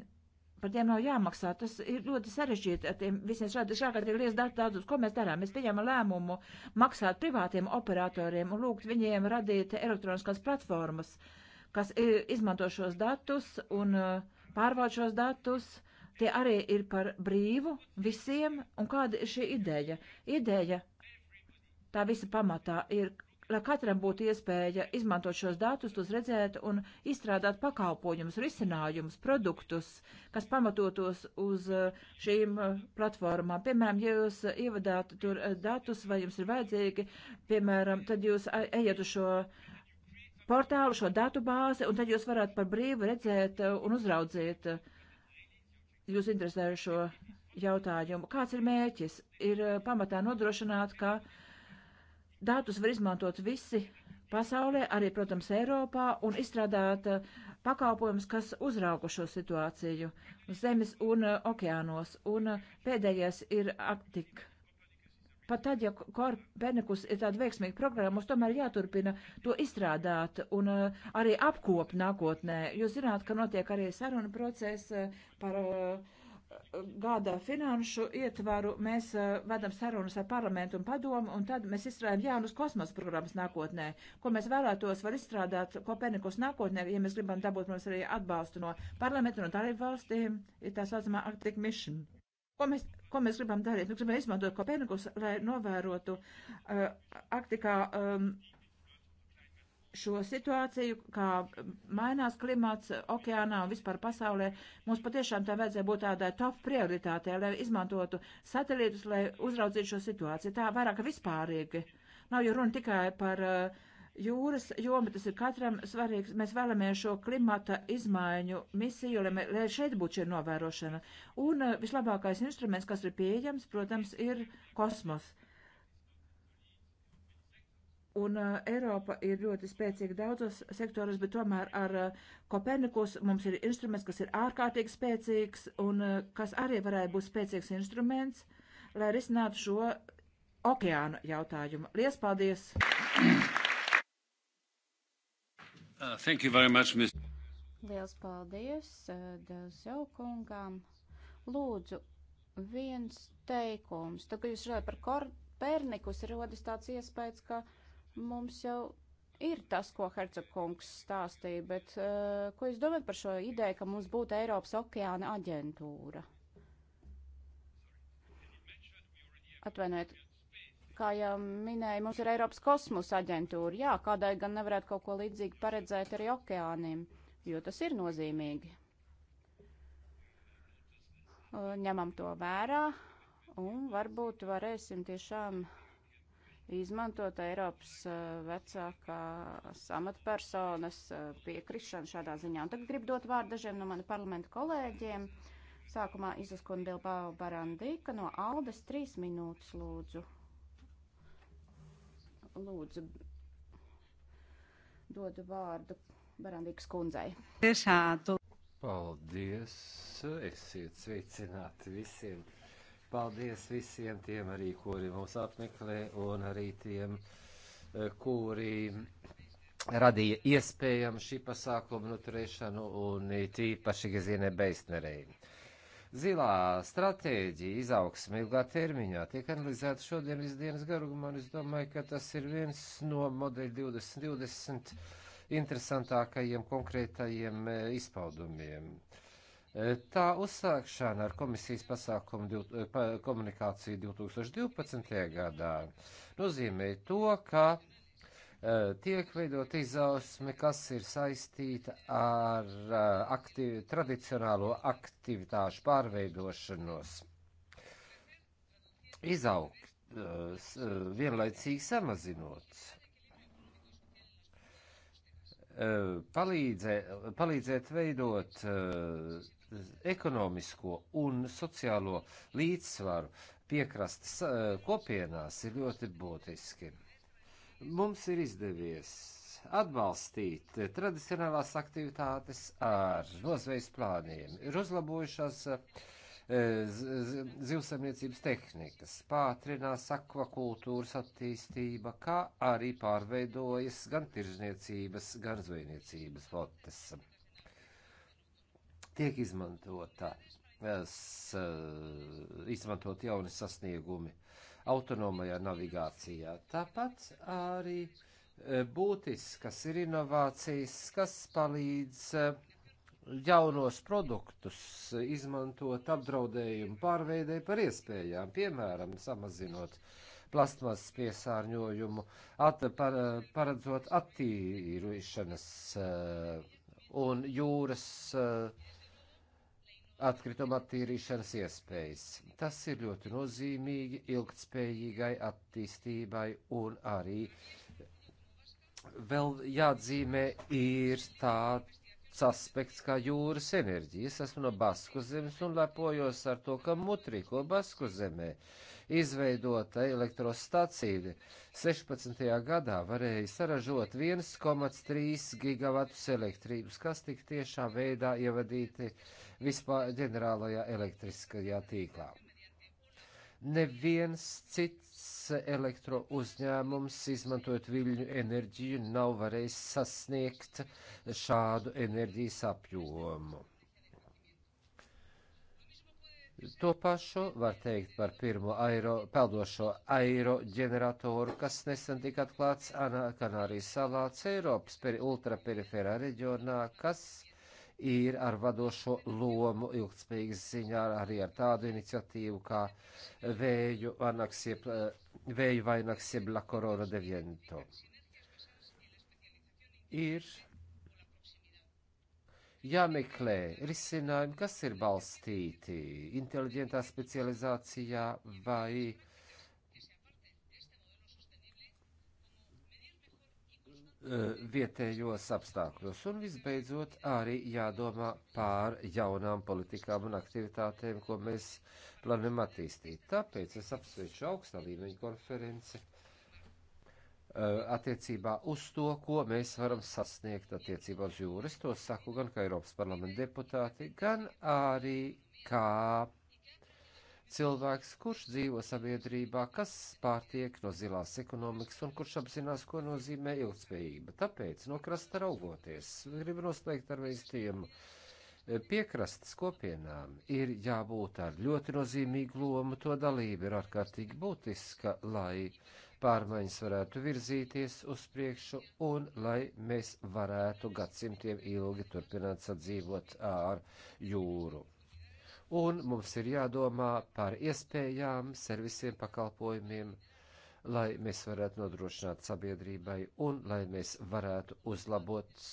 par tiem nav jāmaksā. Tas ir ļoti sarežģīti ar tiem visiem šādi, šādi ir liels datus, ko mēs darām. Mēs pieņēmām lēmumu maksāt privātiem operatoriem un lūgt viņiem radīt elektroniskās platformas. Uh, kas izmanto šos datus un uh, pārvalda šos datus, tie arī ir par brīvu visiem. Un kāda ir šī ideja? Ideja tā visa pamatā ir, lai katram būtu iespēja izmantot šos datus, tos redzēt un izstrādāt pakalpojumus, risinājumus, produktus, kas pamatotos uz uh, šīm uh, platformām. Piemēram, ja jūs ievadāt tur datus vai jums ir vajadzīgi, piemēram, tad jūs ejat uz šo uh, portālu, šo datu bāzi, un tad jūs varat par brīvu redzēt eh, un uzraudzīt eh, jūs interesējušo jautājumu. Kāds ir mērķis? Ir eh, pamatā nodrošināt, ka datus var izmantot visi pasaulē, arī, protams, Eiropā, un izstrādāt pakalpojumus, kas uzrauga šo situāciju zemes un okeānos. Un pēdējais ir Arktika pat tad, ja Kopernikus ir tāda veiksmīga programma, mums tomēr jāturpina to izstrādāt un uh, arī apkop nākotnē. Jūs zināt, ka notiek arī saruna procesa eh, par uh, gada finanšu ietvaru. Mēs uh, vedam sarunas ar parlamentu un padomu, un tad mēs izstrādājam jaunus kosmosa programmas nākotnē, ko mēs vēlētos var izstrādāt Kopernikus nākotnē, ja mēs gribam dabūt mums arī atbalstu no parlamentu un no dalību valstīm, ir tā saucamā Arctic Mission. Ko mēs Ko mēs gribam darīt? Mēs nu, gribam izmantot Kopernikus, lai novērotu uh, Arktikā um, šo situāciju, kā mainās klimats okeānā un vispār pasaulē. Mums patiešām tā vajadzēja būt tādai top prioritātei, lai izmantotu satelītus, lai uzraudzītu šo situāciju. Tā vairāk vispārīgi. Nav jau runa tikai par uh, jūras joma, tas ir katram svarīgs. Mēs vēlamies šo klimata izmaiņu misiju, lai, mē, lai šeit būtu šī novērošana. Un eh, vislabākais instruments, kas ir pieejams, protams, ir kosmos. Un uh, Eiropa ir ļoti spēcīga daudzos sektoros, bet tomēr ar uh, Kopernikus mums ir instruments, kas ir ārkārtīgi spēcīgs un uh, kas arī varētu būt spēcīgs instruments, lai risinātu šo okeānu jautājumu. Lies paldies!
Uh, thank
you very much, Ms.
Liels paldies, uh, Dēls jau kungām. Lūdzu, viens teikums. Tad, kad jūs runājat par Kopernikus, rodas tāds iespējas, ka mums jau ir tas, ko Hercegs stāstīja, bet uh, ko jūs domājat par šo ideju, ka mums būtu Eiropas okeāna aģentūra? Atvainojiet, kā jau minēju, mums ir Eiropas kosmosa aģentūra. Jā, kādai gan nevarētu kaut ko līdzīgu paredzēt arī okeāniem, jo tas ir nozīmīgi. Ņemam to vērā un varbūt varēsim tiešām izmantot Eiropas vecākā samatpersonas piekrišanu šādā ziņā. Un tagad gribu dot vārdu dažiem no mani parlamenta kolēģiem. Sākumā izaskundu Bilbao Barandīka no Aldes trīs minūtes lūdzu lūdzu dodu vārdu Barandīkas kundzei.
Tiešādu. Paldies, esiet sveicināti visiem. Paldies visiem tiem arī, kuri mūs apmeklē un arī tiem, eh, kuri radīja iespējamu šī pasākuma noturēšanu un tīpaši Gezīnē Beisnerei. Zilā stratēģija izaugsme ilgā termiņā tiek analizēta šodien līdz dienas garumā, un es domāju, ka tas ir viens no modeļa 2020 interesantākajiem konkrētajiem e, izpaudumiem. E, tā uzsākšana ar komisijas pasākumu div, e, komunikāciju 2012. gadā nozīmē to, ka Eh, tiek veidot izausme, kas ir saistīta ar eh, aktiv, tradicionālo aktivitāšu pārveidošanos. Izaugt, eh, vienlaicīgi samazinot, palīdzē, palīdzēt veidot ekonomisko un sociālo līdzsvaru piekrastes kopienās ir ļoti būtiski mums ir izdevies atbalstīt tradicionālās aktivitātes ar nozvejas plāniem. Ir uzlabojušās eh, zivsamniecības tehnikas, pātrinās akvakultūras attīstība, kā arī pārveidojas gan tirzniecības, gan zvejniecības flotes. Tiek izmantota, es, eh, izmantot jauni sasniegumi autonomajā navigācijā. Tāpat arī e, būtiskas ir inovācijas, kas palīdz e, jaunos produktus izmantot apdraudējumu pārveidē par iespējām, piemēram, samazinot plasmas piesārņojumu, at, par, e, paredzot attīrīšanas un jūras uh, atkrituma attīrīšanas iespējas. Tas ir ļoti nozīmīgi ilgtspējīgai attīstībai un arī vēl jāatzīmē ir tāds aspekts kā jūras enerģija. Es esmu no Basku zemes un lepojos ar to, ka mutriko Basku zemē. Uh, izveidota elektrostaciju 16. gadā varēja saražot 1,3 gigavatus elektrības, kas tik tiešā veidā ievadīti vispār ģenerālajā elektriskajā tīklā. Neviens cits elektrouzņēmums, izmantojot viļņu enerģiju, nav varējis sasniegt šādu enerģijas apjomu To pašu var teikt par pirmo aero, peldošo aeroģeneratoru, kas nesen tika atklāts Kanārijas salāts Eiropas peri, ultraperiferā reģionā, kas ir ar vadošo lomu ilgspējīgas ziņā arī ar tādu iniciatīvu kā vēju eh, vainags jeb la korona deviento. Ir jāmeklē risinājumi, kas ir balstīti inteliģentā specializācijā vai eh, vietējos apstākļos. Un visbeidzot, arī jādomā pār jaunām politikām un aktivitātēm, ko mēs plānojam attīstīt. Tāpēc es apsveicu augsta līmeņa konferenci Eh, attiecībā uz to, ko mēs varam sasniegt attiecībā uz jūru. Es to saku gan kā Eiropas parlamenta deputāti, gan arī kā cilvēks, kurš dzīvo sabiedrībā, kas pārtiek no zilās ekonomikas un kurš apzinās, ko nozīmē ilgspējība. Tāpēc no krasta raugoties, gribu noslēgt ar veistiem. Eh, piekrastes kopienām ir jābūt ar ļoti nozīmīgu lomu, to dalība ir ārkārtīgi būtiska, lai pārmaiņas varētu virzīties uz priekšu un lai mēs varētu gadsimtiem ilgi turpināt sadzīvot ar jūru. Un mums ir jādomā par iespējām, servisiem, pakalpojumiem, lai mēs varētu nodrošināt sabiedrībai un lai mēs varētu uzlabot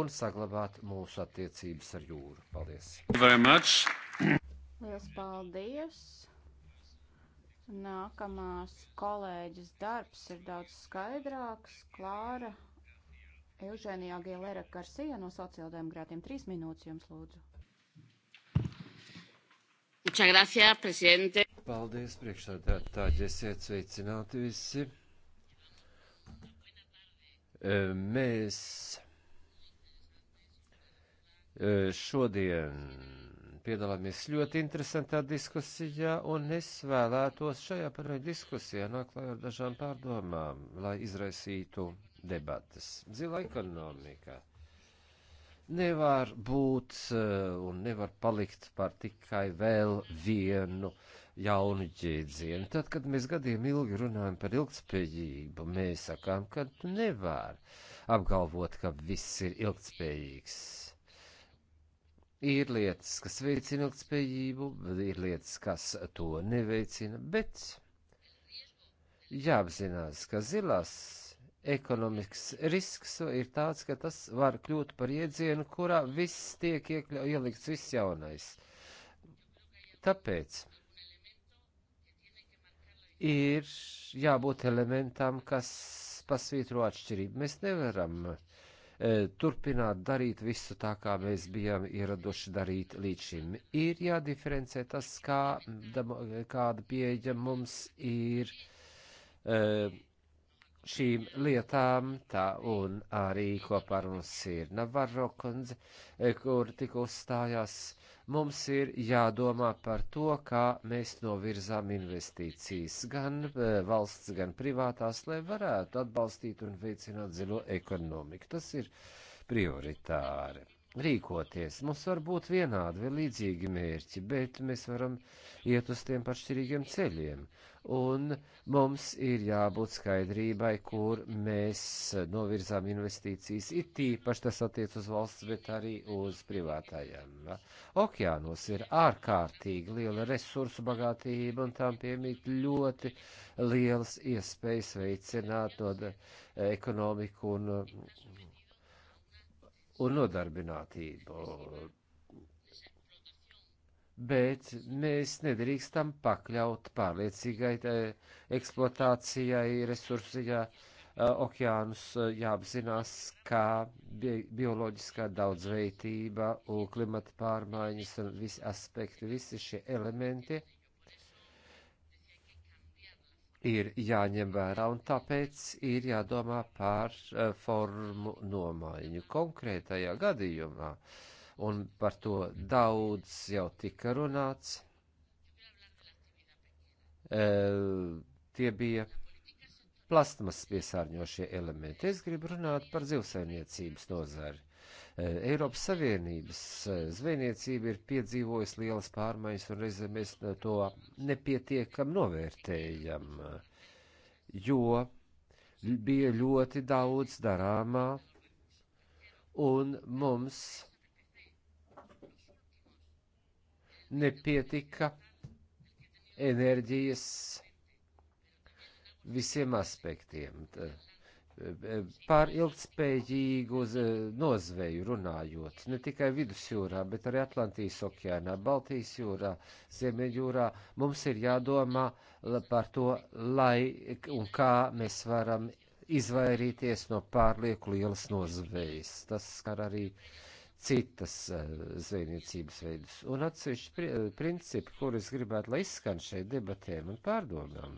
un saglabāt mūsu attiecības ar jūru. Paldies!
Lielas paldies! Nākamās kolēģis darbs ir daudz skaidrāks. Klāra Eugenijā Gielera Garcia no sociāldemokrātiem. Trīs minūtes jums lūdzu.
Muchas gracias, presidente. Paldies, priekšsādātāji, esiet sveicināti visi. E, mēs e, šodien piedalāmies ļoti interesantā diskusijā, un es vēlētos šajā parāda diskusijā nāklājot ar dažām pārdomām, lai izraisītu debatas. Zila ekonomika nevar būt eh, un nevar palikt par tikai vēl vienu jaunu jēdzienu. Tad, kad mēs gadiem ilgi runājam par ilgspējību, mēs sakām, ka nevar apgalvot, ka viss ir ilgspējīgs. Ir lietas, kas veicina ilgspējību, ir lietas, kas to neveicina, bet jāapzinās, ka zilās ekonomikas risks ir tāds, ka tas var kļūt par iedzienu, kurā viss tiek iekļau, ielikts, viss jaunais. Tāpēc ir jābūt elementam, kas pasvītro atšķirību. Mēs nevaram uh, E, turpināt darīt visu tā, kā mēs bijām ieraduši darīt līdz šim. Ir jādiferencē tas, kā, kāda pieeja mums ir. Uh, šīm lietām, tā un arī kopā ar mums ir Navarro kundze, eh, kur tik uzstājās. Mums ir jādomā par to, kā mēs novirzām investīcijas gan eh, valsts, gan privātās, lai varētu atbalstīt un veicināt zilo ekonomiku. Tas ir prioritāri rīkoties. Mums var būt vienādi vai līdzīgi mērķi, bet mēs varam iet uz tiem pašķirīgiem ceļiem un mums ir jābūt skaidrībai, kur mēs novirzām investīcijas. It tīpaši tas attiec uz valsts, bet arī uz privātajiem. Okeānos ir ārkārtīgi liela resursu bagātība, un tām piemīt ļoti lielas iespējas veicināt no ekonomiku un, un nodarbinātību bet mēs nedrīkstam pakļaut pārliecīgai eh, eksploatācijai, resursijā, eh, okeānus eh, jāapzinās, kā bi bioloģiskā daudzveidība un klimata pārmaiņas un visi aspekti, visi šie elementi ir jāņem vērā, un tāpēc ir jādomā par uh, formu nomaiņu konkrētajā gadījumā. Uh, un par to daudz jau tika runāts. E, tie bija plasmas piesārņošie elementi. Es gribu runāt par zivsaimniecības nozari. E, Eiropas Savienības e, zvejniecība ir piedzīvojusi lielas pārmaiņas, un reizē mēs to nepietiekam novērtējam, jo bija ļoti daudz darāmā, un mums nepietika enerģijas visiem aspektiem. E, par ilgspējīgu nozveju runājot, ne tikai vidusjūrā, bet arī Atlantijas okeānā, Baltijas jūrā, Ziemeļjūrā, mums ir jādomā par to, lai un kā mēs varam izvairīties no pārlieku lielas nozvejas. Tas skar arī uh, citas eh, zvejniecības veidus. Un atsevišķi pri, eh, principi, kurus gribētu, lai izskan šeit debatēm un pārdomām,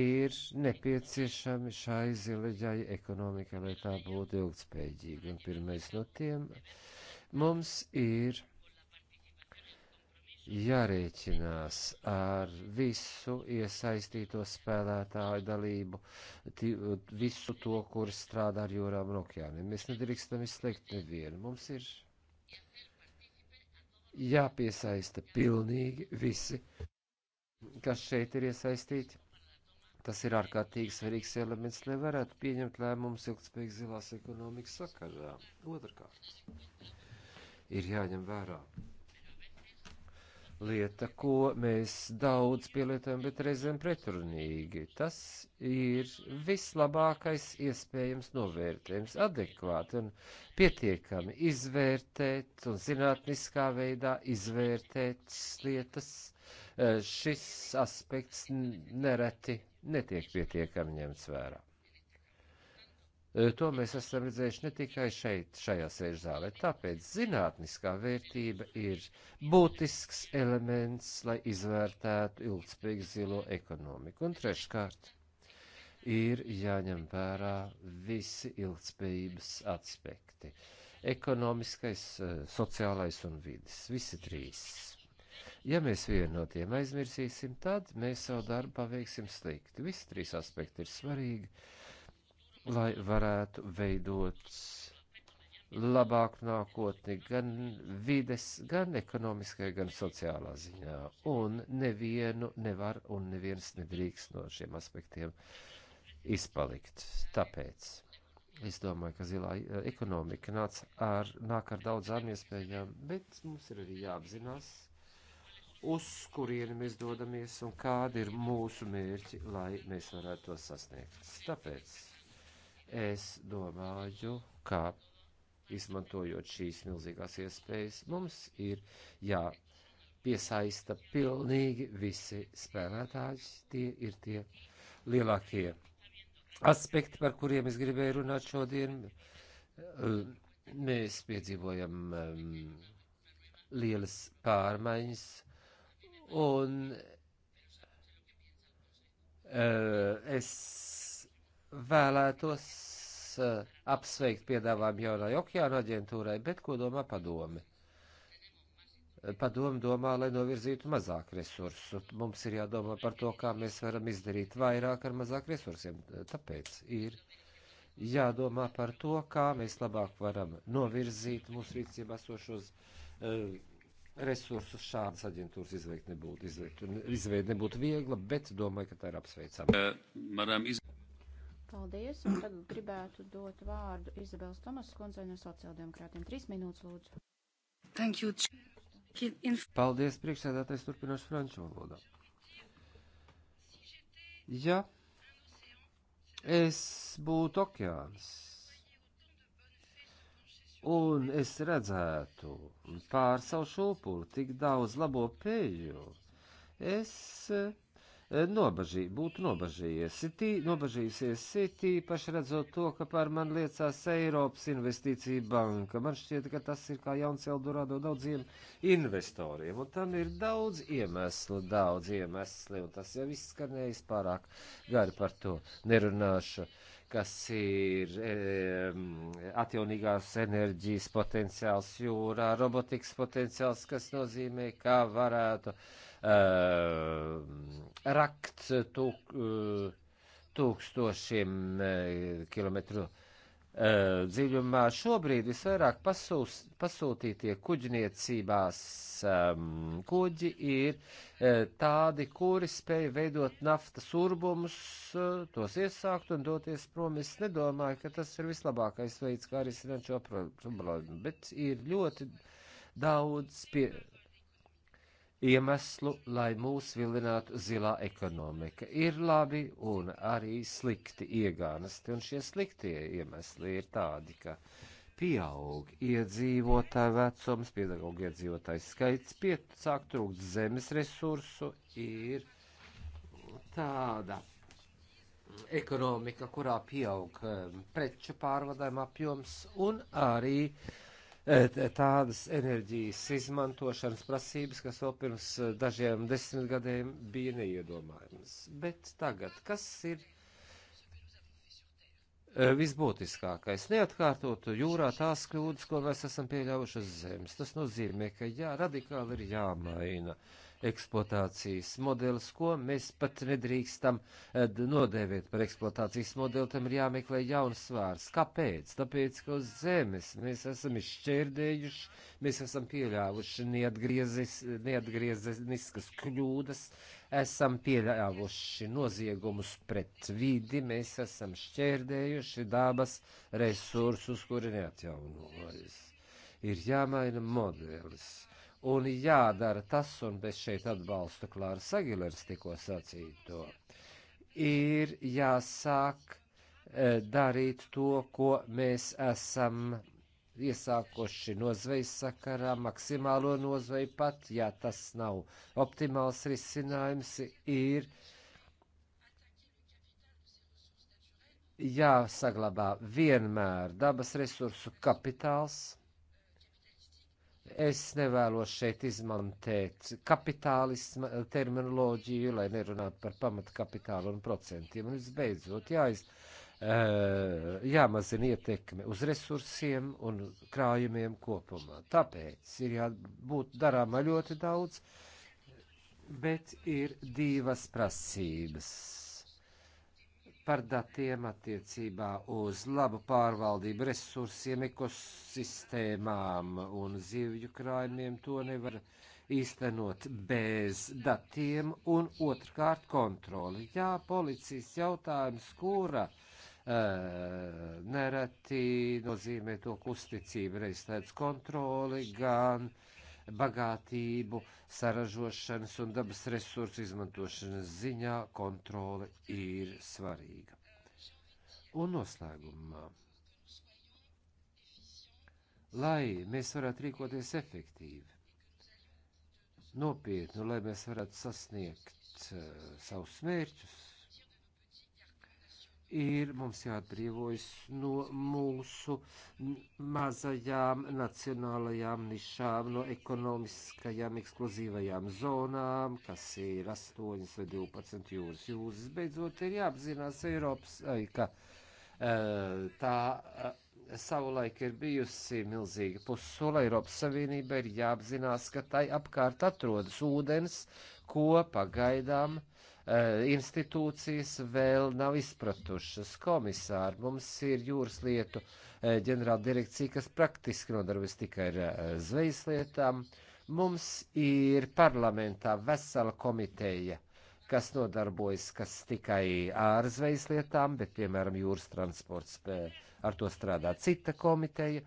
ir nepieciešami šai zileģai ekonomikai, lai tā būtu ilgspējīga. Un pirmais no tiem mums ir jārēķinās ar visu iesaistīto spēlētāju dalību, tī, visu to, kur strādā ar jūrām un okeāniem. Mēs nedrīkstam izslēgt nevienu. Mums ir jāpiesaista pilnīgi visi, kas šeit ir iesaistīti. Tas ir ārkārtīgi svarīgs elements, lai varētu pieņemt lēmumus ilgspējīgas zilās ekonomikas sakarā. Otrkārt, ir jāņem vērā lieta, ko mēs daudz pielietojam, bet reizēm pretrunīgi. Tas ir vislabākais iespējams novērtējums, adekvāti un pietiekami izvērtēt un zinātniskā veidā izvērtēt lietas. Eh, šis aspekts nereti netiek pietiekami ņemts vērā. To mēs esam redzējuši ne tikai šeit, šajā sēžzālē. Tāpēc zinātniskā vērtība ir būtisks elements, lai izvērtētu ilgspējīgu zilo ekonomiku. Un treškārt, ir jāņem vērā visi ilgspējības aspekti - ekonomiskais, sociālais un vidas. Visi trīs. Ja mēs vienu no tiem aizmirsīsim, tad mēs savu darbu paveiksim slikti. Visi trīs aspekti ir svarīgi lai varētu veidot labāku nākotni gan vides, gan ekonomiskajā, gan sociālā ziņā. Un nevienu nevar un neviens nedrīkst no šiem aspektiem izpalikt. Tāpēc es domāju, ka zilā eh, ekonomika nāc ar, nāk ar daudzām iespējām, bet mums ir arī jāapzinās, uz kurieni mēs dodamies un kādi ir mūsu mērķi, lai mēs varētu to sasniegt. Tāpēc Es domāju, ka izmantojot šīs milzīgās iespējas, mums ir jāpiesaista pilnīgi visi spēlētāji. Tie ir tie lielākie aspekti, par kuriem es gribēju runāt šodien. Mēs piedzīvojam um, lielas pārmaiņas, un uh, es vēlētos uh, apsveikt piedāvājumu jaunai okeāna aģentūrai, bet ko domā padome? Padome domā, lai novirzītu mazāk resursu. Mums ir jādomā par to, kā mēs varam izdarīt vairāk ar mazāk resursiem. Tāpēc ir jādomā par to, kā mēs labāk varam novirzīt mūsu rīcībā esošos uh, resursus šādas aģentūras izveikt nebūtu, izveikt, izveikt nebūtu viegla, bet domāju, ka tā ir apsveicama.
Uh, eh, iz...
Paldies, un tagad gribētu dot vārdu Izabels Tomas kundzei no sociāldemokrātiem. Trīs minūtes, lūdzu.
Thank you.
Paldies, priekšsēdētājs, turpināšu franču valodā. Ja es būtu okeāns, un es redzētu pār savu šūpuli tik daudz labo pēļu, es Eh, nobažī, būtu nobažījies. Sitī, nobažījusies Sitī, pašredzot to, ka par man liecās Eiropas investīcija banka. Man šķiet, ka tas ir kā jauns Eldorado daudziem investoriem, un tam ir daudz iemeslu, daudz iemesli, un tas jau izskanējis pārāk gari par to nerunāšu kas ir e, atjaunīgās enerģijas potenciāls jūrā, robotikas potenciāls, kas nozīmē, kā varētu uh, Ehm, rakts tūk, eh, tūkstošiem eh, kilometru eh, dziļumā. Šobrīd visvairāk pasūs, pasūtītie kuģniecībās um, kuģi ir uh, tādi, kuri spēj veidot naftas urbumus, uh, tos iesākt un doties prom. Es nedomāju, ka tas ir vislabākais veids, kā arī sinēt šo problēmu, bet ir ļoti daudz pie iemeslu, lai mūs vilinātu zilā ekonomika. Ir labi un arī slikti iegānasti, un šie sliktie iemesli ir tādi, ka pieaug iedzīvotāju vecums, pieaug iedzīvotāju skaits, piet, sāk trūkt zemes resursu, ir tāda ekonomika, kurā pieaug um, preču pārvadājuma apjoms un arī uh, tādas enerģijas izmantošanas prasības, kas vēl pirms dažiem desmitgadiem bija neiedomājamas. Bet tagad, kas ir visbūtiskākais? Neatkārtotu jūrā tās kļūdas, ko mēs esam pieļāvuši uz zemes. Tas nozīmē, ka jā, radikāli ir jāmaina. Uh, eksploatācijas modelis, ko mēs pat nedrīkstam eh, nodēvēt par eksploatācijas modeli, tam ir jāmeklē jauns vārds. Kāpēc? Tāpēc, ka uz zemes mēs esam izšķērdējuši, mēs esam pieļāvuši neatgriezeniskas kļūdas, esam pieļāvuši noziegumus pret vidi, mēs esam šķērdējuši dabas resursus, kuri neatjaunojas. Ir jāmaina modelis un jādara tas, un bez šeit atbalstu Klāra Sagilers tikko sacīto, ir jāsāk e, darīt to, ko mēs esam iesākoši nozvejas sakarā maksimālo nozveju pat, ja tas nav optimāls risinājums, ir jāsaglabā vienmēr dabas resursu kapitāls Es nevēlos šeit izmantēt kapitālisma terminoloģiju, lai nerunātu par pamatkapitālu un procentiem. Un visbeidzot, jāiz, uh, jāmazina ietekme uz resursiem un krājumiem kopumā. Tāpēc ir jābūt darāmā ļoti daudz, bet ir divas prasības par datiem attiecībā uz labu pārvaldību resursiem, ekosistēmām un zivju krājumiem. To nevar īstenot bez datiem un otrkārt kontroli. Jā, policijas jautājums, kura uh, nereti nozīmē to, ka uzticība reiz tāds kontroli gan uh, bagātību, saražošanas un dabas resursu izmantošanas ziņā kontrole ir svarīga. Un noslēgumā, lai mēs varētu rīkoties efektīvi, nopietni, lai mēs varētu sasniegt uh, savus mērķus, ir mums jāatbrīvojas no mūsu mazajām nacionālajām nišām, no ekonomiskajām ekskluzīvajām zonām, kas ir 8 vai 12 jūras jūras. Beidzot, ir jāapzinās Eiropas, ai, ka e, tā e, savulaik ir bijusi milzīga pussula. Eiropas Savienība ir jāapzinās, ka tai apkārt atrodas ūdens, ko pagaidām Eh, institūcijas vēl nav izpratušas. Komisāri, mums ir jūras lietu eh, ģenerāla direkcija, kas praktiski nodarbojas tikai ar eh, zvejas lietām. Mums ir parlamentā vesela komiteja, kas nodarbojas kas tikai ar zvejas lietām, bet, piemēram, jūras transports ar to strādā cita komiteja.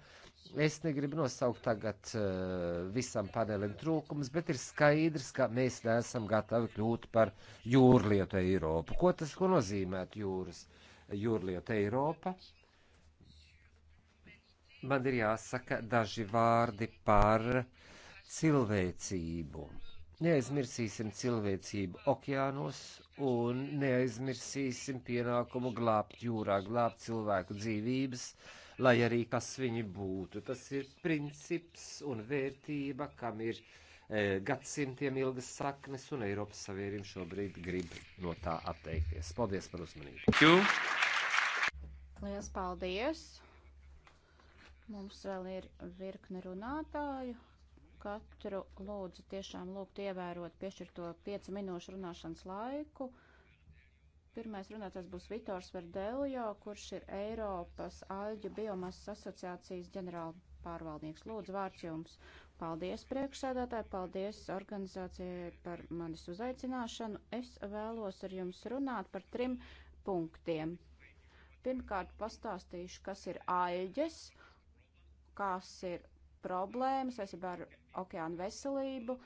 Es negribu nosaukt tagad uh, visam panelim trūkumus, bet ir skaidrs, ka mēs neesam gatavi kļūt par jūrlietu Eiropu. Ko tas ko nozīmē jūras, jūrlietu Eiropa? Man ir jāsaka daži vārdi par cilvēcību. Neaizmirsīsim cilvēcību okeānos un neaizmirsīsim pienākumu glābt jūrā, glābt cilvēku dzīvības. Uh, lai arī kas viņi būtu. Tas ir princips un vērtība, kam ir e, gadsimtiem ilgas saknes, un Eiropas Savienība šobrīd grib no tā atteikties. Paldies par uzmanību!
Lielas paldies! Mums vēl ir virkne runātāju. Katru lūdzu tiešām lūgt ievērot piešķirto 5 minūšu runāšanas laiku. Pirmais runātājs būs Vitors Verdeljo, kurš ir Eiropas Aļģu biomasas asociācijas ģenerāla pārvaldnieks. Lūdzu, vārds jums. Paldies priekšsēdētāji, paldies organizācijai par manis uzaicināšanu. Es vēlos ar jums runāt par trim punktiem. Pirmkārt, pastāstīšu, kas ir aļģes, kas ir problēmas, es jau ar okeānu veselību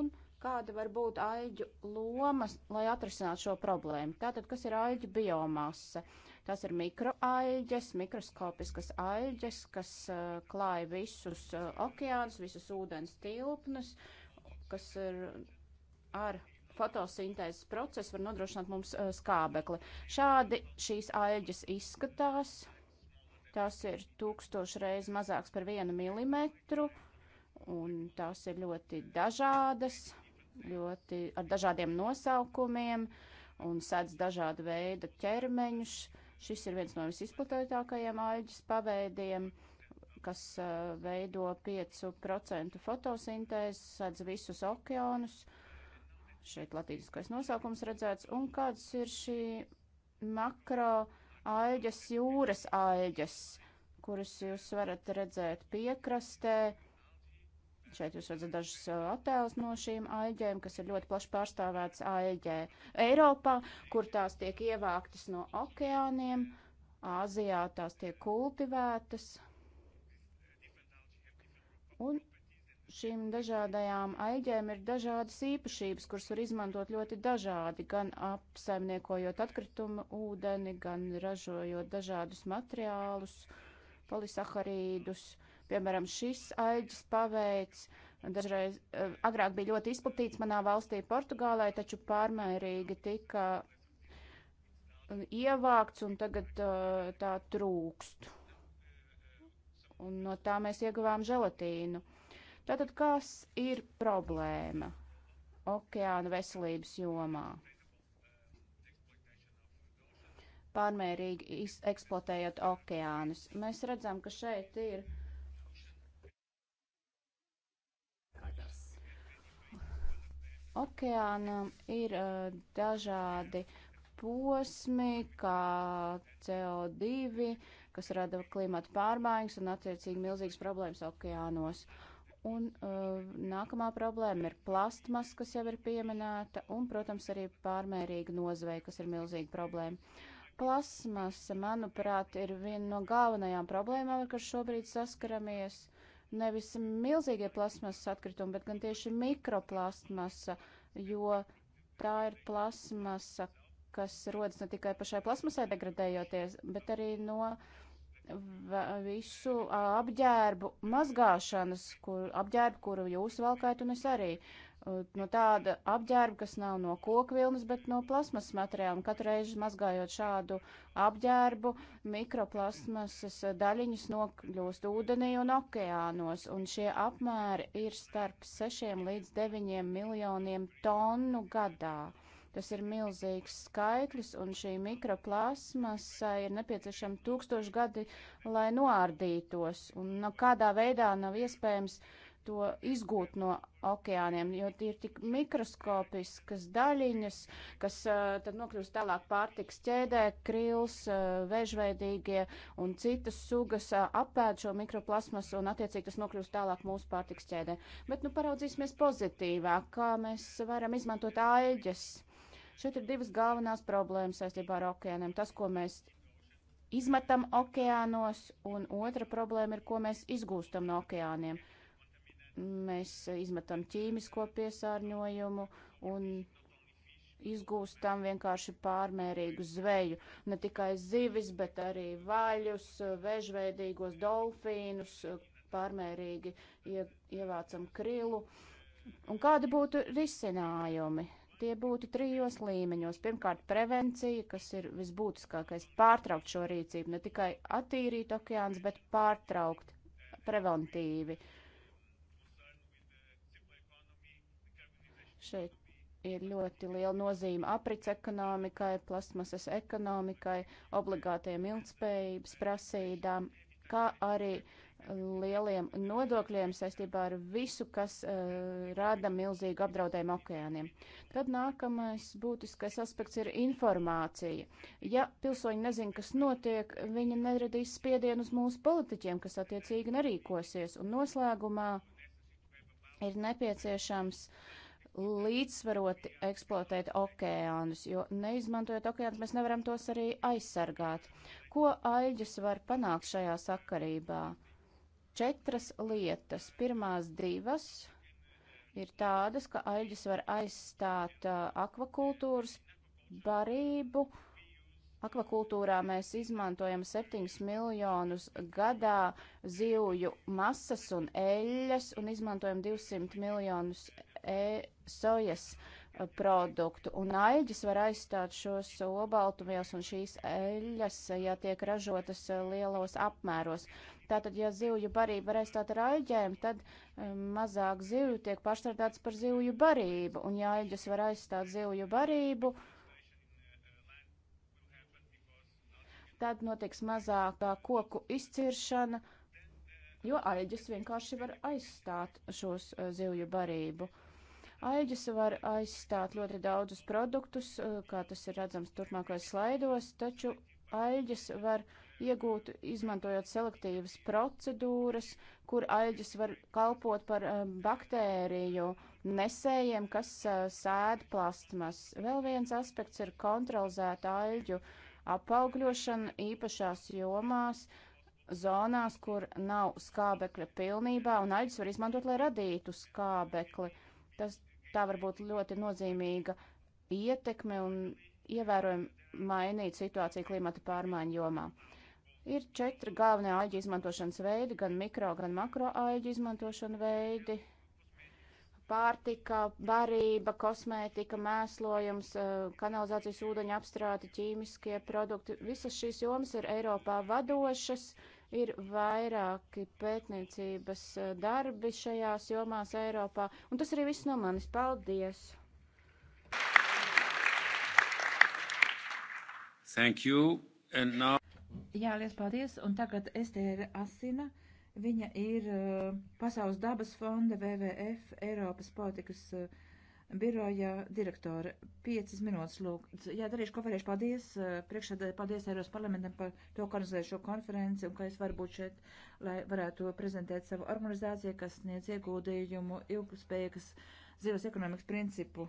un kāda var būt aiģu loma, lai atrisinātu šo problēmu. Tātad, kas ir aiģu biomasa? Tas ir mikroaiģes, mikroskopiskas aiģes, kas uh, klāja visus uh, okeānus, visus ūdens tilpnes, kas ir ar fotosintēzes procesu var nodrošināt mums uh, skābekli. Šādi šīs aiģes izskatās. Tas ir tūkstoši reizes mazāks par vienu milimetru, un tās ir ļoti dažādas ļoti ar dažādiem nosaukumiem un sēdz dažādu veidu ķermeņus. Šis ir viens no visizplatītākajiem aļģis paveidiem, kas uh, veido 5% fotosintēzi, sēdz visus okeānus. Šeit latīniskais nosaukums redzēts. Un kāds ir šī makro aļģes, jūras aļģes, kuras jūs varat redzēt piekrastē? Šeit jūs redzat dažus attēlus no šīm aiģēm, kas ir ļoti plaši pārstāvēts aiģē Eiropā, kur tās tiek ievāktas no okeāniem, Āzijā tās tiek kultivētas. Un šīm dažādajām aiģēm ir dažādas īpašības, kuras var izmantot ļoti dažādi, gan apsaimniekojot atkritumu ūdeni, gan ražojot dažādus materiālus, polisaharīdus Piemēram, šis aģis paveic. Dažreiz eh, agrāk bija ļoti izplatīts manā valstī Portugālē, taču pārmērīgi tika eh, ievākts un tagad eh, tā trūkst. Un no tā mēs ieguvām želatīnu. Tātad, kas ir problēma okeāna veselības jomā? pārmērīgi eksploatējot okeānus. Mēs redzam, ka šeit ir okeānam ir uh, dažādi posmi, kā CO2, kas rada klimata pārmaiņas un attiecīgi milzīgas problēmas okeānos. Un uh, nākamā problēma ir plastmas, kas jau ir pieminēta, un, protams, arī pārmērīga nozveja, kas ir milzīga problēma. Plasmas, manuprāt, ir viena no galvenajām problēmām, ar kas šobrīd saskaramies nevis milzīgie plasmasas atkritumi, bet gan tieši mikroplasmasa, jo tā ir plasmasa, kas rodas ne tikai pašai plasmasai degradējoties, bet arī no visu apģērbu mazgāšanas, kur, apģērbu, kuru jūs valkājat un es arī. Uh, no tāda apģērba, kas nav no koku vilnas, bet no plasmas materiāla. Un katru reizi mazgājot šādu apģērbu, mikroplasmasas daļiņas nokļūst ūdenī un okeānos, un šie apmēri ir starp 6 līdz 9 miljoniem tonu gadā. Tas ir milzīgs skaitlis, un šī mikroplasmasa ir nepieciešama tūkstoši gadi, lai noārdītos, un no kādā veidā nav iespējams uh, to izgūt no okeāniem, jo tie ir tik mikroskopiskas daļiņas, kas uh, tad nokļūst tālāk pārtiks ķēdē, krils, uh, vežveidīgie un citas sugas uh, apēd šo mikroplasmas un attiecīgi tas nokļūst tālāk mūsu pārtiks ķēdē. Bet nu paraudzīsimies pozitīvāk, kā mēs varam izmantot āļģes. Šeit ir divas galvenās problēmas saistībā ar okeāniem. Tas, ko mēs izmetam okeānos, un otra problēma ir, ko mēs izgūstam no okeāniem mēs izmetam ķīmisko piesārņojumu un izgūstam vienkārši pārmērīgu zveju. Ne tikai zivis, bet arī vaļus, vežveidīgos dolfīnus, pārmērīgi ie, ievācam krilu. Un kādi būtu risinājumi? Tie būtu trijos līmeņos. Pirmkārt, prevencija, kas ir visbūtiskākais - pārtraukt šo rīcību, ne tikai attīrīt okeāns, bet pārtraukt preventīvi. Uh, Šeit ir ļoti liela nozīme aprits ekonomikai, plasmasas ekonomikai, obligātiem ilgspējības prasībām, kā arī uh, lieliem nodokļiem saistībā ar visu, kas uh, rada milzīgu apdraudējumu okeāniem. Tad nākamais būtiskais aspekts ir informācija. Ja pilsoņi nezin, kas notiek, viņi neradīs spiedienu uz mūsu politiķiem, kas attiecīgi nerīkosies. Un noslēgumā ir nepieciešams uh, līdzsvaroti eksploatēt okeānus, jo neizmantojot okeānus, mēs nevaram tos arī aizsargāt. Ko aļģis var panākt šajā sakarībā? Četras lietas. Pirmās divas ir tādas, ka aļģis var aizstāt uh, akvakultūras barību. Akvakultūrā mēs izmantojam 7 miljonus gadā zivju masas un eļļas un izmantojam 200 miljonus eļļas e sojas e, produktu, un aiģis var aizstāt šos obaltumvielas un šīs eļas, e, ja tiek ražotas e, lielos apmēros. Tātad, ja zivju barība var aizstāt ar aiģēm, tad mazāk zivju tiek pārstrādāts par zivju barību, un ja aiģis var aizstāt zivju barību, tad notiks mazākā koku izciršana, jo aiģis vienkārši var aizstāt šos zivju barību. Aļģis var aizstāt ļoti daudzus produktus, eh, kā tas ir redzams turpmākajos slaidos, taču aļģis var iegūt, izmantojot selektīvas procedūras, kur aļģis var kalpot par eh, baktēriju nesējiem, kas eh, sēd plastmas. Vēl viens aspekts ir kontrolzēta aļģu apaugļošana īpašās jomās, zonās, kur nav skābekļa pilnībā, un aļģis var izmantot, lai radītu skābekli. Tas tā var būt ļoti nozīmīga ietekme un ievērojami mainīt situāciju klimata pārmaiņu jomā. Ir četri galvenie aļģu izmantošanas veidi, gan mikro, gan makro aļģu izmantošana veidi. Pārtika, barība, kosmētika, mēslojums, eh, kanalizācijas ūdeņa apstrāti, ķīmiskie produkti. Visas šīs jomas ir Eiropā vadošas. Uh, Ir vairāki pētniecības eh, darbi šajās jomās Eiropā. Un tas arī viss no manis. Paldies!
Thank you. And now...
Jā, liels paldies. Un tagad Estēra Asina. Viņa ir uh, Pasaules dabas fonda WWF Eiropas politikas uh, biroja direktore. Piecas minūtes, lūk. Jā, darīšu, ko varēšu. Paldies, eh, priekšsēdē, paldies Eiros parlamentam par to, ka organizēju šo konferenci un ka es varu būt šeit, lai varētu prezentēt savu organizāciju, kas sniedz ieguldījumu ilgspējīgas zivas ekonomikas principu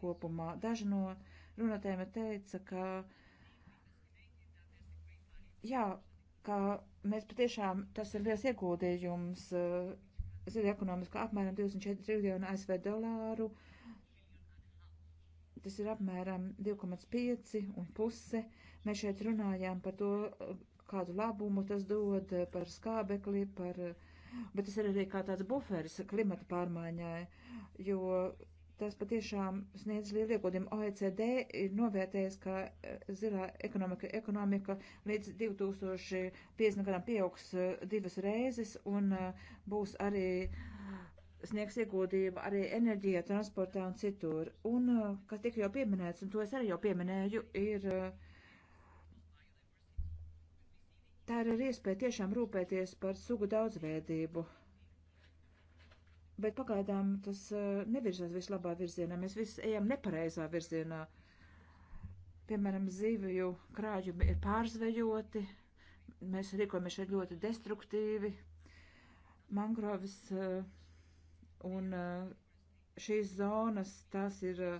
kopumā. Daži no runātājiem teica, ka jā, ka mēs patiešām tas ir liels ieguldījums. Eh, Zivju ekonomiskā apmēram 24 triljonu ASV dolāru. Uh, Tas ir apmēram 2,5 un puse. Mēs šeit runājām par to, kādu labumu tas dod par skābekli, par, bet tas ir arī kā tāds buferis klimata pārmaiņai, jo tas patiešām sniedz lielu ieguldījumu. OECD ir novērtējis, ka zilā ekonomika, ekonomika līdz 2050 gadam pieaugs eh, divas reizes un eh, būs arī uh, sniegs ieguldījumu arī enerģijā, transportā un citur. Un, uh, kas tika jau pieminēts, un to es arī jau pieminēju, ir uh, tā ir arī iespēja tiešām rūpēties par sugu daudzveidību. Bet pagaidām tas uh, nevirzās vislabā virzienā, mēs visi ejam nepareizā virzienā. Piemēram, zivju krāģi ir pārzvejoti, mēs rīkojamies šeit ļoti destruktīvi. Mangrovis uh, Un uh, šīs zonas, tās ir uh,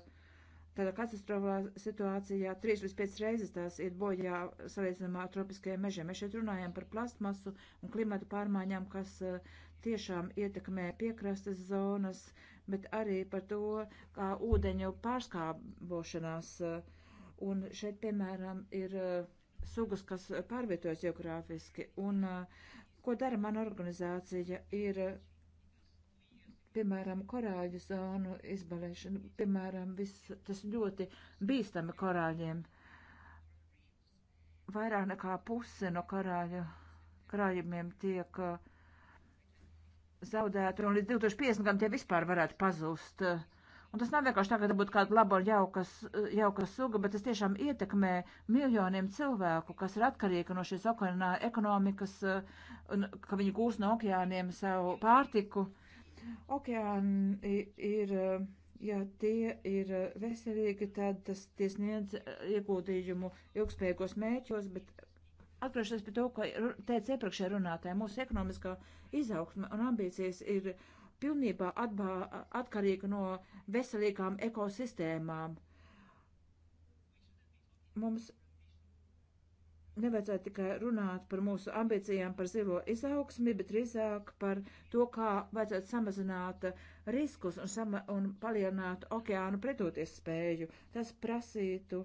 tādā katastrofālā situācijā, trīs līdz piecas reizes tās iet bojā salīdzinājumā ar tropiskajiem mežiem. Mēs šeit runājam par plastmasu un klimatu pārmaiņām, kas uh, tiešām ietekmē piekrastes zonas, bet arī par to, kā ūdeņu pārskābošanās. Un šeit, piemēram, ir sugas, kas pārvietojas geogrāfiski. Un ko dara mana organizācija? Ir piemēram, korāļu zonu izbalēšanu, piemēram, viss tas ļoti bīstami korāļiem. Vairāk nekā puse no korāļu krājumiem tiek uh, zaudēta, un līdz 2050 gadam tie vispār varētu pazust. Un tas nav vienkārši tā, ka būtu kāda laba un jauka, jauka suga, bet tas tiešām ietekmē miljoniem cilvēku, kas ir atkarīgi no šīs okeāna ekonomikas, uh, un ka viņi gūs no okeāniem savu pārtiku. Uh, Okeāni ir, ja tie ir veselīgi, tad tas tie sniedz e, ieguldījumu ilgspējīgos mēķos, bet atgriežoties pie to, ko teica iepriekšējā runātāja, mūsu ekonomiskā izaugsme un ambīcijas ir pilnībā atbā, atkarīga no veselīgām ekosistēmām. Mums nevajadzētu tikai runāt par mūsu ambīcijām par zilo izaugsmi, bet drīzāk par to, kā vajadzētu samazināt riskus un, sama un palielināt okeānu pretoties spēju. Tas prasītu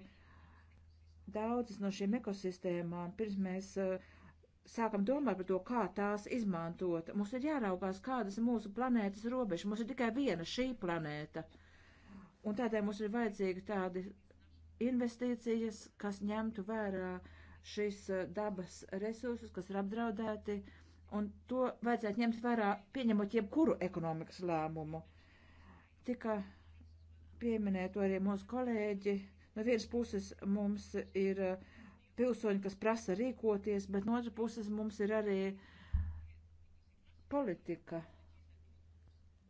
daudzas no šīm ekosistēmām, pirms mēs uh, sākam domāt par to, kā tās izmantot. Mums ir jāraugās, kādas ir mūsu planētas robežas. Mums ir tikai viena šī planēta. Un tādēļ mums ir vajadzīgi tādi investīcijas, kas ņemtu vērā uh, šīs eh, dabas resursus, kas ir apdraudēti, un to vajadzētu ņemt vērā, pieņemot jebkuru ekonomikas lēmumu. Tika pieminēja to arī mūsu kolēģi. No vienas puses mums ir eh, pilsoņi, kas prasa rīkoties, bet no otras puses mums ir arī politika.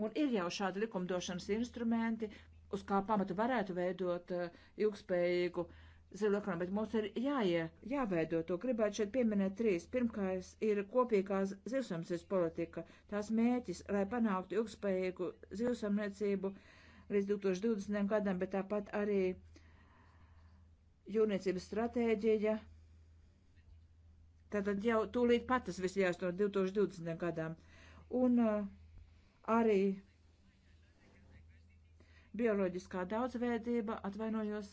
Un ir jau šādi likumdošanas instrumenti, uz kā pamatu varētu veidot eh, ilgspējīgu uh, zilveklām, bet mums ir jāie, jāveido to. Gribētu šeit pieminēt trīs. Pirmkārt ir kopīgā zilsamsības politika, tās mēķis, lai panāktu ilgspējīgu zilsamniecību līdz 2020. gadam, bet tāpat arī jūrniecības stratēģija. Tātad jau tūlīt pat tas viss jāsno 2020. gadam. Un uh, arī bioloģiskā daudzveidība, atvainojos,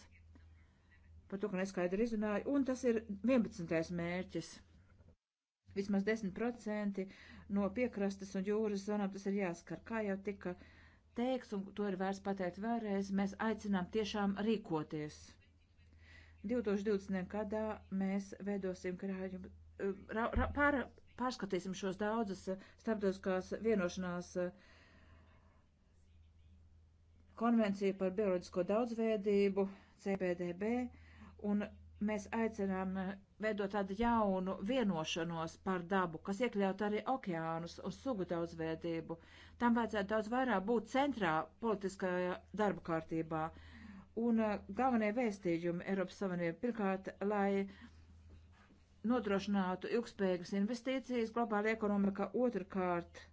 par to, ka neskaidri izrunāju, un tas ir 11. mērķis. Vismaz 10% no piekrastes un jūras zonām tas ir jāskar, kā jau tika teikts, un to ir vērts pateikt vēlreiz, mēs aicinām tiešām rīkoties. 2020. gadā mēs veidosim krājumu, ra, ra, pār, pārskatīsim šos daudzas eh, starptautiskās vienošanās eh, konvenciju par bioloģisko daudzveidību, CPDB, un mēs aicinām eh, veidot tādu jaunu vienošanos par dabu, kas iekļaut arī okeānus un sugu daudzveidību. Tam vajadzētu daudz vairāk būt centrā politiskajā darba kārtībā. Un eh, galvenie vēstījumi Eiropas Savienība pirmkārt, lai nodrošinātu ilgspējīgas investīcijas globāla ekonomika, otrkārt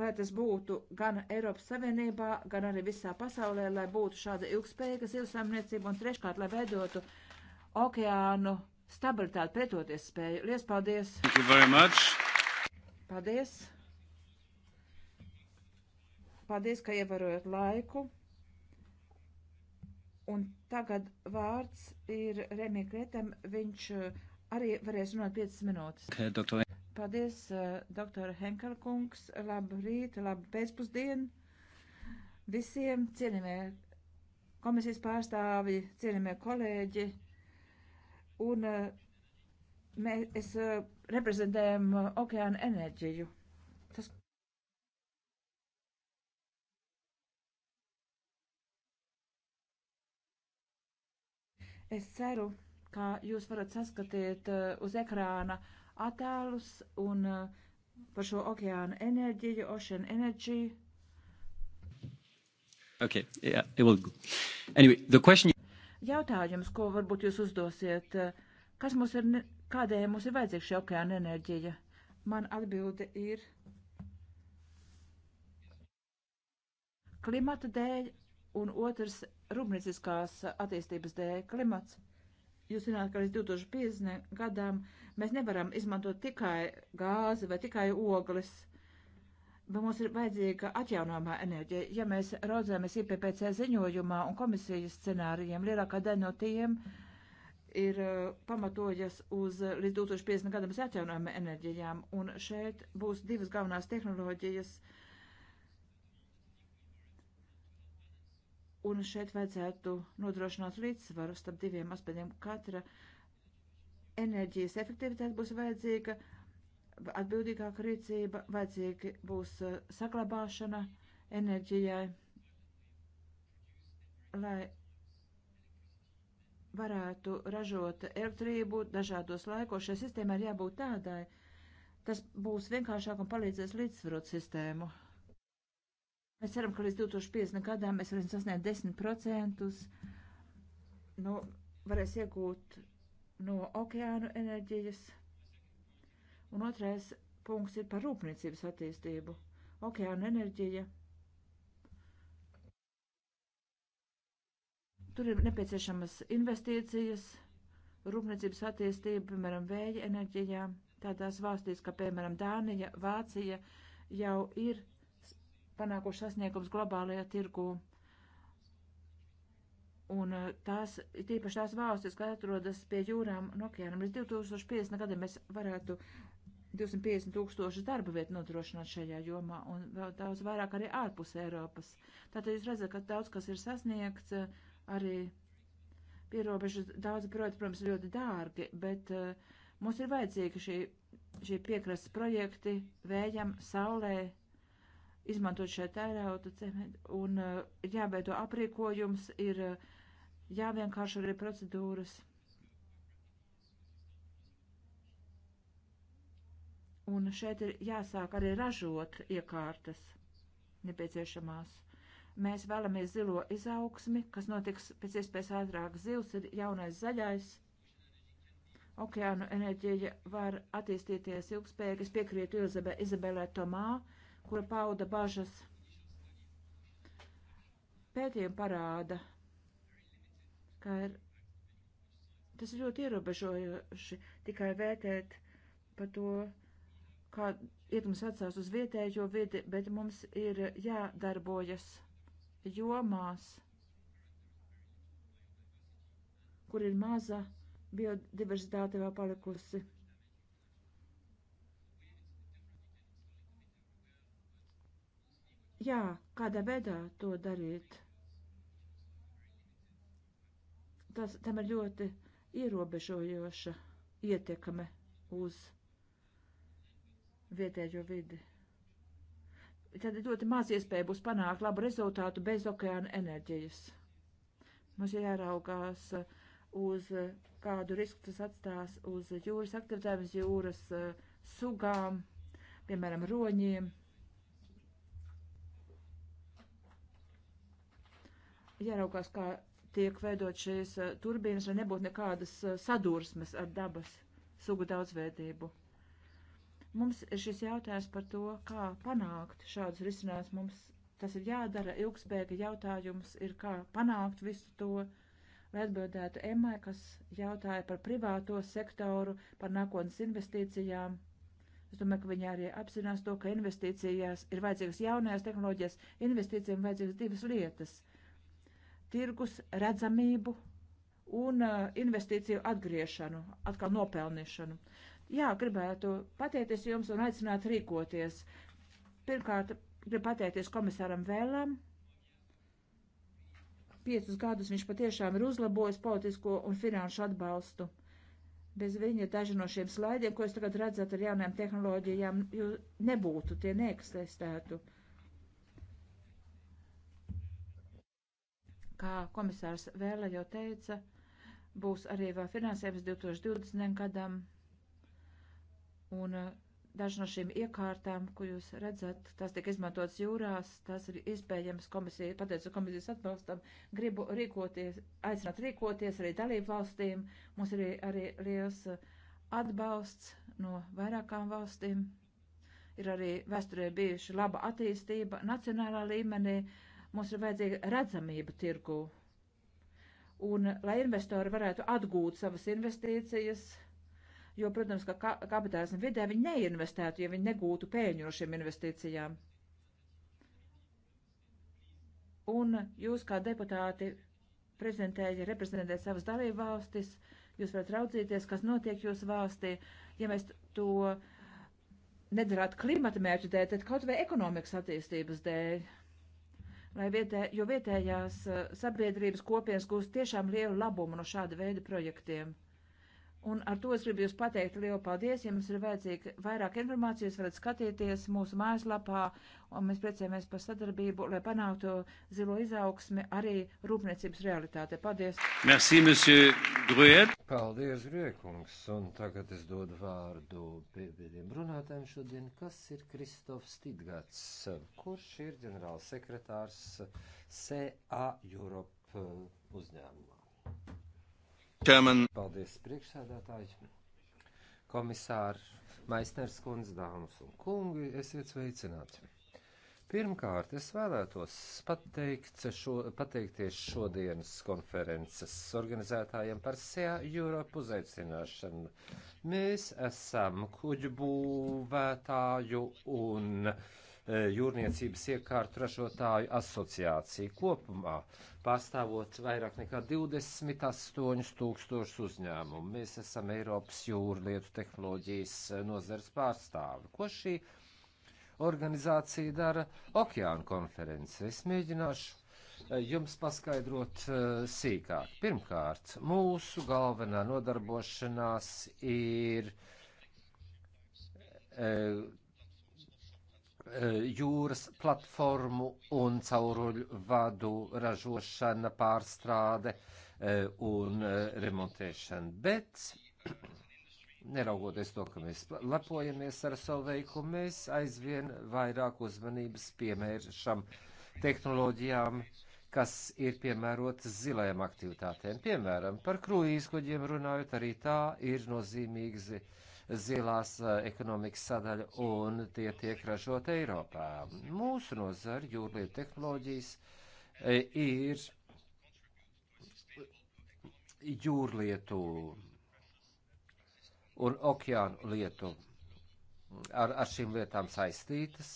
lai tas būtu gan Eiropas Savienībā, gan arī visā pasaulē, lai būtu šāda ilgspējīga zivsaimniecība un treškārt, lai veidotu okeānu stabilitāti pretoties spēju. Lies paldies! Paldies! Paldies, ka ievarojat laiku. Un tagad vārds ir Remī Kretam. Viņš eh, arī varēs runāt 5 minūtes. Okay, Paldies, eh, doktora Henkelkungs. Labu rītu, labu pēcpusdienu visiem cienījumie komisijas pārstāvji, cienījumie kolēģi. Un eh, mēs eh, reprezentējam okeāna enerģiju. Tas Es ceru, ka jūs varat saskatīt uz ekrāna uh, attēlus un uh, par šo okeāna enerģiju, Ocean Energy.
Okay, yeah, it will go. Anyway, the question...
Jautājums, ko varbūt jūs uzdosiet, uh, kas mums ir, ne... kādēļ mums ir vajadzīga šī okeāna enerģija? Man atbilde ir klimata dēļ un otrs rūpnieciskās attīstības dēļ klimats Jūs zināt, ka līdz 2050 gadam mēs nevaram izmantot tikai gāzi vai tikai ogles, bet mums ir vajadzīga atjaunojumā enerģija. Ja mēs raudzēmies IPPC ziņojumā un komisijas scenārijiem, lielākā daļa no tiem ir uh, pamatojas uz līdz 2050 gadam atjaunojuma enerģijām, un šeit būs divas galvenās tehnoloģijas. Uh, un šeit vajadzētu nodrošināt līdzsvaru starp diviem aspektiem. Katra enerģijas efektivitāte būs vajadzīga, atbildīgāka rīcība, vajadzīga būs uh, saglabāšana enerģijai, lai varētu ražot elektrību dažādos laikos. Šai sistēmai ir jābūt tādai, tas būs vienkāršāk un palīdzēs līdzsvarot sistēmu. Mēs ceram, ka līdz 2050. gadām mēs varēsim sasniegt 10% no, nu, varēs iegūt no okeānu enerģijas. Un otrais punkts ir par rūpniecības attīstību. Okeāna enerģija. Tur ir nepieciešamas investīcijas, rūpniecības attīstība, piemēram, vēja enerģijā. Tādās valstīs, kā piemēram Dānija, Vācija, jau ir panākuši sasniegums globālajā tirgu. Un eh, tās, tīpaši tās valstis, kas atrodas pie jūrām un okeānam, līdz 2050 gadiem mēs varētu 250 tūkstoši darba vietu nodrošināt šajā jomā un vēl daudz vairāk arī ārpus Eiropas. Tātad jūs redzat, ka daudz kas ir sasniegts, arī pierobežas daudz projekti, protams, ļoti dārgi, bet uh, mums ir vajadzīgi šī, šie piekrastes projekti vējam, saulē, izmantot šeit tērautu cementu un uh, eh, jābeido aprīkojums, ir uh, jāvienkāršo arī procedūras. Un šeit ir jāsāk arī ražot iekārtas nepieciešamās. Mēs vēlamies zilo izaugsmi, kas notiks pēc iespējas ātrāk. Zils ir jaunais zaļais. Okeānu enerģija var attīstīties ilgspējīgi. Es piekrītu Izabelē Tomā. Uh, kura pauda bažas. Pētījumi parāda, ka ir, tas ir ļoti ierobežojoši tikai vērtēt par to, kā ietekmes atstās uz vietējo vidi, bet mums ir jādarbojas jomās, kur ir maza biodiverzitāte vēl palikusi. Jā, kādā veidā to darīt? Tas tam ir ļoti ierobežojoša ietekme uz vietējo vidi. Tad ir ļoti maz iespēja būs panākt labu rezultātu bez okeāna enerģijas. Mums ir jāraugās uh, uz uh, kādu risku tas atstās uz jūras aktivitātēm, uz jūras uh, sugām, piemēram, roņiem. jāraukās, kā tiek veidot šīs eh, turbīnas, lai nebūtu nekādas eh, sadursmes ar dabas sugu daudzveidību. Mums ir šis jautājums par to, kā panākt šādus risinājumus. Mums tas ir jādara, ilgspējīga jautājums ir, kā panākt visu to, lai atbildētu Emmai, kas jautāja par privāto sektoru, par nākotnes investīcijām. Es domāju, ka viņi arī apzinās to, ka investīcijās ir vajadzīgas jaunajās tehnoloģijās, investīcijām vajadzīgas divas lietas tirgus redzamību un uh, investīciju atgriešanu, atkal nopelnīšanu. Jā, gribētu pateikties jums un aicināt rīkoties. Pirmkārt, gribu pateikties komisāram Vēlam. Piecus gadus viņš patiešām ir uzlabojis politisko un finanšu atbalstu. Bez viņa daži no šiem slaidiem, ko jūs tagad redzat ar jaunajām tehnoloģijām, nebūtu, tie neeksistētu. Uh, kā komisārs Vēle jau teica, būs arī vēl finansējums 2020. gadam. Un uh, daži no šīm iekārtām, ko jūs redzat, tās tiek izmantotas jūrās, tās ir iespējams komisija, pateicu komisijas atbalstam, gribu rīkoties, aicināt rīkoties arī dalību valstīm. Mums ir arī liels uh, atbalsts no vairākām valstīm. Ir arī vēsturē bijuši laba attīstība nacionālā līmenī. Uh, Mums ir vajadzīga redzamība tirgu. Un, lai investori varētu atgūt savas investīcijas, jo, protams, ka kapitālismu vidē viņi neinvestētu, ja viņi negūtu pēļņu no šīm investīcijām. Un jūs, kā deputāti, prezentēja, reprezentēja savas dalību valstis, jūs varat raudzīties, kas notiek jūsu valstī. Ja mēs to nedarātu klimata mērķu dēļ, tad kaut vai ekonomikas attīstības dēļ lai vietē, jo vietējās eh, sabiedrības kopienas gūst tiešām lielu labumu no šāda veida projektiem. Un ar to es gribu jūs pateikt lielu paldies. Ja jums ir vajadzīga vairāk informācijas, varat skatīties mūsu mājaslapā, un mēs priecājamies par sadarbību, lai panāktu zilo izaugsmi arī rūpniecības realitāte. Paldies!
Merci, monsieur Gruet! Paldies, Griekungs! Un tagad es dodu vārdu pēdējiem runātājiem šodien, kas ir Kristofs Tidgats, kurš ir ģenerālsekretārs CA Europe eh, uzņēmumā. Chairman. Paldies, priekšsēdētāji. Komisāri, Maisners kundze, dāmas un kungi, esiet sveicināti. Pirmkārt, es vēlētos pateikt šo, pateikties šodienas konferences organizētājiem par SEA Europe uzaicināšanu. Mēs esam kuģu būvētāju un uh, E, jūrniecības iekārtu ražotāju asociācija. Kopumā pārstāvot vairāk nekā 28 tūkstošus uzņēmumu, mēs esam Eiropas jūrlietu tehnoloģijas e, nozars pārstāvi. Ko šī organizācija dara okeāna konferences? Es mēģināšu e, jums paskaidrot sīkāk. Pirmkārt, mūsu galvenā nodarbošanās ir Eh, jūras platformu un cauruļu vadu ražošana, pārstrāde eh, un eh, remontēšana. Bet, neraugoties to, ka mēs lepojamies ar savu veikumu, mēs aizvien vairāk uzmanības piemēršam tehnoloģijām, kas ir piemērotas zilajām aktivitātēm. Piemēram, par kruīzkuģiem runājot, arī tā ir nozīmīga zilās eh, ekonomikas sadaļa, un tie tiek ražot Eiropā. Mūsu nozara jūrlietu tehnoloģijas eh, ir jūrlietu un okeānu lietu ar, ar šīm lietām saistītas.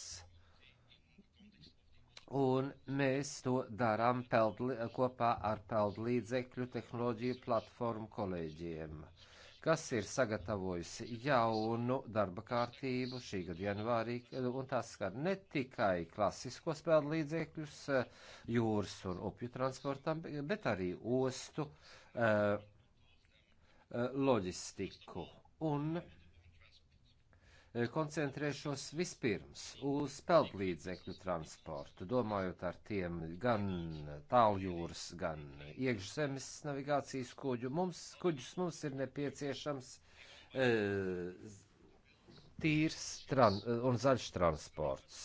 Un mēs to darām kopā ar peldlīdzekļu tehnoloģiju platformu kolēģiem. Uh, kas ir sagatavojusi jaunu darba kārtību šī gada janvārī, un tas skar ne tikai klasisko spēļu līdzekļus eh, jūras un upju transportam, bet arī ostu eh, eh, loģistiku. Un Eh, koncentrēšos vispirms uz peldlīdzekļu transportu, domājot ar tiem gan tāljūras, gan iekšzemes navigācijas kuģu. Mums, kuģus mums ir nepieciešams e, tīrs tran eh, un zaļš transports.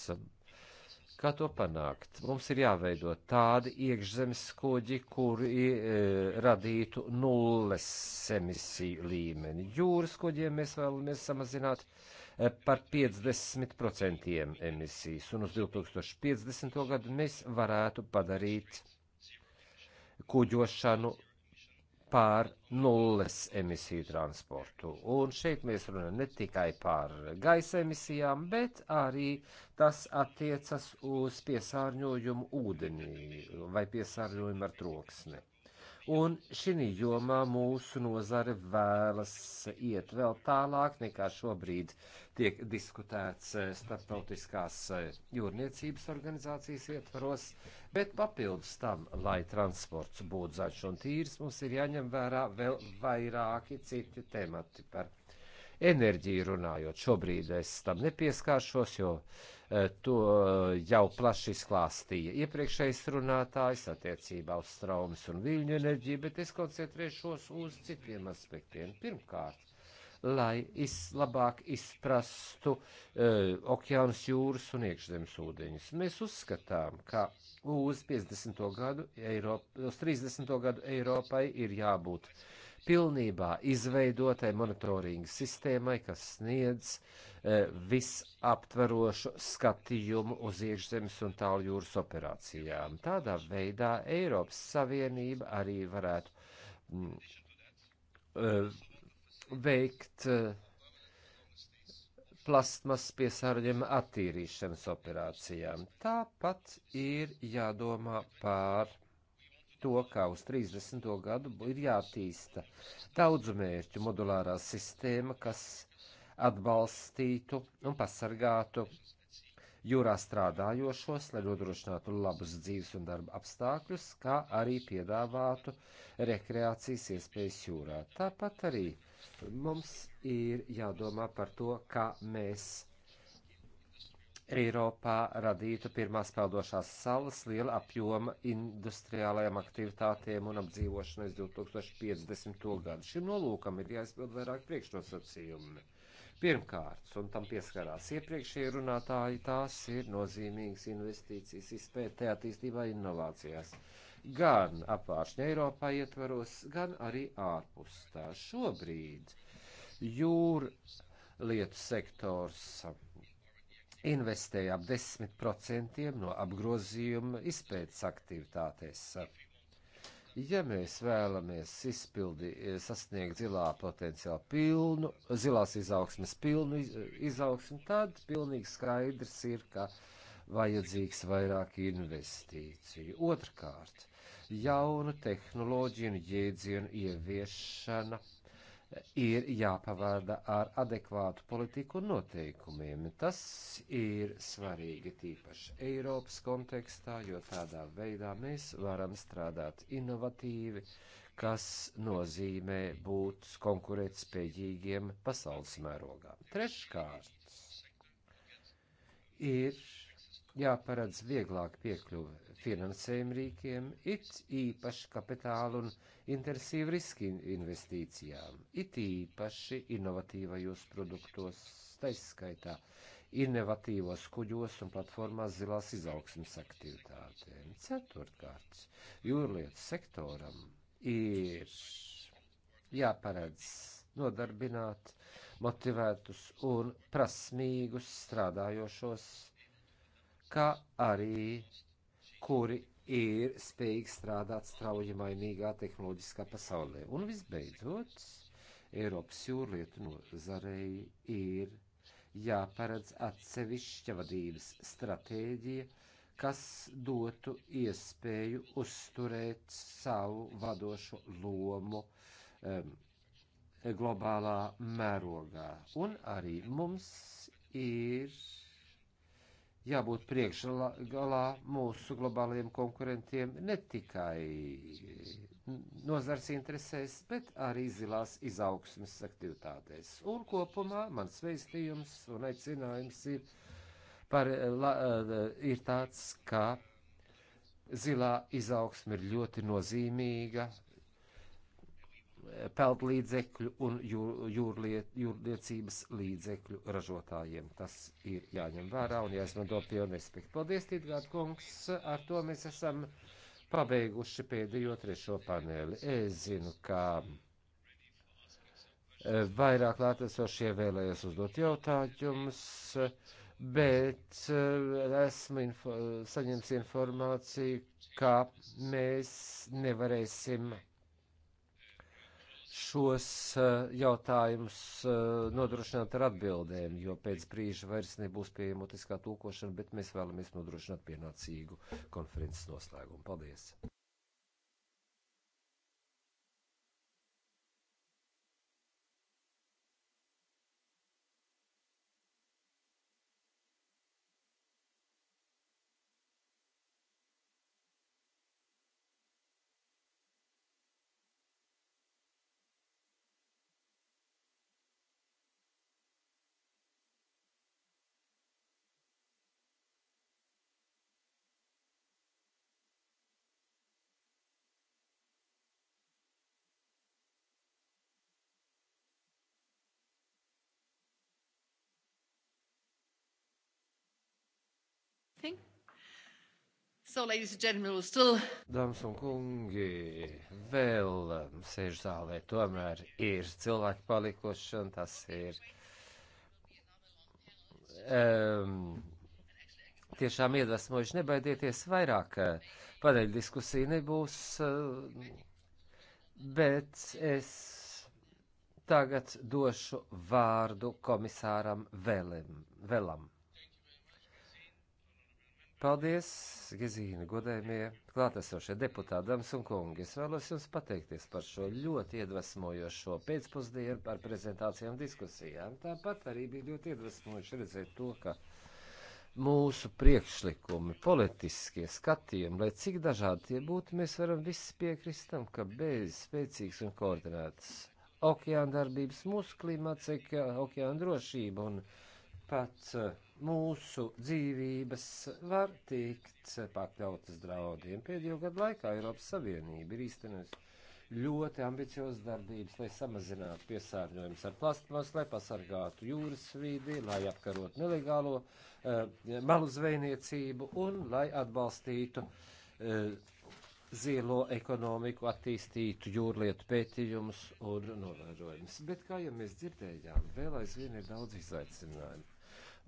Kā to panākt? Mums ir jāveido tādi iekšzemes kuģi, kuri e, radītu nulles emisiju līmeni. Jūras kuģiem mēs vēlamies samazināt uh, Eh, par 50% emisijas, un uz 2050. gadu mēs varētu padarīt kuģošanu pār nulles emisiju transportu. Un šeit mēs runājam ne tikai par gaisa emisijām, bet arī tas attiecas uz piesārņojumu ūdenī vai piesārņojumu ar troksni. Un šī jomā mūsu nozare vēlas iet vēl tālāk nekā šobrīd tiek diskutēts eh, starptautiskās eh, jūrniecības organizācijas ietvaros, bet papildus tam, lai transports būtu zaļš un tīrs, mums ir jāņem vērā vēl vairāki citi temati par enerģiju runājot. Šobrīd es tam nepieskāršos, jo e, to jau plaši izklāstīja iepriekšējais runātājs attiecībā uz traumas un viļņu enerģiju, bet es koncentrēšos uz citiem aspektiem. Pirmkārt, lai iz, labāk izprastu uh, e, okeānus, jūras un iekšzemes ūdeņus. Mēs uzskatām, ka uz 50. gadu Eiropa, uz 30. gadu Eiropai ir jābūt uh, pilnībā izveidotai monitoringa sistēmai, kas sniedz e, visaptverošu skatījumu uz iekšzemes un tāljūras operācijām. Tādā veidā Eiropas Savienība arī varētu m, mm, e, veikt e, plasmas piesārņojuma attīrīšanas operācijām. Tāpat ir jādomā par to, ka uz 30. gadu ir jātīsta daudzmērķu modulārā sistēma, kas atbalstītu un pasargātu jūrā strādājošos, lai nodrošinātu labus dzīves un darba apstākļus, kā arī piedāvātu rekreācijas iespējas jūrā. Tāpat arī mums ir jādomā par to, kā mēs Eiropā radītu pirmās peldošās salas liela apjoma industriālajām aktivitātēm un apdzīvošanai 2050. gadu. Šim nolūkam ir jāizpild vairāk priekšnosacījumi. Pirmkārt, un tam pieskarās iepriekšējie runātāji, tās ir nozīmīgas investīcijas izpētē, attīstībā, inovācijās. Gan apvāršņa Eiropā ietvaros, gan arī ārpus tā. Šobrīd jūr lietu sektors investēja ap 10% no apgrozījuma izpētes aktivitātēs. Ja mēs vēlamies izpildi, sasniegt zilā potenciāla pilnu, zilās izaugsmes pilnu izaugsmu, tad pilnīgi skaidrs ir, ka vajadzīgs vairāk investīciju. Otrkārt, jaunu tehnoloģiju un jēdzienu ieviešana ir jāpavada ar adekvātu politiku un noteikumiem. Tas ir svarīgi tīpaši Eiropas kontekstā, jo tādā veidā mēs varam strādāt inovatīvi, kas nozīmē būt konkurētspējīgiem pasaules mērogā. Treškārt ir jāparedz vieglāk piekļuve finansējuma rīkiem, it īpaši kapitālu un intensīvu riski investīcijām, it īpaši inovatīvajos produktos, taiskaitā inovatīvos kuģos un platformās zilās izaugsmas aktivitātēm. Ceturtkārt, jūrlietu sektoram ir jāparedz nodarbināt motivētus un prasmīgus strādājošos kā arī kuri ir spējīgi strādāt strauji mainīgā tehnoloģiskā pasaulē. Un visbeidzot, Eiropas jūrlietu nozarei ir jāparedz atsevišķa vadības stratēģija, kas dotu iespēju uzturēt savu vadošo lomu um, globālā mērogā. Un arī mums ir jābūt priekšgalā mūsu globālajiem konkurentiem ne tikai nozars interesēs, bet arī zilās izaugsmes aktivitātēs. Un kopumā mans veistījums un aicinājums ir, par, la, ir tāds, ka zilā izaugsme ir ļoti nozīmīga peldlīdzekļu un jūrliet, jūrniecības līdzekļu ražotājiem. Tas ir jāņem vērā un jāizmanto pilnu respektu. Paldies, Tītgārd kungs! Ar to mēs esam pabeiguši pēdējo trešo paneli. Es zinu, ka e, vairāk lētesošie vēlējas uzdot jautājumus, bet e, esmu info, saņems informāciju, ka mēs nevarēsim šos eh, jautājumus eh, nodrošināt ar atbildēm, jo pēc brīža vairs nebūs pieejamotiskā tūkošana, bet mēs vēlamies nodrošināt pienācīgu konferences noslēgumu. Paldies!
anything? So, ladies and gentlemen, we'll still...
Dāmas un kungi, vēl um, sēž zālē, tomēr ir cilvēki palikuši, un tas ir um, tiešām iedvesmojuši. Nebaidieties vairāk, uh, paneļa diskusija nebūs, uh, bet es tagad došu vārdu komisāram Velim, Velam. Paldies, Gezīna, godējumie klātesošie deputāti, dāmas un kungi. Es vēlos jums pateikties par šo ļoti iedvesmojošo pēcpusdienu par prezentācijām diskusijām. Tāpat arī bija ļoti iedvesmojoši redzēt to, ka mūsu priekšlikumi, politiskie skatījumi, lai cik dažādi tie būtu, mēs varam visi piekrist tam, ka bez spēcīgas un koordinētas okeāna darbības mūsu klimats, okeāna drošība un. Uh, pat e, mūsu dzīvības var tikt pakļautas draudiem. Pēdējo gadu laikā Eiropas Savienība ir īstenojusi ļoti ambiciozas darbības, lai samazinātu piesārņojumus ar plastmasu, lai pasargātu jūras vidi, lai apkarot nelegālo uh, malu zvejniecību un lai atbalstītu uh, e, zilo ekonomiku, attīstītu jūrlietu pētījumus un novērojumus. Bet, kā jau mēs dzirdējām, vēl aizvien ir daudz izaicinājumu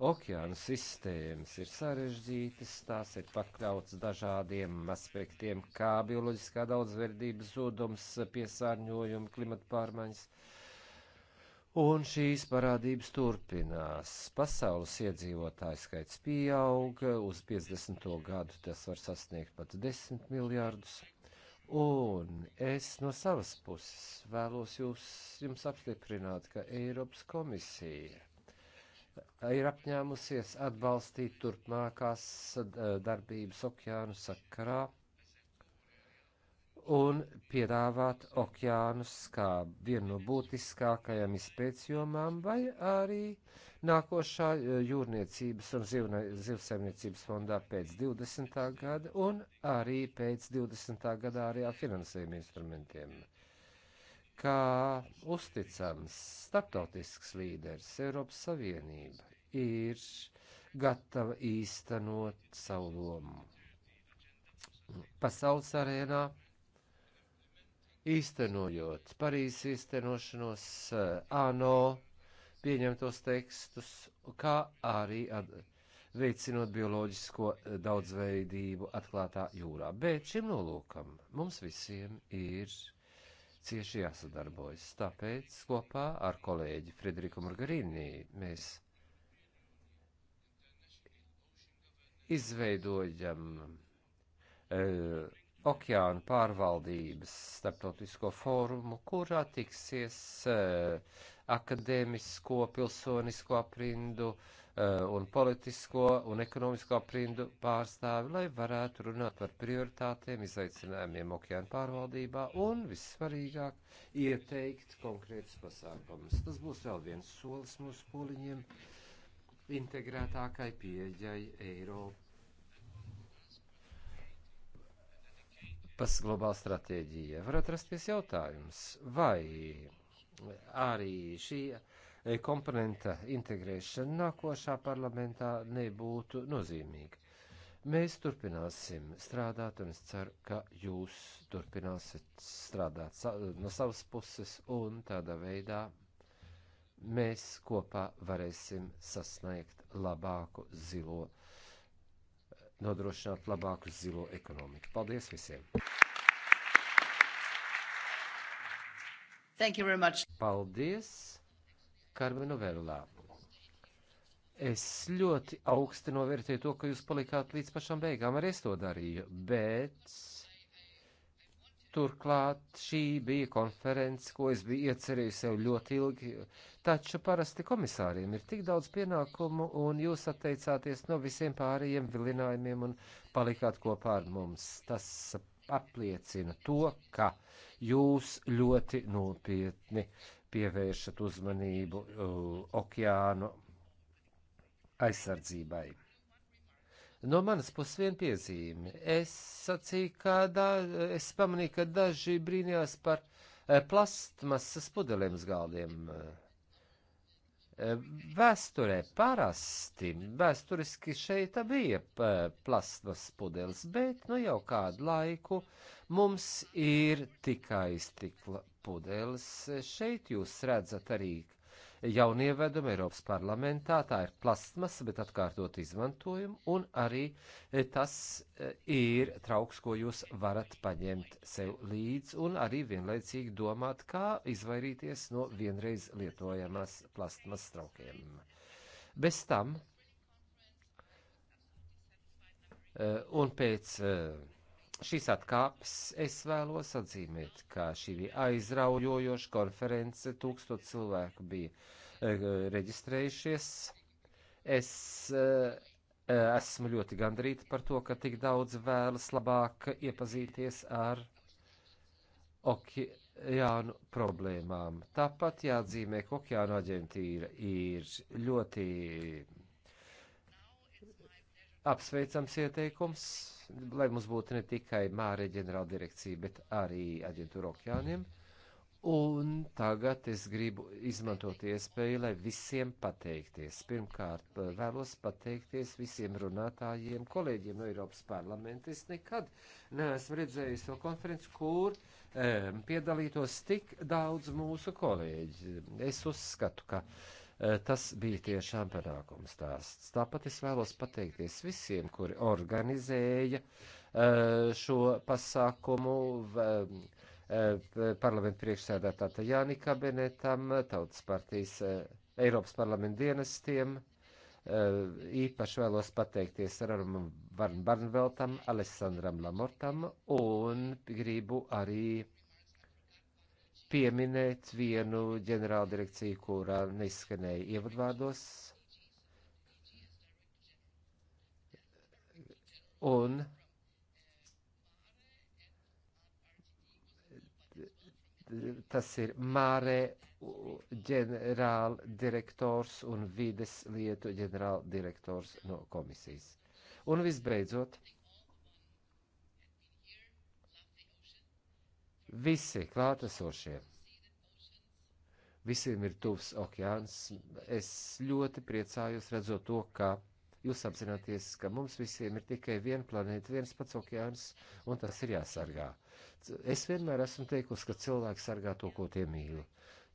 Okeāna sistēmas ir sarežģītas, tās ir pakļautas dažādiem aspektiem, kā bioloģiskā daudzverdības zudums, piesārņojumi, klimata pārmaiņas. Un šīs parādības turpinās. Pasaules iedzīvotāju skaits pieaug, uz 50. gadu tas var sasniegt pat 10 miljārdus. Un es no savas puses vēlos jūs, jums apstiprināt, ka Eiropas komisija ir apņēmusies atbalstīt turpmākās eh, darbības okeānu sakarā un piedāvāt okeānus kā vienu no būtiskākajām izpētjomām, vai arī nākošā eh, jūrniecības un zivsaimniecības fondā pēc 20. gada un arī pēc 20. gadā arī ar finansējuma instrumentiem kā uzticams starptautisks līderis Eiropas Savienība ir gatava īstenot savu lomu. Pasaules arēnā īstenojot Parīzes īstenošanos, eh, ANO pieņemtos tekstus, kā arī ad, veicinot bioloģisko eh, daudzveidību atklātā jūrā. Bet šim nolūkam mums visiem ir cieši jāsadarbojas. Tāpēc kopā ar kolēģi Frederiku Margarīnī mēs izveidojam uh, e, okeāna pārvaldības starptautisko fórumu, kurā tiksies uh, akadēmisko, pilsonisko aprindu uh, Eh, un politisko un ekonomisko aprindu pārstāvi, lai varētu runāt par prioritātiem, izaicinājumiem okeāna pārvaldībā un, vissvarīgāk, ieteikt konkrētus pasākumus. Tas būs vēl viens solis mūsu poliņiem integrētākai pieejai Eiropai. Eiropas globāla stratēģija. Var atrasties jautājums, vai arī šī E, komponenta integrēšana nākošā parlamentā nebūtu nozīmīga. Mēs turpināsim strādāt, un es ceru, ka jūs turpināsiet strādāt no savas puses, un tādā veidā mēs kopā varēsim sasniegt labāku zilo, nodrošināt labāku zilo ekonomiku. Paldies visiem! Thank you very much. Paldies! Karmenu Verulā. Es ļoti augsti novērtēju to, ka jūs palikāt līdz pašam beigām, arī es to darīju, bet turklāt šī bija konference, ko es biju iecerējis sev ļoti ilgi, taču parasti komisāriem ir tik daudz pienākumu, un jūs atteicāties no visiem pārējiem vilinājumiem un palikāt kopā ar mums. Tas apliecina to, ka jūs ļoti nopietni uh, pievēršat uzmanību uh, okeānu aizsardzībai. No manas puses viena piezīme. Es sacīju, ka da, es pamanīju, ka daži brīnījās par eh, plastmasas pudelēm uz galdiem. Eh, vēsturē parasti, vēsturiski šeit bija eh, plastmasas pudeles, bet nu jau kādu laiku mums ir tikai stikla pudeles. Šeit jūs redzat arī jaunievedumu Eiropas parlamentā, tā ir plastmasa, bet atkārtot izmantojumu, un arī e, tas e, ir trauks, ko jūs varat paņemt sev līdzi, un arī vienlaicīgi domāt, kā izvairīties no vienreiz lietojamās plastmasas traukiem. Bez tam, e, un pēc šīs atkāpes es vēlos atzīmēt, ka šī bija aizraujoša konference, tūkstot cilvēku bija uh, reģistrējušies. Es uh, esmu ļoti gandrīta par to, ka tik daudz vēlas labāk iepazīties ar okeānu problēmām. Tāpat jāatzīmē, ka okeāna aģentīra ir ļoti apsveicams ieteikums, lai mums būtu ne tikai māre ģenerāldirekcija, bet arī aģentūra okeāniem. Un tagad es gribu izmantot iespēju, lai visiem pateikties. Pirmkārt, vēlos pateikties visiem runātājiem, kolēģiem no Eiropas parlamenta. Es nekad neesmu redzējis to konferenci, kur um, piedalītos tik daudz mūsu kolēģi. Es uzskatu, ka uh, Eh, tas bija tiešām panākums stāsts. Tāpat es vēlos pateikties visiem, kuri organizēja eh, šo pasākumu eh, parlamentu priekšsēdētāta Jāni kabinetam, Tautas partijas Eiropas parlamentu dienestiem. Īpaši vēlos pateikties Aramam Varnbarnveltam, Alessandram Lamortam un gribu arī pieminēt vienu ģenerāldirekciju, kurā neizskanēja ievadvārdos. Un tas ir Mārē ģenerāldirektors un vides lietu ģenerāldirektors no komisijas. Un visbeidzot, Visi klātesošie. Visiem ir tuvs okeāns. Es ļoti priecājos redzot to, ka jūs apzināties, ka mums visiem ir tikai viena planēta, viens pats okeāns, un tas ir jāsargā. Es vienmēr esmu teikusi, ka cilvēki sargā to, ko tie mīl.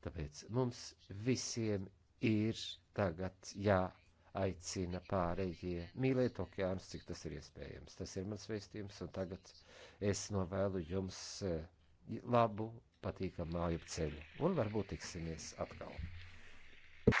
Tāpēc mums visiem ir tagad jāaicina pārējie mīlēt okeānus, cik tas ir iespējams. Tas ir mans vēstījums, un tagad es novēlu jums. Uh, labu, patīkamu māju ceļu. Un varbūt tiksimies atkal.